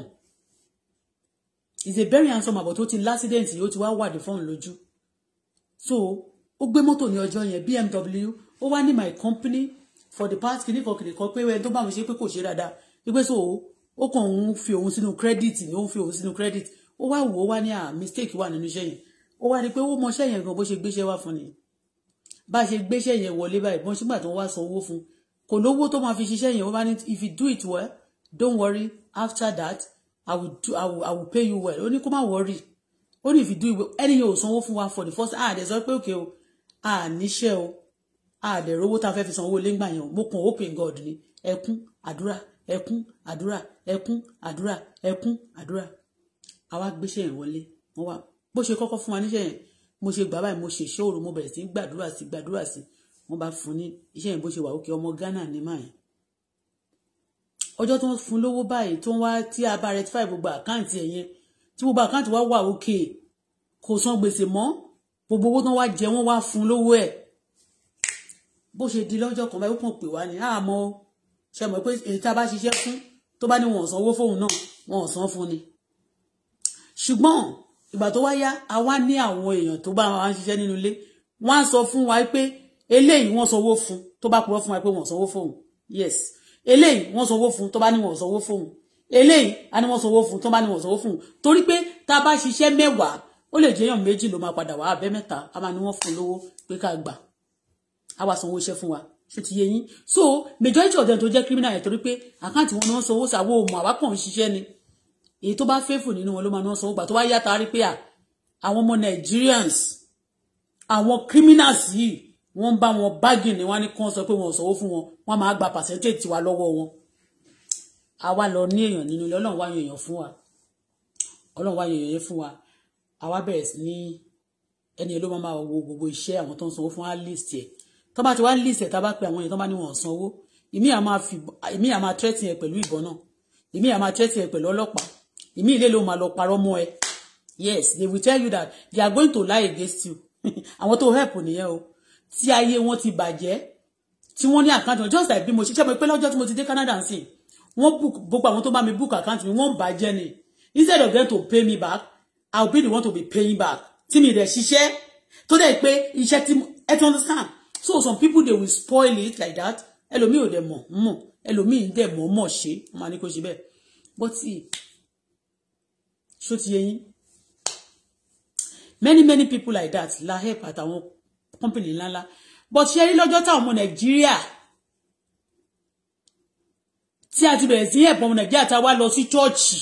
is a very handsome about ó ti l'accident ó ti wá wà deform lójú so ó gbé mọ́tò ní ọjọ́ yẹn BMW ó wá ní my company for the past kìnnì kan kìnnì kan pé ẹni tó bá mi ṣe pé kò ṣe dáadáa wípé so ó kàn ń fi òun sínú credit ni ó ń fi òun sínú credit ó wá wò ó wá ní à ah, mistake wà nínú iṣẹ́ yẹn ó wá rí i pé ó mọṣẹ́ yẹn gan bó ṣe gbéṣẹ́ wá fún ni bá a ṣe gbéṣẹ́ yẹn wọlé báyìí bọ́n sígbà tó ń wá san owó fún kò lówó tó máa fi ṣiṣẹ́ yẹn wọ́n bá ní if you do it well don't worry after that i will do i will i will pay you well ó ní kó má worry ó ní if you do it well ẹni yẹn ò sanwó fún wa for the first ah there's sọ pé òkè o ah níṣẹ́ o ah dẹ̀ rówó tá a fẹ́ fi sanwó léngbà yẹn o mo kàn open god ni ẹkún àdúrà ẹkún àdúrà ẹkún àdúrà ẹkún àdúrà àwa gbéṣẹ́ yẹn wọlé wọ́n wà bó ṣe kọ́kọ́ fún wa níṣẹ́ yẹn mo ṣe gbà báyìí mo ṣe ṣóòrò mo bẹ̀rẹ̀ sí í gbàdúrà sí gbàdúrà sí wọ́n bá fún ní iṣẹ́ yẹn bó ṣe wà òkè ọmọ Ghana ní màá ọjọ́ tó ń fún lówó báyìí tó ń wá tí a bá rectify gbogbo àkáǹtì ẹ̀yẹn tí gbogbo àkáǹtì wa wà òkè kò san gbèsè mọ́ gbogbo owó tó ń wá jẹ wọ́n wá fún lówó ẹ̀ bó ṣe di lọ́jọ́ kan báyìí ó kàn pè wá ní àmọ́ ṣe mọ̀ pé èyí tá a bá ṣiṣẹ́ fún tó bá ní wọn ò sanwó fóun náà wọn ò san fún ni ṣùgbọ́n ìgbà tó wá yá a wá ní àwọn èèyàn tó bá wa ṣiṣẹ́ nínú ilé wọ́n á sọ fún wa pé eléyìí wọ́n sanwó fún tó bá purọ́ fún wa pé wọ́n sanwó fóun yes eléyìí wọ́n sanwó fún tó bá ní wọ́n sanwó fóun eléyìí a ní wọ́n sanwó fún tó bá ní wọ́n sanwó fóun torí pé tá a bá ṣiṣẹ́ mẹ́wàá ó lè jẹ́yàn méjì ló máa padà wá abẹ́ mẹ́ta a máa ní wọ́n fún lówó pé ká gbà á wá sanwó iṣẹ́ fún wa ṣe ti yẹ yín so majority of them tó jẹ́ criminal yẹn torí pé àkáǹtì wọn ni wọ́n sanwó sàwọ́ òmù àwákàn ṣiṣẹ́ ni èyí tó bá fẹ́fù nínú wọn ló máa ná sanwó gbà tó wá yá tarí pé àwọn ọmọ Nigerians àwọn criminals yìí wọ́n ń bá wọn bargain ni wọ́n ní kán sọ pé wọn ò sanwó fún wọn wọ́n máa gba percentage tiwa lọ́wọ́ wọn àwa lọ ní èèyàn nínú ilé ọlọ́run wá yan èèyàn fún wa ọlọ́run wá yan èèyàn yẹn fún wa àwa bẹ̀rẹ̀ sí ní ẹni ló máa wo gbogbo iṣẹ́ àwọn tó ń sanwó fún wa list ẹ̀ tó bá ti wá list ẹ̀ tá bá pe àwọn èèyàn tó bá ní wọn ò sanwó èmi àmà threatening ẹ̀ pẹ̀lú ìbọn náà èmi àmà threatening ẹ̀ pẹ̀lú ọlọ́pàá ìmí ilé ló máa lọ parọ́ mọ́ ẹ yes they will tell you that they are going to lie against you [laughs] àwọn tó help nìyẹn o tí ayé wọn ti bàjẹ́ tí wọ́n ní àkáǹtì wọn just like bí mo ṣe ṣe mo pé lọ́jọ́ tí mo ti dé Canada sí wọ́n book gbogbo àwọn tó bá mi book àkáǹtì mi wọ́n bàjẹ́ ni instead of them to pay me back I will be the one to be paying back tí mi rẹ̀ ṣiṣẹ́ tó dẹ̀ pé iṣẹ́ tí ẹ ti understand so some people they will spoil it like that ẹlòmíì ò dẹ̀ mọ̀ mọ̀ ẹlòmíì ń dẹ̀ mọ̀ mọ̀ ṣe wọ́n máa ní kó ṣe bẹ́ẹ̀ but ṣó ti many many people like that la help àtàwọn company ńláńlá but ṣe rí lọ́jọ́ táwọn ọmọ nàìjíríà tí a ti bẹ̀rẹ̀ sí help ọmọ nàìjíríà tá a wá lọ sí chọ́ọ̀chì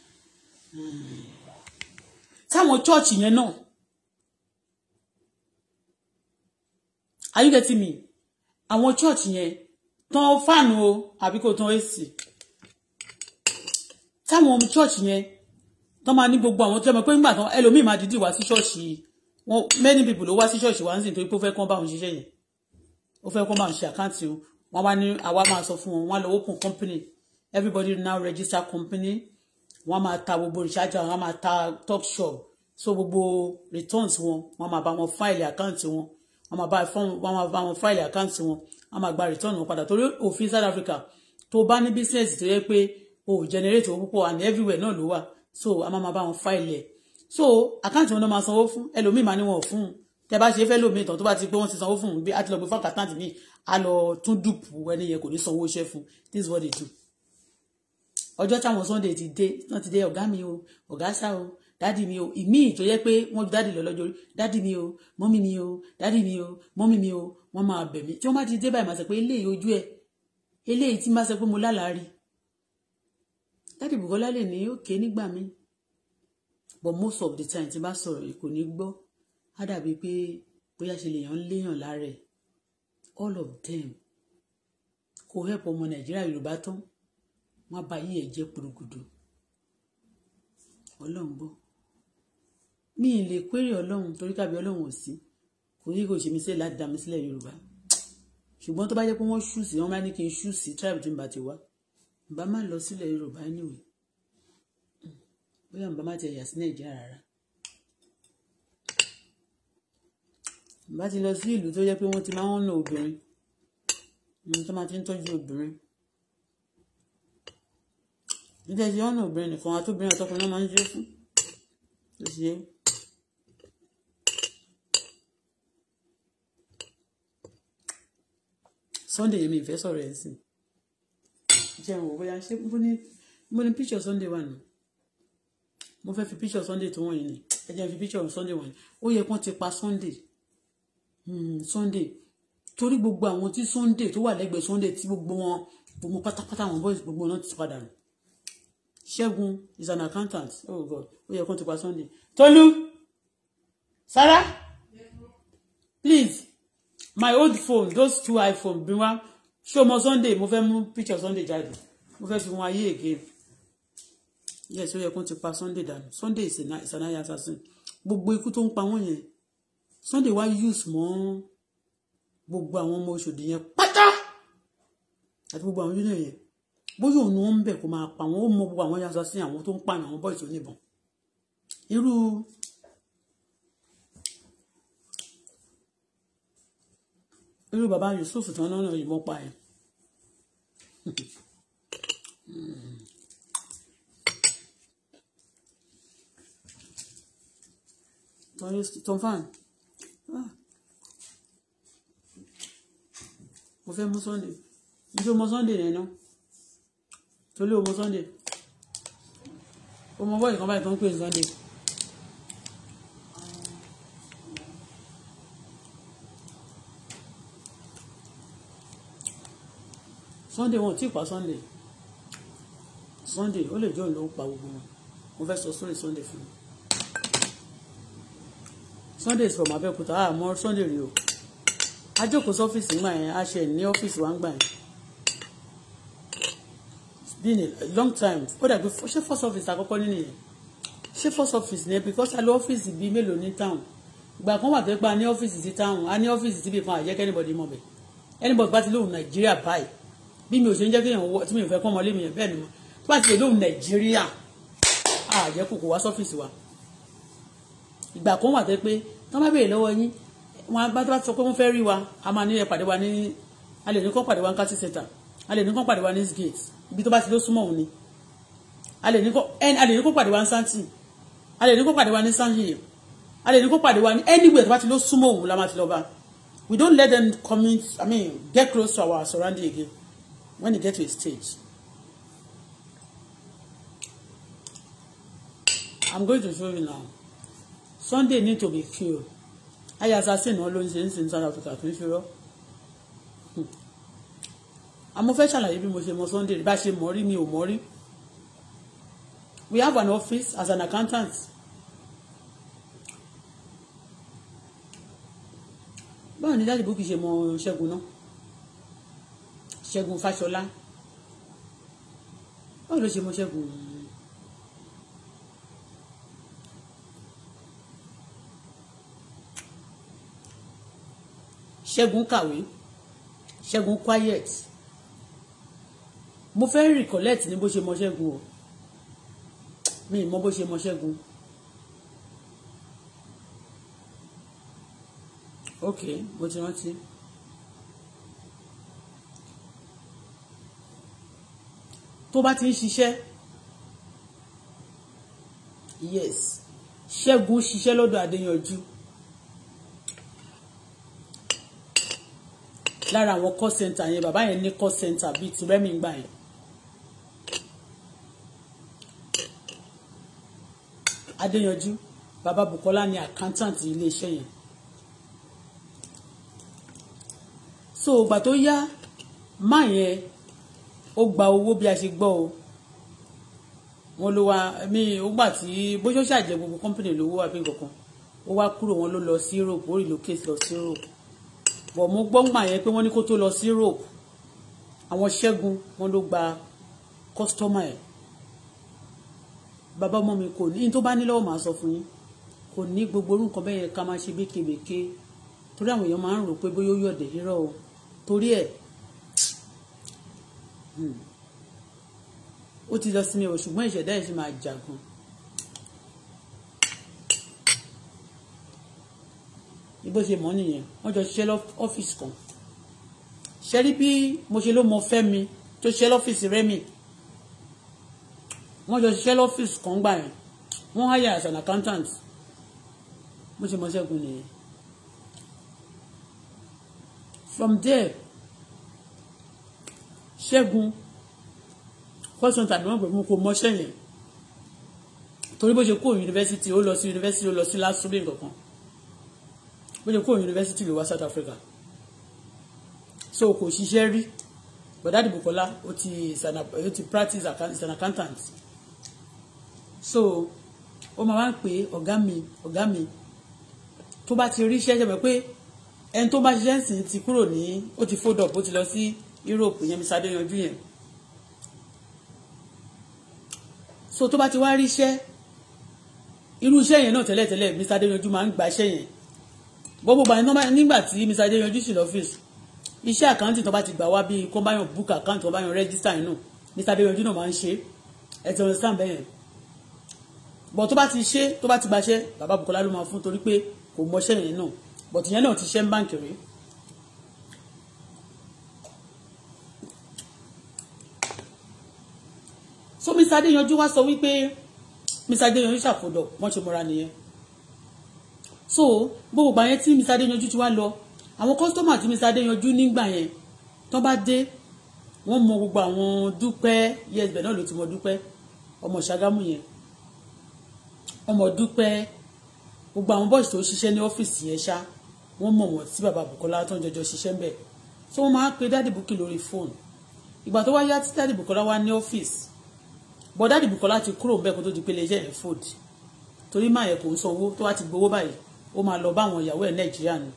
[laughs] táwọn chọ́ọ̀chì yẹn náà are you getting me àwọn chọ́ọ̀chì yẹn tán fáànù o àbí kò tán èsì táwọn ṣọ́ọ̀ṣì yẹn tó máa ní gbogbo àwọn tó yẹ pé ńgbà tán ẹlòmíì máa dídì wá sí ṣọ́ọ̀ṣì wọn many people ló wá sí ṣọ́ọ̀ṣì wá ń sìn torí pé ó fẹ́ kán bá òun ṣiṣẹ́ yẹn ó fẹ́ kán bá òun ṣe àkáǹtì o wọn wá ní àwa máa sọ fún wọn wọn lọ open company everybody now register company wọn máa ta gbogbo ìṣáájú àwọn máa ta talk shop so gbogbo returns wọn wọn máa bá wọn fáìlì àkáǹtì wọn wọn máa bá wọn fáìlì àkáǹtì wọn wọn máa gba return wọn padà torí òfin South Africa tó bá ní business tó yẹ pé o generate owó púpọ̀ and everywhere náà ló wà so a máa ma bá wọn fáìlì ẹ̀ so àkáǹtì wọn náà máa sanwó fún ẹlòmíì máa ní wọn ò fún un tẹ bá ṣe fẹ́ lómi ìtàn tó bá ti pé wọ́n ti sanwó fún un bí àti lọ gbé fáwọn àkáǹtì míì á lọ tún dùpù ẹni yẹn kò ní sanwó iṣẹ́ fún this is what they do ọjọ́ táwọn Sunday ti dé náà ti dé ọ̀gá mi o ọ̀gá sá o dádì mi o ìmíì tó yẹ pé wọ́n ju dádì lọ lọ́jọ́ orí mi o mọ́mí mi o dádì mi o mọ́mí mi o wọ́n máa bẹ̀ mí tí wọ́n bá ti dé báyìí máa sọ pé eléyìí ojú ẹ eléyìí tí máa sọ pé mo lálàá rí dádì Bùkọ́lá lè ní òkè nígbà mi but most of the time tí bá sọ̀rọ̀ yìí kò ní gbọ́ á dàbí pé bóyá ṣe lèèyàn ń léèyàn lára ẹ̀ all of them kò help ọmọ Nàìjíríà Yorùbá tán wọn bá yí ẹ jẹ porogodo Ọlọ́run gbọ́ mi ì lè péré Ọlọ́run torí tàbí Ọlọ́run ò sí kò ní kò ṣe mí sílẹ̀ láti dá mi sílẹ̀ Yorùbá ṣùgbọ́n tó bá jẹ́ pé wọ́n ṣùsì wọ́n máa ní kí n ṣùsì tribe tí n bá ti wá bá má lọ sílẹ̀ Yorùbá anyway bóyá bá má ti ẹ̀yà sí Nàìjíríà rárá bá ti lọ sí ìlú tó jẹ́ pé wọ́n ti máa ń nà obìnrin ní tó máa ti ń tọ́jú obìnrin nígbà tí ọ̀nà obìnrin nìkan àtòbìnrin àtọkùnrin náà máa ń jó fún tó ṣe é. Sunday yẹn mi ìfẹ́ sọ̀rọ̀ ẹ̀ sìn jẹun bóyá ṣé mo ní mo ní picture Sunday wà nù mo fẹ́ fi picture Sunday tó wọ̀nyí ni ẹ jẹ́ fi picture Sunday wọ̀nyí ó yẹ kán ti pa Sunday hmm, Sunday torí gbogbo àwọn tí Sunday tó wà lẹ́gbẹ̀ẹ́ Sunday tí gbogbo wọn gbogbo pátápátá àwọn boys gbogbo náà ti padà nù Ṣẹ́gun is an accountant oh God ó yẹ kán ti pa Sunday Tolú Sarah please my old phone those two iPhone bí wọn ṣé o Sunday mo fẹ́ mú picture Sunday jáde mo fẹ́ fi wọn ayé again yes ó yẹ kó ti pa Sunday dànù Sunday ìsànáyà assassin gbogbo ikú tó ń pa wọ́n yẹn Sunday wá use mọ́ gbogbo àwọn ọmọ Ọ̀ṣọ́dì yẹn pátá àti gbogbo àwọn júnior yẹn bóyá òun wọn ń bẹ̀ kó máa pa wọn ó mọ gbogbo àwọn assassin àwọn tó ń pààyàn àwọn boys oníbọn irú irú bàbá Yusuf tán náà yìnbọn pa ẹ̀ tom fan ah. mo fẹ́ mú Sunday nítorí mo Sunday rẹ̀ náà torí o mo Sunday o mo bọ́ ìkan báyìí tó ń pè Sunday. sunday wọn ò tí pa sunday sunday ó lè jẹ́ òun ló ń pa gbogbo wọn mo fẹ́ sọ sórí sunday fún mi sunday is from abẹ́òkúta ah mo sunday rí o ajókòó sọ́fíìsì ńgbà yẹn a ṣe ní ọ́fíìsì wa ńgbà yẹn been a long time ó dàbí ṣé first office àkọ́kọ́ nínú yẹn ṣé first office ni because a lo ọ́fíìsì bíi mélòó ní town ìgbà kan wà pé pa ní ọ́fíìsì sí town a ní ọ́fíìsì síbi kan àyẹ́kẹ́ anybody mọ̀ bẹ́ẹ̀ anybody bá ti lóhùn nàìjíríà báyìí bí mi ò ṣe ń jẹ́ kéèyàn wọ tí mi ò fẹ́ pọ́n ọmọlé mi yẹn bẹ́ẹ̀ ni mo bá ti lóhùn nàìjíríà àjẹ́ kò kò wá sọ́fíìsì wa ìgbà kan wà tó pé tọ́ bá béèrè lọ́wọ́ yín wọn bá tó bá sọ pé wọ́n fẹ́ rí wa a máa ní ẹ pàdé wa ní a lè ní kán pàdé wa ní kátí center a lè ní kán pàdé wa ní gate ibi tó bá ti ló súnmọ́ òun ni a lè ní kán pàdé wa ní santi a lè ní kán pàdé wa ní sanhill a lè ní kán pàdé wa ní anywhere tó bá ti ló súnmọ́ òun la máa ti lọ bá we don't let them come in i mean get close to our surrounding again when you get to a stage i'm going to show you now sunday need to be killed ayé assassin wọn ló ń ṣe ń sin south africa tó ń ṣòro àmọ́ fẹ́ ṣàlàyé bí mo ṣe mọ sunday bá ṣe mọ̀ rí mi ò mọ̀ rí we have an office as an accountant báwo ni dáàbò kì í ṣe mọ ṣẹ́gun náà ṣẹ́gun fáṣọlá báwo ló ṣe mọ ṣẹ́gun ṣẹ́gun kàwé ṣẹ́gun quiet mo fẹ́ recollect ní bó ṣe mọ ṣẹ́gun o mi mọ bó ṣe mọ ṣẹ́gun ok mo ti rántí. tó bá ti ń ṣiṣẹ́ yes ṣẹ́gun ṣiṣẹ́ lọ́dọ̀ adéyanjú lára àwọn call center yẹn bàbá yẹn ní call center bíi ti rẹ́mi gbà yẹn. adéyanjú bàbá bukola ni accountant iléeṣẹ́ yẹn. so ìgbà tó yá máa yẹn ó gba owó bí a ṣe gbọ́ o wọn ló wá mi ó gbà tí bójú ṣàjẹ gbogbo company lówó àbí nǹkan ó wá kúrò wọn ló lọ sí Europe ó relocate lọ sí Europe bọ̀ mo gbọ́ngbà yẹn pé wọ́n ní kó tó lọ sí Europe àwọn ṣẹ́gun wọn ló gba kọ́sítọ́mà ẹ̀ bàbá ọmọ mi kò ní tó bá ní màá sọ fún yín kò ní gbogbo orú nǹkan bẹ́ẹ̀ yẹn ká máa ṣe békebèke torí àwọn èèyàn máa ń rò pé bóyá ó yọ̀dẹ̀ rírọ̀ o torí ẹ̀ ó ti lọ sí mi o ṣùgbọ́n ìṣẹ̀dá ẹ̀ ṣì máa jagun. bó ṣe mọ̀ nìyẹn wọ́n jọ ṣiṣẹ́ lọ́fíìsì kan ṣe rí bí mo ṣe ló mọ Fẹ́mi tó ṣiṣẹ́ lọ́fíìsì Rẹ́mi wọ́n jọ ṣiṣẹ́ lọ́fíìsì kan gbà yẹn wọ́n hire as an accountant bó ṣe mọ Ṣẹ́gun nìyẹn from there ṣẹ́gun kọ́sùn tàbí wọ́n pẹ̀lú kò mọ́ṣẹ́ yẹn torí bó ṣe kó yunifásitì ó lọ sí yunifásitì ó lọ sí lásùbí nǹkan bó ṣe kó yunifásitì ló wá South Africa so kò ṣiṣẹ́ rí bọ̀dádì Bukola ó ti ó ti practice is an accountant so ó máa wá ń pè ọ̀gá mi ọ̀gá mi tó bá ti ríṣẹ́ ṣe mọ̀ pé ẹni tó bá ṣiṣẹ́ sìn ti kúrò ní ó ti fold up ó ti lọ sí. Si, Europe yẹn Mr. Adéyanjú yẹn so tó bá ti wá rí iṣẹ́ irú iṣẹ́ yẹn náà tẹ́lẹ̀tẹ́lẹ̀ Mr. Adéyanjú máa ń gba iṣẹ́ yẹn gbogbo gbà nígbà tí Mr. Adéyanjú sì lọ́fíìsì iṣẹ́ àkáǹtì tó bá ti gbà wá bí kó bá yàn book account tó bá yàn register inú Mr. Adéyanjú náà máa ń ṣe ẹ ti understand bẹ́ẹ̀ yẹn bọ̀ tó bá ti ṣe tó bá ti gbaṣẹ́ bàbá Bukola ló máa fún torí pé kò mọṣẹ́ yẹn náà bọ̀ tìyẹn náà ti ṣe ń báǹkì so Mr Adéyanjú wá sọ wípé Mr Adéyanjú ṣàfọ̀dọ̀ wọ́n ṣe mọ́ra nìyẹn so gbogbo ìgbà yẹn tí Mr Adéyanjú ti wá lọ àwọn kọ́sítọ́mà tí Mr Adéyanjú nígbà yẹn tó bá dé wọ́n mọ gbogbo àwọn dúpẹ́ yẹ́sbẹ̀ náà ló ti mọ dúpẹ́ ọmọ ṣàgámù yẹn ọmọ dúpẹ́ gbogbo àwọn bọ́ọ̀sì tó ṣiṣẹ́ ní ọ́fíìsì yẹn ṣá wọ́n mọ̀ wọ́n tí bàbá Bùkọ́lá tó ń jọjọ ṣiṣẹ́ ń bẹ̀ so wọ́n máa ń pe dáàdì Bùkì lórí fóònù ìgbà tó wá yá tí dáàdì wá ní ọ́fíìsì bọ́dá dìbùkọ́ láti kúrò bẹ́ẹ̀ kó tó di pé iléeṣẹ́ yẹn fold torí máa yẹ kò ń sanwó tó wá ti gbowó báyìí ó máa lọ báwọn ìyàwó ẹ̀ nàìjíríà ni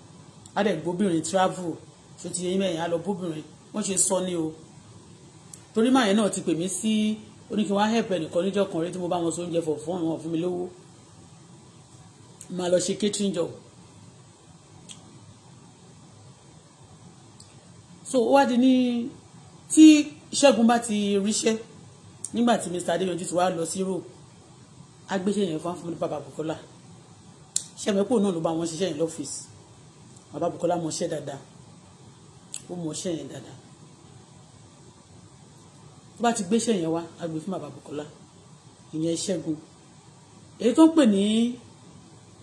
á dẹ̀ gbóbìnrin travel ṣó ti yẹ yín mẹ́yìn á lọ bóbìnrin wọ́n ṣe sọ ní o torí máa yẹn náà ti pè mí sí oníkí wọn á help ẹnìkan níjọ́ kan rí tí mo bá wọn so oúnjẹ for fun wọn fún mi lówó máa lọ ṣe catering job so ó wá di ní tí ṣẹ́gun bá ti ríṣẹ́ nígbà tí Mr Adéyanjú ti wá lọ sí Europe agbéṣẹ́ yẹn fún fún bàbá Bukola ṣẹ́mẹ́pò náà ló bá wọn ṣiṣẹ́ yẹn lọ́fíìsì bàbá Bukola mọṣẹ́ dáadáa ó mọṣẹ́ yẹn dáadáa tó bá ti gbéṣẹ́ yẹn wá agbè fún bàbá Bukola ìyẹn Ṣẹ́gun èyí tó ń pè ní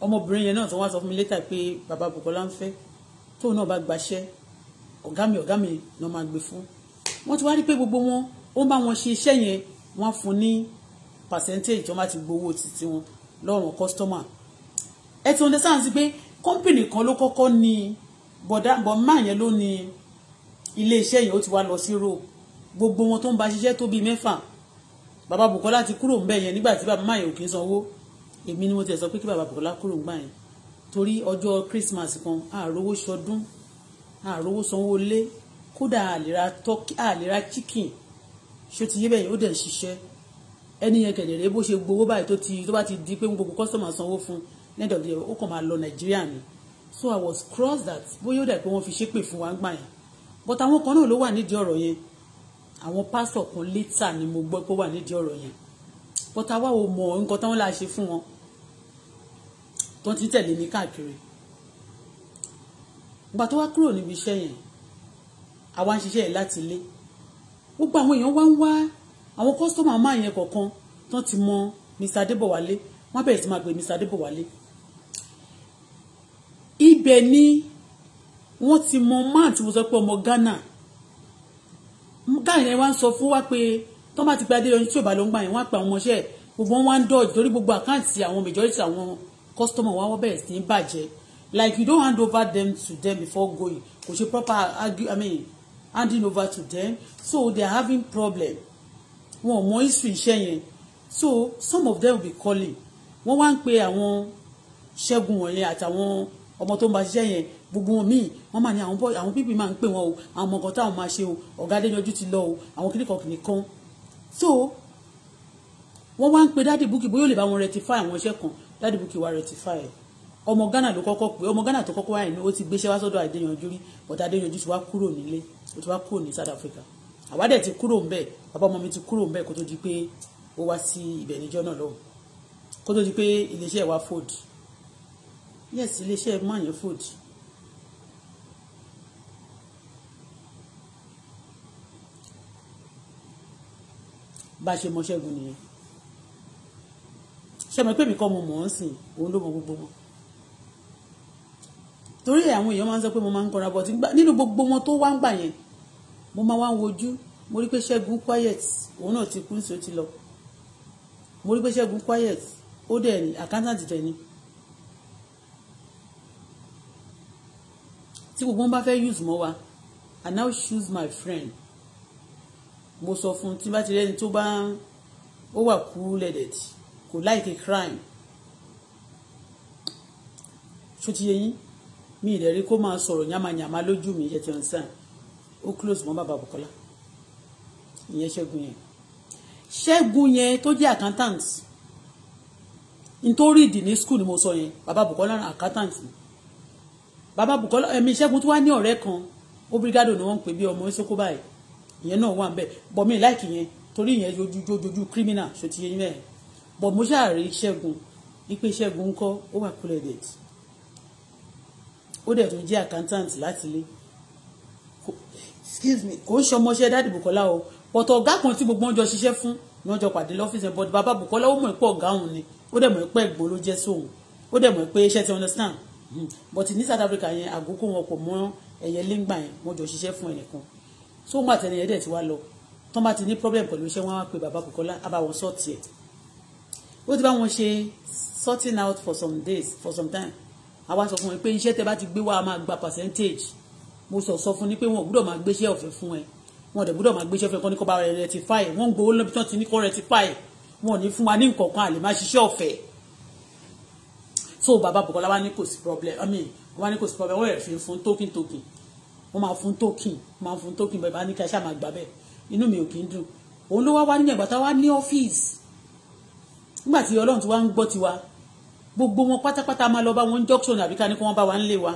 ọmọbìnrin yẹn náà tó wá sọ fún mi létà pé bàbá Bukola ń fẹ́ tóun náà bá gbaṣẹ́ ọ̀gá mi ọ̀gá mi náà máa gbé fún wọ́n ti wá rí pé gbogbo wọn ó ń bá wọn ṣe iṣẹ́ yẹn wọ́n fún ní percentage wọ́n bá ti gbowó títí wọn lọ́rùn customer ẹ ti understand sí pé company kan ló kọ́kọ́ ní bọ̀dá bọ̀ máa yẹn ló ní iléeṣẹ́ yẹn ó ti wá lọ sí rò gbogbo wọn tó ń bá ṣiṣẹ́ tó bíi mẹ́fà bàbá Bùkọ́lá ti kúrò ńbẹ̀ yẹn nígbà tí bàbá máa yẹn ò kì í sanwó èmi ni mo ti sọ pé kí bàbá Bùkọ́lá kúrò ńgbà yẹn torí ọjọ́ Christmas kan àròwó sọdún àròwó sanwó lé kódà àlèrà chicken ṣó ti yé bẹ́yẹn ó dẹ̀ ṣiṣẹ́ ẹni yẹn kẹ̀dẹ̀rẹ́ bó ṣe gbowó báyìí tó ti tó bá ti di pé gbogbo kọ́sọ̀mà sanwó fún lẹ́dọ̀ bí ó kàn máa lọ nàìjíríà ni so i was crossed that bóyá ó dà pé wọ́n fi ṣépè fún wa ń gbà yẹn but àwọn kan náà ló wà nídìí ọ̀rọ̀ yẹn àwọn pásítọ̀ kan létà ni mo gbọ́ pé ó wà nídìí ọ̀rọ̀ yẹn but àwa ò mọ̀ nǹkan táwọn là ṣe fún wọn tó ti tẹ̀lé mi káàkiri ìgbà tó wá kúrò níbi iṣẹ́ yẹn àwa ń ṣiṣẹ́ yẹn láti ilé gbogbo àwọn èèyàn wá ń wá àwọn kọ́sítọ́mù àmọ́ àyẹn kọ̀ọ̀kan tán ti mọ Mr Adébọ̀wálé wọ́n bẹ̀rẹ̀ sí máa gbé Mr Adébọ̀wálé ibẹ̀ ni wọ́n ti mọ man tí mo sọ pé ọmọ Ghana Ghana yẹn wá ń sọ fún wa pé tó bá ti gba Adéyọyìn tí ò ló ń gbà yẹn wọ́n á pe àwọn ọmọọṣẹ́ gbogbo wọn wá ń dọ̀jì torí gbogbo àkáǹtì àwọn majority àwọn customer wa wọ́n bẹ̀rẹ̀ sí í bàjẹ́ like you don't hand over them to them before going kò ṣe proper argue i mean handing over to them so they are having problem wọn ò mọ history iṣẹ́ yẹn so some of them will be calling wọ́n wá ń pe àwọn ṣẹ́gun wọ̀nyẹn àtàwọn ọmọ tó ń bá ṣiṣẹ́ yẹn gbogbo wọn míì wọ́n máa ní àwọn bọ́ àwọn pípì máa ń pè wọ́n o àwọn ọmọ kan táwọn máa ṣe o ọ̀gá adéyanjú ti lọ o àwọn kìnìkan kìnìkan so wọ́n wá ń pe dádì búkì bóyá ó lè bá wọn rectify àwọn iṣẹ́ kan dádì búkì wá rectify ẹ̀ ọmọ ghana ló kọ́kọ́ pé ọmọ ghana tó kọ́kọ́ wáyé ni ó ti gbéṣẹ́ wá sọ́dọ̀ adéyanjú rí but adéyanjú ti wá kúrò nílé mo ti wá kúrò ní South Africa àwa dẹ̀ ti kúrò ńbẹ̀ bàbá ọmọ mi ti kúrò ńbẹ̀ kó tó di pé ó wá sí ibẹ̀ níjọ́ náà lọ́hùn kó tó di pé iléeṣẹ́ wa fold yes iléeṣẹ́ mọ̀nyẹn fold. bá a ṣe mọ ṣẹ́gun nìyẹn ṣe mọ̀ pé mi kọ́ mo mọ̀ ọ́n sìn òun ló mọ gbogbo wọn torí àwọn èèyàn máa ń sọ pé mo máa ń kanra bọ̀ nínú gbogbo wọn tó wá ń gbà yẹn mo máa wá ń wojú mo rí pé ṣẹ́gun quiet òun náà ti kú ní sọ ti lọ mo rí pé ṣẹ́gun quiet ó dẹ̀ ní accountant dẹ̀ ní. tí gbogbo wọn bá fẹ́ use mọ́ wa I now choose my friend mo sọ fún tí bá ti rẹ́ni tó bá ó wà cool-headed kò like a crime ṣó ti yẹ yín mi ì lẹ́rí kó máa sọ̀rọ̀ yàmàyàmà lójú mi yẹ ti hàn sàn ó close mọ́ bàbá Bukola ìyẹn ṣẹ́gun yẹn ṣẹ́gun yẹn tó jẹ́ accountant nítorí ìdì ní school ni mo sọ yẹn bàbá Bukola accountant ni bàbá Bukola ẹ̀mí ṣẹ́gun tó wá ní ọ̀rẹ́ kan ó bírígádò ni wọ́n ń pè bí ọmọ ìsókó báyìí ìyẹn náà wà ń bẹ̀ bọ̀mí láìkì yẹn torí ìyẹn jojojojú criminal ṣòtìyẹn mẹ́ẹ̀ bọ̀mọ́ṣáà rí ṣẹ́gun wípé ṣẹ́gun ń kọ́ ó wà kúlẹ̀ dẹ̀tì ó dẹ̀ tó jẹ́ accountant láti ilé excuse me kò ń ṣọmọṣẹ́ dáàdì Bùkọ́lá o pọ̀tọ̀ ọ̀gá kan tí gbogbo wọn jọ ṣiṣẹ́ fún ni wọ́n jọ pàdé lọ́fíìsì but Baba Bùkọ́lá ó mọ̀ pé ọ̀gá òun ni ó dẹ̀ mọ̀ pé ẹ̀gbọ́n ló jẹ́ sóun ó dẹ̀ mọ̀ pé iṣẹ́ ti understand hmm. but ní South Africa yẹn àgókò wọn kò mọ ẹ̀yẹ lẹ́ngbà yẹn wọ́n jọ ṣiṣẹ́ fún ẹnìkan so wọn àtẹnìyẹ dẹ̀ ti wá lọ tọ́ bá ti ní problem pẹ̀lú iṣẹ́ wọn á pe Baba Bùkọ́lá á bá wọn sọ́ọ̀tì ẹ̀ ó ti bá wọn ṣe sorting out for some days for some time àwa sọ fún ẹ pé iṣẹ́ tẹ bá ti gbé wá a máa gba percentage mo sọ sọ fún ni pé wọn ò gbúdọ̀ máa gbéṣẹ́ ọ̀fẹ́ fún ẹ wọn ò dẹ̀ gbúdọ̀ máa gbéṣẹ́ ọ̀fẹ́ kan ní kó bá rẹ rectify wọn ń gbowó lọ́bi tán ti ní kó rectify wọn ò ní fún wa ní nǹkan kan àlè má ṣiṣẹ́ ọ̀fẹ́ so bàbá Bùkọ́lá wa ní kò sí problem I mean wa ní kò sí problem wọ́n yẹ̀ fi fún token token wọ́n máa fún token máa fún token bàbá ní kí a ṣáà máa gbà bẹ́ẹ̀ inú mi ò kì í dùn òun ló wá wá nígbà tá wá ní ọ́fíìsì nígbà tí Ọlọ́run ti wá ń gbogbo wọn pátápátá máa lọ bá wọn junction àbí ká ní kí wọ́n bá wa nílé wa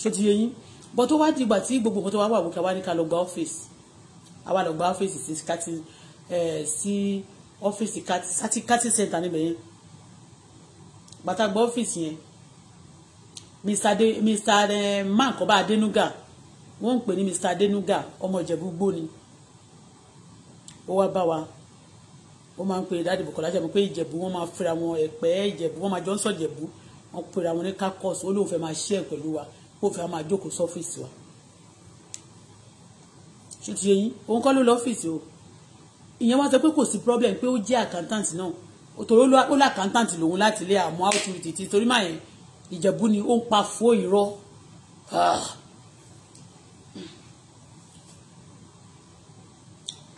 ṣó ti yé yín bọ́ tó wá dìgbà tí gbogbo nǹkan tó wá wà wò ká wá ní ká lọ gba ọ́fíìsì àwa lọ gba ọ́fíìsì sí kati sí ọ́fíìsì kati kati center níbẹ̀ yẹn bàtà gba ọ́fíìsì yẹn mr de mr man kọ́ba Adénúgà wọ́n ń pè ní mr Adénúgà ọmọ Ìjẹ̀bú Igbó ó wá bá wa wọ́n máa ń pè dáàdì Bùkọ́lá Jàbú pé ìjẹ̀bú wọ́n máa fira wọn ẹ̀pẹ́ ìjẹ̀bú wọ́n máa jọ ń sọ ìjẹ̀bú wọ́n pera wọn ní kákọ́ọ̀sì ó lóun fẹ́ máa ṣe ẹ̀ pẹ̀lú wa ó fẹ́ máa jókòó sọ́fíìsì wa ṣùtì eyín òun kọ́ ló lọ ọ́fíìsì o ìyẹn wá sọ pé kò sí problem pé ó jẹ́ accountant náà òtòrò ó lọ accountant lòun láti ilé àmọ́ outreach ti torí máa yẹn ìjẹ̀bú ni ó ń pa fó irọ́ ah.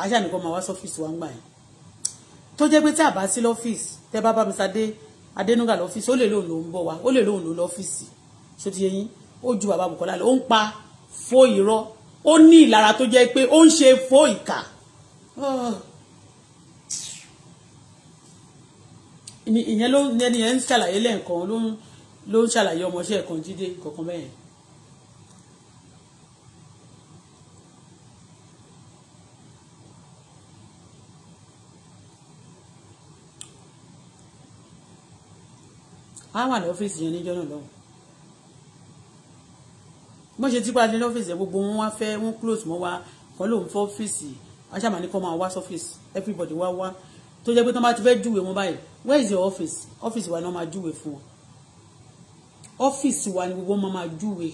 ajá nìkan máa wá sọ́fíìsì wa ń gbà yẹn tó jẹ́ pé tí a bá sí lọ́fíìsì tẹ́ bá bá mi sadé adénúgà lọ́fíìsì ó lè lóun ló ń bọ̀ wá ó lè lóun ló lọ́fíìsì ṣó ti yẹ yín ó ju bàbá Bùkọ́lá lọ ó ń pa fó irọ́ ó ní ìlara tó jẹ́ pé ó ń ṣe fó ìkà ìyẹn ló ń ṣàlàyé lẹ́ẹ̀kan ló ń ṣàlàyé ọmọọṣẹ́ kan jíde kọ̀ọ̀kan bẹ́ẹ̀ yẹn á wà ní ọ́fíìsì yẹn níjọ́ náà lọ́wọ́ bó ṣe tí pàdé ní ọ́fíìsì yẹn gbogbo wọn wá fẹ́ wọn close mọ́ wa kọ́ lóun fọ́ ọ́fíìsì aṣáàmà ní kọ́ máa wá sọ́fíìsì everybody wá wá tó jẹ́ pé tó bá ti fẹ́ júwe wọn báyìí where is your office ọ́fíìsì wa ni wọ́n máa júwe fún wọn ọ́fíìsì wa ni gbogbo wọn máa júwe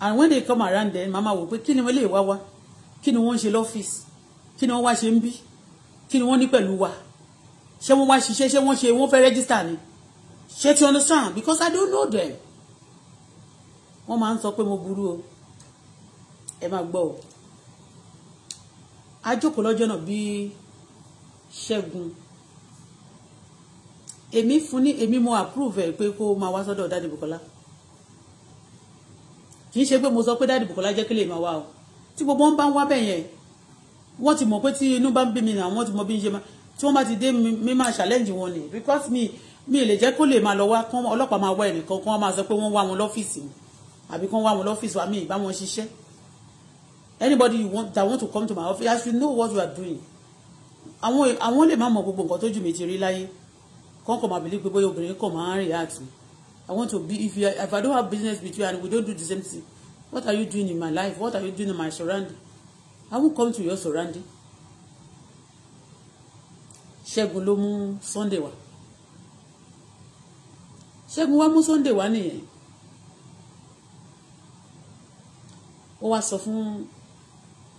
and when they come around then màmá wò pé kí ni wọ́n lè wá wá kí ni wọ́n ń ṣe lọ́fíìsì kí ni wọ́n wá ṣe ń bí kí ni wọ́n ní pẹ̀lú wa ṣé wọ́n wá ṣiṣẹ́ ṣé wọ́n ṣe wọ́n fẹ́ register ni ṣé ti understand because I don't know them wọ́n máa ń sọ pé mo burú o ẹ máa gbọ́ o a jókòó lọ́jọ́ náà bí ṣẹ́gun èmi fún ní èmi mo approve ẹ̀ pé kó máa wá sọ́dọ̀ dáàdì bukola. kì í ṣe pé mo sọ pé dáàdì bukola. jẹ́ kí lè máa wá o tí gbogbo wọn bá ń wá bẹ̀ wọ́n ti mọ̀ pé tí inú bá ń bí mi náà wọ́n ti mọ̀ bí ń ṣe máa tí wọ́n bá ti dé mi máa challenge wọn ni because mi mi lè jẹ́ kó lè máa lọ wá kán ọlọ́pàá máa wá ẹnìkan kán wọ́n máa sọ pé wọ́n wá wọn lọ́fíìsì mi àbí kán wá wọn lọ́fíìsì wa mi ìbá wọn ṣiṣẹ́ anybody that want to come to my office I should know what you are doing àwọn àwọn lè má mọ gbogbo nǹkan tó jù mí ti rí láyé kán kàn máa believe pé bóyá obìnrin kàn máa ń rìn àti I want to be if, you, if I don't have business with you and we don't do the same thing what are you doing in my life what are you doing in my surrounding I won't come to your surrounding ṣẹ́gun ló mú Sunday wá ṣẹ́gun wá mú Sunday wá nìyẹn ó wá sọ fún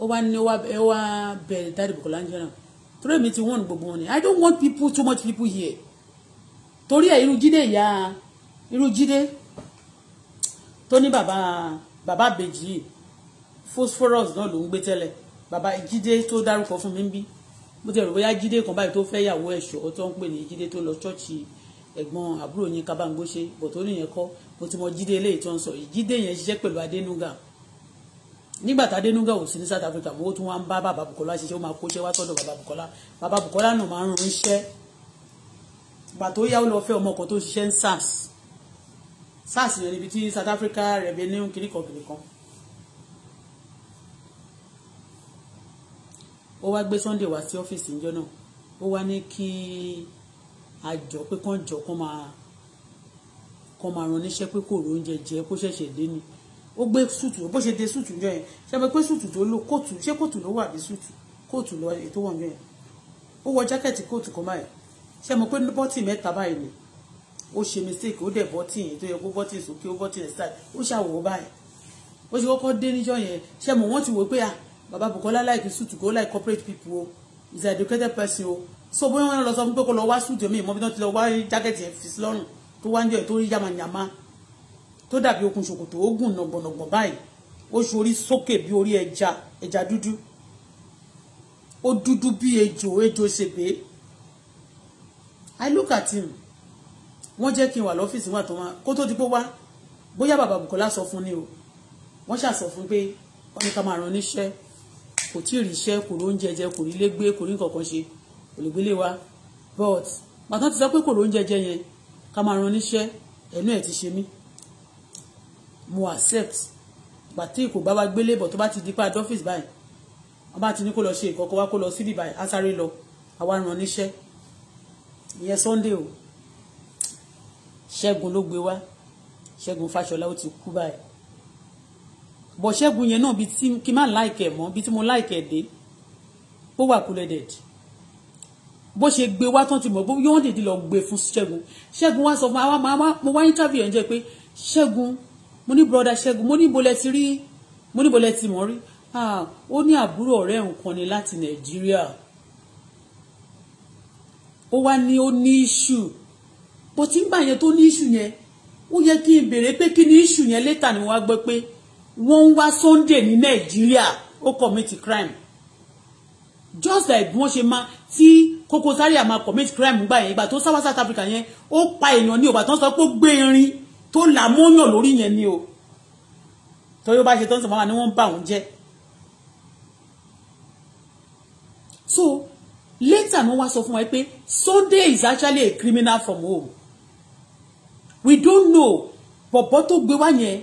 ó wá ní ó wá bẹ̀rẹ̀ dáàdì Bùkọ́lá ń jẹ́ràn torí èmi ti wọ́n gbogbo wọn ni I don't want people too much people here torí ẹ̀ irú jíde ìyá irú jíde tó ní bàbá bàbá bèjì phosphorus náà ló ń gbé tẹ́lẹ̀ bàbá jíde tó dárúkọ fún mi ń bí mo ti rò bóyá jíde kan báyìí tó fẹ́ yàwó ẹ̀ṣọ́ tó ń pè ní jíde tó lọ ṣọ́ọ̀ṣì ẹ̀gbọ́n àbúrò yín kábàǹgbóṣe bọ̀ tó nìyẹn kọ́ mo ti mọ jíde eléyìí tó ń sọ yìí jíde yẹn ṣiṣẹ́ pẹ̀lú adénúgà nígbà tá adénúgà ò sí ní South Africa mo tún wá ń bá bàbá Bukola ṣiṣẹ́ ó máa kóṣẹ́ wá sọ́dọ̀ bàbá Bukola bàbá Bukola náà máa ń rún iṣẹ́ gbà tó yá ó lọ fẹ́ ọmọ kan tó ṣiṣẹ́ ń SARS SARS yẹn níbi tí South Africa revenue kìnnìkan kìnnìkan ó wá gbé Sunday wá sí ọ́fíìsì níjọ́ náà ó wá ní kí àjọ pé kán jọ kán máa kán máa ran níṣẹ́ pé kò róúnjẹ jẹ kó ṣẹ̀ṣẹ̀ dé ni ó gbé sùtù bó ṣe dé sùtù níjọ́ yẹn ṣe pé pé sùtù tó lò kóòtù ṣé kóòtù ló wà bí sùtù kóòtù lọ ètò wọn yẹn ó wọ jákẹ́ẹ̀tì kóòtù kan báyìí ṣe mọ̀ pé bọ́tì mẹ́ta báyìí ni ó ṣe mistake ó dẹ̀ bọ́tì yìí tó yẹ kó bọ́tì sókè ó bọ́tì ẹ̀ sáà ó ṣàwọ̀ báyìí bó ṣe kọ́kọ́ dé níjọ́ yẹn ṣe mọ̀ wọ́n ti wò pé ah baba Bukola like suit go like corporate people o he's an educated person o so bóyá wọn lọ sọ fún pé kó lọ wá studio mi ìmọ̀bí náà ti lọ wá jákẹ́tì ẹ̀ fi lọ́rùn tó wá ń jẹ́ tó rí yamayama tó dàbí okùn ṣòkòtò ó gùn nàgbọ̀nàgbọ̀n báyìí ó ṣe orí sókè bí orí ẹja ẹja dúdú ó dúdú bí ejò ejò ṣègbè i look at him wọ́n jẹ́ kí n wà lọ́fíìsì wọn àtọ́wọ́n kó tó di pé wá bóyá bàbá Bukola sọ fún ni o wọ́n ṣàsọ fún pé wọ́n ní ká máa rán níṣẹ́ kò tí ì ríṣẹ́ kò lóúnjẹ jẹ kò nílé gbé kò ní kankan ṣe kò lè gbélé wa but màtá ti sọ pé kò lóúnjẹ jẹ yẹn ká máa ran níṣẹ́ ẹnu ẹ̀ ti ṣe mí mo accept gbàtí kò bá wa gbélé bọ̀ tó bá ti di pa dọ́fíìsì báyìí wọ́n bá ti ní kó lọ ṣe ìkọ̀kọ̀ wá kó lọ síbí báyìí á lọ àwa ran níṣẹ́ ìyẹn Sunday o ṣẹ́gun ló gbé wá ṣẹ́gun fàṣọlá ó ti kú báyìí bọ̀ ṣẹ́gun yẹn náà bíi tí kí n má láìkẹ mọ́ bíi tí mo láìkẹ dé ó wà kúlẹ̀dẹ̀d bó ṣe gbé wá tán ti mọ̀ bóyá wọ́n dèdè lọ gbé fún ṣẹ́gun ṣẹ́gun wá sọ fún wa mo wá interview ẹ̀ ń jẹ́ pé ṣẹ́gun mo ní broda ṣẹ́gun mo ní bolẹ̀ ti rí mo ní bolẹ̀ ti mọ̀ rí ah, ó ní àbúrò ọ̀rẹ́ nǹkan ni láti nàìjíríà ó wá ní ó ní iṣu bó ti ń gbà yẹn tó ní iṣu yẹn ó yẹ kí n béèrè pé kí ni iṣu yẹn létà ni wọ́n á gbọ́ pé wọ́n ń wá Sunday ní Nàìjíríà ó commit crime just like bí wọ́n ṣe máa tí Koko Zaria máa commit crime gbà yẹn ìgbà tó sáwá South Africa yẹn ó pa èèyàn ní ọgbà tó ń sọ pé ó gbé irin tó là mọ́yàn lórí yẹn ni o torí ó bá ṣe tó ń sọ fún wa ni wọ́n ń bà òun jẹ́ so later ni wọ́n wá sọ fún wa pé Sunday is actually a criminal from home we don't know bọ̀bọ̀ tó gbé wá yẹn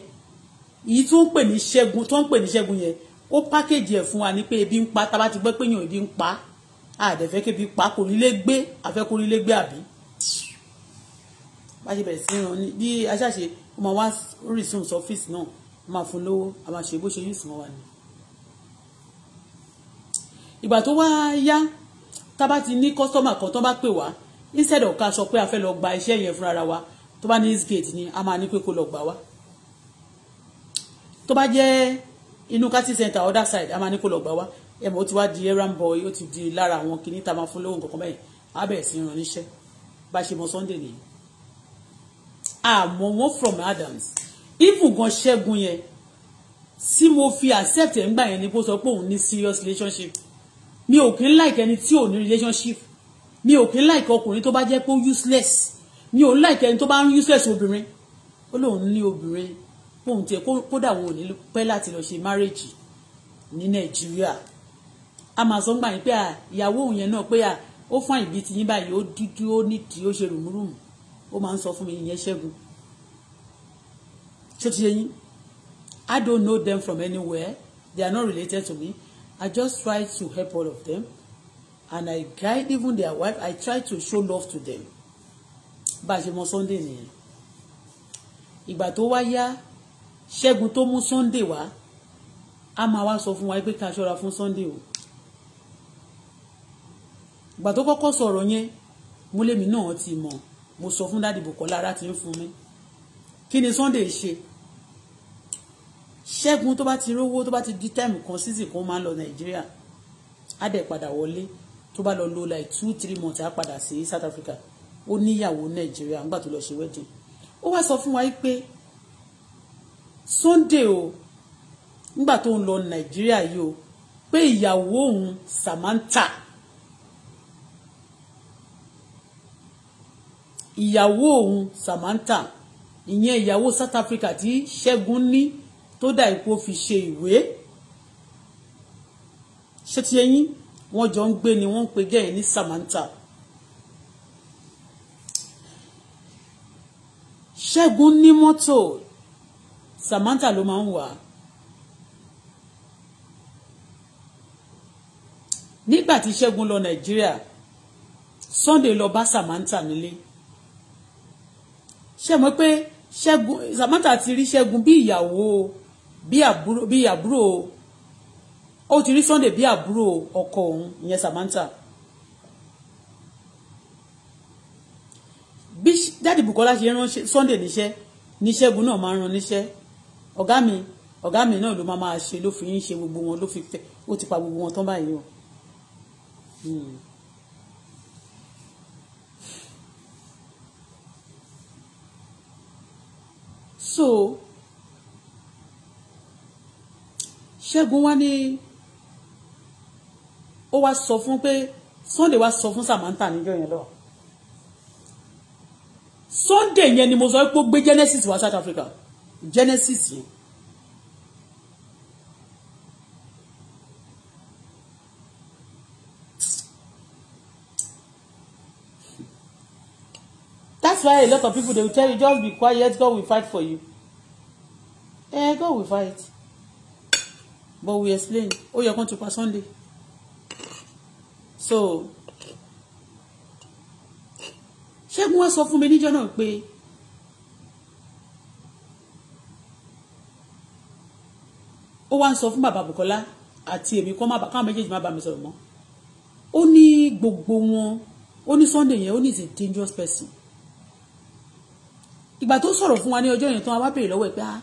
èyí tó ń pè ní ṣẹ́gun tó ń pè ní ṣẹ́gun yẹn ó pákéjì ẹ̀ fún wa ní pé ebi ń pa tá a bá ti gbọ́ pé èèyàn ebi ń pa àdẹ̀fẹ́ kébi pa kò nílé gbé àfẹ́ kò nílé gbé àbí bá ṣe bẹ̀rẹ̀ sí ràn ní bí aṣáṣe ó máa wá resume surface náà ó máa fún lówó a máa ṣe bó ṣe yùsùn wa ni. ìgbà tó wá yá tá a bá ti ní kọ́sọ́mà kan tó bá pè wá instead of ká sọ pé a fẹ́ lọ gba iṣẹ́ yẹn fúnra wa tó bá ní east gate ni a máa ní pé kó lọ gbà wá tó bá jẹ́ inú cutting center other side a máa ní kó lọ gbà wá ẹ mọ̀ ó ti wá di errand boy ó ti di lára àwọn kìíní tá a máa fún lóhùn kankan bẹ́ẹ̀ á bẹ̀rẹ̀ sí ràn níṣẹ́ bá ṣe mọ Sunday nìyí àmọ́ wọ́n from Adams even gan ṣẹ́gun yẹn tí mo fi accept ẹ̀ ń gbà yẹn ni kó sọ pé òun ní serious relationship mi ò kí ń like ẹni tí ò ní relationship mi ò kí ń like ọkùnrin tó bá jẹ́ pé useless mi ò ń like ẹni tó bá ń useless obìnrin ó lóun ní obìnrin fóun tiẹ̀ kódà wo ò pẹ́ láti lọ ṣe márèjì ní nàìjíríà a gbà yín pé ìyàwó òun yẹn náà pé ó fún àìbí ti yín báyìí ó dúdú ó nídìí ó ṣe rùmúrùmù ó máa ń sọ fún mi ìyẹn ṣẹ́gun ṣé ti ṣe yín I don't know them from anywhere they are not related to me I just try to help all of them and I guide even their wife I try to show love to them bá a ṣe mọ Sunday nìyẹn ìgbà tó wá yá ṣẹ́gun tó mú Sunday wá a máa wá sọ fún wa pé ká ṣọ́ra fún Sunday o ìgbà tó kọ́kọ́ sọ̀rọ̀ yẹn mo lèmi náà ti mọ̀ mo sọ fún dádì Bùkọ́lá ara ti ń fún mi kí ni Sunday ṣe ṣẹ́gun tó bá ti rówó tó bá ti di táìmù kan sísì kan máa ń lọ Nàìjíríà á dẹ̀ padà wọlé tó bá lọ lò like two three months á padà sí South Africa ó níyàwó Nàìjíríà nígbà tó lọ ṣe wedding ó wá sọ fún wa pé Sunday o nígbà tó ń lọ Nàìjíríà yìí o pé ìyàwó òun Samantha ìyàwó òun Samantha ìyẹn ìyàwó South Africa tí Ṣẹ́gun ní tó dà ipò fi ṣe ìwé ṣé ti ẹyin wọ́n jọ ń gbé ni wọ́n ń pe gẹ́yìn ní Samantha. Ṣẹ́gun ní mọ́tò Samantha ló máa ń wà. nígbà tí Ṣẹ́gun lọ Nàìjíríà Sunday lọ bá Samantha nílé ṣe mọ̀ pé Ṣẹ́gun Samantha ti rí Ṣẹ́gun bí ìyàwó bí àbúrò bí àbúrò ó ti rí Sunday bí àbúrò ọkọ òun ìyẹn Samantha. bí dáàdì Bukola ṣe rán Sunday níṣẹ́ ní náà máa ń rán níṣẹ́ ọ̀gá mi ọ̀gá mi náà ló máa máa ṣe ló fi ń ṣe gbogbo wọn ló fi fẹ́ ó ti pa gbogbo wọn tán báyìí o. Hmm. so ṣẹ́gun wá ní ó wá sọ fún pé Sunday wá sọ fún Samantha níjọ́ yẹn lọ Sunday yẹn ni mo sọ pé ó gbé Genesis wá South Africa. Genesis yẹn that's why a lot of people they will tell you just be quiet God will fight for you eh God will fight but we explain Oh, ó yẹ kán tó pa Sunday so ṣẹ́gun wá sọ fún mi níjọ́ náà pé. ó wá ń sọ fún bàbá Bùkọ́lá àti èmi kọ́ káwọn méjèèjì má bá mi sọ̀rọ̀ mọ́ ó ní gbogbo wọn ó ní Sunday yẹn ó ní is a dangerous person ìgbà tó sọ̀rọ̀ fún wa ní ọjọ́ yẹn tán a wá béèrè lọ́wọ́ ẹ̀ pé ah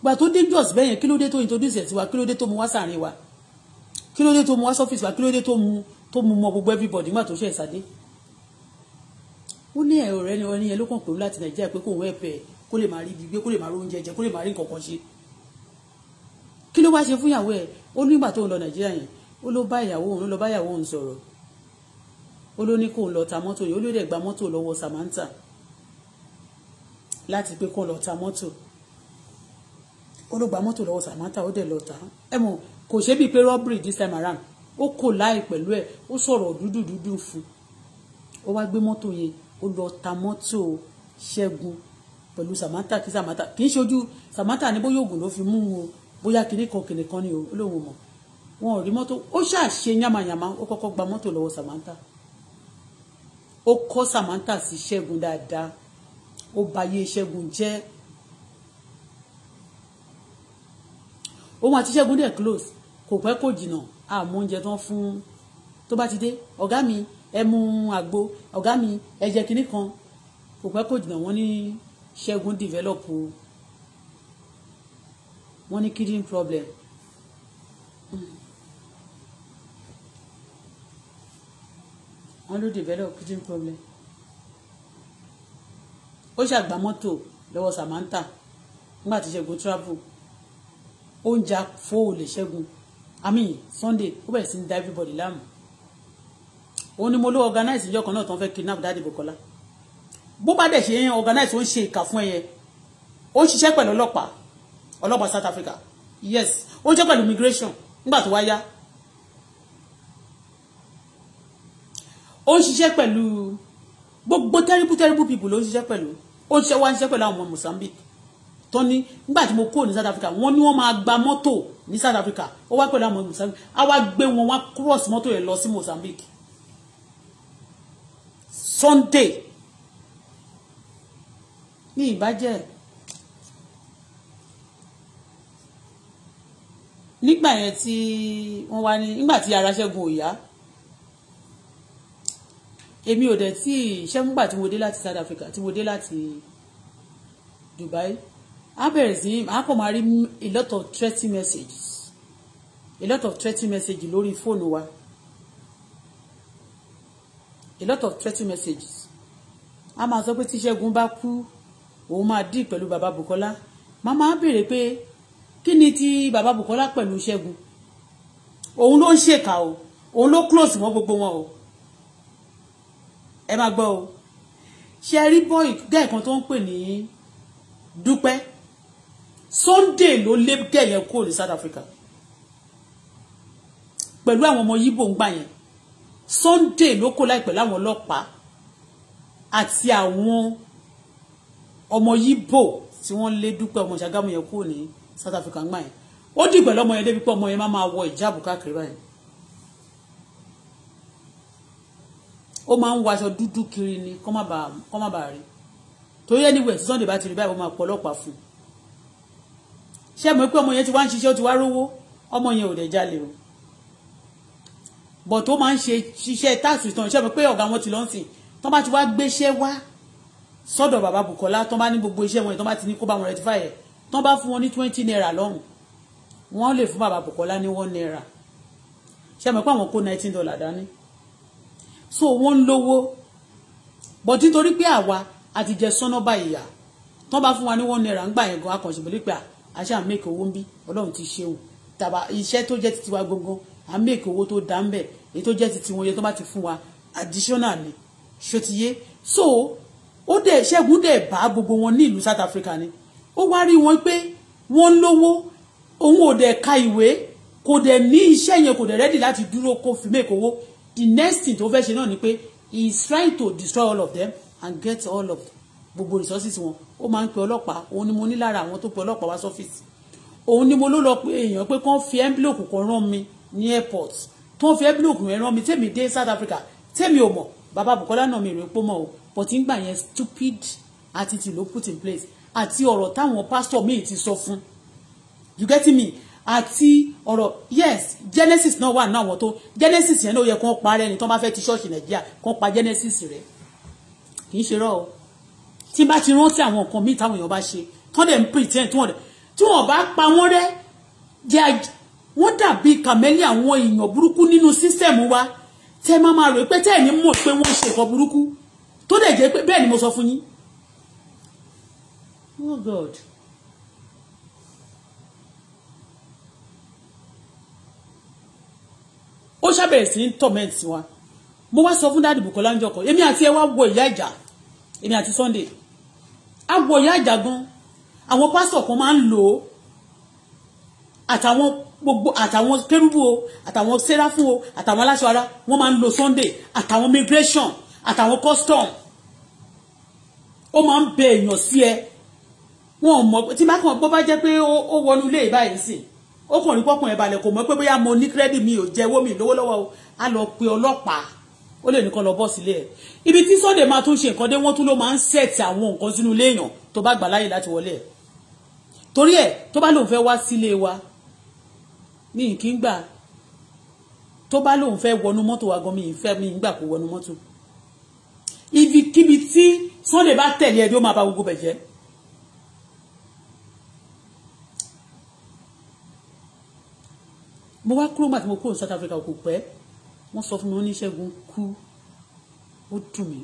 ìgbà tó dangerous bẹ́ẹ̀ yẹn kí ló dé tó introduce ẹ̀ sí wa kí ló dé tó mu wá sàárín wa kí ló dé tó mu wá sọ́fíìsì wa kí ló dé tó mu tó mu mọ gbogbo everybody nígbà tó ṣe ìsàdé ó ní ẹ̀rọ rẹ ni ọ̀rẹ́ yẹn ló kàn pè mí láti Nàìjíríà pé kò wẹ́ẹ̀ bẹ́ẹ̀ kó lè máa rí ibi gbé kó lè máa rí oúnjẹ jẹ kó lè máa rí nǹkan kan ṣe kí ló wá ṣe fún ìyàwó ẹ̀ ó nígbà tó ń lọ nàìjíríà yẹn ó ló bá ìyàwó òun ló bá ìyàwó òun sọ̀rọ̀ ó ló ní kó ń lọ ta mọ́tò yẹn ó ló dẹ̀ gba mọ́tò lọ́wọ́ Samantha láti pé kó lọ ta mọ́tò ó ló gba mọ́tò lọ́wọ́ Samantha ó dẹ̀ lọ ta ẹ mọ̀ kò ṣe bíi pé robbery this time around ó kò láì pẹ̀lú ẹ̀ ó sọ̀rọ̀ dúdú dúdú fún ó wá gbé mọ́tò yẹn ó lọ ta mọ́tò Ṣẹ́gun pẹ̀lú Samantha kí Samantha kì í ṣojú Samantha ní bóyá oògùn ló fi mú un o bóyá kinní kan kinní kan ni o olóhùn mọ̀ wọn ò rí mọ́tò ó ṣàṣe yàmàyàmà ó kọ́kọ́ gba mọ́tò lọ́wọ́ Samantha ó kọ́ Samantha sí Ṣẹ́gun dáadáa ó bayé Ṣẹ́gun jẹ́ òun àti Ṣẹ́gun dẹ̀ close kò pẹ́ kò jìnnà àmú oúnjẹ tán fún tó bá ti dé ọ̀gá mi ẹ mu àgbo ọ̀gá mi ẹ jẹ kinní kan kò pẹ́ kò jìnnà wọ́n ní Ṣẹ́gun develop o wọ́n ní kidney problem. wọ́n ló develop kidney problem. ó ṣàgbà mọ́tò lọ́wọ́ Samantha nígbà tí Ṣẹ́gun travel oúnjẹ fóòlè Ṣẹ́gun I mean Sunday ó bẹ̀rẹ̀ sí ní dá everybody láàmú òun ni mo ló organize ìjọ kan náà tó ń fẹ́ kidnap dáàdì Bùkọ́lá bó bá dẹ̀ ṣe organize ó ń ṣe ìkà fún ẹyẹ ó ń ṣiṣẹ́ pẹ̀lú ọlọ́pàá ọlọ́pàá South Africa yes ó jẹ́ pẹ̀lú immigration nígbà tó wáyá ó ń ṣiṣẹ́ pẹ̀lú gbogbo terrible terrible people ló ń ṣiṣẹ́ pẹ̀lú ó ń ṣiṣẹ́ wá ń ṣiṣẹ́ pẹ̀lú àwọn ọmọ Mozambique tó ní nígbà tí mo kúrò ní South Africa wọ́n ní wọ́n máa gba mọ́tò ní South Africa ó wá pẹ̀lú àwọn ọmọ Mozambique á wá gbé wọn wá cross mọ́tò yẹn lọ sí Mozambique Sunday ní ìbàjẹ́ nígbà yẹn tí wọ́n wá ní nígbà tí ara ṣẹ́gun ò yá èmi ò dẹ̀ tí ṣẹ́gbùgbà tí mo dé láti South Africa tí mo dé láti Dubai a bẹ̀rẹ̀ sí a kò máa rí a lot of threatening messages a lot of threatening messages lórí fóònù wa a lot of threatening messages a máa sọ pé tí ṣẹ́gun bá kú òun máa dì pẹ̀lú bàbá Bukola màmá béèrè pé kí ni ti bàbá Bukola pẹ̀lú Ṣẹ́gun òun ló ń ṣèkà o òun ló close mọ́ gbogbo wọn o ẹ máa gbọ́ o ṣe rí bọ́ì gẹ́ẹ̀ kan tó ń pè ní Dúpẹ́ Sunday ló lé gẹ̀yẹ kúrò ní South Africa pẹ̀lú àwọn ọmọ yíbò ń gbà yẹn Sunday ló kó láì pẹ̀lú àwọn ọlọ́pàá àti àwọn ọmọ yíbò tí wọ́n lé Dúpẹ́ ọmọ Ṣàgámù yẹn kúrò ní South Africa ń gbà yẹn ó dìgbà lọ́mọ yẹn débi pé ọmọ yẹn má máa wọ ìjáàbù káàkiri báyìí ó máa ń wọ aṣọ dúdú kiri ni kọ́ má bàa rí torí ẹni wẹ̀ tí Sunday bá ti rí báyìí ó máa pọ̀ ọlọ́pàá fún un ṣé mo pé ọmọ yẹn ti wá ń ṣiṣẹ́ ó ti wá rówó ọmọ yẹn ò dẹ̀ jalè o bọ̀ tó máa ń ṣe ṣiṣẹ́ táàsì tán ṣé mo pé ọ̀gá wọn ti lọ́n sìn tán bá ti wá gbéṣẹ́ wá sọ́dọ̀ bàbá Bukola tán bá ní gbogbo iṣẹ́ wọn tán bá ti ní kó bá wọn rectify ẹ̀ tán bá fún wọn ní twenty naira lọ́hùn wọ́n lè fún bàbá Bùkọ́lá ní one naira ṣe àmọ́ pé àwọn kó nineteen dollar dání so wọ́n ń lówó but nítorí pé àwa àti jẹ sọ́nà báyìí yà tán bá fún wa ní one naira ń gbà yẹn gan akànṣe bẹ̀lẹ́ pé à ṣe à ń mèkè owó ń bí ọlọ́run ti ṣe o tàbá iṣẹ́ tó jẹ́ titi wa gangan à ń mèkè owó tó dá ń bẹ̀ èyí tó jẹ́ titi wọn yẹn tó bá ti fún wa additional ni ṣòtìyé so ó dẹ̀ ṣẹ́gun dẹ̀ bá gbogbo wọn ní ìlú South Africa ni ó wá rí wọn pé wọ́n ń lówó òun ò dẹ̀ ka ìwé kò dẹ̀ ní iṣẹ́ yẹn kò dẹ̀ rẹ́dì láti dúró kó fi make the next thing tó fẹ́ ṣe náà ni pé he is trying to destroy all of them and get all of gbogbo resources wọn ó máa ń pe ọlọ́pàá òun ni mo ní lára àwọn tó pe ọlọ́pàá wá sọ́fíìsì òun ni mo ló lọ pe èèyàn pé kán fi envelope kan rán mi ní airport tó ń fi envelope yẹn rán mi tèmi dé South Africa tèmi ò mọ̀ bàbá Bukola náà mi rè é pọ́ mọ́ o but ń gbà yẹn stupid attitude ló put in place àti ọ̀rọ̀ táwọn pásítọ̀ míì ti sọ fún you get me àti ọ̀rọ̀ yes genesis náà wà ní àwọn tó genesis yẹn náà yẹ kó parẹ́ ni tó bá fẹ́ ti ṣọ́ọ̀ṣì nàìjíríà kó pa genesis rẹ̀ kì í ṣe rọ́ ọ tí bá ti rántí àwọn nǹkan míì táwọn èèyàn bá ṣe tán dẹ̀ ń pretend tí wọ́n dẹ̀ tí wọ́n bá pa wọ́n rẹ́ jẹ́ wọ́n dàbí kàmẹ́lì àwọn èèyàn burúkú nínú sísẹ̀mù wa tẹ́ máa máa rò pé tẹ́ ẹ̀ ní mọ̀ pé wọ́n ṣe nǹkan burúkú tó dẹ̀ jẹ́ pé bẹ́ẹ̀ ni mo sọ fún yín Oh God. ó ṣàbẹ̀rẹ̀ sí torment wa mo wá sọ fún dáàdì Bùkọ́lá ń jọkọ̀ èmi àti ẹ wá wọ ìyá ìjà èmi àti Sunday a wọ ìyá ìjà gan àwọn pásítọ̀ kan máa ń lò ó àtàwọn gbogbo àtàwọn kérúbù o àtàwọn sẹ́ráfù o àtàwọn aláṣọ ara wọ́n máa ń lo Sunday àtàwọn migration àtàwọn custom ó máa ń bẹ èèyàn sí ẹ wọn ò mọ̀ tí má kàn bó bá jẹ́ pé ó wọnú ilé ìbáyìí sìn ó kàn rí pọ́kùn ẹ̀ balẹ̀ kò mọ̀ pé bóyá mo ní kírẹ́dì mi ò jẹ́wọ́ mi lówó lọ́wọ́ o á lọ pe ọlọ́pàá ó lè nìkan lọ bọ́ sílé ẹ̀ ibi tí Sunday máa tún ṣe nǹkan dé wọ́n tún ló máa ń sẹ̀tì àwọn nǹkan sínú ilé èèyàn tó bá gbà láyè láti wọlé ẹ̀ torí ẹ̀ tó bá lóun fẹ́ wá sílé wa mi kì í gbà tó bá lóun fẹ́ wọnú mọ́tò wa gan mi fẹ́ mi gbà kó wọnú mọ́tò ibikíbi tí Sunday bá tẹ̀lé ẹ̀ ló máa bà gbogbo bẹ̀ jẹ́ mo wá kúrò màtí mo kúrò ní South Africa kò pẹ́ wọ́n sọ fún mi wọ́n ní Ṣẹ́gun kú ó dùn mí.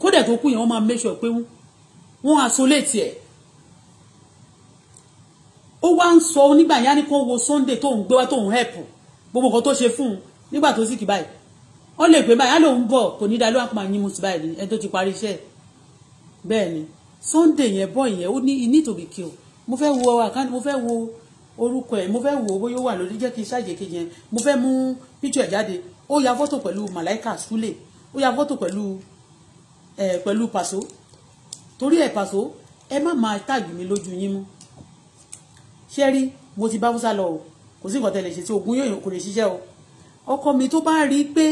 kódà tó kú yẹn wọ́n máa make sure pé wọ́n isolate ẹ̀ ó wá ń sọ nígbà yẹn á ní kó wo Sunday tó ń gbé wá tó ń help gbogbo nǹkan tó ṣe fún un nígbà tó sì kì báyìí wọ́n lè pè báyìí á lóun bọ̀ kò ní dá lóhùn àpò máa báyìí ẹni tó ti parí iṣẹ́ bẹ́ẹ̀ ni Sunday yẹn bọ́ yẹn ó ní you need to be killed mo fẹ́ wo àkáǹtì mo fẹ́ wo orúkọ ẹ̀ mo fẹ́ wo bóyá ó wà lórí jẹ́ kí n ṣàjẹ́ yẹn mo fẹ́ mú píṣọ ẹ̀ jáde ó ya fọ́tò pẹ̀lú Malaika Sule ó ya fọ́tò pẹ̀lú ẹ̀ pẹ̀lú pàṣọ torí ẹ̀ pàṣọ ẹ má máa tàgì mi lójú yín mú ṣé rí mo ti bá Hausa lọ o kò sí nǹkan tẹ̀lé ṣe tí ogun yóò kò lè ṣiṣẹ́ o ọkọ mi tó bá rí i pé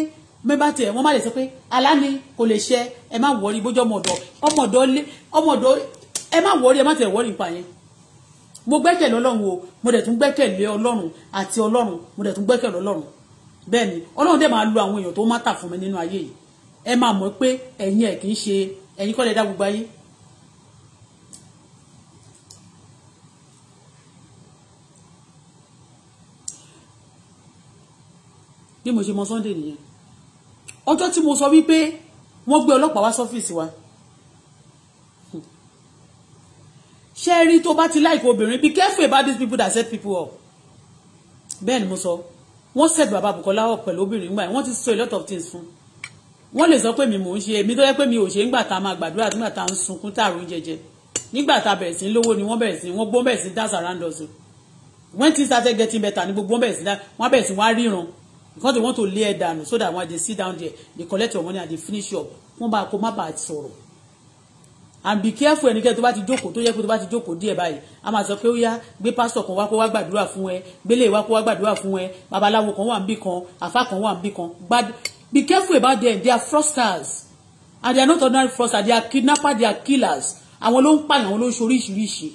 mẹ́bà tiẹ̀ wọ́n má lè sọ pé aláni kò lè ṣe ẹ má wọ́ọ̀rì bójú ọmọdọ̀ ọmọdọ̀ lé ọmọdọ̀ ẹ má wọ́ọ̀rì ẹ má tiẹ̀ wọ́ọ̀rì nípa yẹn mo gbẹ́kẹ̀lé ọlọ́run o mo dẹ̀ tún gbẹ́kẹ̀lé ọlọ́run àti ọlọ́run mo dẹ̀ tún gbẹ́kẹ̀lé ọlọ́run bẹ́ẹ̀ ni ọlọ́run dẹ̀ máa lu àwọn èèyàn tó má tà fún mi nínú ayé yìí ẹ máa mọ̀ pé ẹ̀yin ẹ̀ kì í ṣe ẹ̀yin kọ́ lẹ dá bí mo ṣe mọ Sunday nìyẹn ọjọ́ tí mo sọ wípé wọ́n gbé ọlọ́pàá wá sọ́fíìsì wa ṣé rí tó bá ti láìkó obìnrin be careful about these people that set people up bẹ́ẹ̀ ni mo sọ wọ́n set bàbá Bukola up pẹ̀lú obìnrin gbà wọ́n ti sọ a lot of things fún wọ́n lè sọ pé mi mò ń ṣe èmi tó yẹ pé mi ò ṣe nígbà tá a máa gbàdúrà nígbà tá a ń sunkún tààrùn jẹjẹ nígbà tá a bẹ̀rẹ̀ sí lówó ni wọ́n bẹ̀rẹ̀ sí wọ́n gbọ́n bẹ̀rẹ̀ sí dance around us when things started getting better ni gbogbo wọn bẹ̀rẹ̀ sí wọ́n bẹ̀rẹ̀ sí wọ́n á ríran because they want to lay down so that when they sit down there they collect your money and they finish up wọn bá kó má bàa sọ̀rọ̀ and be careful ẹnikẹ́ni tó bá ti jókòó tó yẹ kó tó bá ti jókòó díẹ̀ báyìí a máa sọ pé ó yá gbé pásítọ̀ kan wá kó wá gbàdúrà fún ẹ gbélé wá kó wá gbàdúrà fún ẹ babaláwo kan wà níbì kan àfà kan wà níbì kan gbad be careful about them they are fraudsters and they are not ordinary fraudsters they are kidnappers they are killers àwọn ló ń pààyàn àwọn ló ń ṣe oríṣiríṣi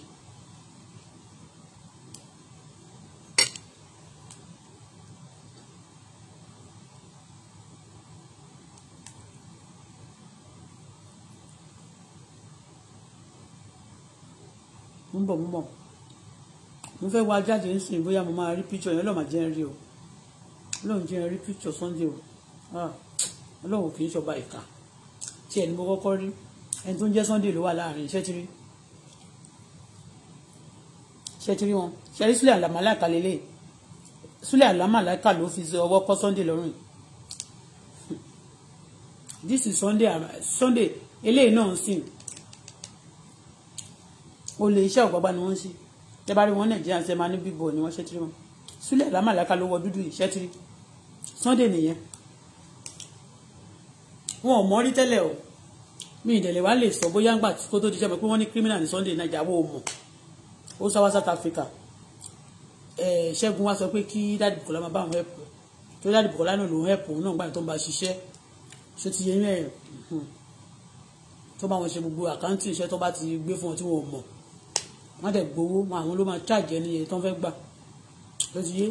ń bọ̀ mú mọ̀ mo fẹ́ wá jáde nísìnyí bóyá mo máa rí píchọ̀ yẹn ọlọ́mà jẹ́ rí o ọlọ́run jẹ́ rí píchọ̀ Sunday o ah, ọlọ́run kì í ṣọba ìka tí ẹni mo kọ́kọ́ rí ẹni tó ń jẹ́ Sunday ló wà láàrin iṣẹ́ tiri iṣẹ́ tiri wọn ṣẹ́rí sílẹ̀ àlàmàlàkà lélẹ̀ sílẹ̀ àlàmàlàkà ló fi ọwọ́ kọ́ Sunday lọ́rùn this is Sunday Sunday eléyìí náà ń sìn olè iṣẹ́ ọ̀gbọ́gba ni wọ́n ń ṣe ẹ bá rí wọn nàìjíríà ṣe máa ní bíbọ̀ ni wọ́n ṣe tiri wọn súlẹ̀ lámàlàkà ló wọ dúdú ìṣẹ́ tiri sunday nìyẹn wọn ò mọ̀ rí tẹ́lẹ̀ o mi ìdẹ̀lẹ̀ wa lè sọ bóyá ńgbà kó tó di iṣẹ́ mi pé wọ́n ní criminal ní sunday naija wo mọ̀ ó sá wá south africa ẹ̀ ṣẹ́gun wá sọ pé kí dáàdì bùkọ́lá máa bá àwọn ẹ̀pù tó dáàdì bùkọ́lá náà lòun ẹ̀pù náà gbà tó ń bá ṣiṣẹ́ ṣó ti yẹ yín ẹ̀ hmm. tó bá wọn ṣe gbogbo àkáǹtì iṣẹ́ tó bá ti gbé fún wọn tí wọn ò mọ̀ wọ́n dẹ̀ gbowó àwọn ló máa charge ní iye tó ń fẹ́ gbà ló ti yé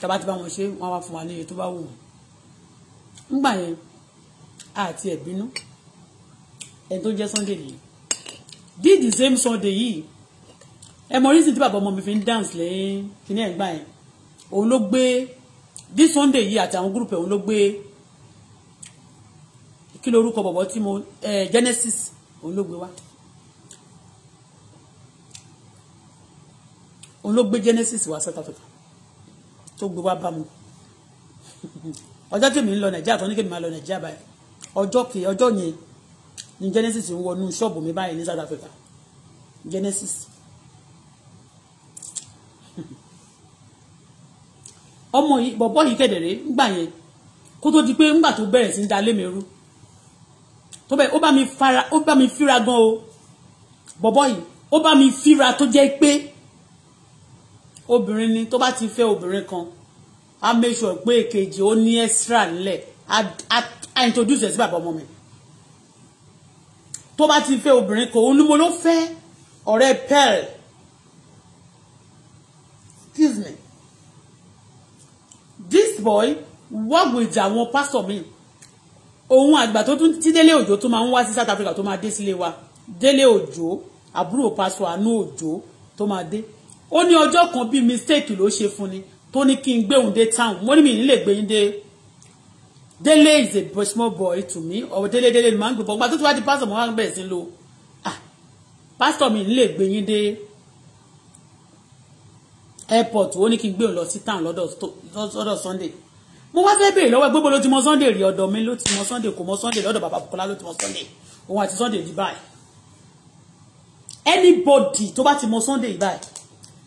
tàbá ti bá wọn ṣe wọ́n wá fún wa ní iye tó bá wù wọ́n ńgbà yẹn àti ẹ̀bínú ẹni tó jẹ́ Sunday nìyẹn did the same Sunday yìí ẹ mọ reason tí bàbá ọmọ mi fi ń dance lẹ́yìn kíní ẹ̀ gbà yẹn òun ló gbé this Sunday yìí àti àwọn group ẹ̀ òun ló gbé kí lorúkọ bọ̀bọ̀ tí mo eh, Genesis òun ló gbé wá. òun ló gbé Genesis wá South Africa tó gbé wá bá mu ọjọ́ kí mi ń lọ Nàìjíríà tó ní kí máa lọ Nàìjíríà báyìí ọjọ́ kì ọjọ́ yẹn ni Genesis ń wọnú ṣọ́ọ̀bù mi báyìí ní South Africa Genesis ọmọ yìí bọ̀bọ́ yìí kedere ńgbà yẹn kó tó di pé ńgbà tó bẹ̀rẹ̀ sí ń da lémi tó bẹ̀ ó bá mi fira gan o bọ̀bọ́ yìí ó bá mi fira tó jẹ́ pé obìnrin ni tó bá ti fẹ́ obìnrin kan á make sure pé èkejì ó ní extra nílẹ̀ á introduce ẹ̀ sí bàbá ọmọ mi tó bá ti fẹ́ obìnrin kan òun ni mo ló fẹ́ ọ̀rẹ́ pearl excuse me this boy work with àwọn pastor mi òun àgbà tó tún tí délé òjò tó máa ń wá sí South Africa tó máa dé sílé wa délé òjò àbúrò pásọ àánú òjò tó máa dé ó ní ọjọ́ kan bíi mistake ló ṣe fún ni tó ní kí n gbé òun dé town mo ní mi nílè gbé yín dé délé is a small boy to me ọ̀rọ̀ délé délé ni màá ń gbé bọ́ gba tó ti wá di pásítọ̀ mo wá ń bẹ̀rẹ̀ sí lo ah, pásítọ̀ mi nílè gbé yín dé airport ó ní kí n gbé òun lọ sí town lọ́dọ̀ Sunday mo wá fẹ́ bèèrè lọ́wọ́ gbogbo ló ti mọ Sunday rí ọ̀dọ̀ mi ló ti mọ Sunday kò mọ Sunday lọ́dọ̀ bàbá Bukola ló ti mọ Sunday òun àti Sunday di báyìí anybody tó bá ti mọ Sunday báyìí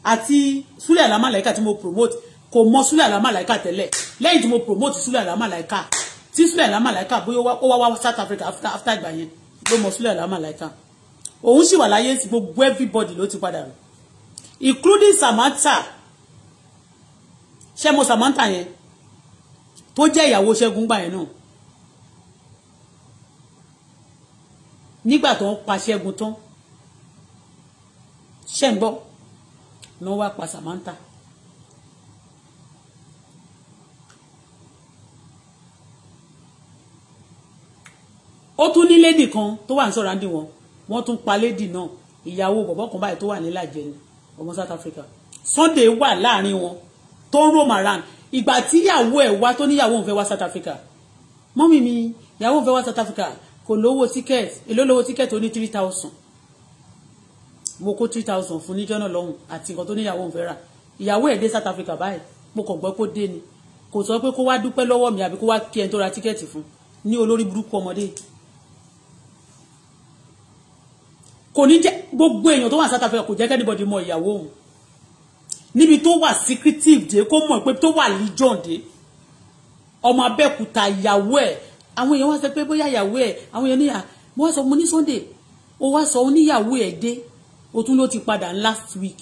àti Sule Alao Malaika tí mo promote kò mọ Sule Alao Malaika tẹ́lẹ̀ lẹ́yìn tí mo promote Sule Alao Malaika tí Sule Alao Malaika bóyá ó wá wá South Africa after after ìgbà yẹn ló mọ Sule Alao Malaika òun sì wà láyé sí gbogbo everybody ló ti padà rẹ̀ including Samantha ṣé mo Samantha yẹn tó jẹ́ ìyàwó Ṣẹ́gun gbà yẹn náà nígbà tó ń pa Ṣẹ́gun tán ṣẹ́ ń gbọ́ náà wá pa Samantha. ó tún ní lédì kan tó wà ní sọ̀ràǹdì wọn wọ́n tún pa lédì náà ìyàwó bọ̀bọ̀ kan báyìí tó wà ní làjẹ́ ni ọmọ South Africa Sunday wà láàrin wọn tó ń roam around ìgbà tí ìyàwó ẹ̀ wá tó níyàwó òun fẹ́ wá South Africa mọ́mì mi ìyàwó òun fẹ́ wá South Africa kò lówó tíkẹ́ẹ̀tì èló lówó tíkẹ́ẹ̀tì ó ní three thousand mo kó three thousand fún níjọ́ náà lọ́hùn àti nǹkan tó níyàwó òun fẹ́ rà ìyàwó ẹ̀ dé South Africa báyìí mo kàn gbọ́ kó dé ni kò sọ pé kó wá dúpẹ́ lọ́wọ́ mi àbí kó wá kí ẹni tó ra tíkẹ́ẹ̀tì fún ní olórí burúkú ọmọdé kò ní jẹ́ gbogbo èèyàn tó wà South Africa kò jẹ́ kẹ́nìbọ̀dì mọ ìyàwó òun níbi tó wà secretive dé kó mọ̀ pé tó wà legion dé ọmọ Abẹ́òkúta ìyàwó ẹ̀ àwọn èèyàn wá sọ pé bóyá ìyàwó ẹ̀ àwọn èèyàn níyà mo wá sọ mo ní Sunday ó wá sọ oníyàwó ẹ̀ dé o tún ló ti padà last week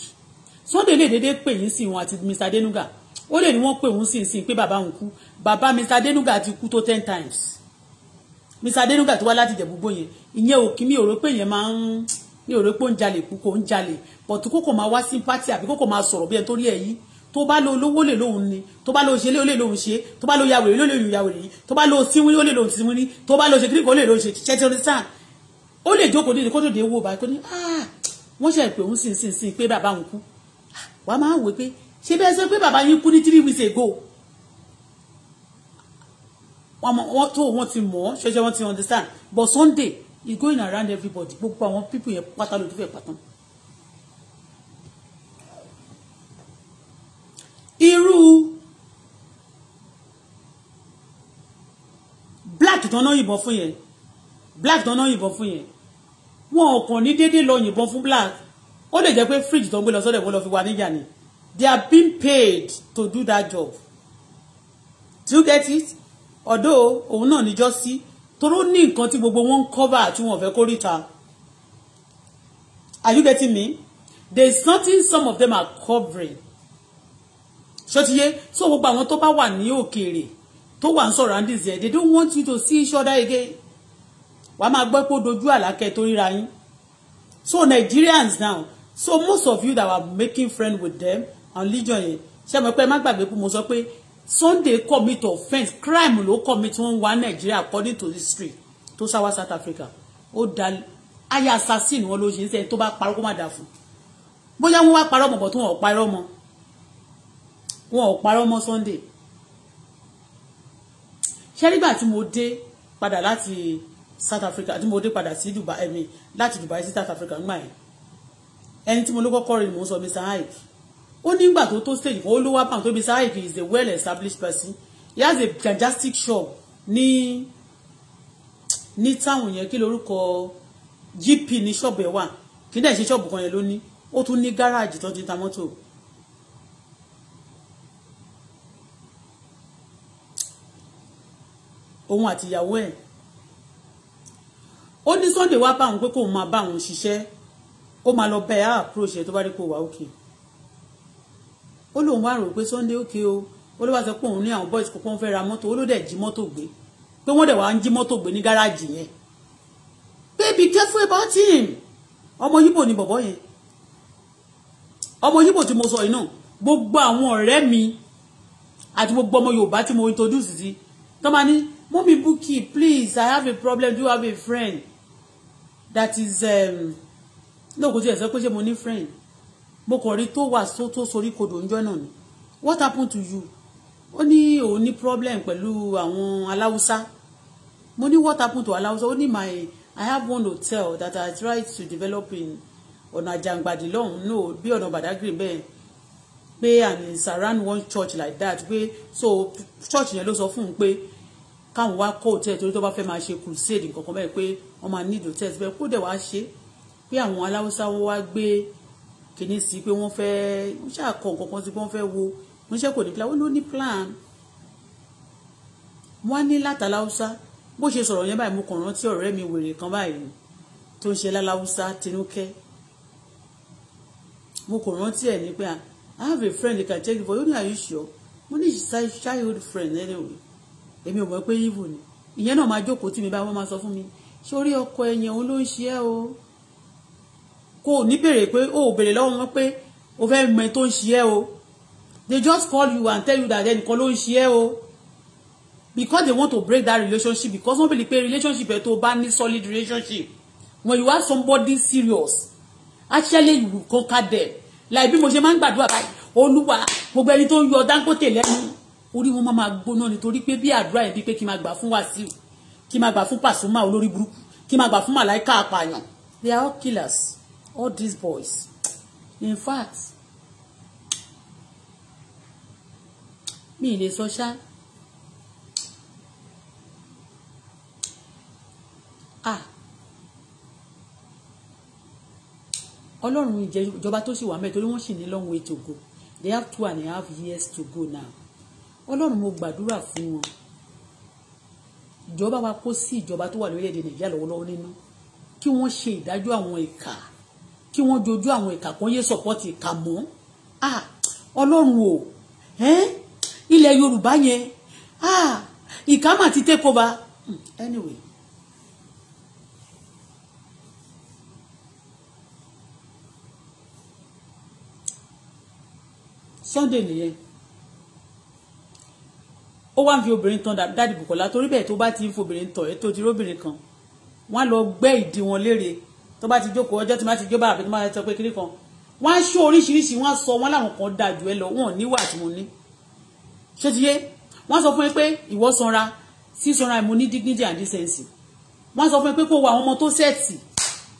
Sunday lè dédé pè yín sí wọn àti Mr Denuga ó lè ní wọ́n pè òun sí ìsìn pé bàbá òun kú bàbá Mr Denuga ti kú tó ten times Mr Denuga tó wá láti Ìjẹ̀bú-Igbó yẹn ìyẹn ò kí mi ò rò pé yẹn máa ń mi ò rò pé ó ń jalè kú kò ń jalè but kókò máa wá sí pátì àbí kókò máa sọ̀rọ̀ bí ẹni tó rí ẹ̀ tó bá lo olówó lè lóhun ni tó bá lo ṣe lé ó lè lóhun ṣe tó bá lo yàwèrè ló lè lóhun yàwèrè yìí tó bá lo síwín ó lè lóhun síwín ní tó bá lo ṣe kíríkì ó lè lóhun ṣe ṣẹ́tì onísàn ó lè jókòó nídìí kó tó dé wò báyìí kó ní ah wọ́n ṣe pé òun sìn sìn sìn pé bàbá òun kú wàá máa wò pé ṣé bẹ́ẹ̀ sọ pé bàbá yín kú ní three weeks ago wọ́n tó wọ́n ti mọ̀ ọ́ ṣẹṣẹ wọ́n ti understand but Sunday e going around everybody gbogbo àwọn people yẹn pátá lójú fẹ́ pátán. irú black tán náà yìnbọn fún yẹn black tán náà yìnbọn fún yẹn wọn ò ní déédéé lọ yìnbọn fún black ó lè jẹ́ pé fridge tó ń gbé lọ sọ́dọ̀ ìwọ́n lọ fi wà níjà ni they are being paid to do that job do you get it ọ̀dọ́ òun náà níjọ́ sí toró ní nǹkan tí gbogbo wọn ń cover tí wọn ò fẹ́ are you getting me there is nothing some of them are covering ṣọtiye so gbogbo àwọn tó bá wà ní òkèèrè tó wà ń sọ̀rọ̀ andy zẹ̀ they don't want you to see each other again wàá máa gbọ́ pé ó dojú àlákẹ́ tó ríra so Nigerians now so most of you that were making friend with them and legion yẹn ṣe mọ̀ pé ẹ má gbàgbé pé mo sọ pé Sunday commit offence crime ló commit wọn wá Nigeria according to history to sá South Africa ó da ayé assassin wọn ló ṣe ń sẹ́yìn tó bá parọ́ kó má dà fún bóyá wọn wá parọ́ mọ̀ bọ̀ tó wọn ò parọ́ mọ́ wọn ò parọ́ mọ́ Sunday ṣẹ́rígbà tí mo dé padà láti South Africa tí mo dé padà sí Dubai ẹ̀mí láti Dubai sí South Africa ńgbà yẹn ẹni tí mo ló kọ́kọ́ rí ni mò ń sọ Mr Hyde ó nígbà tó tó stage kan ó ló wá pàm tó Mr Hyde is a well established person he has a fantastic shop ní ní táwọn yẹn kí lorúkọ GP ní ṣọ́ọ̀bù ẹ̀ wà kí dẹ̀ ṣe ṣọ́ọ̀bù kan yẹn ló ní ó tún ní gáràjì tó ti ta mọ́tò òun àti ìyàwó ẹ̀ ó ní Sunday wá bá òun pé kóun máa bá òun ṣiṣẹ́ ó máa lọ bẹ́ẹ̀ á approach ẹ̀ tó bá rí pé ó wà òkè ó lóun wá rò pé Sunday òkè o ó ló wá sọ pé òun ní àwọn boys kọ̀ọ̀kan fẹ́ ra mọ́tò ó ló dẹ̀ jí mọ́tò gbé pé wọ́n dẹ̀ wá ń jí mọ́tò gbé ní gáràjì yẹn pé careful about him ọmọ yíbò ni bọ̀bọ́ yẹn ọmọ yíbò tí mo sọ yìí náà gbogbo àwọn ọ̀rẹ́ mi àti gbogbo ọmọ Yorùbá tí mo introduce sí tọ́ ma ní mọ́mí Bukky please I have a problem do you have a friend that is um, no go. ẹ sọ pé ṣé mo ní friend mo kàn rí tó wà tó sorí kodò ńjọ́ náà ni what happened to you ó ní òun ní problem pẹ̀lú àwọn aláwùsá mo ní what happened to aláwùsá ó ní my I have one hotel that I tried to develop in ọ̀nà àjàǹgbàdì lọ́hùn no bí ọ̀nà bàdágìrì Be pé and surround one church like that pé so church yẹn ló sọ fún un pé káwọn wá kó hòtẹ́ẹ̀lì torí tó bá fẹ́ máa ṣe crusade nǹkan kan bẹ́ẹ̀ pé wọ́n máa ní hòtẹ́ẹ̀lì bẹ́ẹ̀ kó dẹ̀ wá ṣe pé àwọn aláwọ́sá wá gbé kìíní sí pé wọ́n fẹ́ wọ́n ṣàkọ nǹkan kan sí pé wọ́n fẹ́ wo wọ́n ṣe kò ní plan wọ́n ló ní plan wọ́n ní látàláwọ́sá bó ṣe sọ̀rọ̀ yẹn báyìí mo kàn rántí ọ̀rẹ́ mi wèrè kan báyìí tó ń ṣe láláwọ́sá tinúkẹ́ mo kò rántí ẹ̀ ní pé ah, I have a friend you can check for you know are you sure mo ní childhood friend anyway èmi ò mọ̀ pé evil ni ìyẹn náà máa jókòó tí mi bá wọ́n máa sọ fún mi sórí ọkọ ẹ̀yìn òun ló ń ṣe ẹ́ o kò ní bèrè pé o ò bèrè lọ́wọ́ wọn pé o fẹ́ mọ ẹ tó ń ṣe ẹ́ o they just call you and tell you that ẹnìkan ló ń ṣe ẹ́ o because they want to break that relationship because wọ́n bèrè pé relationship ẹ̀ tó bá ní solid relationship when you have somebody serious actually you will conquer them like bí mo ṣe máa ń gbàdúrà báyìí olúwa gbogbo ẹni tó ń yọ Dangote lẹ́nu orí wọn máa gbóná nítorí pé bí àdúrà ẹbí pé kí máa gbà fún Wàsíù kí máa gbà fún Pasuma olórí burúkú kí máa gbà fún Màláìka àpààyàn they are all killers all these boys in fact mi ì lè sọ ṣá ah ọlọ́run ìjọba tó sì wà mẹ́ẹ̀ torí wọ́n sì ní long way to go they have two and a half years to go now ọlọ́run mo gbàdúrà fún wọn ìjọba wa kó sí ìjọba tó wà lórílẹ̀‐èdè nàìjíríà lọ́wọ́lọ́wọ́ nínú kí wọ́n ṣe ìdájọ́ àwọn ìkà kí wọ́n dojú àwọn ìkà kan yé sọ̀pọ́tì ìkà mọ́ ọlọ́run o ilẹ̀ yorùbá yẹn ìkà mà ti take over hmm, anyway sunday nìyẹn ó wá ń fi obìnrin tan dáàdì Bùkọ́lá torí bẹ́ẹ̀ tó bá ti ń fobìnrin tọ̀ ẹ́ tó ti róbìnrin kan wọ́n á lọ gbẹ́ ìdí wọn léèrè tó bá ti jókòó ọjọ́ tó bá ti jóbá àbí tó bá ti sọ pé kiri kan wọ́n á ṣó oríṣiríṣi wọ́n á sọ wọ́n láwọn kan dáa jù ẹ́ lọ wọ́n níwà tí mo ní ṣé ti yé wọ́n sọ fún mi pé ìwọ sanra sí sanra mo ní dignity and decency wọ́n sọ fún mi pé kó wo àwọn ọmọ tó sẹ́ẹ̀tì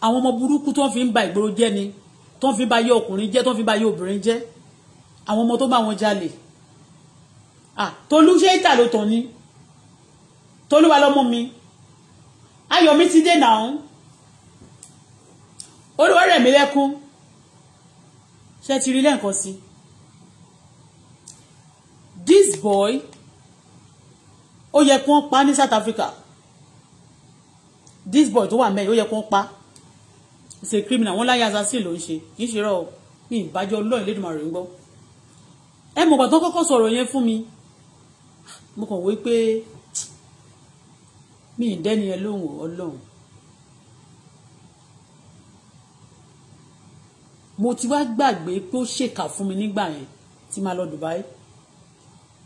àwọn ọmọ burúkú tó fi ń ba ìgboro jẹ́ ni tó ń ba yé ọkùnrin jẹ́ tó ń ba yé obìnrin jẹ́ àwọn ọmọ tó bá wọn jalè ah tolú ló tàn ni tolúwa lọ́mú mi ayọ̀mí ti dé nà olúwa rẹ̀ mí lẹ́kún ṣe ti rí lẹ́ǹkan sí this boy ó yẹ kí wọ́n pa ní South Africa this boy tó wà mẹ́rin ó yẹ kí wọ́n pa ṣe criminal wọ́n láyé assassin ló ń ṣe kì í ṣe rọ ní ìbájọ́ ọlọ́run lẹ́dùnmọ̀ rẹ̀ ń gbọ́ ẹ mọ̀gbà tó kọ́kọ́ sọ̀rọ̀ yẹn fún mi mo kàn wí pé mi ì dẹ́ni ẹ lóhùn ọlọ́run mo ti wá gbàgbé pé ó ṣèkà fún mi nígbà yẹn tí máa lọ Dubai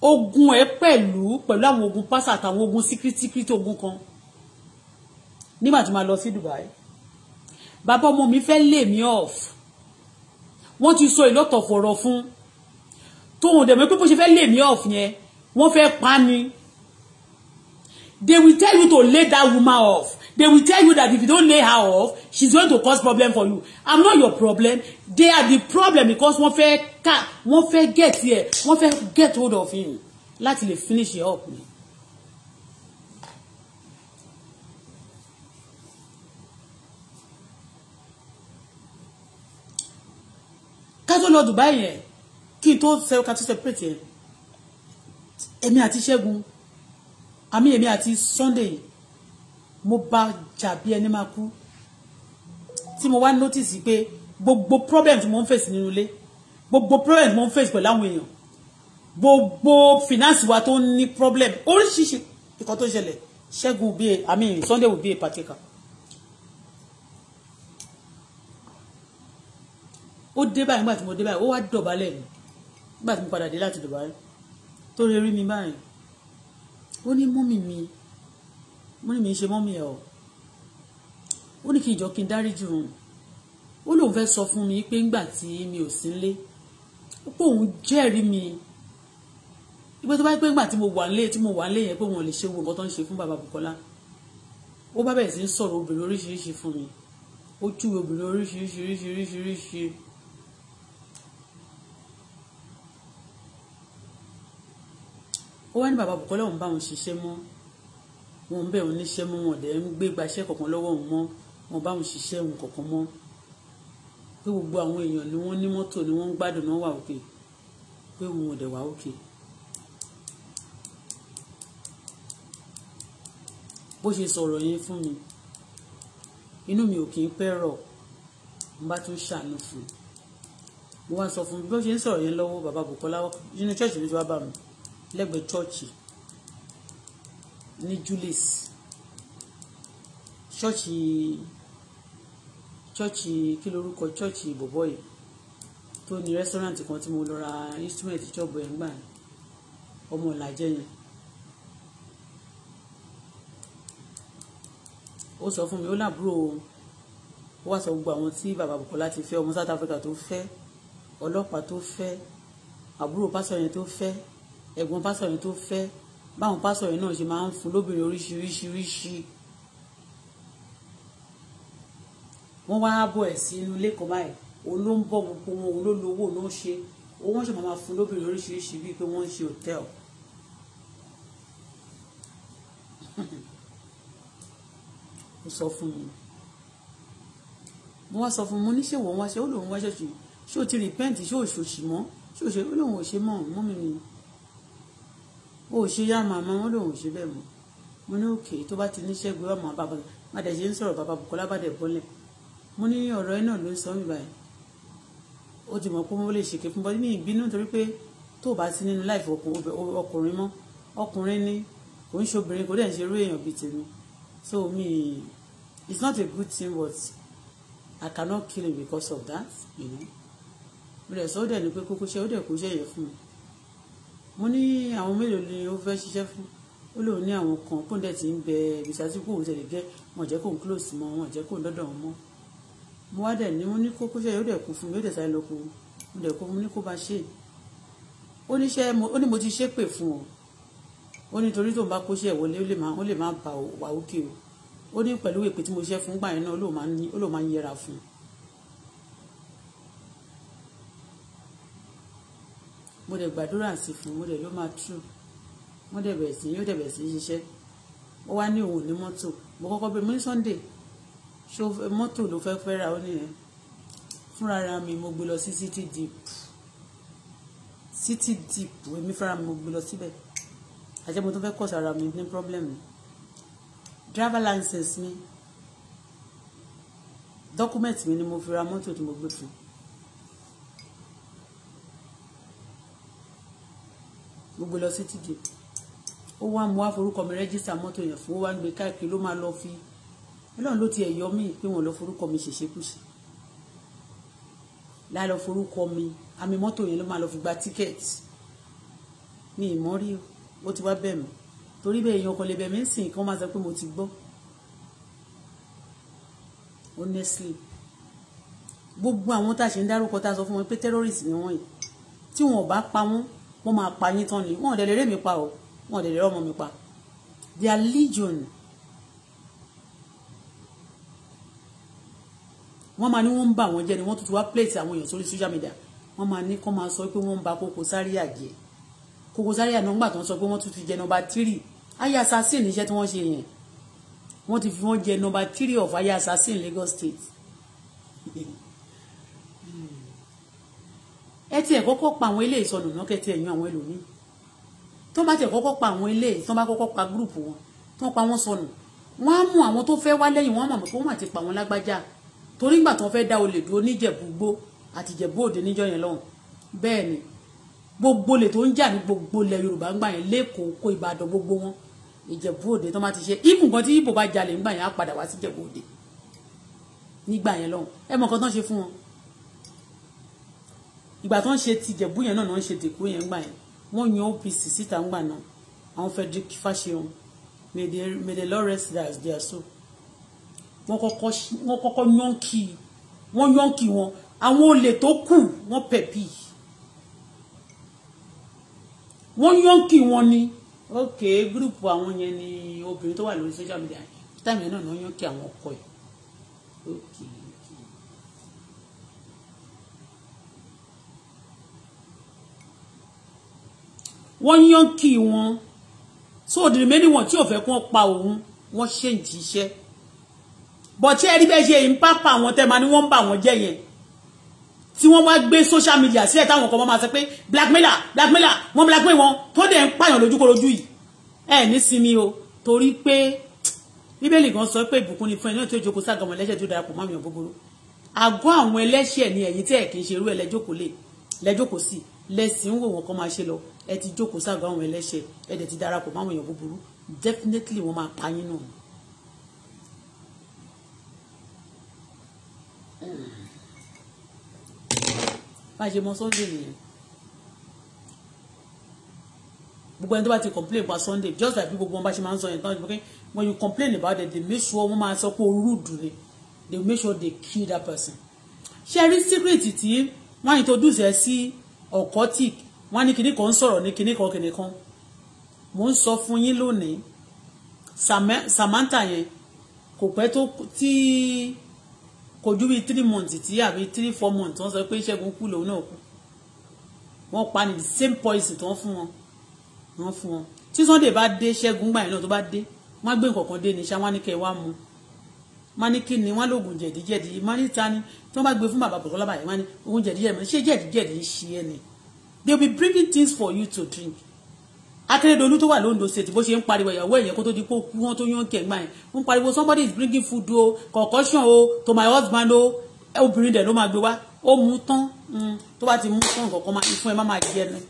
ogun ẹ pẹ̀lú pẹ̀lú àwọn ogun pásá àtàwọn ogun síkírítíkírítí ogun kan nígbà tí máa lọ sí Dubai bàbá ọmọ mi fẹ́ lé mi off wọ́n ti sọ ìlọ́tọ̀ fọ̀rọ̀ fún tóun dẹ̀ mọ́ pé bó ṣe fẹ́ lé mi off yẹn wọ́n fẹ́ pa ni they will tell you to lay that woman off they will tell you that if you don't lay her off she's going to cause problem for you i'm not your problem they are the problem because wọ́n fẹ́ ka wọ́n fẹ́ get here wọ́n fẹ́ get hold of him láti lè finish it up ni. ká tó lọ Dubai yẹn kí n tó ká tó separate yẹn èmi àti Ṣẹ́gun àmì èmi àti Sunday mo bá jà bí ẹni máa kú tí mo wá notice pé gbogbo problem tí mo ń face nínú ilé gbogbo problem tí mo ń face pẹ̀lú àwọn èèyàn gbogbo finance wa tó ní problem oríṣiríṣi nǹkan tó ṣẹlẹ̀ Ṣẹ́gun bíi àmì Sunday bíi pàtẹ́kà. ó dé báyìí nígbà tí mo dé báyìí ó wá dọ̀bálẹ̀ nígbà tí mo padà dé láti dọ̀bálẹ̀ tó lè rí mi báyìí ó ní mọ́mì mi mọ́mì mi ṣe mọ́mì ẹ̀ ọ́ ó ní kí ìjọ kí n dáríjì òun ó lóun fẹ́ sọ fún mi pé ńgbà tí mi ò sí nílé ó pé òun jẹ́rìí mi ìgbà tó bá pé ńgbà tí mo wà nílé tí mo wà nílé yẹn pé wọn lè ṣe gbogbo nǹkan tó ń ṣe fún bàbá Bukola ó bá bẹ̀rẹ̀ sí ń sọ̀rọ̀ obìnrin oríṣiríṣi fún mi ó júwe obìnrin oríṣiríṣi oríṣiríṣi ó wá ní bàbá Bùkọ́lá òun bá òun ṣiṣẹ́ mọ́ wọn bẹ́ẹ̀ òun níṣẹ́ mọ́ wọn dẹ̀ ń gbé gbaṣẹ́ kọ̀ọ̀kan lọ́wọ́ òun mọ́ wọn bá òun ṣiṣẹ́ òun kọ̀ọ̀kan mọ́ pé gbogbo àwọn èèyàn ni wọ́n ní mọ́tò ni wọ́n ń gbádùn náà wà òkè pé òun ò dẹ̀ wà òkè. bó ṣe sọ̀rọ̀ yẹn fún mi inú mi ò kì í pẹ́ rọ̀ mo bá tún ṣàánú fún un mo wá sọ fún mi bí wọ́n ṣe ń sọ̀rọ̀ yẹn lọ́wọ́ bàbá Bùkọ́lá nínú ṣọ́ọ̀ṣì ló ti wá bá mi lẹ́gbẹ̀ẹ́ chọ́ọ̀chì ní Julius chọ́ọ̀chì chọ́ọ̀chì kí lorúkọ chọ́ọ̀chì ìbọ̀bọ̀ yìí tó ní rẹ́sítọ́rántì kan tí mo lọ ra instrument chọ́ọ̀bù ẹ̀ ń gbà yẹn ọmọ ìlàjẹ́ yẹn ó sọ fún mi ó láàbúrò ó wá sọ gbogbo àwọn tí bàbá Bùkọ́lá ti fẹ́ ọmọ South Africa tó fẹ́ ọlọ́pàá tó fẹ́ àbúrò pásọ yẹn tó fẹ́ ẹ̀gbọ́n pásọ yẹn tó fẹ́ báwọn pásọ yẹn náà ṣe máa ń fún lóbìnrin oríṣiríṣiríṣi wọ́n wá bọ̀ ẹ̀ sí inú ilé kan báyìí òun ló ń bọ̀ gbogbo wọn òun ló lówó ló ń ṣe owó ń ṣe máa fún lóbìnrin oríṣiríṣi bíi pé wọ́n ń ṣe hòtẹ́ẹ̀lì. [laughs] ó sọ fún mi mo wá sọ fún mi mo ní ṣèwọ wá ṣe ó lòun wá ṣe ṣe ṣé o ti repent ṣé o ṣòṣì mọ́ ṣé o ṣe ó lòun ò ṣe mọ́ mọ́ mi ni o ò ṣe yá màmá wọn lòun ò ṣe bẹ́ẹ̀ mọ́ mo ní òkè tó bá ti níṣẹ́ gbé ọmọ bàbá má dẹ̀ ṣe ń sọ̀rọ̀ bàbá Bùkọ́lá bá dẹ̀ bọ́lẹ̀ mo ní ọ̀rọ̀ ẹ náà ló ń sọ mí báyìí ó ti mọ̀ pé mo lè ṣèké fún bọ́dí ní ìbínú torí pé tó o bá sí nínú láìfọ ọkùnrin mọ́ ọkùnrin ni kò ń ṣobìnrin kò dẹ̀ ń ṣe irú èèyàn bíi tèmi so mi it's not a good thing but I cannot kill him because of that. You know? rẹ̀ sọ́dẹ̀ ní pé kókó ṣe ó dẹ̀ kó ṣẹ̀yẹ̀ fún mi mo ní àwọn mélòó ni ó fẹ́ ṣiṣẹ́ fún ó lóun ní àwọn kan kóun dẹ̀ ti ń bẹ ìgbésà tí kò tẹ̀lé jẹ́ wọn jẹ́ kóun close mọ́ wọn jẹ́ kóun dọ́dọ̀ wọn mọ́ mo wá dẹ̀ ní mo ní kó kó ṣe yóò dẹ̀ kú fún mi yóò dẹ̀ sáré lọ kú mo dẹ̀ kó mo ní kó bá ṣe ó ó ní mo ti ṣépè fún ọ ó ní torí tóun bá kó ṣe ìwọlé ó ó lè má bà wá òkè o ó ní pẹ̀lú èpè tí mo ṣe fún gbà yẹn náà ó lóun máa ń yẹra fún un mo dẹ̀ gbàdúrà sí fún mo dẹ̀ ló máa tú wọ́n dẹ̀ bẹ̀rẹ̀ sí yóò dẹ̀ bẹ̀rẹ̀ sí ṣiṣẹ́ ó wá ní òun ní mọ́tò mo kọ́kọ́ bẹ mo ní Sunday ṣó mọ́tò ló fẹ́ fẹ́ ra ó nìyẹn fúnra ra mi mo gbé lọ sí city deep city deep èmi fúnra mi mo gbé lọ síbẹ̀ àjẹ́ mo tó fẹ́ kọ̀ọ̀sì ara mi ní problem ni driver license mi document mi ni mo fi ra mọ́tò tí mo gbé fún un mo gbé lọ sí tíje ó wá mú wá forúkọ mi rẹ́gísítà mọ́tò yẹn fún ó wá ń gbé káàkiri ló máa lọ fi ọlọ́run ló ti ẹ̀yọ mí pé wọ́n lọ forúkọ mi ṣèṣekúṣe lálọ forúkọ mi àmì mọ́tò yẹn ló máa lọ fi gba tíkẹ́ẹ̀tì mi ìmọ̀ rí o ti wá bẹ̀ mí torí bẹ́ẹ̀ èèyàn kan lè bẹ̀ mí sìn kí wọ́n máa sọ pé mo ti gbọ́ honestly gbogbo àwọn tá a ṣe ń dárúkọ tá a sọ fún wọn pé terrorist ni wọ́n yìí tí wọn ò bá pa wọ́n wọ́n máa pa yín tán ni wọ́n ò dẹ̀ lè ré mi pa o wọ́n ò dẹ̀ lè rọ́mọ mi pa they are legion wọ́n máa ní wọ́n ń bà wọ́n jẹ́ ni wọ́n tuntun wá plate àwọn èèyàn sórí social media wọ́n máa ní kọ́ máa sọ pé wọ́n ń ba Koko Zaria jẹ́ Koko Zaria nọ́ngbà tó ń sọ pé wọ́n tún ti jẹ nọ́mbà tírì ayé assassin níṣẹ́ tí wọ́n ṣe yẹn wọ́n ti fi wọ́n jẹ nọ́mbà tírì of ayé assassin Lagos State. [laughs] ẹ tiẹ̀ kọ́kọ́ pa àwọn eléyìí sọnù náà kẹ́tì ẹ̀yìn àwọn ẹlòmíì tó bá tiẹ̀ kọ́kọ́ pa àwọn eléyìí tó bá kọ́kọ́ pa gúrùpù wọn tó pa wọ́n sọnù wọ́n á mú àwọn tó fẹ́ wá lẹ́yìn wọn àmọ̀ pé wọ́n àti pa wọn lágbájá torí ńgbà tó fẹ́ dá olè dúró níjẹ̀bú gbó àti ìjẹ̀bú òde níjọ́ yẹn lọ́hùn bẹ́ẹ̀ ni gbogbo lè tó ń jà ní gbogbo ilẹ̀ yorùbá ń gbà yẹn lẹ́kọ̀ọ́ kó ìbàdàn gbogbo wọn ìjẹ̀bú òde tó má ti ṣe ibù nǹkan tí ibo bá jalè ń gbà yẹn á padà wá sí ìjẹ̀bú òde nígbà yẹn lọ́hùn ẹ mọ̀ nǹkan tó ń ṣe fún wọn ìgbà tó ń ṣe ti Ìjẹ̀bú yẹn náà náà ń ṣe tèkú yẹn gbà yẹn wọ́n yan OPC síta ń gbà náà àwọn Frederick Fáṣẹ̀hùn may the may the Lord rest their soul wọ́n kọ́kọ́ wọ́n kọ́kọ́ yan kí wọ́n yan kí wọn àwọn olè tó kù wọ́n pẹ̀pì wọ́n yan wọn ni ok gúrùpù àwọn yẹn ni obìnrin tó wà lórí social media táìmù yẹn náà yan kí àwọn ọkọ ẹ̀ ok. wọ́n yán kì wọ́n so the remaining one tí ò fẹ́ kí wọ́n pa òun wọ́n ṣe ń jíṣẹ́ bọ̀tí ẹ̀rí bẹ́ẹ̀ ṣe ń pápá àwọn tẹ́ máa ní wọ́n ń bà wọ́n jẹ́ yẹn tí wọ́n wá gbé social media sílẹ̀ táwọn kan máa sọ pé blackmailer blackmailer wọ́n blackmail wọn tó dẹ̀ ń pààyàn lójúkorojú yìí ẹ̀ ní sinmi o torí pé bíbélì gan sọ pé ìbùkún ni fún ẹni náà tí ó jókòó ságàmọ̀ ẹlẹ́ṣẹ̀ tó darapọ̀ mọ́ àmìyàn gbogbo àgọ́ àwọn ẹlẹ́ṣẹ̀ ni ẹ̀yìn tí ẹ̀ kì í ṣe irú ẹ̀ lẹ́jọ́kòó lè lẹ́jọ́kòó sí lẹ́sìn wò wọ́n kan máa ṣe lọ ẹ ti jókòó sáàgó àwọn ẹlẹ́ṣẹ̀ ẹ dẹ̀ ti darapọ̀ máwọn èèyàn búburú definitely wọ́n máa pa yín náà. bá a ṣe mọ Sunday nìyẹn gbogbo ẹni tó bá ti complain about Sunday just like gbogbo wọn bá ṣe máa ń sọ yẹn tán ṣe pé when you complain about it they make sure wọ́n máa sọ pé orúdù ni they make sure they kill that person. ṣe rí secret tí wọ́n introduce ẹ sí occultic wọ́n ní kinní kan ń sọ̀rọ̀ ní kinní kan kinní kan mò ń sọ fún yín lónìí Samantha yẹn kò pẹ́ tó tí kò ju bíi three months tí àbí three four months wọ́n sọ pé Ṣẹ́gun kú lòun náà kú wọ́n pa ní the same poison tí wọ́n fún wọn wọ́n fún wọn tí Sunday bá dé Ṣẹ́gun gbà yẹn náà tó bá dé wọ́n á gbé nǹkan kan dé ní ṣá ní kẹ́ ẹ wá mu wọ́n ní kí ni wọ́n lóògùn jẹ̀díjẹ̀dí wọ́n ní ta ni tí wọ́n bá gbé fún bàbá Bùkọ́lá báyìí wọ́n ní oògùn jẹ̀díjẹ̀dí ṣé jẹ̀díjẹ̀dí ṣe é ni they will be bringing things for you to drink akérèdọ́lù tó wà lóńdó state bó ṣe ń pariwo ìyàwó ẹ̀yẹn kó tó di pé ó kú wọn tó yàn kẹ̀gbá yẹn ń pariwo somebody is bringing food o concussion o to my husband o obìnrin dẹ̀ ló máa gbé wá ó mú tán mm, tó bá ti mú tán nǹkan kan fún ẹ má máa jẹ ẹ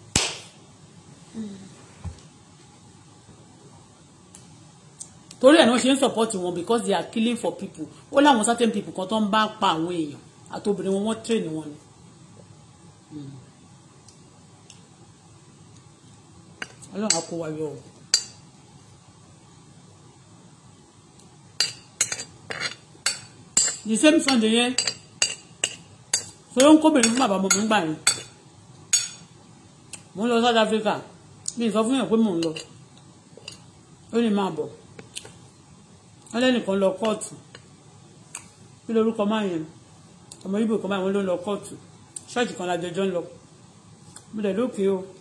torí ẹ̀ náà ṣe ń support wọn because they are killing for people ó láwọn certain people kan tó ń bá pa àwọn èèyàn àtobìnrin wọn wọ́n train wọn ni ọlọ́run á kó wa yọ the same sunday yẹn sọ̀rọ̀ ń kóbìnrin fún bàbá mo fi ń gbà yẹn mo ń lọ South Africa mi sọ fún yàn pé mò ń lọ ó ní máa bọ̀ wọ́n lẹ́nìkan lọ kóòtù kí lorúkọ máa yẹn ọmọ Ìgbò kan máa wọn ló ń lọ kóòtù ṣọ́ọ̀ṣì kan lájọjọ́ ń lọ mo dẹ̀ lókè o.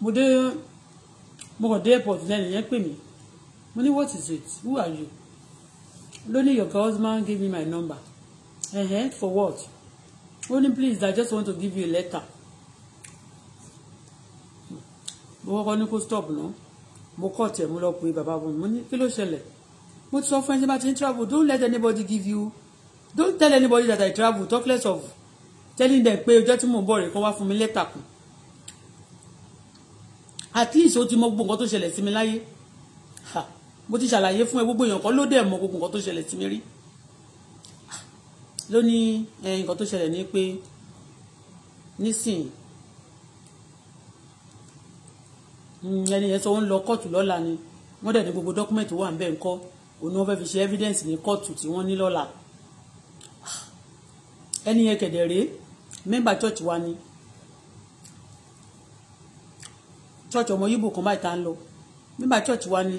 mo dé mo kàn dé airport lẹ́nu yẹn pè mí mo ní what is it who are you lónìí your husband give me my number uh-huh, for what ó ní please I just want to give you a letter mo kọ́kọ́ ní kó stop ná mo kọ́ tẹ̀ mo lọ pé bàbá wọn mo ní kí ló ṣẹlẹ̀ mo ti sọ fún ẹni bá ti ń travel don't let anybody give you don't tell anybody that I travel talk less of telling them pé ọjọ́ tí mò ń bọ̀ rẹ̀ kán wá mi lẹ́tà kù at least ó ti mọ gbogbo nǹkan tó ṣẹlẹ̀ sí mi láyé mo ti ṣàlàyé fún ẹ gbogbo èèyàn kan ló dẹ̀ mọ gbogbo nǹkan tó ṣẹlẹ̀ sí mi rí lónìí eh, nǹkan tó ṣẹlẹ̀ ni pé nísìnyí hmm, ẹni yẹn sọ ó lọ kóòtù lọ́la ni wọ́n dẹ̀ ní gbogbo dọ́kúmẹ̀tì wà ń bẹ̀ ń òun ni wọ́n fẹ́ fi ṣe evidence ní kóòtù tí wọ́n ní lọ́la ẹni yẹn kẹ̀dẹ̀ rèé mẹ́mbà church wa ni church ọmọ yíbò kan báyìí tá ń lọ nígbà church wa ni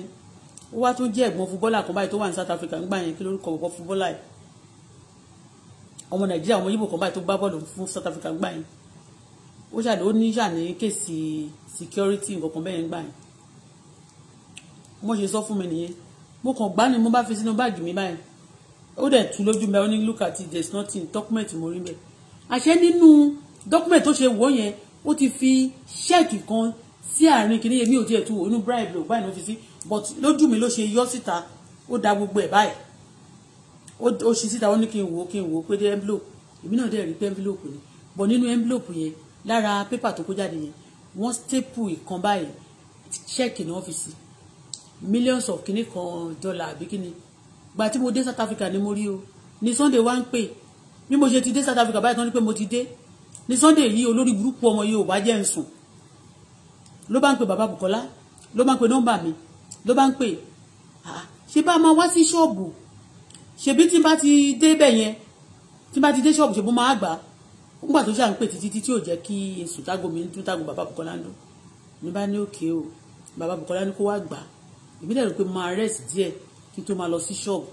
ó wá tún jẹ́ ẹ̀gbọ́n fúbọ́là kan báyìí tó wà ní South Africa nígbà yẹn kí lórúkọ ọ̀pọ̀ fúbọ́là yìí ọmọ Nàìjíríà ọmọ yíbò kan báyìí tó gbá bọ́ọ̀lù fún South Africa nígbà yẹn ó ṣàlẹ̀ ó ní ṣàní kèsì security nǹkan kan bẹ́ẹ̀ nígbà yẹn mo ṣe sọ fún mi nìyẹn mo kàn gbá ni mo bá fi sínú báàgì mi báyìí ó dẹ̀ tú lójú mi ó ní look at it there is nothing document mo rí bẹ́ẹ̀ àṣẹ nínú document tó ṣe wò yẹn ó ti fi ṣẹ́ẹ̀kì kan sí àárín kìíní èmi ò tiẹ̀ tu inú bribe ló báyìí ló fi sí but lójú mi ló ṣe yọ síta ó da gbogbo ẹ̀ báyìí ó ṣí síta ó ní kí n wò ó kí n wò ó pé dé envelope èmi náà dẹ̀ rí pé envelope ni but nínú envelope yẹn lára pépà tó kó jáde yẹn wọ́n staple ìkan báyìí ṣẹ́ẹ̀kì ní ọ́fíìsì millions of kìíní kan dọ́là àbí kìíní gba tí mo dé South Africa ni mo rí o ní Sunday wá ń pè bí mo ṣe ti dé South Africa báyìí tán ni pé mo ti dé ní Sunday yìí olórí burúkú ọmọ Yorùbá jẹ́ ń sùn ló bá ń pe bàbá Bukola ló bá ń pe nọ́mbà mi ló bá ń pè ah, ṣe bá máa wá sí ṣọ́ọ̀bù ṣebí tí n bá ti dé bẹ̀ yẹn tí n bá ti dé ṣọ́ọ̀bù ṣe bó máa gbà á nígbà tó ṣàǹpè títí tí ò jẹ́ kí èsù tágo mi dún tágo bàbá Bukola ń dún ní bá ní òkè o bàbá Bukola ní kó wá gbà á èmi dẹ̀ rò pé máa rest díẹ̀ kí n tó máa lọ sí ṣọ́ọ̀bù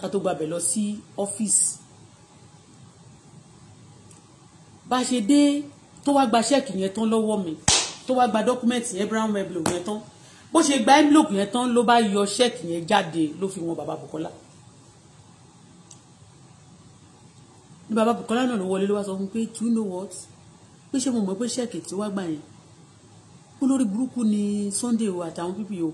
ká tó gbàbẹ̀ lọ sí ọ́fíìsì bá ṣe dé tó wá gba ṣẹ́ẹ̀kì yẹn tán lọ́wọ́ mi tó wá gba dọ́kúmẹ́ǹtì yẹn brown envelope yẹn tán bó ṣe gba envelope yẹn tán ló bá yọ ṣẹ́ẹ̀kì yẹn jáde ló fi wọn bàbá bukola. ní bàbá Bùkọ́lá náà ló wọlé ló wá sọ fún pé do you know what pé ṣé mo mọ̀ pé ṣẹ́ẹ̀kì tí wá gbà yẹn kó lórí burúkú ni Sunday o àtàwọn pípì o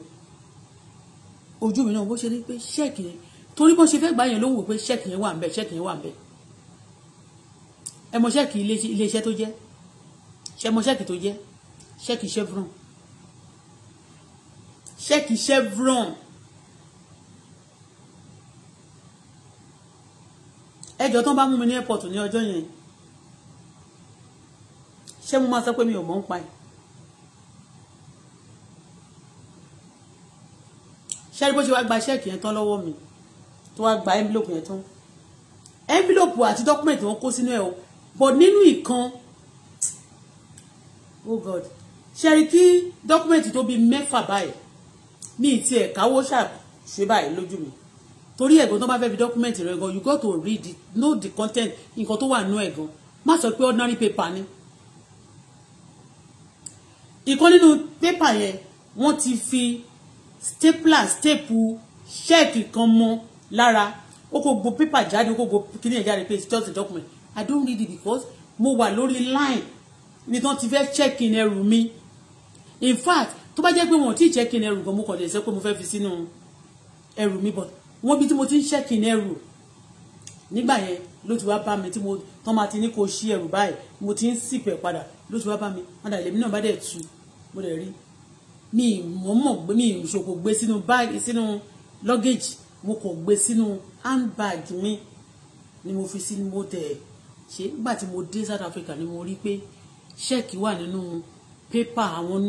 ojú mi náà bó ṣe ní pé ṣẹ́ẹ̀kì yẹn torí bó ṣe fẹ́ gbà yẹn ló ń wò pé ṣẹ́ẹ̀kì yẹn wà ń bẹ̀ ṣẹ́ẹ̀kì yẹn wà ń bẹ̀ ẹ mọ̀ ṣẹ́ẹ̀kì iléeṣẹ́ tó jẹ́ ṣẹ́ẹ̀kì tó jẹ́ ṣẹ́ẹ̀kì chevron ṣẹ́ẹ̀kì chevron ẹjọ́ tán bá mú mi ní airport ní ọjọ́ yẹn ṣé mo máa sọ pé mi ò mọ̀ ń pa ẹ̀ ṣẹ́rí bó ṣe wá gba ṣẹ́ẹ̀kì yẹn tán lọ́wọ́ mi tó wá gba envelope yẹn tán envelope àti document wọn kó sínú ẹ̀ o but nínú ìkan oh god ṣẹ́rí kí dọ́kúmẹ̀ntì tó bíi mẹ́fà báyìí ní ìtì ẹ̀ káwó ṣàṣe báyìí lójú mi torí ẹ̀gbọ́n tó bá fẹ́ fi dọ́kúmẹ̀ntì rẹ̀ gan you got to read it know the content nǹkan tó wà nú ẹ̀ gan má sọ pé ordinary paper ni. ìkan nínú pépà yẹn wọ́n ti fi stapler staple ṣẹ́ẹ̀kì kan mọ́ lára ó kò gbo pépà jáde ó kò gbo kíní ẹ̀ jáde pé it's just a document I don't read it because mo wà lórí line nítorí ti fẹ́ check in ẹrù mi in fact tó bá jẹ́ pé wọn ò tí ì check ẹrù gan mo kàn lè sọ pé mo fẹ́ fi sínú ẹrù mi but wọ́n bí tí mo ti ń check in ẹrù nígbà yẹn ló ti wá bá mi tí mo tán máa ti ní kó ṣí ẹrù báyìí mo ti ń sìpẹ̀ padà ló ti wá bá mi padà lèmi náà bá dẹ̀ tu mo dẹ̀ rí mi mọ̀ọ́mọ̀ gbé mi ìṣòkò gbé sínú báàgì sínú luggage mo kàn gbé sínú handbag mi ni mo fi sí mo tẹ̀ ṣe nígbà tí mo dé South Africa ni mo rí pé ṣẹ́ẹ̀kì wà nínú pépà àwọn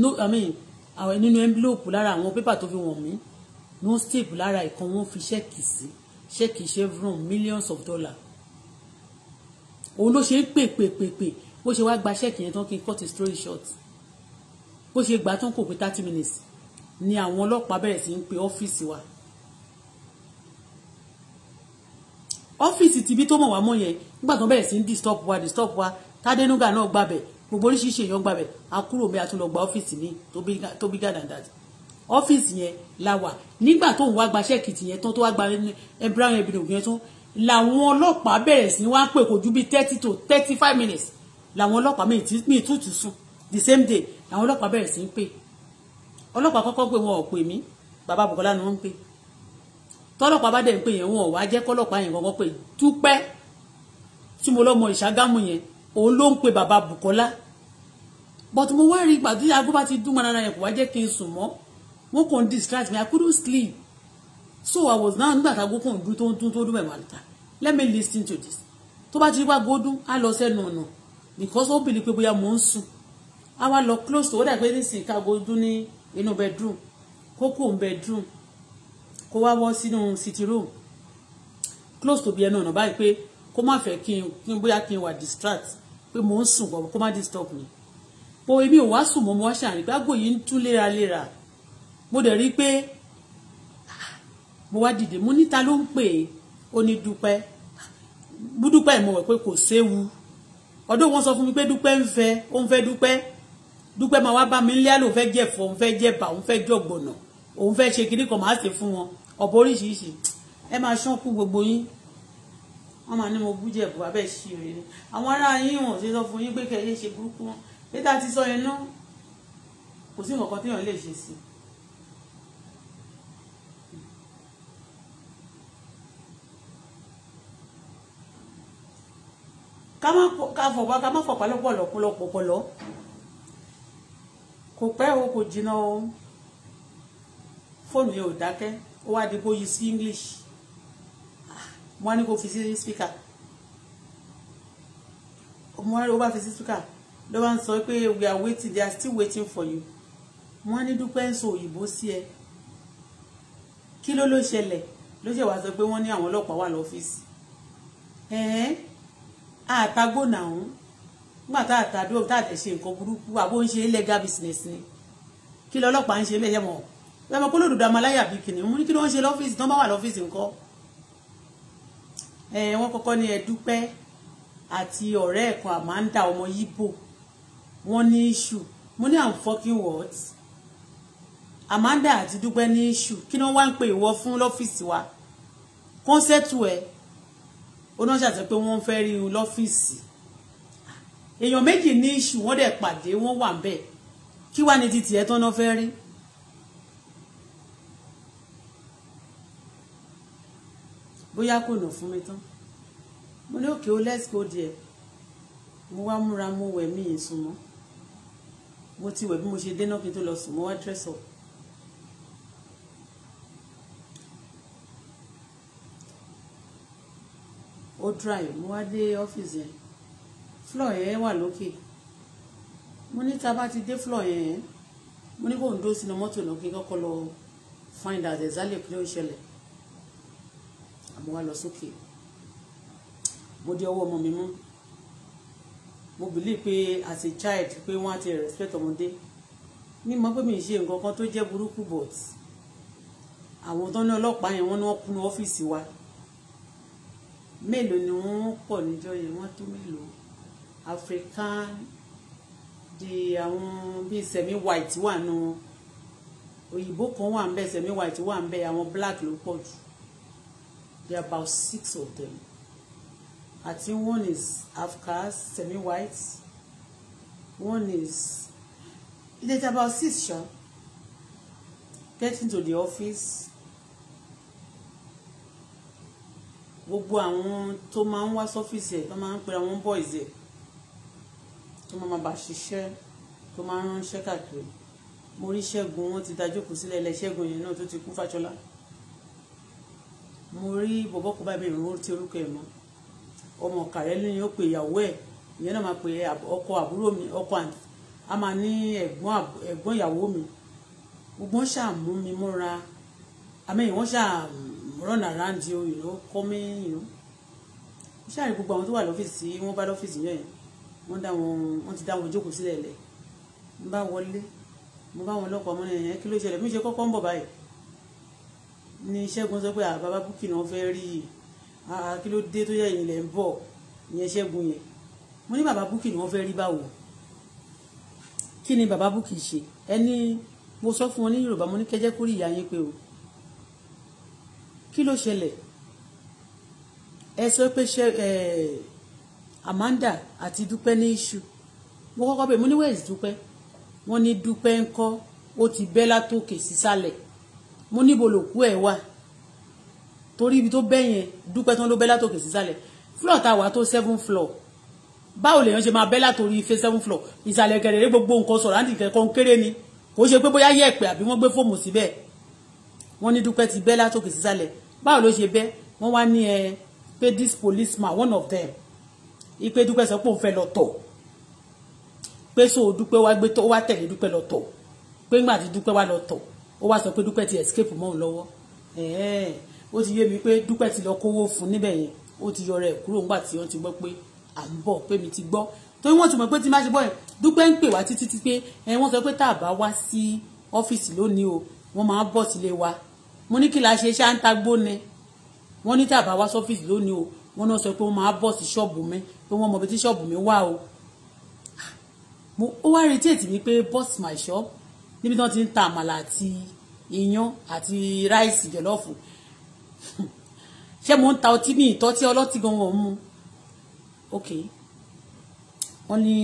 no i mean àwọn nínú envelope lára àwọn pépà tó fi wọ̀n mí no step lára ìkan wọn fi ṣẹ́ẹ̀kì sí ṣẹ́ẹ̀kì chevron millions of dollars òun ló ṣe ń pè pè pè pè bó ṣe wá gba ṣẹ́ẹ̀kì yẹn tán kí n cut his story short bó ṣe gbà tán kò pé thirty minutes ni àwọn ọlọ́pàá bẹ̀rẹ̀ sí ń pe ọ́fíìsì wa ọ́fíìsì tibí tó mọ̀ wá mọ́ yẹn nígbà tó bẹ̀rẹ̀ sí ń disturb wa disturb wa tádénúgà náà gbàbẹ̀ gbogbo oríṣiríṣi èèyàn gbàbẹ̀ a kúrò bí a tún lọ gba ọ́fíìsì mi tó bí gàdàdà ọ́fíìsì yẹn la wà nígbà tó ń wá gba ṣẹ́ẹ̀kìtì yẹn tán tó wá gba brown ebino yẹn tán làwọn ọlọ́pàá bẹ̀rẹ̀ sí wá pè kò ju bí thirty to thirty five minutes làwọn ọlọ́pàá mi tútù sùn the same day làwọn ọlọ́pàá bẹ̀rẹ̀ sí ń pè ọlọ́pàá kọ́kọ́ pé wọn ò pè mí bàbá Bùkọ́lá ni wọ́n ń pè tọ́lọ́pàá bá dẹ̀ ń pè yẹn wọn ò wá jẹ́ kọ́lọ́pàá yẹn kọ́kọ́ pè dúpẹ́ tí mo lọ́mọ ìṣàgámù yẹn òun ló ń pe bàbá Bùkọ́lá but mo wá rí I tí aago bá ti dún mọ́ ara yẹn kò wá jẹ́ kí n sùn mọ́ wọ́n kàn distract me I couldn't sleep so I was now nígbà táago kàn dún tó ń dún tó dún mẹ́wàá níta let me listen to this tó bá ti wá gbódún á lọ sẹ́nu ọ̀nà because ó bìlí pé bóyá mò ń sùn á wá lọ close to ó dàgbé nísìnyí káago dún ní inú bedroom kó kó ń bedroom kó wá wọ́ sínú sitting room close to bí ẹnu ọ̀nà báyìí pé kó má fẹ́ kí n kí n bóyá kí n wà distract pé mò ń sùn kó má disturb mi po èmi ò wá sùn mọ́ mo wá ṣàrìn pé àgbo yìí ń tú léraléra mo dẹ̀ rí i pé mo wá dìde mo níta ló ń pè é ó ní dúpẹ́ dúpẹ́ mo wẹ̀ pé kò séwu ọdún wọn sọ fún mi pé dúpẹ́ ń fẹ́ ó ń fẹ́ dúpẹ́ dúpẹ́ máa wá bá mi nílé àlò òun fẹ́ jẹ̀fọ́ òun fẹ́ jẹ̀bà òun fẹ́ jọ̀gbọ̀nà òun fẹ́ ṣe kiri kan máa ṣe fún wọn ọ̀bọ oríṣiríṣi ẹ máa ṣán kú gbogbo yín wọ́n máa ní mo bú jẹ̀bù abẹ́ ṣì rè ni àwọn ará yín wọ́n ṣe sọ fún yín pé kẹ́ ẹ ṣe burúkú wọn níta ti sọ yẹn náà kò sí nǹkan kan téèyàn lè ṣe sí i. ká má fọ̀pá ká má fọ̀pá lọ́pọ̀lọpọ̀lọ́ kò pẹ́ o kò jìnnà o fóònù yẹn ò dákẹ́ ó wá di bó yí sí English mo ní kó fi sí spíkà mo ní ó bá fi sí spíkà ló bá ń sọ pé we are waiting they are still waiting for you mo ní dúpẹ́ ń sọ òyìnbó sí ẹ kí ló ló ṣẹlẹ̀ ló ṣe wá sọ pé wọ́n ní àwọn ọlọ́pàá wà lọ́fíìsì ẹ̀ẹ́n àtagbó nàún nígbà tá àtàdúró tá àtẹ̀ṣe nǹkan burúkú àbó ń ṣe legal business ni kí lọ́lọ́pàá ń ṣe bẹ́ẹ̀ yẹ mọ̀ ẹ mọ̀ pé olódodo amaláyà bíi kìnìún ní kí ló ń ṣe lọ́fíìsì tó ń bá wà lọ́fíìsì nǹkan wọ́n kọ́kọ́ ni ẹ̀dúpẹ́ àti ọ̀rẹ́ ẹ̀kan Amanda ọmọ Yíbò wọ́n ní issue mo ní am fucking what Amanda àti Dúpẹ́ ní issue kí ni wọ́n wá ń pè ìwọ fún lọ́fíìsì wa kọ́nsẹ́tù ẹ̀ oníṣà sọ pé wọ́n fẹ́ rí i lọ́fíìsì èèyàn méjì ní issue wọ́n dẹ̀ pàdé wọ́n wà ń bẹ̀ kí wá ní ti tiẹ̀ tán náà fẹ́ rí bóyá kò nà fún mi tán mo ní òkè ó oh, let's go there mo wá múra mo wẹ̀ mí yìí sùn mọ́ mo ti wẹ̀ bí mo ṣe dé náà kí n tó lọ sùn mo wá dress ó drive mo wá dé ọ́fíìsì yẹn floor yẹn wà lókè mo ní tá bá ti dé floor yẹn mo ní kó n dó sínú mọ́tò náà kí n kọ́kọ́ lọ find out kí ló ń ṣẹlẹ̀ mo wá lọ sókè mo di ọwọ́ ọmọ mi mú mo believe pé as a child pé wọ́n á ti respect ọmọdé ní mo pé mi ṣe nǹkan kan tó jẹ́ burúkú but àwọn tó ní ọlọ́pàá yẹn wọ́n ní wọ́n kú ní ọ́fíìsì wa mélòó ni wọ́n pọ̀ níjọ́ yẹn wọ́n tó mélòó African di àwọn bíi semi white wà nù wọn òyìnbó kan wà ń bẹ semi white wà ń bẹ àwọn black ló pọ̀ jù There are about six of them. I think one is half caste, semi-white. One is, there's about six, sure. Get into the office. Gbogbo àwọn tó máa ń wá sọ́fíìsì ẹ̀ tó máa ń pe àwọn boys ẹ̀ tó máa máa bà ṣiṣẹ́ tó máa ń ránṣẹ́ káàkiri. Mo rí Ṣẹ́gun wọn ti dájókòó sílẹ̀ ilẹ̀ Ṣẹ́gun yẹn náà tó ti kú Fáṣọlá mo rí bọ̀bọ̀ kó báyìí bẹ̀rẹ̀ rántí orúkọ ẹ̀ mọ́ ọmọ kàrẹ́ lẹ́yìn ó pe ìyàwó ẹ̀ ìyẹn náà máa pe ọkọ àbúrò mi ọkọ àǹtí a máa ní ẹ̀gbọ́n ẹ̀gbọ́n ìyàwó mi gbogbo ṣàmú mi múra àmẹ́yìn wọ́n ṣàrọ̀nà mm, aráàndì òyìnbó kọ́mẹ́yìn ó ṣàrí gbogbo àwọn tó wà lọ́fíìsì wọ́n bá lọ́fíìsì yẹn wọ́n dá wọn wọ́n ti dá wọn jókòó sílẹ̀ lẹ̀ ń bá wọlé mo bá wọn lọ́kọ̀ọ́ mọ́ ẹ̀yẹn kí ló ṣẹlẹ̀ mi ṣe kọ́kọ́ ń bọ̀ báyìí Ni Ṣẹ́gun sọ pé àbábá Búkì náà fẹ́ rí i ah, kí ló dé tó yẹ ìyìnlẹ̀ ń bọ̀ ìyẹn Ṣẹ́gun yẹn mo ní bàbá Búkì náà fẹ́ rí báwo kí ni bàbá Búkì ṣe ẹni mo sọ fún wọn ní Yorùbá mo ní kẹjẹ kórì ìyá yín pé o kí ló ṣẹlẹ̀ ẹ sọ pé ṣe ẹ Amanda àti Dúpẹ́ ní iṣu mo kọ́kọ́ bẹ̀ mo ní wẹ́ẹ̀sì Dúpẹ́ wọ́n ní Dúpẹ́ ńkọ́ ó ti bẹ́ látòkè sísàlẹ̀. Si mo níbo lòkú ẹ̀ wà torí ibi tó bẹ́ yẹn dúpẹ́ tán ló bẹ́ látòkè sísàlẹ̀ floor tá a wà tó seven floor báwo lèèyàn ṣe máa bẹ́ látòrí ife seven floor ìsàlẹ̀ kẹrẹ̀rẹ́ gbogbo nǹkan sọ̀rọ̀ àǹtí kẹ̀kọ́ ń kéré ni kò ṣe pé bóyá yẹ̀pẹ̀ àbí wọ́n gbé fóòmù síbẹ̀ wọ́n ní dúpẹ́ ti bẹ́ látòkè sísàlẹ̀ báwo ló ṣe bẹ́ wọ́n wá ní ẹ eh, pé this policeman one of them ipe dúpẹ́ sọ pé òun fẹ́ lọ tọ̀ pé so dúpẹ́ wá gbé tó wá tẹ̀lé dúpẹ́ lọ tọ̀ pé ńgbà tí dúpẹ́ wá lọ tọ̀ ó wá sọ pé dúpẹ́ ti escape mọ́ òun lọ́wọ́ ó ti yé mi pé dúpẹ́ ti lọ kówó fún níbẹ̀ yẹn ó ti yọra ẹ̀ kúrò ńgbà tí wọ́n ti gbọ́ pé à ń bọ̀ pé mi ti gbọ́ torí wọ́n ti mọ̀ pé tí má ṣe bọ́ yẹn dúpẹ́ ń pè wá títí tí pé ẹ wọ́n sọ pé tá a bá wá sí ọ́fíìsì lónìí o wọ́n máa bọ̀ sílé wa mo ní kí la ṣe ṣá ń ta gbóni wọ́n ní tá a bá wá sọ́fíìsì lónìí o wọ́n náà sọ pé wọ́n máa bọ̀ sí ṣọ́ọ̀bù mi pé wọ́n mọ̀ bí tí ṣọ́ọ̀bù mi wà o ah, ó wá retí ètì mi pé boss my shop níbi tí wọ́n ti ń ta àmàlà àti iyán àti ráìsì jọ̀lọ́ọ̀fù ṣé mo ń ta ọtí mi ìtọ́ tí ọlọ́tí gangan mu ok wọ́n ní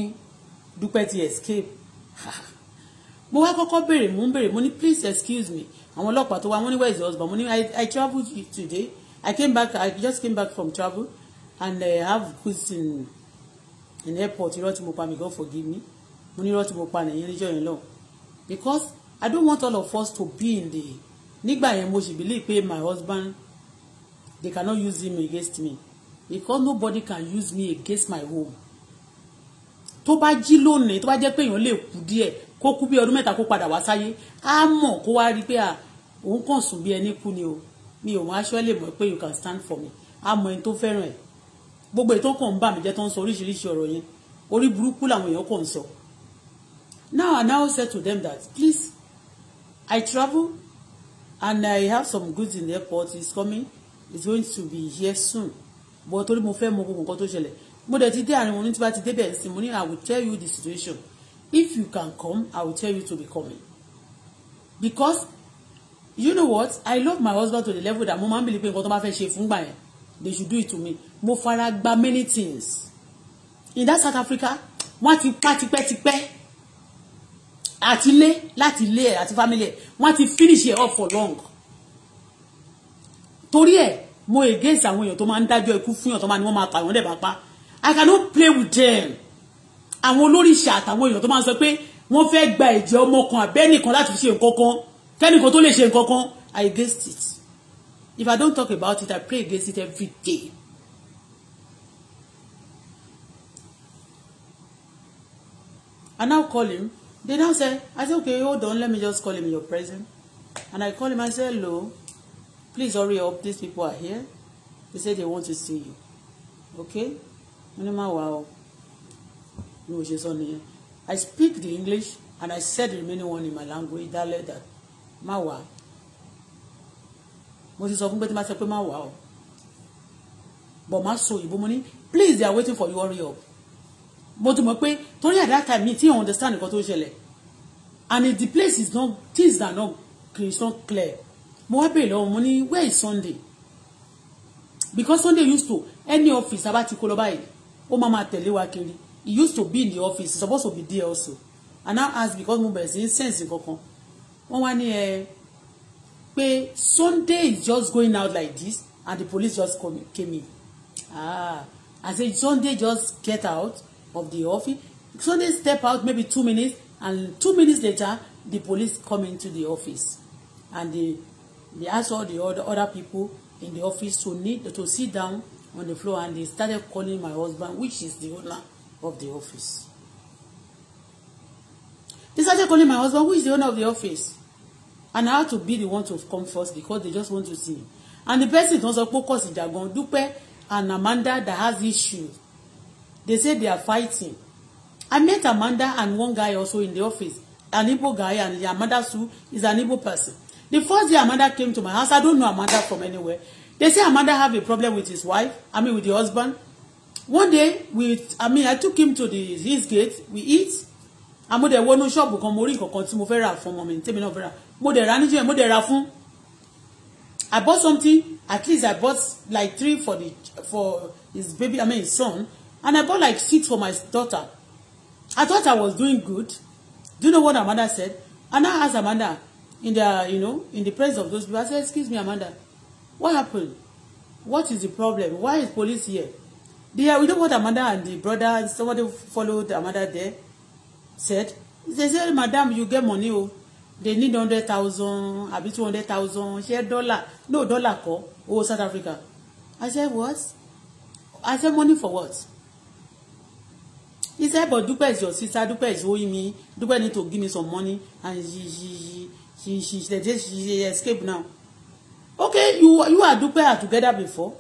dúpẹ́ ti escape [laughs] mo wá kọ́kọ́ béèrè mo ń béèrè mo ní please excuse me àwọn ọlọ́pàá tó wá wọ́n ní where is your husband mo ní i travel today i came back i just came back from travel and i have goods in in airport irọ́ tí mo pa mi God forgive me mo ní irọ́ tí mo pa nìyẹn níjọ́ yẹn lọ́wọ́ because I don't want all of us to be in the nígbà yẹn mo sì believe pé my husband they cannot use him against me because nobody can use me against my home tó bá jí lónìí tó bá jẹ́ pé èèyàn lè kú díẹ̀ kó kú bí ọdún mẹ́ta kó padà wá sáyé á mọ̀ kó wá rí pé òun kàn sùn bí ẹni kú ni o mi ò wọn aṣọ lè mọ̀ pé you can stand for me á mọ ẹni tó fẹ́ràn ẹ̀ gbogbo ètò kan ń bà mí jẹ́ tó ń sọ oríṣiríṣi ọ̀rọ̀ yẹn orí burúkú làwọn èèyàn kàn ń sọ Now I now said to them that, please, I travel and I have some goods in the airport. It's coming. It's going to be here soon. But torí mo fẹ́ mọ gbogbo nǹkan tó ṣẹlẹ̀. Mo dẹ̀ ti dé àárín wọn ní tí ti dé bẹ̀rẹ̀ sí mo ní I will tell you the situation. If you can come, I will tell you to be coming. Because you know what? I love my husband to the level that mo máa ń bìlí pé nǹkan tó bá fẹ́ ṣe fún gbà yẹn. They should do it to me. Mo fara gba many things. In that South Africa, wọ́n ti pa tipẹ́tipẹ́ àti ilé láti ilé àti family ẹ̀ wọ́n ti finish it up for long torí ẹ̀ mo against àwọn èèyàn tó máa ń dájọ́ ikú fún èèyàn tó máa ní wọ́n máa pààyàn lẹ́bàá pa I cannot play with them àwọn olóríṣà àtàwọn èèyàn tó máa ń sọ pé wọ́n fẹ́ gba ẹ̀jẹ̀ ọmọ kan àbẹ́nìkan láti fi ṣe nǹkan kan kẹ́nìkan tó lè ṣe nǹkan kan I against it if I don't talk about it I pray against it every day. I now call him They now say, I say, okay, hold on, let me just call him in your presence. And I call him, I say, hello, please hurry up, these people are here. They said they want to see you. Okay? No, she's on I speak the English and I said the remaining one in my language, that, má wá. Mo ti of fún pé tí máa sọ pé má wá o. But máa so ìbomọ́ ní, please they are waiting for you, hurry up mo ti mọ̀ pé torí at that time mi ti understand nǹkan tó ṣẹlẹ̀ and the place is not things are not is clear mo wá bèèrè lọ́wọ́ mo ní where is Sunday because Sunday used to any office abá ti kó lọ báyìí ó máa máa tẹ̀lé wa kiri he used to be in the office he suppose to be there also and now ask because mo bẹ̀rẹ̀ sí ní sense kankan wọ́n wá ní ẹ eh, pé Sunday is just going out like this and the police just come, came in ah I say Sunday just get out of the office. So they step out maybe two minutes and two minutes later the police come into the office and they they ask all the other, other people in the office to need to sit down on the floor and they started calling my husband which is the owner of the office. They started calling my husband who is the owner of the office and I had to be the one to come first because they just want to see him and the person don sọ pé ó kọ̀ sí and Amanda that has issues they say they are fighting I met Amanda and one guy also in the office an Igbo guy and Amanda Sue is an Igbo person the first day Amanda came to my house I don't know Amanda from anywhere they say Amanda have a problem with his wife I mean with the husband one day we I mean I took him to the his gate we eat amúdẹ̀ wọnú ṣọ́ọ̀bù kan mo rí nǹkan kan tí mo fẹ́ rà fún ọmọ mi tèmi náà fẹ́ rà mo dẹ̀ ra níjọ́ yẹn mo dẹ̀ ra fún I bought something at least I bought like three for the for his baby I mean his son And I bought like six for my daughter. I thought I was doing good. Do you know what Amanda said? And I asked Amanda in the, you know, in the presence of those people. I said, excuse me, Amanda, what happened? What is the problem? Why is police here? They, we know what Amanda and the brother, and somebody followed Amanda there, said. They said, madam, you get money, oh. They need hundred thousand, 100,000, hundred thousand, share dollar. No, dollar call, oh, South Africa. I said, what? I said, money for what? He said, but Dupe is your sister. Dupe is owing me. Dupe need to give me some money. And she, she, she, she, she, she, she she, she, she, escaped now. Okay, you, you and Dupe are together before.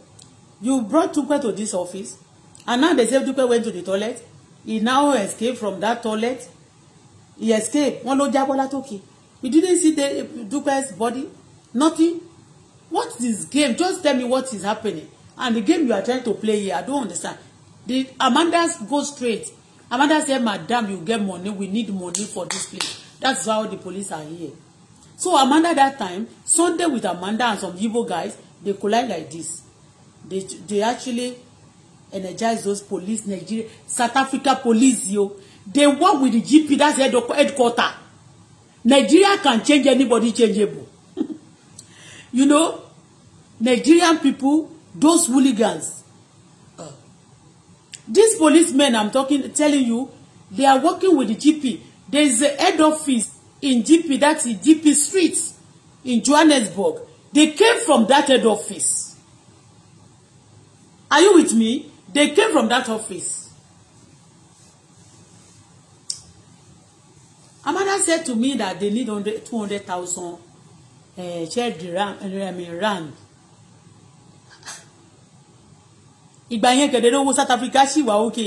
You brought Dupe to this office. And now they say Dupe went to the toilet. He now escaped from that toilet. He escaped. Wọ́n ló jábọ́ látòkè. You didn't see the, Dupe's body? Nothing? What is game? Just tell me what is happening. And the game you are trying to play here, I don't understand. The Amanda's go straight Amanda said, Madam, you get money. We need money for this place. That's why all the police are here. So Amanda that time, Sunday with Amanda and some evil guys, they collide like this. They, they actually energize those police, Nigeria, South Africa police, yo. They work with the GP, that's head, headquarter. Nigeria can change anybody changeable. [laughs] you know, Nigerian people, those hooligans, These policemen I'm talking telling you, they are working with the GP. There is a head office in GP, that's in GP Street in Johannesburg. They came from that head office. Are you with me? They came from that office. Amanda said to me that they need 200,000 uh, eh, shared rand, I rand ìgbà yẹn kẹ̀dẹ̀rẹ́ owó South Africa sì wà òkè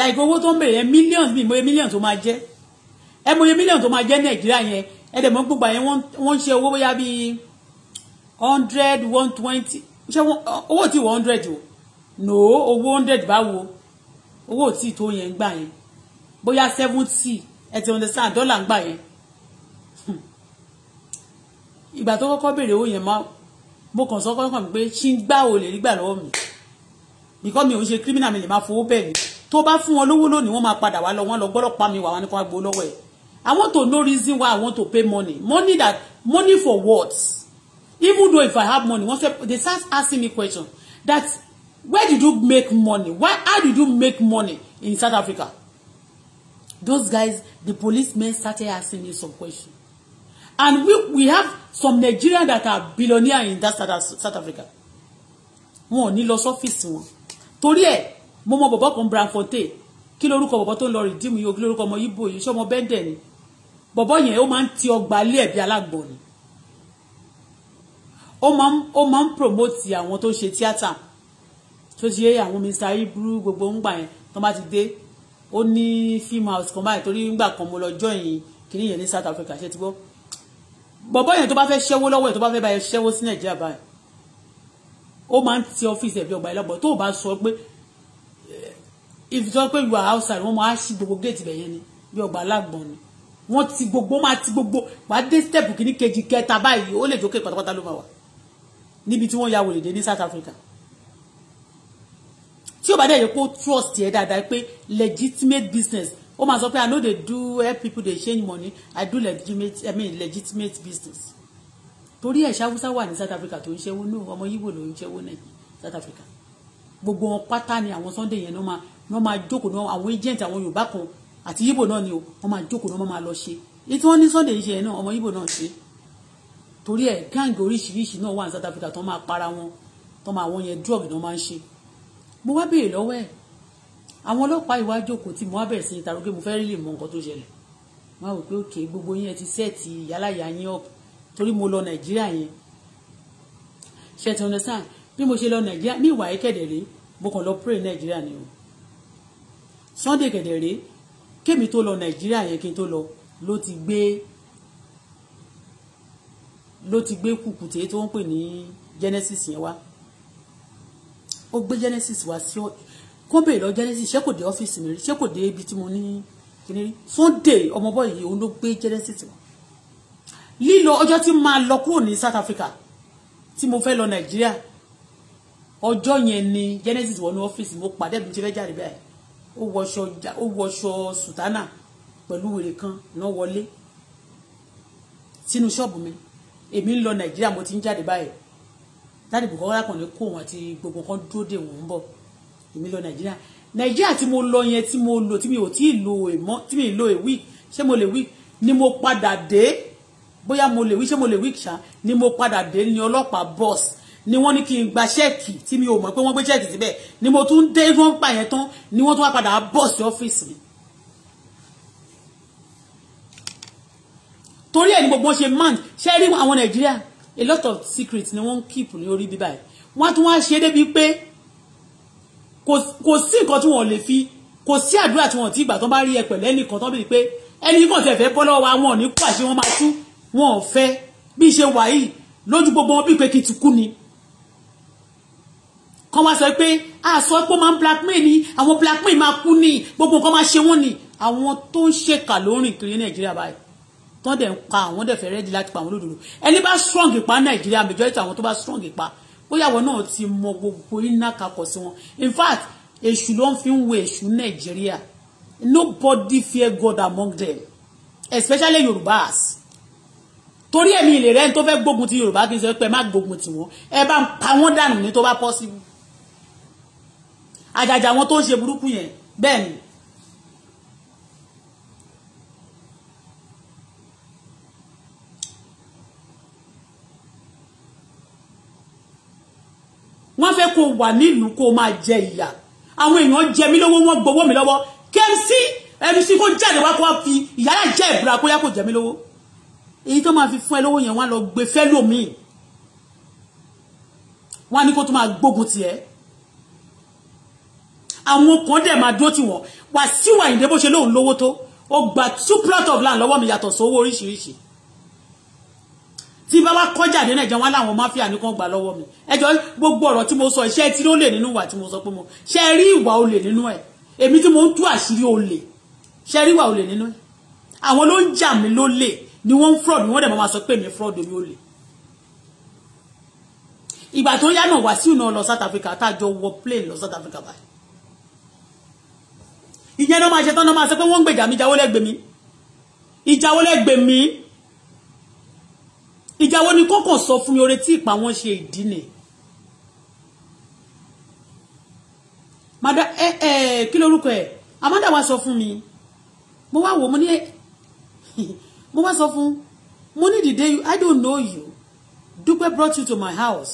like owó tó ń bèrè yẹn millions mi mọye millions tó máa jẹ́ ẹ mọye millions tó máa jẹ́ Nàìjíríà yẹn ẹ dẹ̀ mọ́ gbogbo yẹn wọ́n ń ṣe owó bóyá bíi hundred one twenty ṣé owó tí wọ́n hundred o no owó hundred báwo owó tí tó yẹn gbà yẹn bóyá seventy ẹ ti understand dollar gbà yẹn hmm. ìgbà tó kọ́kọ́ bèrè owó yẹn máa mo kàn sọ kọ́kọ́ mi pé ṣí ń gbà ò lè rí gbà lọ́wọ́ mi because mi ò ń criminal mi lè máa fowó bẹ́ẹ̀ ni tó bá fún wọn lówó lónìí wọ́n máa padà wá lọ wọ́n lọ pa mi wà wá ní kó wá gbowó lọ́wọ́ I want to know reason why I want to pay money money that money for what even though if I have money wọ́n fẹ́ they start asking me question that where did you make money why how did you make money in South Africa those guys the policemen started asking me some question, and we we have some Nigerians that are billionaire in that South, South Africa wọn ò ní lọ sọ́fíìsì wọn torí ẹ̀ mo mọ bọ̀bọ̀ kan branfote kí lórúkọ bọ̀bọ̀ tó ń lọ rìdíìmù yìí o kí lórúkọ ọmọ yìí bò yìí ṣọmọ bẹ́ńdẹ̀ ni bọ̀bọ̀ yẹn ó máa ń ti ọgbà ilé ẹ̀bí alágbọ̀n ni ó máa ń ó máa ń promote àwọn tó ń ṣe tíátà tó ṣe àwọn Mr. Ibru gbogbo ńgbà yẹn tó bá ti dé ó ní film house kan báyìí torí ńgbà kan mo lọ join kiri yẹn ní South Africa ṣe ti gbọ́ bọ̀bọ̀ yẹn tó bá fẹ́ ṣẹ́wó lọ́wọ́ yẹn tó bá fẹ́ bá yẹn sí Nàìjíríà báyìí ó máa ń ti ọ́fíìsì ẹ̀bí ọgbà ìlọ́gbọ̀ tó o bá sọ pé ìfisọ́ eh, pé you are outside wọ́n máa ṣí gbogbo géètì bẹ̀ yẹn ni bí ọgbà alágbọ̀n ni wọ́n ti gbogbo máa ti gbogbo wàá step kìíní kejì kẹta báyìí ó lè jókè pátápátá ló máa wà níbi tí wọ́n ya wòlé dé ní South Africa tí o bá dẹ̀ yẹ kó trust yẹ dáadáa pé legitimate business ó máa sọ pé I no dey do help people dey change money I do legitimate I mean legitimate business torí ẹ̀ ṣáwúsá wà ní South Africa tó ń ṣẹ́wó náà ọmọ yíbò ló ń ṣẹ́wó náà South Africa gbogbo wọn pátá ni àwọn Sunday yẹn náà máa jókòó náà àwọn agent àwọn Yorùbá kan àti yíbò náà ni o wọn máa jókòó náà wọn máa lọ ṣe ètò wọn ní Sunday ṣe yẹn náà ọmọ yíbò náà ṣe torí ẹ̀ gáǹgì oríṣiríṣi náà wà ní South Africa tó máa para wọn tó máa wọn yẹn drug náà máa ń ṣe mo wá béèrè lọ́wọ́ ẹ̀ àwọn ọlọ́pàá ìwájú òkú tí mo wá bẹ̀rẹ̀ sí ní tarogé mo fẹ́ rí lè mọ nǹkan tó ṣẹlẹ̀ wọn á wò pé òkè gbogbo yín ti sẹ́ẹ̀tì yálàyà yín ọ̀pọ̀ torí mo lọ nàìjíríà yẹn ṣe ti understand bí mo ṣe lọ nàìjíríà ní ìwà ìkẹdẹrẹ mo kàn lọ pray nàìjíríà ni o sunday kẹdẹrẹ kémi tó lọ nàìjíríà yẹn kí n tó lọ ló ti gbé ló ti gbé kùkùté tó ń pè ní genesis yẹn wá ó gbé genesis wá sí kó bèèrè lọ genesis ṣé kò dé ọ́fíìsì mi rí ṣé kò dé ibi tí mo ní kíní rí sunday ọmọ bọ́ọ̀ yìí òun ló gbé genesis wá lílọ ọjọ́ tí máa lọ kúrò ní South Africa tí mo fẹ́ lọ Nàìjíríà ọjọ́ yẹn ni Genesis wọnú ọ́fíìsì mo pàdé mi ti fẹ́ jáde bẹ́ẹ̀ ó wọṣọ sùtánà pẹ̀lú wèrè kan náà wọlé sínú ṣọ́ọ̀bù mi èmi ń lọ Nàìjíríà mo ti ń jáde báyìí dáàdì bùkọ́ lápọ̀n ní kó wọn àti gbogbo kan dúró dè wọ́n ń bọ̀ èmi lọ Nàìjíríà Nàìjíríà tí mo lọ yẹn tí mo lò tí mi ò tí ì lo èmọ́ tí mi ì lo èwì ṣé mo lè wí ni mo padà dé bóyá mo lè wí ṣé mo lè wí ṣá ni mo padà dé ní ọlọ́pàá bọ́s ni wọ́n ní kí n gba ṣẹ́ẹ̀kì tí mi ò mọ̀ pé wọ́n gbé ṣẹ́ẹ̀kì síbẹ̀ ni mo tún dé wọ́n pa yẹn tán ni wọ́n tún wá padà bọ́ọ̀sì ọ́fíìsì mi. torí ẹ̀ ni gbogbo ṣe man ṣe rí àwọn nàìjíríà a lot of secrets ni wọ́n keep ní orí bíbá yìí wọ́n tún wá ṣe débi pé kò sí nǹkan tí wọ́n lè fi kò sí àdúrà tí wọ́n ti gbà tán bá rí ẹ pẹ̀lú ẹnìkan tán bí pé ẹnì kan tẹ̀ fẹ́ bọ́ lọ́wọ́ àwọn ò ní kó àṣẹ wọn máa tú wọn ò fẹ́ bí ṣe wà yìí lójú gbogbo wọn bí pé kí n ti kú ni kan wá sọ pé a sọ pé ó máa ń blackmail ni àwọn blackmail máa kú ni gbogbo nǹkan máa ṣe wọ́n ni àwọn tó ń ṣèkà ló ń rìn kiri nàìjíríà báyìí tó dẹ̀ ń pa àwọn dẹ̀ fẹ́ rẹ́dí láti pa àwọn olódodo ẹni bá strong pa nàìjíríà majority àwọn tó bá strong pa bóyá àwọn náà ti mọ gbogbo iná kakọ̀ sí wọn in fact èṣù ló ń fi ń wo èṣù nàìjíríà nobody fear God among them especially Yorubas torí èmi ìlè rẹ́ni tó fẹ́ gbógun ti Yorùbá kì í ṣe pé má gbógun ti wọn ẹ bá ń pa wọ́n dànù ní tó bá possible àjàjà wọn tó ń ṣe burúkú yẹn bẹ́ẹ̀ ni wọ́n fẹ́ kó wà nílùú kó máa jẹ ìyà àwọn èèyàn jẹ mí lówó wọ́n gbowó mi lọ́wọ́ kẹ́mísí ẹni sí kó jáde wá kó wá fi ìyá yà jẹ́ ìbúra kó yá kó jẹ mí lówó èyí tó máa fi fún ẹ lówó yẹn wọ́n lọ gbé fẹ́lòmíì wọ́n á kó tó máa gbógun tiẹ̀ àwọn kan dẹ̀ máa dúró tiwọn wà síwà ìdè bó ṣe lóun lówó tó ó gba two plot of land lọ́wọ́ mi yàtọ̀ sówó oríṣiríṣi tí bá wá kọjá ní nàìjíríà wọn láwọn máfíà nìkan gbà lọ́wọ́ mi ẹjọ́ gbogbo ọ̀rọ̀ tí mo sọ iṣẹ́ tí ló lè nínú ìwà tí mo sọ pé mo ṣe rí ìwà olè nínú ẹ̀ èmi tí mo ń tú àṣírí olè ṣe rí ìwà olè nínú ẹ̀ àwọn ló ń jà mí lólè ni wọ́n ń fraud wọ́n dẹ̀ máa sọ pé mi fraud mi ò lè ìgbà tó yá náà Wàsíù náà lọ South Africa tájọ wọ plane lọ South Africa báyìí ìyẹn náà máa ṣe tán náà máa sọ pé wọ́n ń gbèjà mi ìjáwó lẹ́gbẹ̀ẹ́ mi ìjáwó lẹ́gbẹ̀ẹ́ mi ìjáwó ni kókò sọ fún mi oore tí ìpà wọn ṣe ìdí ni mada ẹ eh, kilo lórúkọ ẹ amanda wa sọ fún mi mo wá wò mo ní mo wá sọ fún mo ní the you i don't know you dúpẹ́ brought you to my house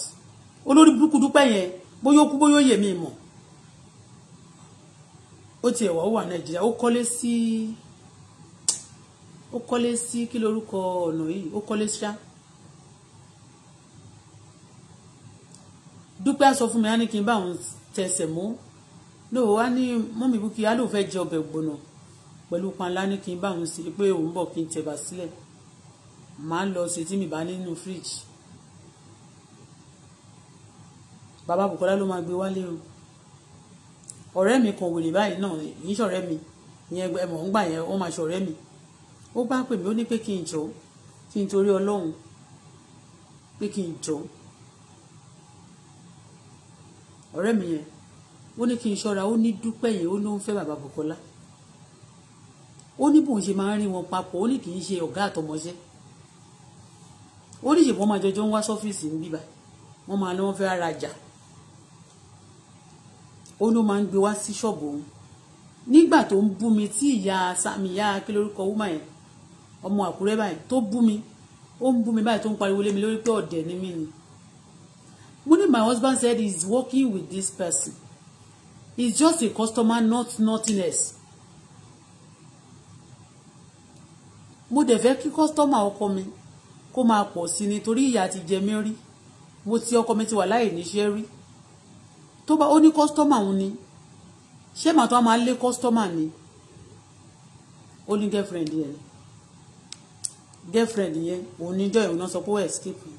olórí burúkú dúpẹ́ yẹn bóyá ó kú bóyá ó yè mí mọ̀ ó ti ẹ̀wà ó wà nàìjíríà ó kọ́lé sí ó kọ́lé sí kí lorúkọ ọ̀nà yìí ó kọ́lé sí ṣá dúpẹ́ á sọ fún mi á ní kí n bá òun tẹsẹ̀ mọ́ lóòwá ní mọ́mí búkí á lóò fẹ́ jẹ ọbẹ̀ gbóná. No pẹ̀lú panlá ní kí n bá òun sí pé òun bọ̀ kí n tẹ̀bà sílẹ̀ màá lọ sí tí mi bá nínú fíríjì bàbá Bùkọ́lá ló máa gbé wálé o ọ̀rẹ́ mi kan wèrè báyìí náà yìí ṣọ̀rẹ́ mi ìyẹn ẹ̀mọ̀ ń gbà yẹn ó máa ṣọ̀rẹ́ mi ó bá pè mí ó ní pé kí n jọ kí n torí Ọlọ́run pé kí n jọ ọ̀rẹ́ mi yẹn ó ní kí n ṣọ́ra ó ní dúpẹ́ yẹn ó ní ó ń fẹ́ bàbá Bùkọ́lá ó ní bóun ṣe máa ń rí wọn papọ̀ ó ní kì í ṣe ọ̀gá àtọmọṣẹ́ ó ní ṣèpọ̀ máa jọjọ́ ń wá sọ́fíìsì ń bíbà wọ́n máa ní wọ́n fẹ́ rajà ó ní máa ń gbé wá sí ṣọ́ọ̀bù òun nígbà tó ń bú mi tí ìyá sami ìyá kí lórúkọ wúmà yẹn ọmọ àkúrẹ́ báyìí tó bú mi ó ń bú mi báyìí tó ń pariwo lé mi lórí pé ọ̀dẹ̀ ni mí ni mo ní my husband said he is working with this person he is just a customer not nothing else mo dẹ̀ fẹ́ kí kọ́sítọ́mà ọkọ mi kó máa pọ̀ sí ni torí ìyà ti jẹ mí rí mo ti ọkọ mi ti wà láì níṣẹ́ rí tó bá ó ní kọ́sítọ́mà òun ni ṣé màá tó máa lé kọ́sítọ́mà ni ó ní girlfriend yẹn girlfriend yẹn òun níjọ ìwé náà sọ pé ó escape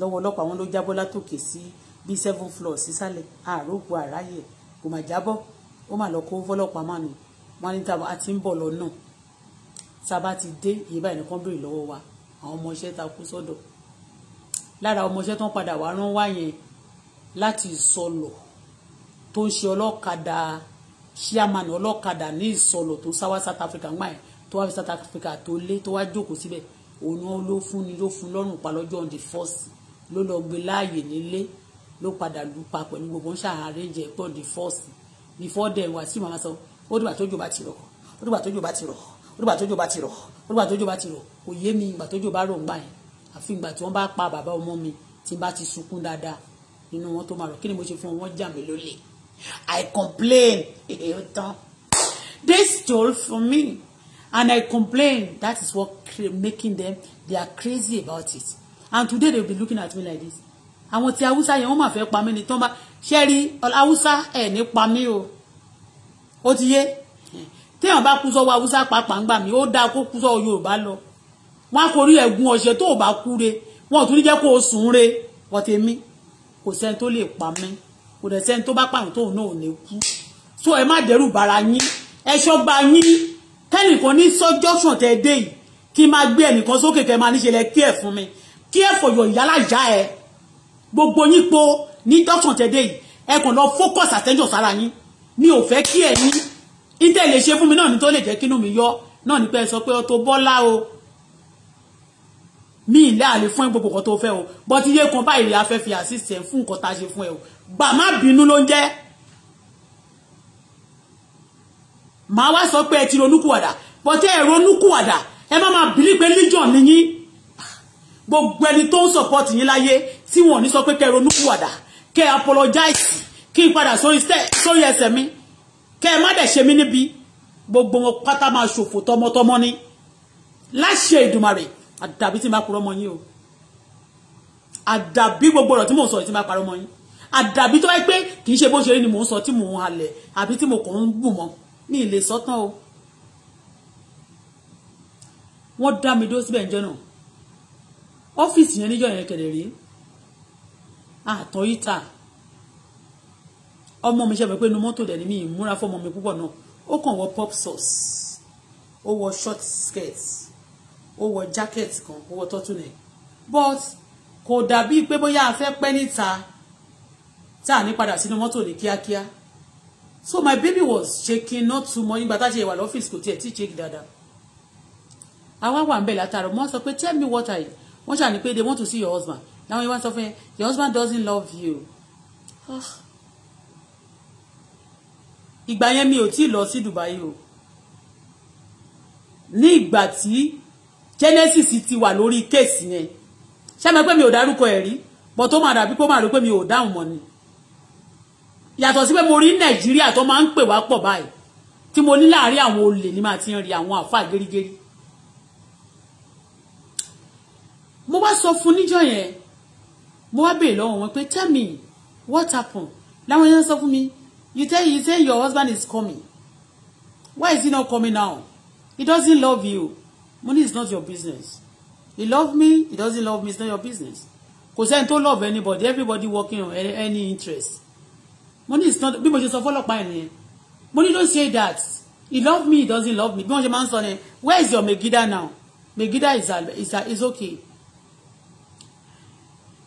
lọ́wọ́ ọlọ́pàá wọn ló jábọ́ látòkè sí bíi seven floor sísàlẹ̀ àrògbò àráyè kò mà jábọ́ ó mà lọ kó fọlọ́pàá mà ní wọn ní tàbí a ń bọ̀ lọ náà tá a bá ti dé ìyẹn báyìí nìkan béèrè lọ́wọ́ wa àwọn ọmọọṣẹ́ ta kú sọ́dọ̀ lára ọmọọṣẹ́ tó ń padà wá rán wá yẹn láti ìsọlọ̀ tó ń ṣe ọlọ́kadà chairman ọlọ́kadà ní ìsọlọ̀ tó sáwá South Africa ń gbà yẹn tó wá fi South Africa tó lé tó wá jókòó síbẹ̀ òun ló fún ni ló fún lọ́rùn pa lọ́jọ́ on the first ló lọ gbé láàyè nílé ló padà lù pa pẹ̀lú gbogbo ṣàárẹ̀ jẹ́ pọ̀ the first before then wàásù màmá sọ ó dìgbà tójò bá ti rọ̀ ó dìgbà tójò bá ti rọ̀ olùgbà tójò bá ti rọ̀ olùgbà tójò bá ti rọ̀ kò yé mi ìgbà tójò bá rọ̀ ń gbà yẹn àfi ìgbà tí wọ́n bá pa bàbá ọmọ mi tí bá ti sunkún dáadáa nínú wọn tó máa rọ̀ kí ni mo ṣe fún wọn jà mí lólè I complain [laughs] tán they stole from me and I complain that is what making them they are crazy about it and today they be looking at me like this àwọn ti haúsá yẹn wọ́n máa fẹ́ pa mí ni tán bá ṣẹ́ẹ́rí haúsá ẹ̀ ní pa mí o ó ti yé téèyàn bá kú sọ́wọ́ haúsá pàápàá ń gbà mí ó dáa kó kú sọ́wọ́ yorùbá lọ wọn kò rí ẹ̀gún ọ̀ṣẹ́ tó o bá kú re wọn ò tún ní jẹ́ kó o sùn re wọ́tẹ̀ mí kò sẹ́ni tó lè pa mí kò dẹ̀ sẹ́ni tó bá pààyàn tóun náà ò ní kú so ẹ má dẹ́rù bara yín ẹ ṣọ́gba yín kẹ́nìkan ní sọ́jọ́sùn tẹ́ dé yìí kí máa gbé ẹnìkan sókè kẹ́ máa níṣe lẹ kí ẹ̀ fún mi kí ẹ̀ fọ̀yọ̀ ìyálàjá ẹ gbogbo yín po ní dọ́sùn tẹ́ dé yìí ẹ kàn lọ fókọ̀sì àtẹ́jọ́ sára yín mi ò fẹ́ kí ẹ yín ìtẹ̀ lè ṣe fún mi náà ní tó lè jẹ́ kínú mi yọ náà ní pé ẹ sọ pé Auto Bola o mi ìlẹ́ àlè fún ẹ gbogbo nǹkan tó fẹ́ o but iye kan báyìí lè afẹ́ fi àṣìṣe fún nǹkan tá a ṣe fún ẹ o gbà má bínú ló ń jẹ́ màá wá sọ pé ẹ ti ronúkúwàdà but ẹ ronúkúwàdà ẹ má máa bìlí pé legion ni yín gbogbo ẹni tó ń support yín láyé tí wọn ò ní sọ pé kẹ ronúkúwàdà kẹ apologize kí n padà sórí ẹsẹ̀ mi kẹ́ ẹ má dẹ̀ ṣe mí níbi gbogbo wọn pátá máa ṣòfò tọmọtọmọ ni láṣẹ Èdùmàrè àdàbí tí n bá purọ́ mọ́ yín o àdàbí gbogbo ọ̀rọ̀ tí mò ń sọ yìí tí n bá parọ́ mọ́ yín àdàbí tó wáyé pé kì í ṣe bó ṣe rí ni mò ń sọ tí mò ń halẹ̀ àbí tí mo kàn ń bù mọ́ ní ilé sọ́tàn o wọ́n dá mi dúró síbẹ̀ níjọ́ náà ọ́fíìsì yẹn níjọ́ yẹn kẹ̀lẹ̀ rí àtọ̀ yìí ọmọ mi ṣe mọ̀ pé inú mọ́tò dẹ̀ ni mi ìmúra fọmọ mi púpọ̀ náà ó kàn wọ pop sauce ó wọ short skirt ó wọ jacket kan ó wọ tọ́tù but kò dàbí pé bóyá a fẹ́ pẹ́ níta tá a ní padà sínú mọ́tò ní kíákíá so my baby was shaking not too much nígbà tá a ṣe wà lọ́fíìsì kò tiẹ̀ tí shake dáadáa àwa wà ń bẹ̀ látàrọ̀ wọ́n sọ pé tell me what I wọ́n ṣàní pé they want to see your husband now wọ́n sọ fún yẹn your husband doesn't love you. Oh ìgbà yẹn mi ò tí ì lọ sí Dubai o ní ìgbà tí Genesis ti wà lórí kéèsì yẹn ṣé mo pé mi ò dárúkọ ẹ̀ rí bọ́ tó máa dàbí pé ó máa rò pé mi ò dáhùn mọ́ ni yàtọ̀ sí pé mo rí Nàìjíríà tó máa ń pè wá pọ̀ báyìí tí mo ní láàárín àwọn olè ní máa ti rí àwọn àfáà gérigéri mo wá sọ fún níjọ́ yẹn mo wá béèrè lọ́wọ́ wọn pé tell me what happen láwọn yẹn sọ fún mi You tell you tell your husband is coming. Why is he not coming now? He doesn't love you. Money is not your business. He love me, he doesn't love me, it's not your business. Kò sẹ́ni tó love anybody, everybody working on any, any interest. Money is not, People just follow up fọ́lọ́pàá Money don't say that. He love me, he doesn't love me. Bí wọ́n ṣe where is your Megida now? Megida is, a, is, is okay.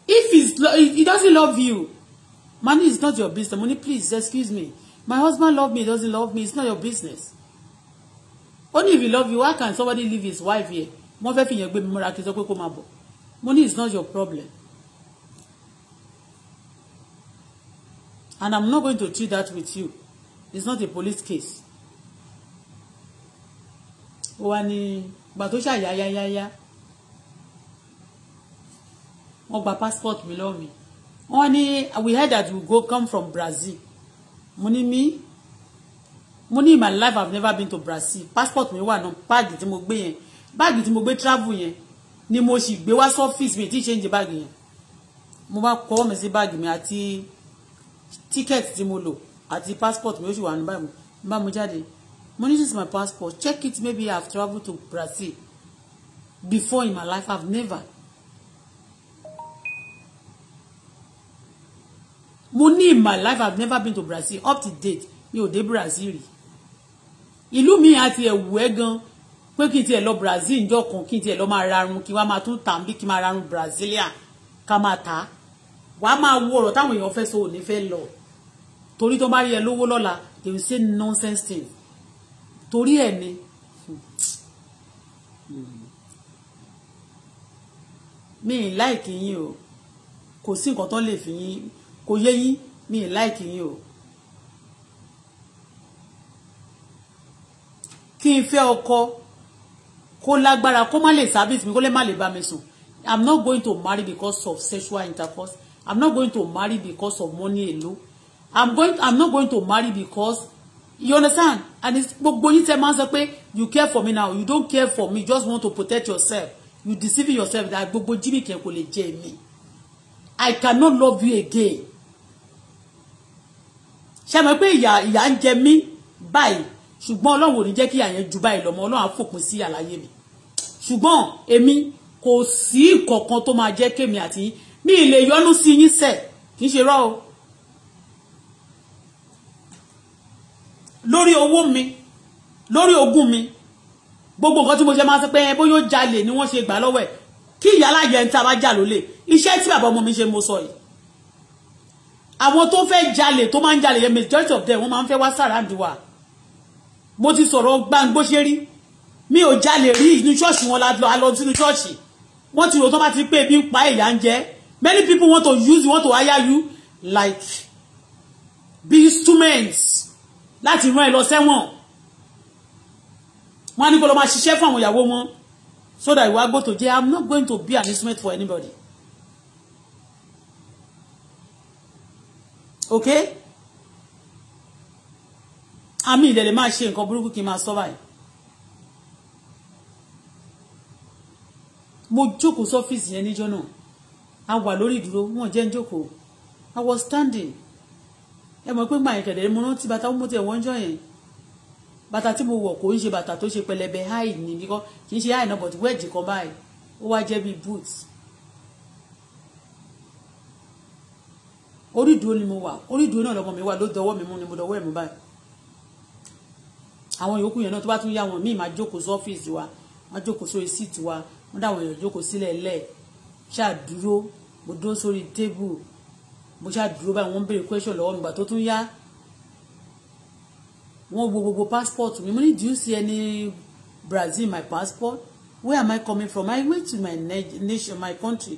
If he's, he doesn't love you, money is not your business money please excuse me my husband loves me doesn't love me it's not your business only if he loves you why can somebody leave his wife here money is not your problem and I'm not going to treat that with you it's not a police case ó wá ní gbà tó ṣàyà yáyáyá wọ́n passport mi love me wọ́n ní we heard that we go come from Brazil mo ní mi mo ní in my life I've never been to Brazil passport mi wà náà báàgì tí mo gbé yẹn báàgì tí mo gbé travel yẹn ni mo sì gbé wá sọ́fíìsì mi tí ì change báàgì yẹn mo bá kọ́wọ́ mi sí báàgì mi àti ticket tí mo lò àti passport mi ó sì wà ní báàgì mi bá mo jáde mo ní this is my passport check it maybe I've travelled to Brazil before in my life I've never mo ní in my life I've never been to Brazil up to date mi ò dé Brazil ìlú mi àti ẹ̀wù ẹ̀ gan pé kí n tiẹ̀ lọ Brazil ńjọ́ kan kí n tiẹ̀ lọ máa rarun kí wàá máa tún tà bí kí n máa rarun Brazilian ká máa tà á wàá máa wo ọ̀rọ̀ táwọn èèyàn fẹ́ sọ ò ní fẹ́ lọ torí tó bá rí ẹ lówó lọ́la they will say nonsense thing. torí ẹ̀ ni. Hmm. mi ì láìkì yín o kò sí nǹkan tó lè fi yín kò yé yín mi ì láìkì yín o kí n fẹ́ ọkọ kó lágbára kó má lè service mi kó lè má lè bá mi sùn i'm not going to marry because of sexual intercourse i'm not going to marry because of money alone i'm going i'm not going to marry because you understand and it's gbogbo yín tẹ́ máa ń sọ pé you care for me now you don't care for me you just want to protect yourself you deceive yourself that gbogbo jimmy kẹ kò lè jẹ mi i cannot love you again ṣe mọ̀ pé ìyà ìyà ń jẹ mí báyìí ṣùgbọ́n ọlọ́run ò ní jẹ́ kí ìyà yẹn ju báyìí lọ́mọ ọlọ́run á fòpin sí àlàyé mi ṣùgbọ́n èmi kò sí ìkọ̀kan tó máa jẹ́ kémi àti yín mi ì lè yọnu sí yín sẹ̀ kì í ṣe rọ́ o lórí owó mi lórí ogún mi gbogbo nǹkan tí mo ṣe máa sọ pé ẹ bóyá ó jalè ni wọ́n ṣe gbà lọ́wọ́ ẹ̀ kí ìyá aláyẹ̀ ń ta bá jà lólè iṣẹ́ tí bàbá ọmọ mi ṣe mo sọ yìí àwọn tó fẹ́ jalè tó máa ń jalè yẹn majority of them wọ́n máa ń fẹ́ wá sàràǹdì wa mo ti sọ̀rọ̀ gbangbóṣe rí mi ò jalè rí inú ṣọ́ọ̀ṣì wọn la lọ a lọ sínú ṣọ́ọ̀ṣì wọ́n ti rò tó bá ti pé ebi ń pa ìyà ń jẹ many people want to use you want to hire you like be instruments láti rán ẹ lọ sẹ́wọ̀n wọ́n á ní kó lọ máa ṣiṣẹ́ fún àwọn ìyàwó wọn so that ìwà gbọ́tò jẹ́ i'm not going to be an instrument for anybody okay àmì ìdẹ̀ lè máa ṣe nǹkan burúkú kí n máa sọ báyìí mo jókòó sọ́fíìsì yẹn níjọ́ náà a wà lórí ìdúró wọn jẹ́ ń jókòó i was standing ẹ mọ̀ pé màá kẹ̀dẹ̀ mo rántí bàtà ó mú tiẹ̀ wọ́n jọ yẹn bàtà tí mo wọ̀ kò ń ṣe bàtà tó ṣe pẹlẹbẹ háì ní kí n ṣe háì náà but wẹ́ẹ̀dì kan báyìí ó wá jẹ́ bíi boots orí ìdúró ni mo wà orí ìdúró náà lọmọ mi wà ló dọwọ́ mi mú ni mo dọwọ́ ẹ̀ mú báyìí àwọn yòókù yẹn náà tó bá tún yá wọn míì máa jókòó sí ọ́fíìsì wa máa jókòó sórí síìtì wa wọ́n dáwọn èèyàn jókòó sílẹ̀ lẹ̀ ṣáàdúró mo dúró sórí tébù mo ṣáàdúró báyìí wọ́n ń béèrè question lọ́wọ́ mi gbà tó tún yá wọ́n wo gbogbo passport mi mo ní do you see any Brazil my passport where am I coming from I went to my nation my country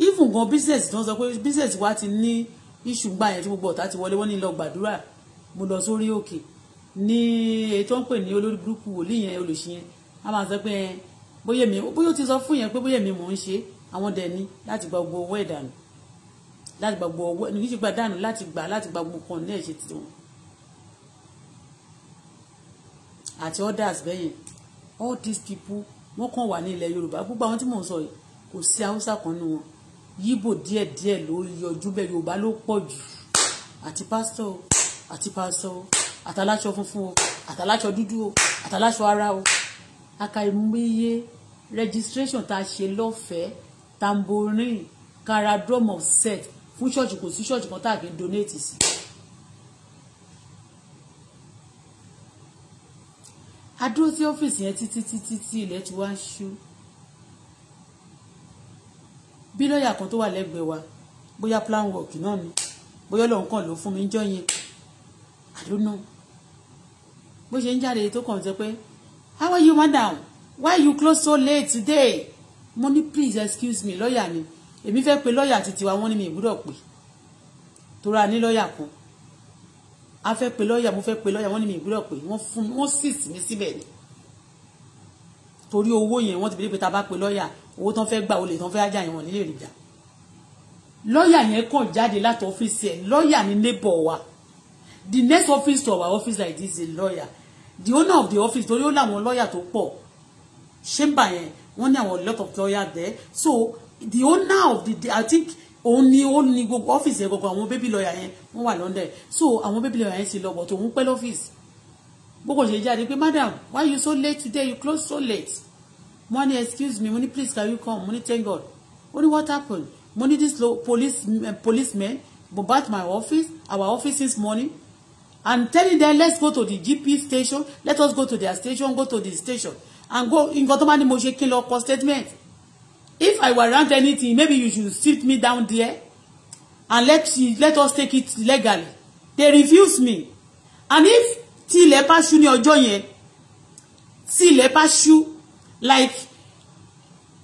even gan business tí wọ́n sọ pé business wa ti ní issue gbà yẹn tí gbogbo ọ̀tá ti wọlé wọ́n ní lọ gbàdúrà mo lọ sórí òkè ní èyí tó ń pè ní olórí burúkú wòlíì yẹn olùṣìyẹn a máa sọ pé bóyá mi bóyá o ti sọ fún yẹn pé bóyá mi mò ń ṣe àwọn dẹ̀ ni láti gba gbogbo owó ẹ̀ dànù láti gba gbogbo owó ẹ̀ nìyí ti gba dànù láti gba láti gba gbogbo kan ní ẹ̀ṣẹ̀ tiwọn àti others bẹ́yẹn all these people wọ́n kàn wà ní ilẹ̀ Yorùbá gbogbo àwọn tí mò ń sọ yìí kò sí Haúsá kan nínú wọn yíbò díẹ̀díẹ̀ ló yọjú bẹ́ẹ̀ yorùbá ló pọ̀ jù àti pásítọ̀ o àti pásítọ̀ o funfun o àtàláṣọ dúdú o ara o akàìmọye registration tá a ṣe lọ́fẹ̀ẹ́ tambourine kara of set fún ṣọ́ọ̀ṣì kò sí ṣọ́ọ̀ṣì kan tá a kì í donate sí. a dúró sí ọ́fíìsì yẹn títí títí tí ilẹ̀ ti wá ń ṣú bí lọ́ọ̀yà kan tó wà lẹ́gbẹ̀ẹ́ wa bóyá plan work náà ni bóyá lòun kàn ló fún mi jọ yẹn I don't know bó ṣe ń jáde tó kàn sọ pé how are you madam why you close so late today mo ní please excuse me lọ́ọ̀yà ni èmi fẹ́ pe lọ́ọ̀yà títí wa wọ́n ní mi ìgbúdọ̀ pè tó ra ní lọ́ọ̀yà kan a fẹ́ pe lọ́ọ̀yà mo fẹ́ pe lọ́ọ̀yà wọ́n ní mi ìgbúdọ̀ pè wọ́n fún wọ́n sì sí mi síbẹ̀ ni torí owó yẹn wọ́n ti bèrè pé ta bá pe lọ́ọ̀yà owó tán fẹ́ gbà olè tán fẹ́ ajá yẹn wọn nílé ìrìjà lọ́ọ̀yà yẹn kàn jáde láti ọ́fíìsì ẹ̀ lọ́ọ̀yà ní neighbor wa the next office to our office like this is a lawyer the owner of the office torí ó láwọn lọ́ọ̀yà tó pọ̀ chamber yẹn wọ́n ní àwọn lot of lawyer there so the owner of the i think òun ni ó ní gbogbo ọ́fíìsì yẹn gbogbo àwọn baby lawyer yẹn wọ́n wà London so àwọn baby lawyer yẹn ti lọ bọ̀ tó ń pẹ́ lọ́fíìsì gbogbo ṣe jáde pé madam why you so late today you close so late Money, excuse me money, please can you come money? thank God ó what happened Money, this low police uh, eh, policeman bombard my office our office since morning and telling them let's go to the GP station let us go to their station go to the station and go In tó bá ní mo ṣe kí n lọ statement if I warrant anything maybe you should sit me down there and let let us take it legally they refuse me and if tí ilẹ̀ bá ṣú ní ọjọ́ yẹn Like,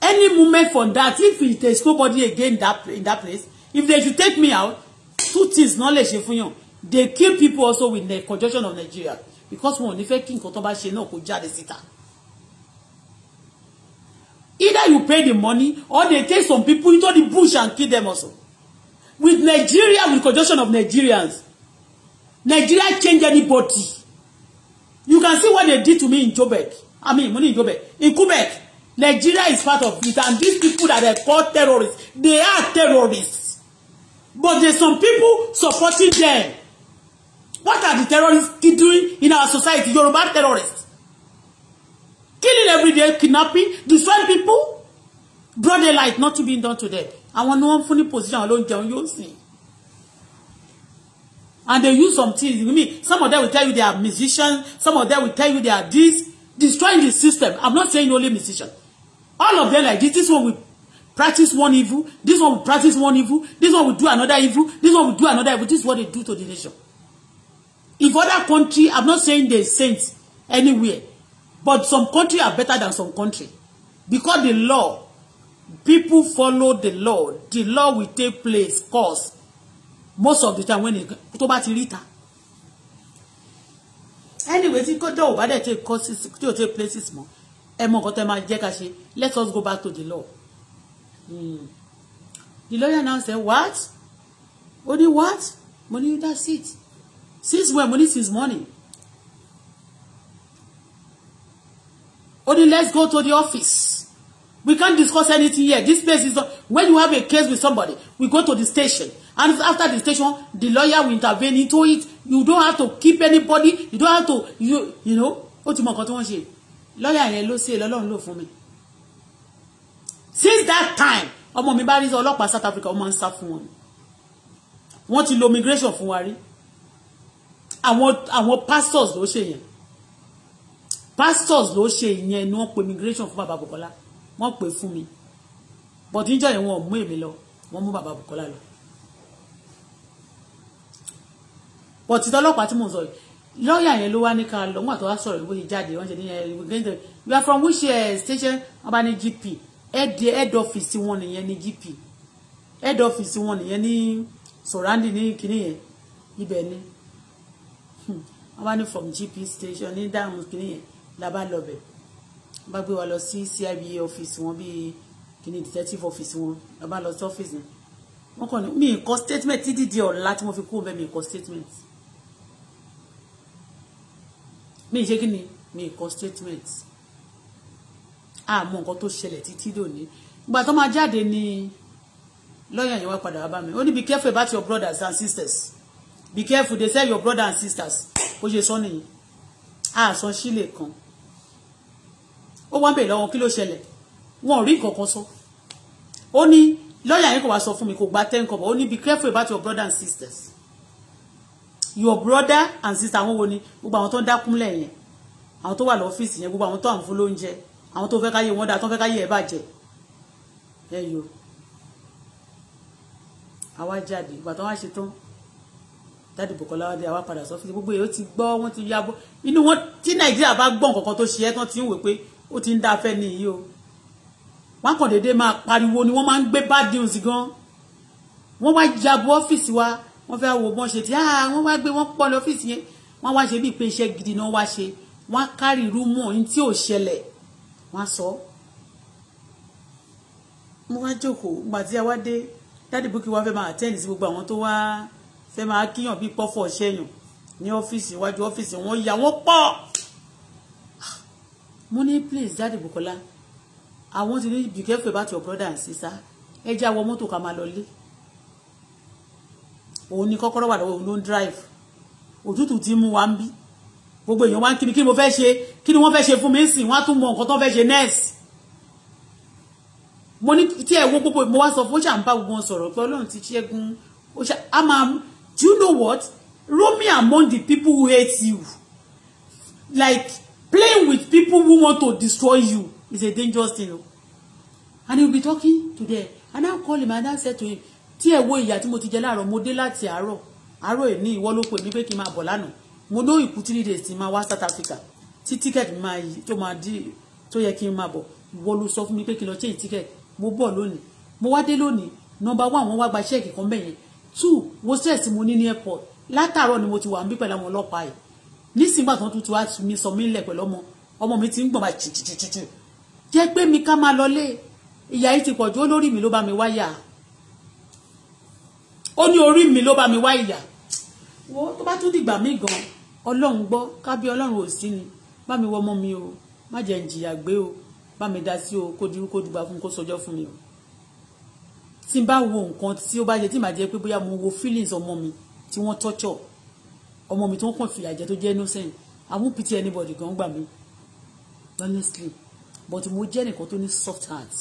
any moment for that, if it is nobody again in that, in that place, if they should take me out, two things knowledge lè ṣe fún yàn. They kill people also with the conjunction of Nigeria because wọn ò ní fẹ́ kí nǹkan tó bá ṣe náà kó jáde síta. Either you pay the money or they take some people into the bush and kill them also. With Nigeria, with conjunction of Nigerians, Nigeria change anybody. You can see what they did to me in Joburg. I mean, money in Quebec. In Quebec, Nigeria is part of it, and these people that they call terrorists, they are terrorists. But there's some people supporting them. What are the terrorists doing in our society? You're about terrorists. Killing every day, kidnapping, destroying people. Broad daylight, not to be done today. I want no one funny position alone. ló ń jẹun And they use some things. You mean, some of them will tell you they are musicians, some of them will tell you they are this destroying the system. I'm not saying only musician. All of them like this. This one will practice one evil. This one will practice one evil. This one will do another evil. This one will do another evil. This is what they do to the nation. If other country, I'm not saying they saints anywhere, but some country are better than some country because the law, people follow the law. The law will take place, cause most of the time when it, tó bá ti rí anyway tí kó dọ̀wọ́ bá dẹ̀ tí kò tí ò tí places mọ́ ẹ mọ nǹkan tó ẹ máa jẹ́ ká ṣe let us go back to the law mm. the lawyer now say what ó ní what mo ní that seat? since when mo ní since morning ó ní let's go to the office we can't discuss anything here this place is not when you have a case with somebody we go to the station And after the station, the lawyer will intervene into it. You don't have to keep anybody. You don't have to, you, you know, ó ti mọ nǹkan tí wọ́n ṣe. Lawyer yẹn ló ṣe lọ́lọ́run lò fún mi. Since that time, ọmọ mi bá rí ọlọ́pàá South Africa, ọmọ ń sá fún wọn. Wọ́n ti lo immigration fún wa rí. Àwọn àwọn pastors ló ṣe yẹn. Pastors ló ṣe ìyẹn ni wọ́n pe immigration fún bàbá Bùkọ́lá. Wọ́n pè fún mi. Bọ̀díjọ́ yẹn wọn ò mú èmi lọ. Wọ́n mú bàbá Bùkọ́lá lọ. but ti ọlọ́pàá tí mò ń sọ yìí lọ́ọ̀yà yẹn ló wá ní ká lọ àti wá sọ̀rọ̀ ìwé yìí wọ́n ṣe ní ẹ̀ẹ́dẹ́gbẹ̀rún eh, you are from which eh, station wọ́n bá ní gp head office wọn nìyẹn ní gp head office wọn nìyẹn ní surrounding ní kinní yẹn ibẹ̀ ni hmm. wọ́n bá ní from gp station ní dáhùn kinní yẹn la bá lọ wọ́n bá gbé wa lọ sí CIBA office wọn bíi kinní detective office wọn la bá lọ sí office yẹn wọ́n kàn ní mi kọ statement títí di ọ̀la tí mo fi kú bẹ́ẹ̀ mi kọ statement mi ṣe kí ni mi kọ statement àmọ́ nǹkan tó ṣẹlẹ̀ títí dòní ìgbà tó máa jáde ni lọ́yàn yẹn wá padà wá bá mi ó ní be careful about your brothers and sisters be careful they sell your brothers and sisters ó ṣe sọ nìyí àṣọ sílè kan ó wá ń bèèrè lọ́wọ́ kí ló ṣẹlẹ̀ wọn ò rí nǹkan kan sọ ó ní lọ́yà yẹn kò wá sọ fún mi kò gba ten kọ́bọ̀ ó ní be careful about your brothers and sisters your brother and sister àwọn wo ni gbogbo àwọn tó ń dákúnlẹ̀ yẹn àwọn tó wà lọ́fíìsì yẹn gbogbo àwọn tó à ń fún lóúnjẹ àwọn tó fẹ́ káyé wọn dáa tó fẹ́ káyé ẹ̀ bàjẹ́ ẹ yò àwa jáde ìgbà tó wá ṣe tán dáàdì Bùkọ́lá wá dé àwa padà sọ́fíìsì gbogbo èèyàn ti gbọ́ wọ́n ti yá bọ́ inú wọn tí Nàìjíríà bá gbọ́ nǹkan kan tó ṣe é tán ti ń wò pé ó ti ń dá fẹ́ nìyí o wọn kàn déédéé máa pariwo ni wọ́n máa ń gbé bad news gan wọ́n wá jábọ̀ ọ́fíìsì wa wọ́n fẹ́ wo bọ́n ṣe ti ah wọ́n wá gbé wọ́n pọ̀ lọ́fíìsì yẹn wọ́n wá ṣe bíi pé iṣẹ́ gidi náà wá ṣe wọ́n á kárì rúmọ̀ ohun tí ò ṣẹlẹ̀ wọ́n á sọ. mo wá jókòó gbà tí a wá dé dáàdì búkì wá fẹ́ máa àtẹ́ǹdì sí gbogbo àwọn tó wá fẹ́ máa kíyàn bíi pọ́fọ̀ ṣẹ́yàn ní ọ́fíìsì iwájú ọ́fíìsì wọ́n yà wọ́n pọ̀. mo ní please dáàdì Bùkọ́lá I want you to be careful about your brother and sister ẹ jẹ́ àwọn mọ́tò ká máa lọ lé òun ni kọ́kọ́rọ́ wà lọ́wọ́ òun drive òtútù ti mú wa ń bí gbogbo èèyàn wá ń kíni kí ni mo fẹ́ ṣe kí ni wọ́n fẹ́ ṣe fún mi ń wọ́n á tún mọ nǹkan tó fẹ́ ṣe next mo ní tí ẹ wo gbogbo mo wá sọ fún ó ṣàǹbá gbogbo wọn sọ̀rọ̀ pé ọlọ́run ti ṣẹ́gun ó ṣà á máa do you know what roam among the people who hate you like playing with people who want to destroy you is a dangerous thing and he be talking to them and I call him and I say to him tí ẹ wo ìyà tí mo ti jẹ láàárọ̀ mo dé láti àárọ̀ àárọ̀ èní ìwọ ló pè mí pé kí n máa bọ̀ lánàá mo ló ìkú three days tí máa wá South Africa tí tíkẹ́ẹ̀tì mi máa tó máa dí tó yẹ kí n máa bọ̀ ìwọ ló sọ fún mi pé kí n lọ change tíkẹ́ẹ̀tì mo bọ̀ lónìí mo wá dé lónìí nọ́mbà one wọ́n wá gba ṣẹ́ẹ̀kì kan bẹ́yẹn two wo stress mo ní ní airport látàárọ̀ ni mo ti wà ń bí pẹ̀lú àwọn ọlọ́pàá yìí nísìnyí gbàtàn tuntun wá mi sọ mí lẹ̀ pẹ̀lú ọmọ ọmọ mi ti ń gbọ̀n bá chìchìchìchì jẹ́ pé mi ká máa lọlé ìyá yìí ti pọ̀jù olórí mi ló bá mi wáyà ó ní orí mi ló bá mi wá ìyà wo tó bá tún dìgbà mí gan ọlọ́run gbọ́ kábí ọlọ́run ò sí ni bá mi wọ ọmọ mi o má jẹ́ ń jìyà gbé o bá mi dá sí o kó dirú kó dùgbà fún kó sọjọ́ fún mi o tí n bá wo nǹkan tí ó bá jẹ tí màá jẹ pé bóyá mo wo feelings ọmọ mi tí wọ́n torture ọmọ mi tí wọ́n kàn fìyà jẹ tó jẹ́ innocent I won't pity anybody gan gbà mí honestly but mo jẹ́ nìkan tó ní soft heart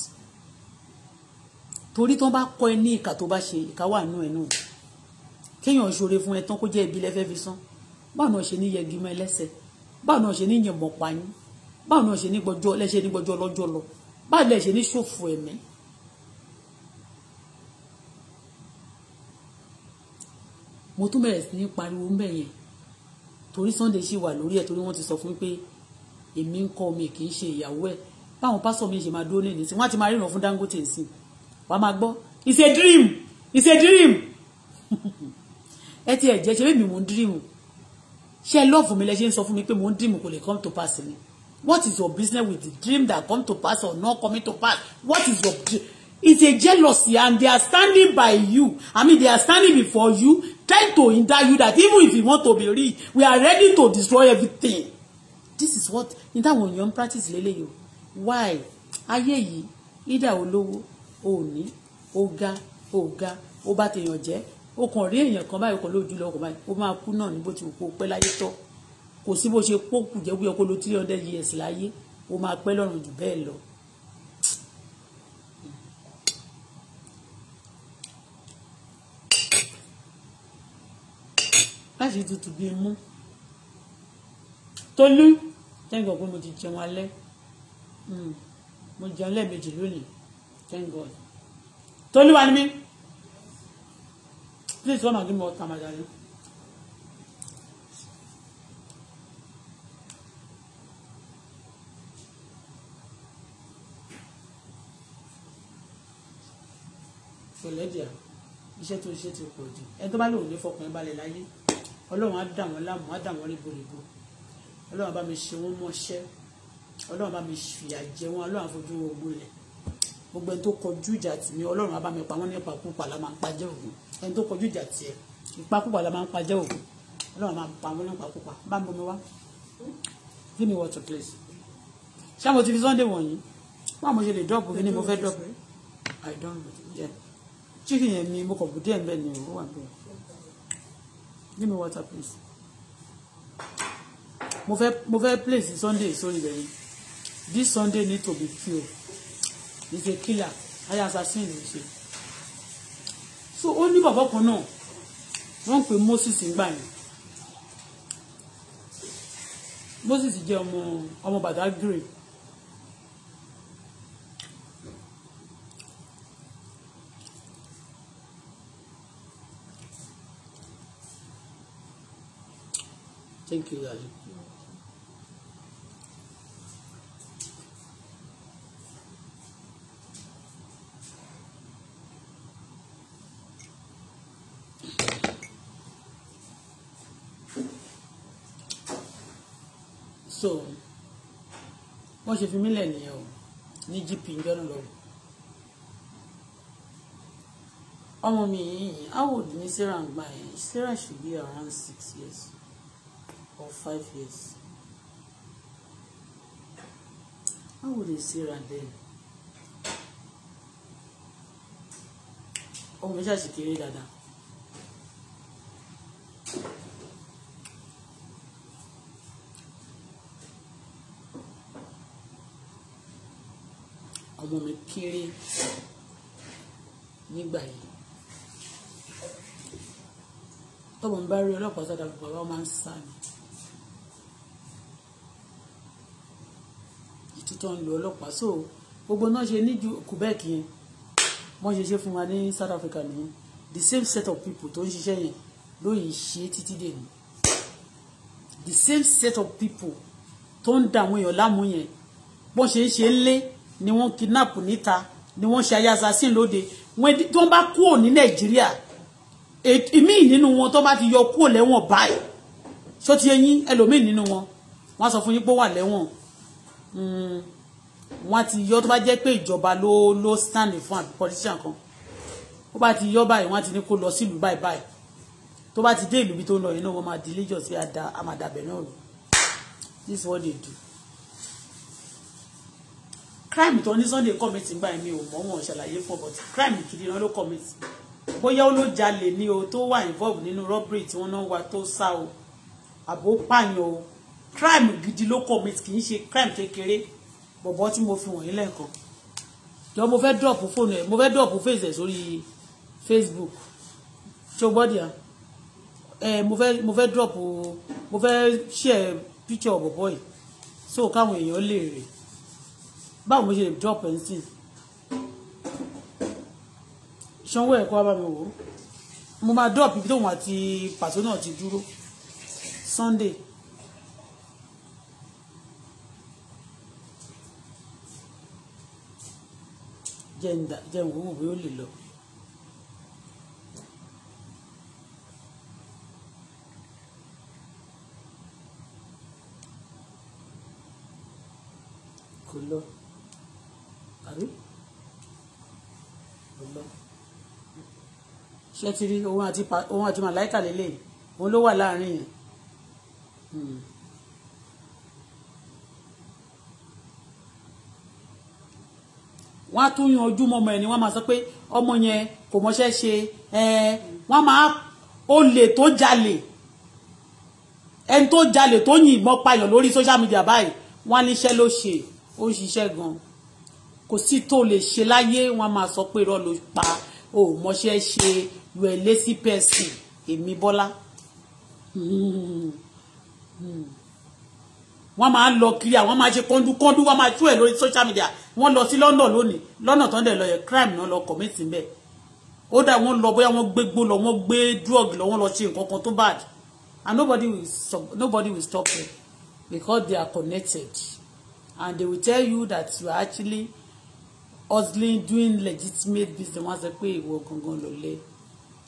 torí tó bá kọ́ ẹ ní ìkà tó bá ṣe ìkà wà nù ẹnu ẹ̀ kéèyàn ṣoore fún ẹ tán kó jẹ́ ibi lẹ́fẹ́ fi san báwo náà ṣe ní yẹgi mọ́ ẹlẹ́sẹ̀ báwo náà ṣe ní yẹ̀mọ̀ pààyàn báwo náà ṣe ní gbọjọ́ lẹ́ṣẹ̀ ní gbọjọ́ lọ́jọ́ lọ báwo lẹ́ ní ṣòfò ẹ̀mí. mo tún bẹ̀rẹ̀ sí ní pariwo ń bẹ̀ yẹn torí Sunday ṣì wà lórí ẹ̀ torí wọ́n ti sọ fún mi pé èmi ń kọ́ mi kì í ṣe ìyàwó ẹ̀ báwọn pásọ̀ mi ṣe máa dúró lè wọ́n á ti máa ríran fún Dangote sí wàá máa gbọ́ it's a dream it's a dream [laughs] ẹ ti ẹ̀ jẹ́ ṣe mi mò dream She lọ́ọ̀fù mi lẹ ṣe ń sọ mi pé mò dream kò lè come to pass ni what is your business with the dream that come to pass or not coming to pass what is your dream it's a jealousy and they are standing by you i mean they are standing before you trying to hinder you that even if you want to be rich we are ready to destroy everything this is what in that one young practice lele leleyo why ayé yìí ida olówó o ò ní o ga o ga o bá tèèyàn jẹ́ o kàn rí èèyàn kan báyìí kò lójú lọ́kọ̀ báyìí o máa kú náà ní bó ti wù kó pẹ́ láyé tọ́ kò sí bó ṣe pọ̀ kù jẹ́ bí ọkọ lo three hundred years láyé o máa pẹ́ lọ́rùn jù bẹ́ẹ̀ lọ. láti tutù bíi mú Tolú tẹ́ǹgàn pé mo ti jẹun alẹ́ hmm, mo jẹun lẹ́ẹ̀mejì lónìí Thank God. Tolúwa ni mí. Please one of them more time, Ajani. Fẹ̀lẹ́dìà, iṣẹ́ tó ṣe ti pọ̀ jù. Ẹ tó bá lòun ní fọkàn balẹ̀ láyé. Ọlọ́run á dà wọ́n láàmú, á dà wọ́n ríboríbo. Ọlọ́run bá mi ṣe wọ́n mọ́ṣẹ́. Ọlọ́run bá mi fìyà jẹ wọ́n. Ọlọ́run àfojú wọn gbólẹ̀ gbogbo ẹni tó kọjú ìjà tì mí ọlọ́run á pa wọ́n nípa púpà la máa ń pajẹ́ ògùn ẹni tó kọjú ìjà tì ẹ ipa púpà la máa ń pajẹ́ ògùn ọlọ́run máa pa wọ́n nípa púpà bá ń bomi wá give me water please ṣé àwọn ti fi sunday wọ̀nyí wọ́n àmọ́ ṣe lè dọ́ọ̀bù kí ni mo fẹ́ dọ́ọ̀bù i don't know yeah chicken yẹn mi mo kàn bù díẹ̀ bẹ́ẹ̀ ni ó wà bẹ́ẹ̀ give me water please mo fẹ́ mo fẹ́ place sunday sórí rẹ̀ yìí this sunday need to be pure he's a killer ayé assassin ló ṣe so only ní bàbá kan náà wọ́n ń pè Moses ńgbà yẹn Moses jẹ́ ọmọ ọmọ Badagry Thank you, guys. so wọ́n ṣe fi mílẹ̀ nìyẹn o ní gp ń jọ́nà lọ. ọmọ mi yìí how old ni sarah ń gbà yẹn sarah should be around six years or five years how old is sarah then. ọmọ mi ṣàṣì kéré dáadáa. mú mi kéré nígbà yìí tọ́mọ̀ ń bá rí ọlọ́pàá sọ́dọ̀ àgbà wọn máa ń sá mi ìtú ń lo ọlọ́pàá so gbogbo náà ṣe níjú Quebec yẹn wọ́n ṣe ṣe fún wa ní South Africa nìyẹn the same set of people tó ń ṣiṣẹ́ yẹn lóyìn ṣe títí dè ní the same set of people tó ń dààmú èèyàn láàmú yẹn bọ́n ṣe ń ṣe ń lé ni wọ́n kidnap níta ni wọ́n ṣe ayé assassin lóde tí wọ́n bá kúrò ní nàìjíríà ìmíì nínú wọn tó bá ti yọ kúrò lẹ́wọ̀n báyìí ṣó ti eyín ẹlòmíì nínú wọn wọ́n sọ fún yín pé wà lẹ́wọ̀n hmm, wọ́n ti yọ tó bá jẹ́ pé ìjọba ló ló stand fún àbí politician kan tó bá ti yọ báyìí wọ́n ti ní kó lọ sílùú báyìí báyìí tó bá ti dé ìlú bí tó ń lọ yìí náà wọ́n máa delay just bí àmàdàbẹ̀ náà this is what they do crime tó ní Sunday commit ń gbà mí ò mọ̀ wọn ṣàlàyé fún ọ but crime gidi náà ló commit bóyá ó ló jalè ní o tó wà involve nínú robbery tí wọ́n náà wà tó sá o àbó pààyàn o crime gidi ló commit kì í ṣe crime kékeré bọ̀bọ̀ tí mo fi wọ̀nyí lẹ́ẹ̀kan lọ mo fẹ́ drop fóònù ẹ̀ mo fẹ́ drop face ẹ̀ sórí Facebook ṣó gbọ́dọ̀ yà ẹ̀ mo fẹ́ mo fẹ́ drop mo fẹ́ share picture bọ̀bọ̀ yìí so káwọn èèyàn lè rèé báwo mo ṣe lè drop ẹ̀ sí sanwó ẹ̀kọ́ bá mi wò ó mo máa drop ibi tóun àti pàtó náà ti dúró Sunday. jẹ́ ń wúwo bí ó lè lọ. kò lọ. ṣé ti rí òun àti òun àti màláìkà lélẹ̀ òun ló wà láàrin yẹn. Hmm. wọ́n á tún yan ojú mọ́mọ́ ẹ̀ ni wọ́n máa sọ pé ọmọ yẹn kò mọṣẹ́ ṣe wọ́n máa olè tó jalè ẹni tó jalè tó yìnbọn payàn lórí social báyìí wọ́n á níṣẹ́ ló ṣe ó ṣiṣẹ́ gan-an kò sí tó lè ṣe láyé wọn máa sọ pé irọ́ ló pa o mọṣẹ́ ṣe you are lazy person èmi Bọ́lá hmm. Hmm. wọ́n máa ń lọ kiri àwọn máa ṣe kọ́ńdúkọ́ńdú wọ́n máa tú ẹ̀ lórí social media wọ́n lọ sí London lónìí lọ́nà tó ń dẹ̀ lọ yẹ crime náà lọ commit ń bẹ̀ ó dà wọ́n lọ bóyá wọ́n gbé gbó lọ wọ́n gbé drug lọ wọ́n lọ ṣe nǹkan kan tó bad and nobody will stop nobody will stop them because they are connected and they will tell you that you are actually hustling doing legitimate business wọ́n á sọ pé ìwọ gangan lọ̀lẹ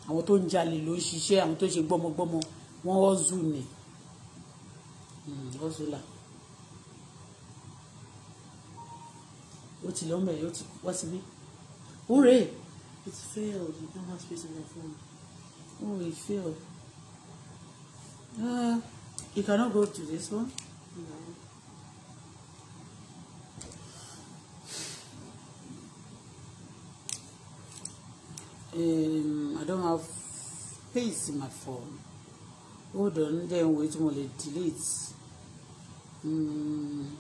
àwọn tó ń jalè ló ń ṣiṣẹ́ àwọn tó ń ṣe gbọ́mọgbọ́mọ wọ́n hustle ni hmm, hustle la ó ti lọ́mọ ẹ̀ ó ti wá sí mi hooray it failed you don't have space in your phone oh it failed uh, you cannot go to this one. um, I don't have space in my phone hold on then wait mo to delete. Um,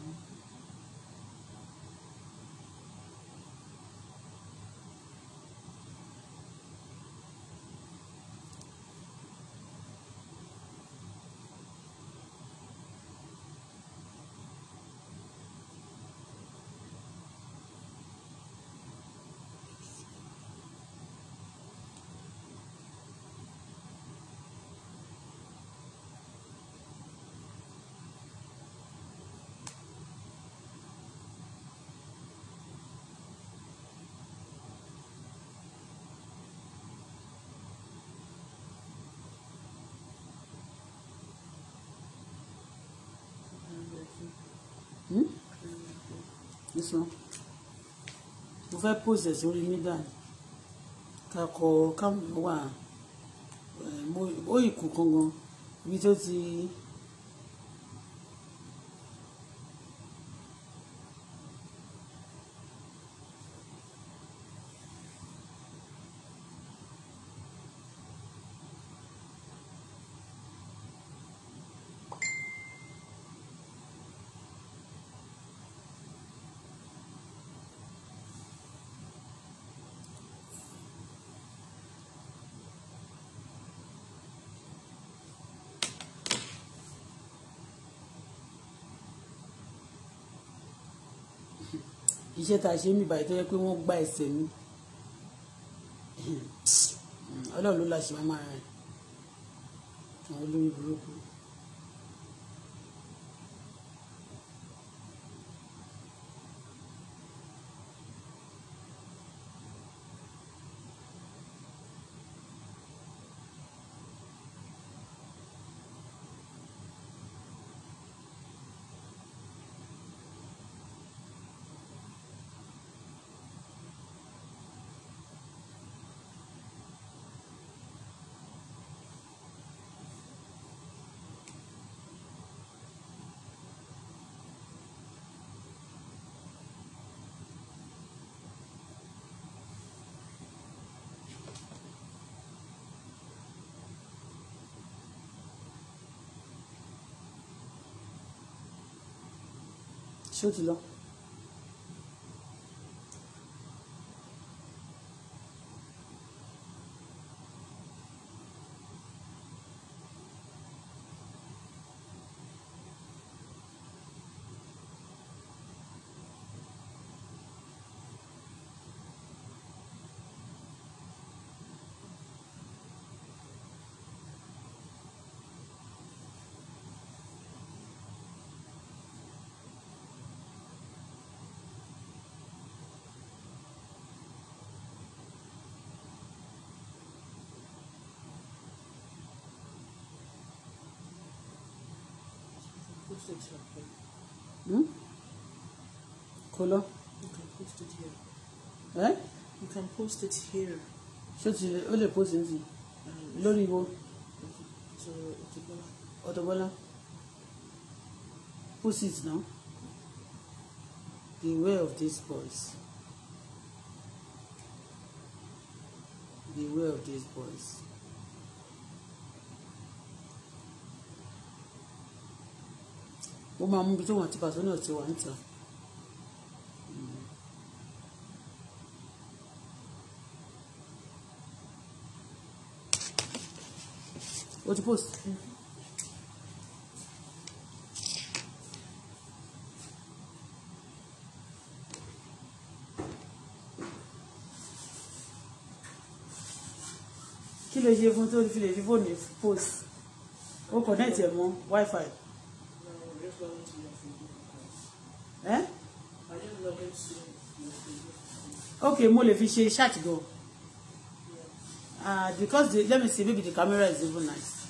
Hmm? This one. Mo fẹ́ pòsè sórí mídà ni. Kakọ̀ káwọn wà ó ìkù kangan ibi ti. iṣẹ́ tá a ṣe mí báyìí tó yẹ pé wọ́n gba ẹsẹ̀ mi ọlọ́run ló la ṣe máa rẹ̀ àwọn olórí burúkú. 休息了。put Hmm? Color? You can post it here. Eh? You can post it here. Ṣé ti o lè post it here? Um, Lórí wo? Auto Bola. Post it now. Beware of these boys. Beware of these boys. mo máa mú ibi tó wọn ti bàtọ́ náà ti wà ń tà. o ti post. kí ló ṣe fún tó fi lè rí fóònù post ó kọ̀ náà mọ́ wifi. Eh? Okay, more mo lè fi ṣe ah because the, let me see maybe the camera is even nice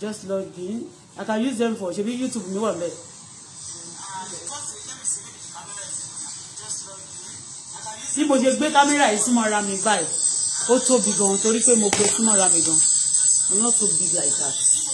just log in i can use them for maybe youtube mi wà See, bí mo ṣe camera is yìí súnmọ́ ara mi báyìí ó tóbi gan torí pé mo more súnmọ́ ara mi i'm not so big like that.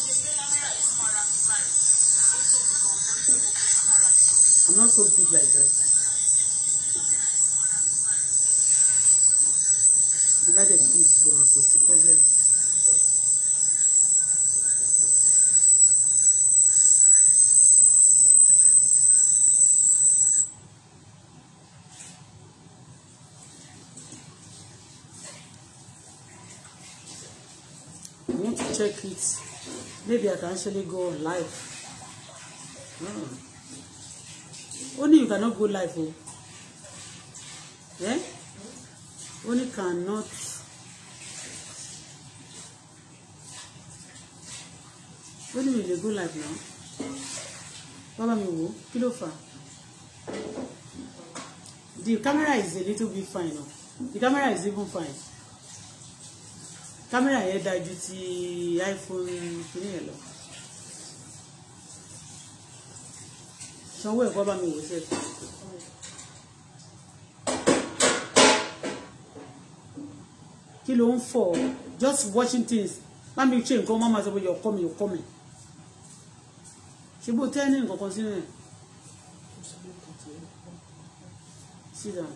maybe I can actually go live mm. only you cannot go live o oh. eh only cannot. Only ní mi go live now bàbá mi wò ó kí the camera is a little bit fine Oh, the camera is even fine kámẹ́rà yẹn dájú ti iPhone kìíní yẹn lọ sanwó ẹ̀kọ́ bá mi wò sẹ́ẹ̀. kí ló ń fọ just watching things má mi ṣe nǹkan má ma sọ pé yọ ọkọ mi yọ ọkọ mi ṣe bó tẹ́ ní nǹkan kan sínú ẹ̀. sit down.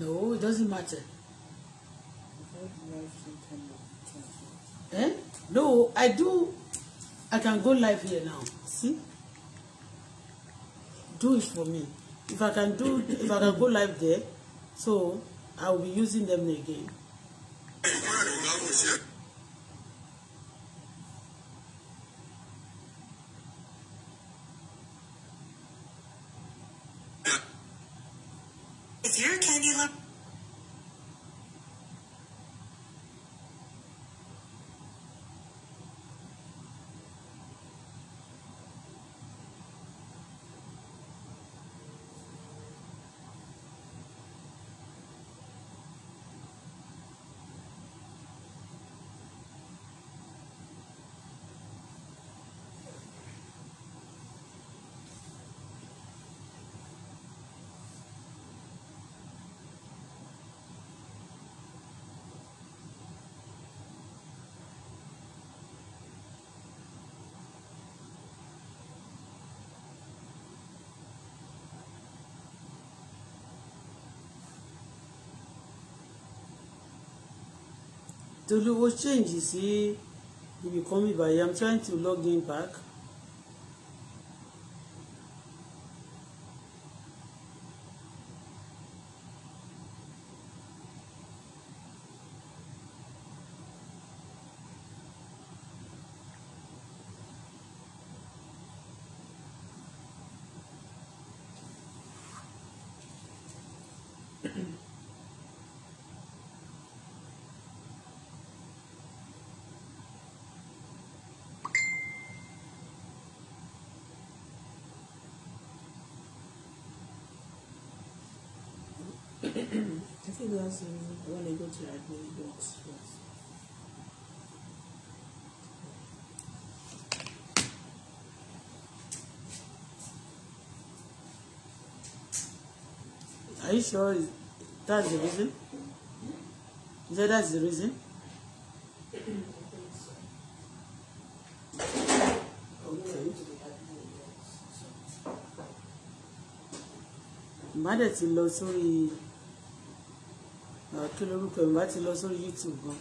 No, it doesn't matter. Eh? No, I do. I can go live here now. See? Do it for me. If I can do, if I can go live there, so I will be using them again. the Toluwo change sí become mi báyìí I'm trying to log in back. I think that's um, when I go to the admin box first. Are you sure that's the reason? You said that's the reason? Okay. Má dẹ̀ ti lọ kí lorúkọ ìwà ti lọ sórí YouTube gan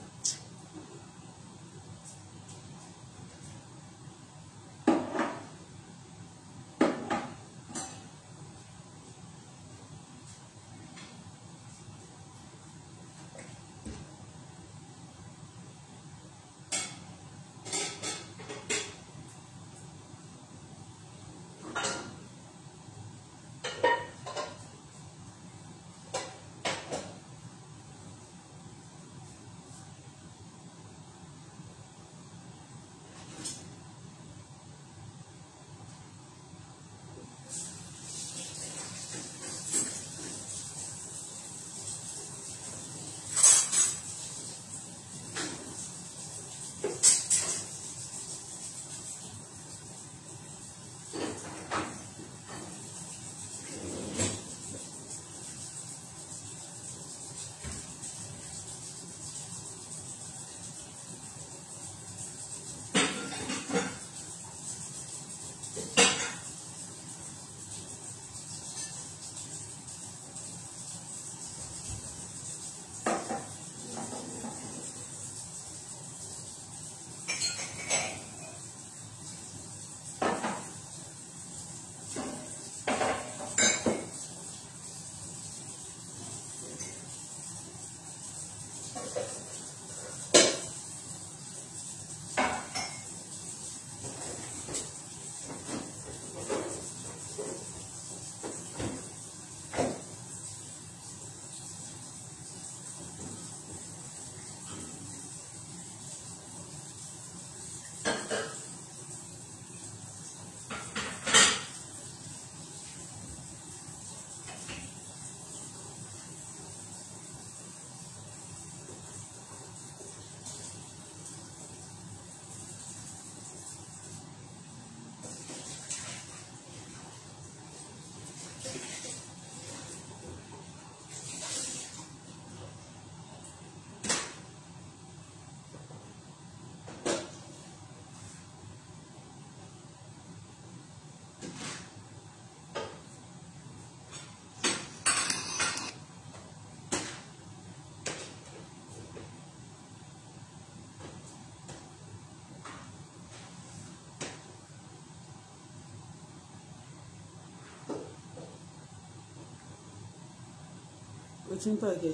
ti ń tọ̀ jẹ.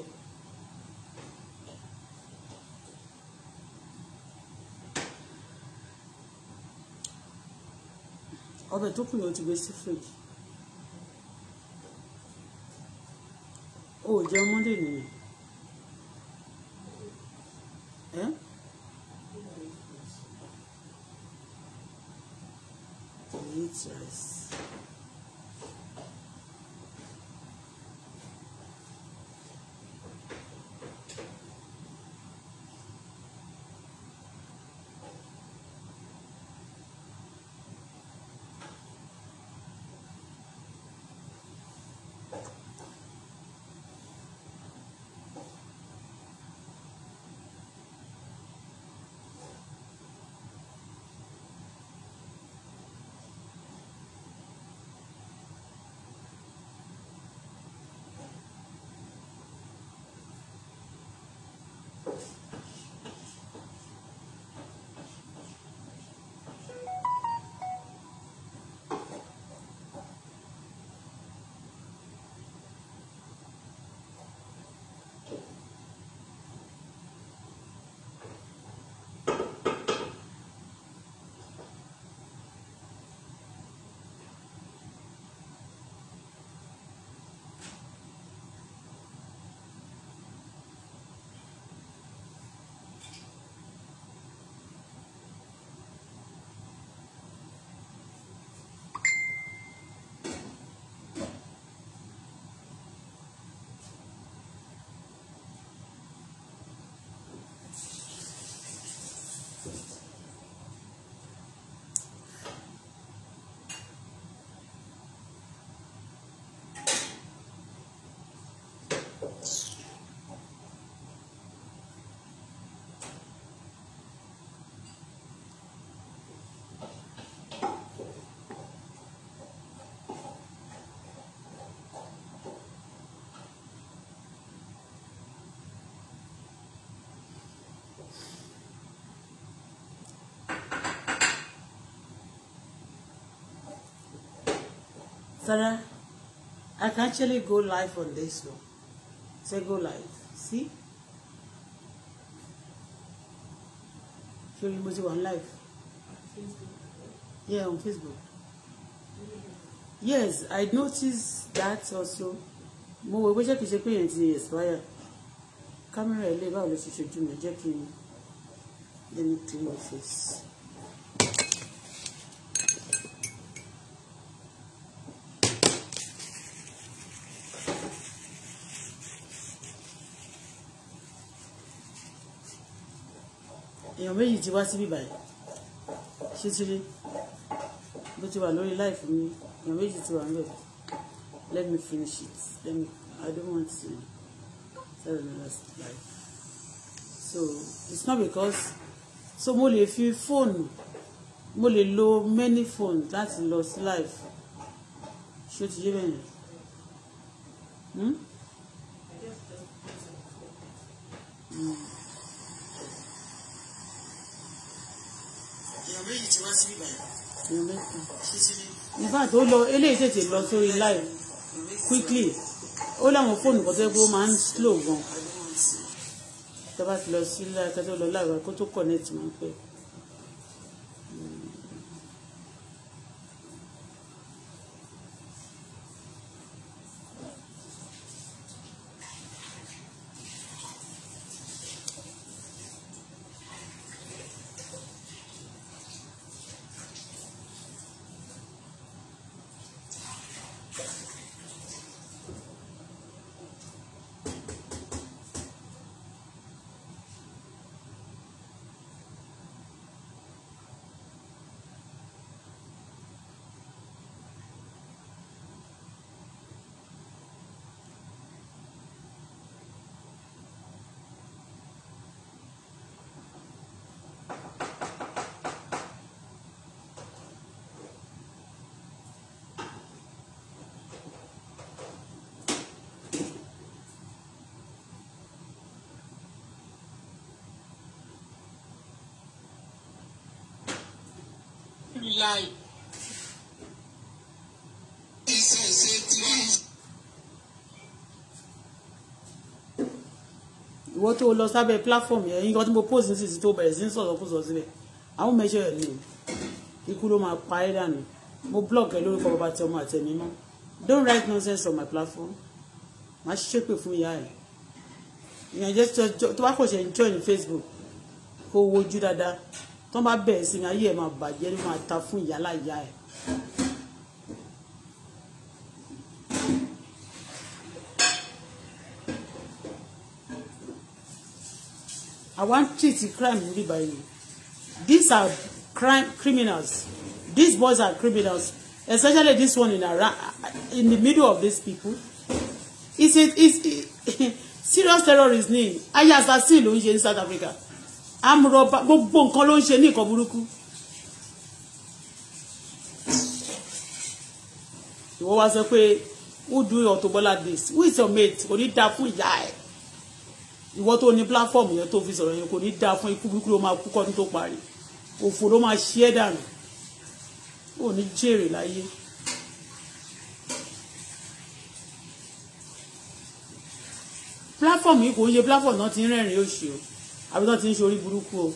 ọbẹ̀ tó kù yẹn ti gbé sí fridge. ó jẹun Sarah, I can actually go live on this one. Say go live. See? Show you music on live. Yeah, on Facebook. Yes, I noticed that also. Mo wo bó ṣe kìí ṣe pé èèyàn ti expire. Kámẹ́rà ilé báwo ló ṣe ṣojú let me clean my face. èèyàn méjì ti wá síbí báyìí ṣé ti rí bó ti wà lórí láìfún mi èèyàn méjì ti wà níbẹ̀ let me finish it let me i don't want to tell you last life so it's not because so mo lè fi fóònù mo lè lo many phones. láti lọ sí life ṣé o ti yé bẹ́ẹ̀ yẹn. Hmm? fact ó lọ eléyìí tètè lọ sórí live quickly ó láwọn fóònù kan tó yẹ pé máa ń slow gan tó bá ti lọ sí live kó tó lọ live kó tó connect máa ń pẹ́. báyìí. ìwọ tó lọ sábẹ́ platform yẹn nǹkan tí mo post ní sísè tó bẹ̀rẹ̀ sí ń sọ̀rọ̀ kó sọ síbẹ̀ àwọn mẹ́ṣẹ̀ rẹ̀ ni ikú ló máa pa ẹ́ dànù mo blog ẹ lórúkọ bàbá tí ọmọ àtẹ̀mí mọ́ don't write nonsense on my platform má ṣépè fún ìyá ẹ̀ ìyànjẹ́ tó bá kò ṣe ń join Facebook kó wojú dáadáa tó bá bẹ̀rẹ̀ sí ní ayé ẹ̀ máa bàjẹ́ ló máa ta fún ìyá láyà ẹ̀. I wan treat the crime in the Bible. These are crime criminals. These boys are criminals, especially this one in Iran, in the middle of these people. It's a, it's [laughs] serious terrorist ni. Aya assassin ló ṣe in South Africa amúrọ̀bà gbogbo nǹkan ló ń ṣe ní nǹkan burúkú. ìwọ wá sọ pé who do your to Bola this who is your mate kò ní dáa fún ìyá ẹ̀ ìwọ tó ní platform yẹn tó fi sọ̀rọ̀ yẹn kò ní dáa fún ikú burúkú ló máa kú kọ́dún tó parí òfò ló máa ṣí ẹ́ dànù ò ní jèrè láyé. platform yìí kò ń ṣe platform náà ti ń rẹ́rìn-ín òṣì o àbí tó ti ń ṣorí burúkú o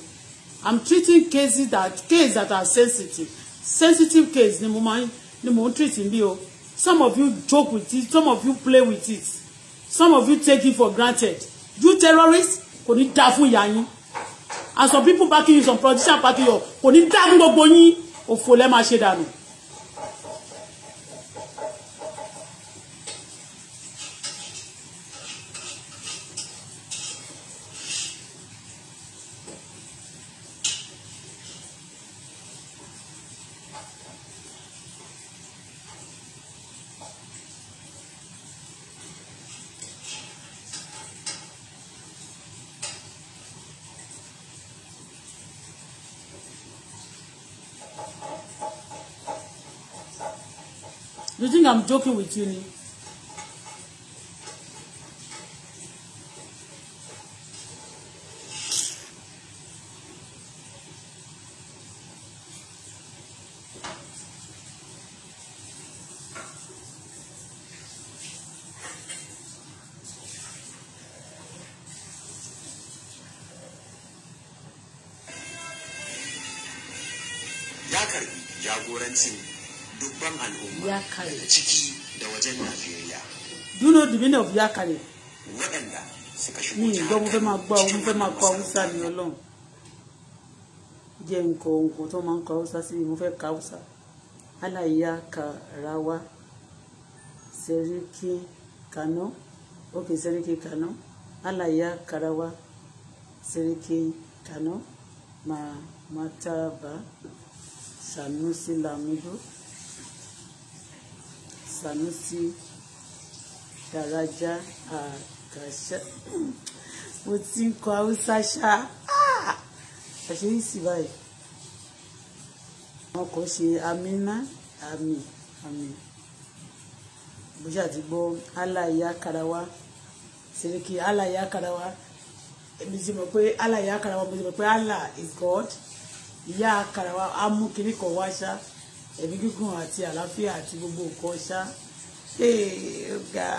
i'm treating cases that cases that are sensitive sensitive cases. ni mo máa ni mo ń treat bí o some of you joke with it some of you play with it some of you take it for granted you terrorists kò ní dáa fún ìyá yín and some people backing you some politicians backing you kò ní dáa fún gbogbo yín òfò lẹ́ẹ̀ máa ṣe dànù. I'm joking with you yakare ciki da wajen Najeriya do you know the meaning of yakare waɗanda suka shigo ni gbọ́ mo fẹ́ máa gbọ́ mo fẹ́ máa kọ́ haúsá ni ọlọ́run jẹ́ nǹkan nǹkan tó máa ń kọ́ haúsá sí mo fẹ́ ka haúsá aláìyá karawa sẹ́ríkì kaná ókè sẹ́ríkì kaná aláìyá karawa sẹ́ríkì kaná sanusi lamido. Sanusi Daraja Àkàṣà mo ti ń kọ Haúsá ṣá àṣírí ah! sì báyìí wọn kò ṣe amínà àmì àmì bó ṣàti gbọ́ aláìyá karawa sẹ́ríkì aláìyá karawa èmi ti mọ̀ pé aláìyá karawa mo ti mọ̀ pé Allah is God ìyá karawa amúkiri kan wá ṣá ẹ̀mí gígùn àti àlàáfíà àti gbogbo nǹkan ṣá ga.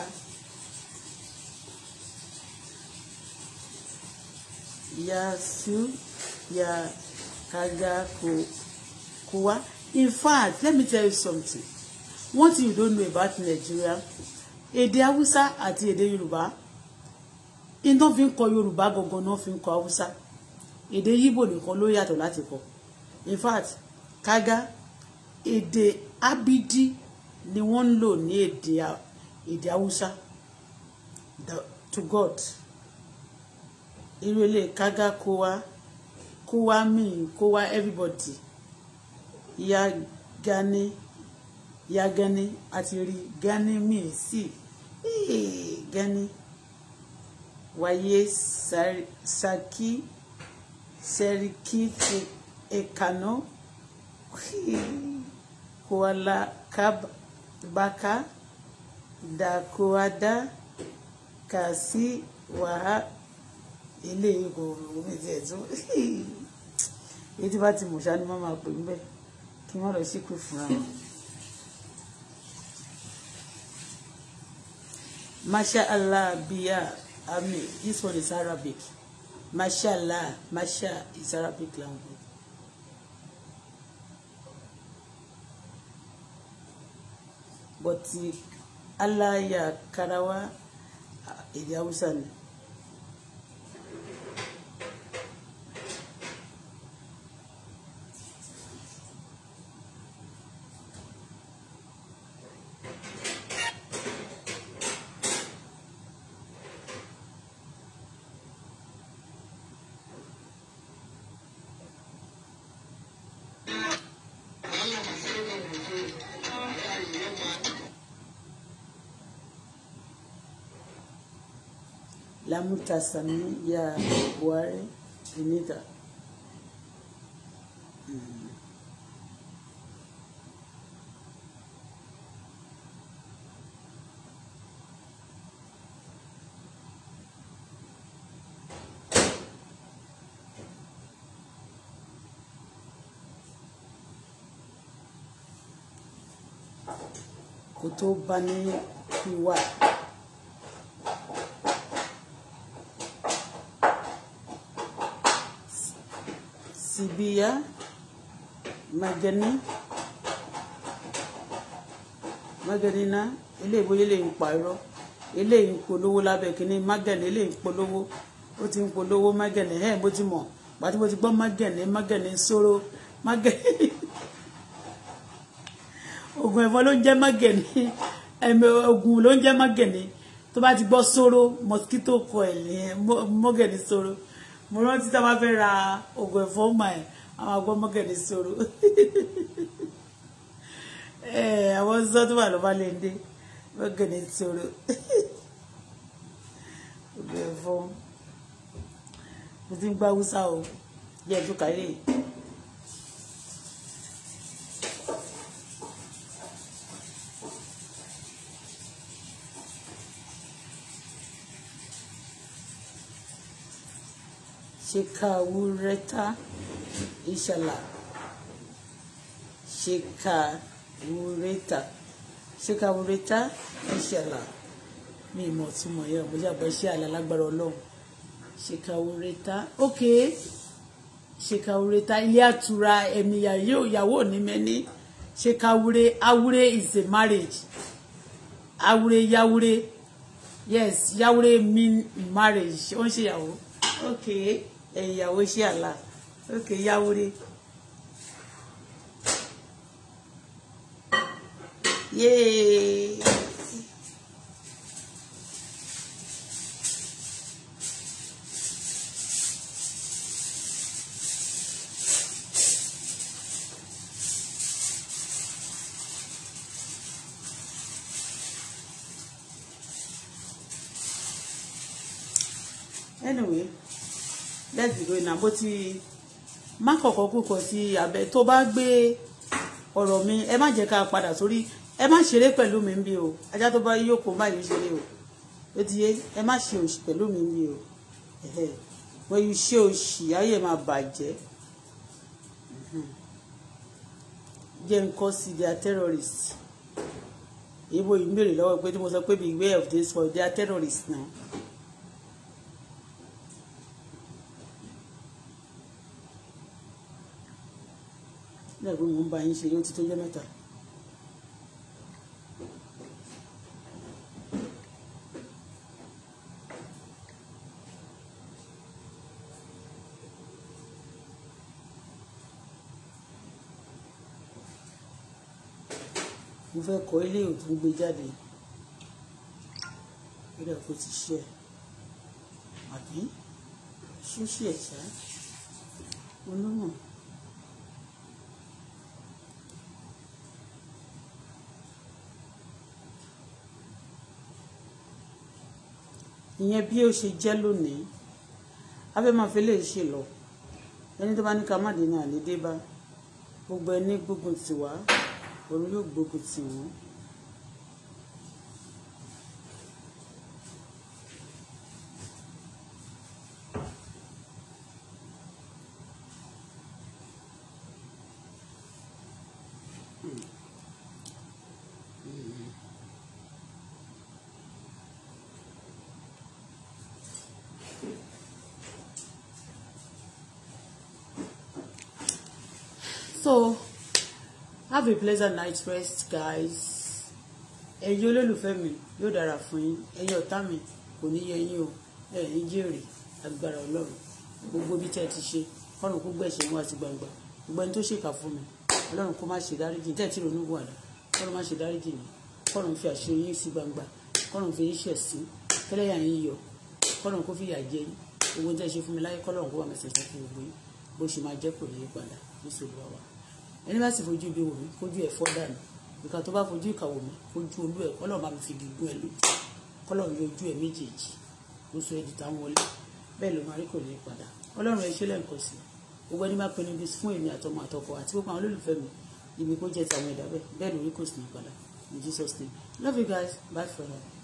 yasu ya kaga ko kuwa in fact let me tell you something one thing you don't know about Nigeria èdè Haúsá àti èdè Yorùbá iná fi ń kọ Yorùbá gangan náà fi ń kọ Haúsá èdè Yíbò nìkan ló yàtọ̀ láti kọ in fact kaga èdè abidi ni wọ́n ń lò ní èdè èdè haúsá to god irú ilé kága kó wá kó wá mí kó wá everybody ya gani ya gani àti rí gani mí sí gani wáyé saki seriki ti kualakabaka dakuada kasiwaha eléyìí kò rò mí tiẹ̀ tún [laughs] èyí tí bá ti mọ̀ṣá ni wọ́n máa pè ń bẹ̀ kí wọ́n lọ sí pé fúnra wọn. masha allah biya ami this one is arabic masha allah masha is arabic language. but Allah ya karawa èdè haúsá ni. Salamu tasami ya Bware Benita. Mm. bani tó biya magani magani na eléyìí bóyá eléyìí ń pa irọ́ eléyìí ń polówó lábẹ́ kínní magani eléyìí ń polówó ó ti ń polówó magani ẹ̀ bó ti mọ̀ pàtí mo ti gbọ́ magani magani sóró magani [laughs] oògùn ẹ̀fọn ló ń jẹ́ magani ẹ̀mẹ̀ oògùn ló ń jẹ́ magani tó bá ti gbọ́ sóró mosquito coil yẹn mọ́gẹ̀ni sóró mo rántí tá a bá fẹ́ ra oògùn ẹ̀fọ́ mà [laughs] ẹ̀ àwọn agbọ́mọ́gẹ̀dẹ̀ sọ̀rọ̀ àwọn sọ tó wà lọ́ba lè dé mọ́gẹ̀dẹ̀ sọ̀rọ̀ oògùn [laughs] ẹ̀fọ́ mo ti ń gbá wúsà o yẹ tó kàlẹ́ yìí. Inshallah. shekawureta ishala shekawureta shekawureta Inshallah. mi ìmọ̀ tí mo yẹ ọ̀gbọ́n jàgbọ́ iṣẹ́ àlẹ́ alágbára ọlọ́run shekawureta ok shekawureta ilé àtura ẹ̀mí ni meni. mẹ́ni shekawure awure is a marriage awure yawure yes yawure mean marriage ó ń ṣe Okay ẹ̀yin ìyàwó àlà òkè yáwúrè yéé. anyway na mo ti má kọ̀kọ́ kúkọ sí abẹ tó bá gbé ọ̀rọ̀ mi ẹ má jẹ́ ká padà sórí ẹ má ṣeré pẹ̀lú mi bí o ajá tó bá yókò má yé ṣeré o ó ti yé ẹ má ṣe òṣì pẹ̀lú mi bí o wọ́n yìí ṣe òṣì ayé máa bàjẹ́ jẹ́ nǹkan sí their terrorists èyí bóyá ń béèrè lọ́wọ́ pé tí mo sọ pé be aware of this for their terrorist now. dàgbé mò ń bá yín ṣe yóò ti tó jẹ́ mẹ́ta. mo fẹ́ kọ ilé òtún gbé jáde ó dà ti ṣe àbí ṣúṣì ẹ̀ṣá onímọ̀. ìyẹn bí ó ṣe jẹ́ lónìí abẹ́ máa fi lè ṣe lọ ẹni tó bá ní ká má dènà àlédébá gbogbo ẹni gbógun tiwa òun yóò gbógun tiwọn. so have a pleasant night rest guys ẹ̀yin olólùfẹ́ mi yóò dára fún yín ẹ̀yin ọ̀tá mi kò ní yẹ yín o ẹ̀yin jèrè agbára ọlọ́run gbogbo bí tẹ́ ẹ ti ṣe ọlọ́run kó gbẹ̀ṣẹ̀ wọn àti gbangba gbogbo ẹni tó ṣèkà fún mi ọlọ́run kó má ṣe dáríjì tẹ́ ẹ ti ronú wàdà ọlọ́run má ṣe dáríjì mi kọ́run fi àṣírí yín sí gbangba kọ́run fi yín ṣẹ̀ sí tẹ́lẹ̀yà yín yọ kọ́run kó fìyà jẹ yín gbogbo tẹ́ ṣe fún mi láyé kọ́run kó wà mẹ́sàn-án fún gbogbo yín bó ṣe máa jẹ́ kò ní í padà ní sòlúwa ẹni bá sì fojú ibi wò mí fojú ẹ̀ fọ́ dànù ìkà tó bá fojú ìkà wò mí fojú olú ẹ̀ kọ́lọ̀ bá fi gígùn ẹ̀ lójú kọ́lọ̀ yọ ojú ẹ̀ méjèèjì ó sọ ẹ̀dì táwọn wọlé bẹ́ẹ̀ ló máa rí kò ní padà ọlọ́run ẹ ṣe lẹ́ǹkan sí gbogbo ẹni máa pinnu bis fún èmi àtọmọ àtọkọ àti gbogbo àwọn olólùfẹ́ mi ibi kó jẹ́ ti àwọn ẹ̀dá bẹ́ẹ̀ bẹ́ẹ̀ lórí kò sí ní padà in Jesus name love you guys bye for now.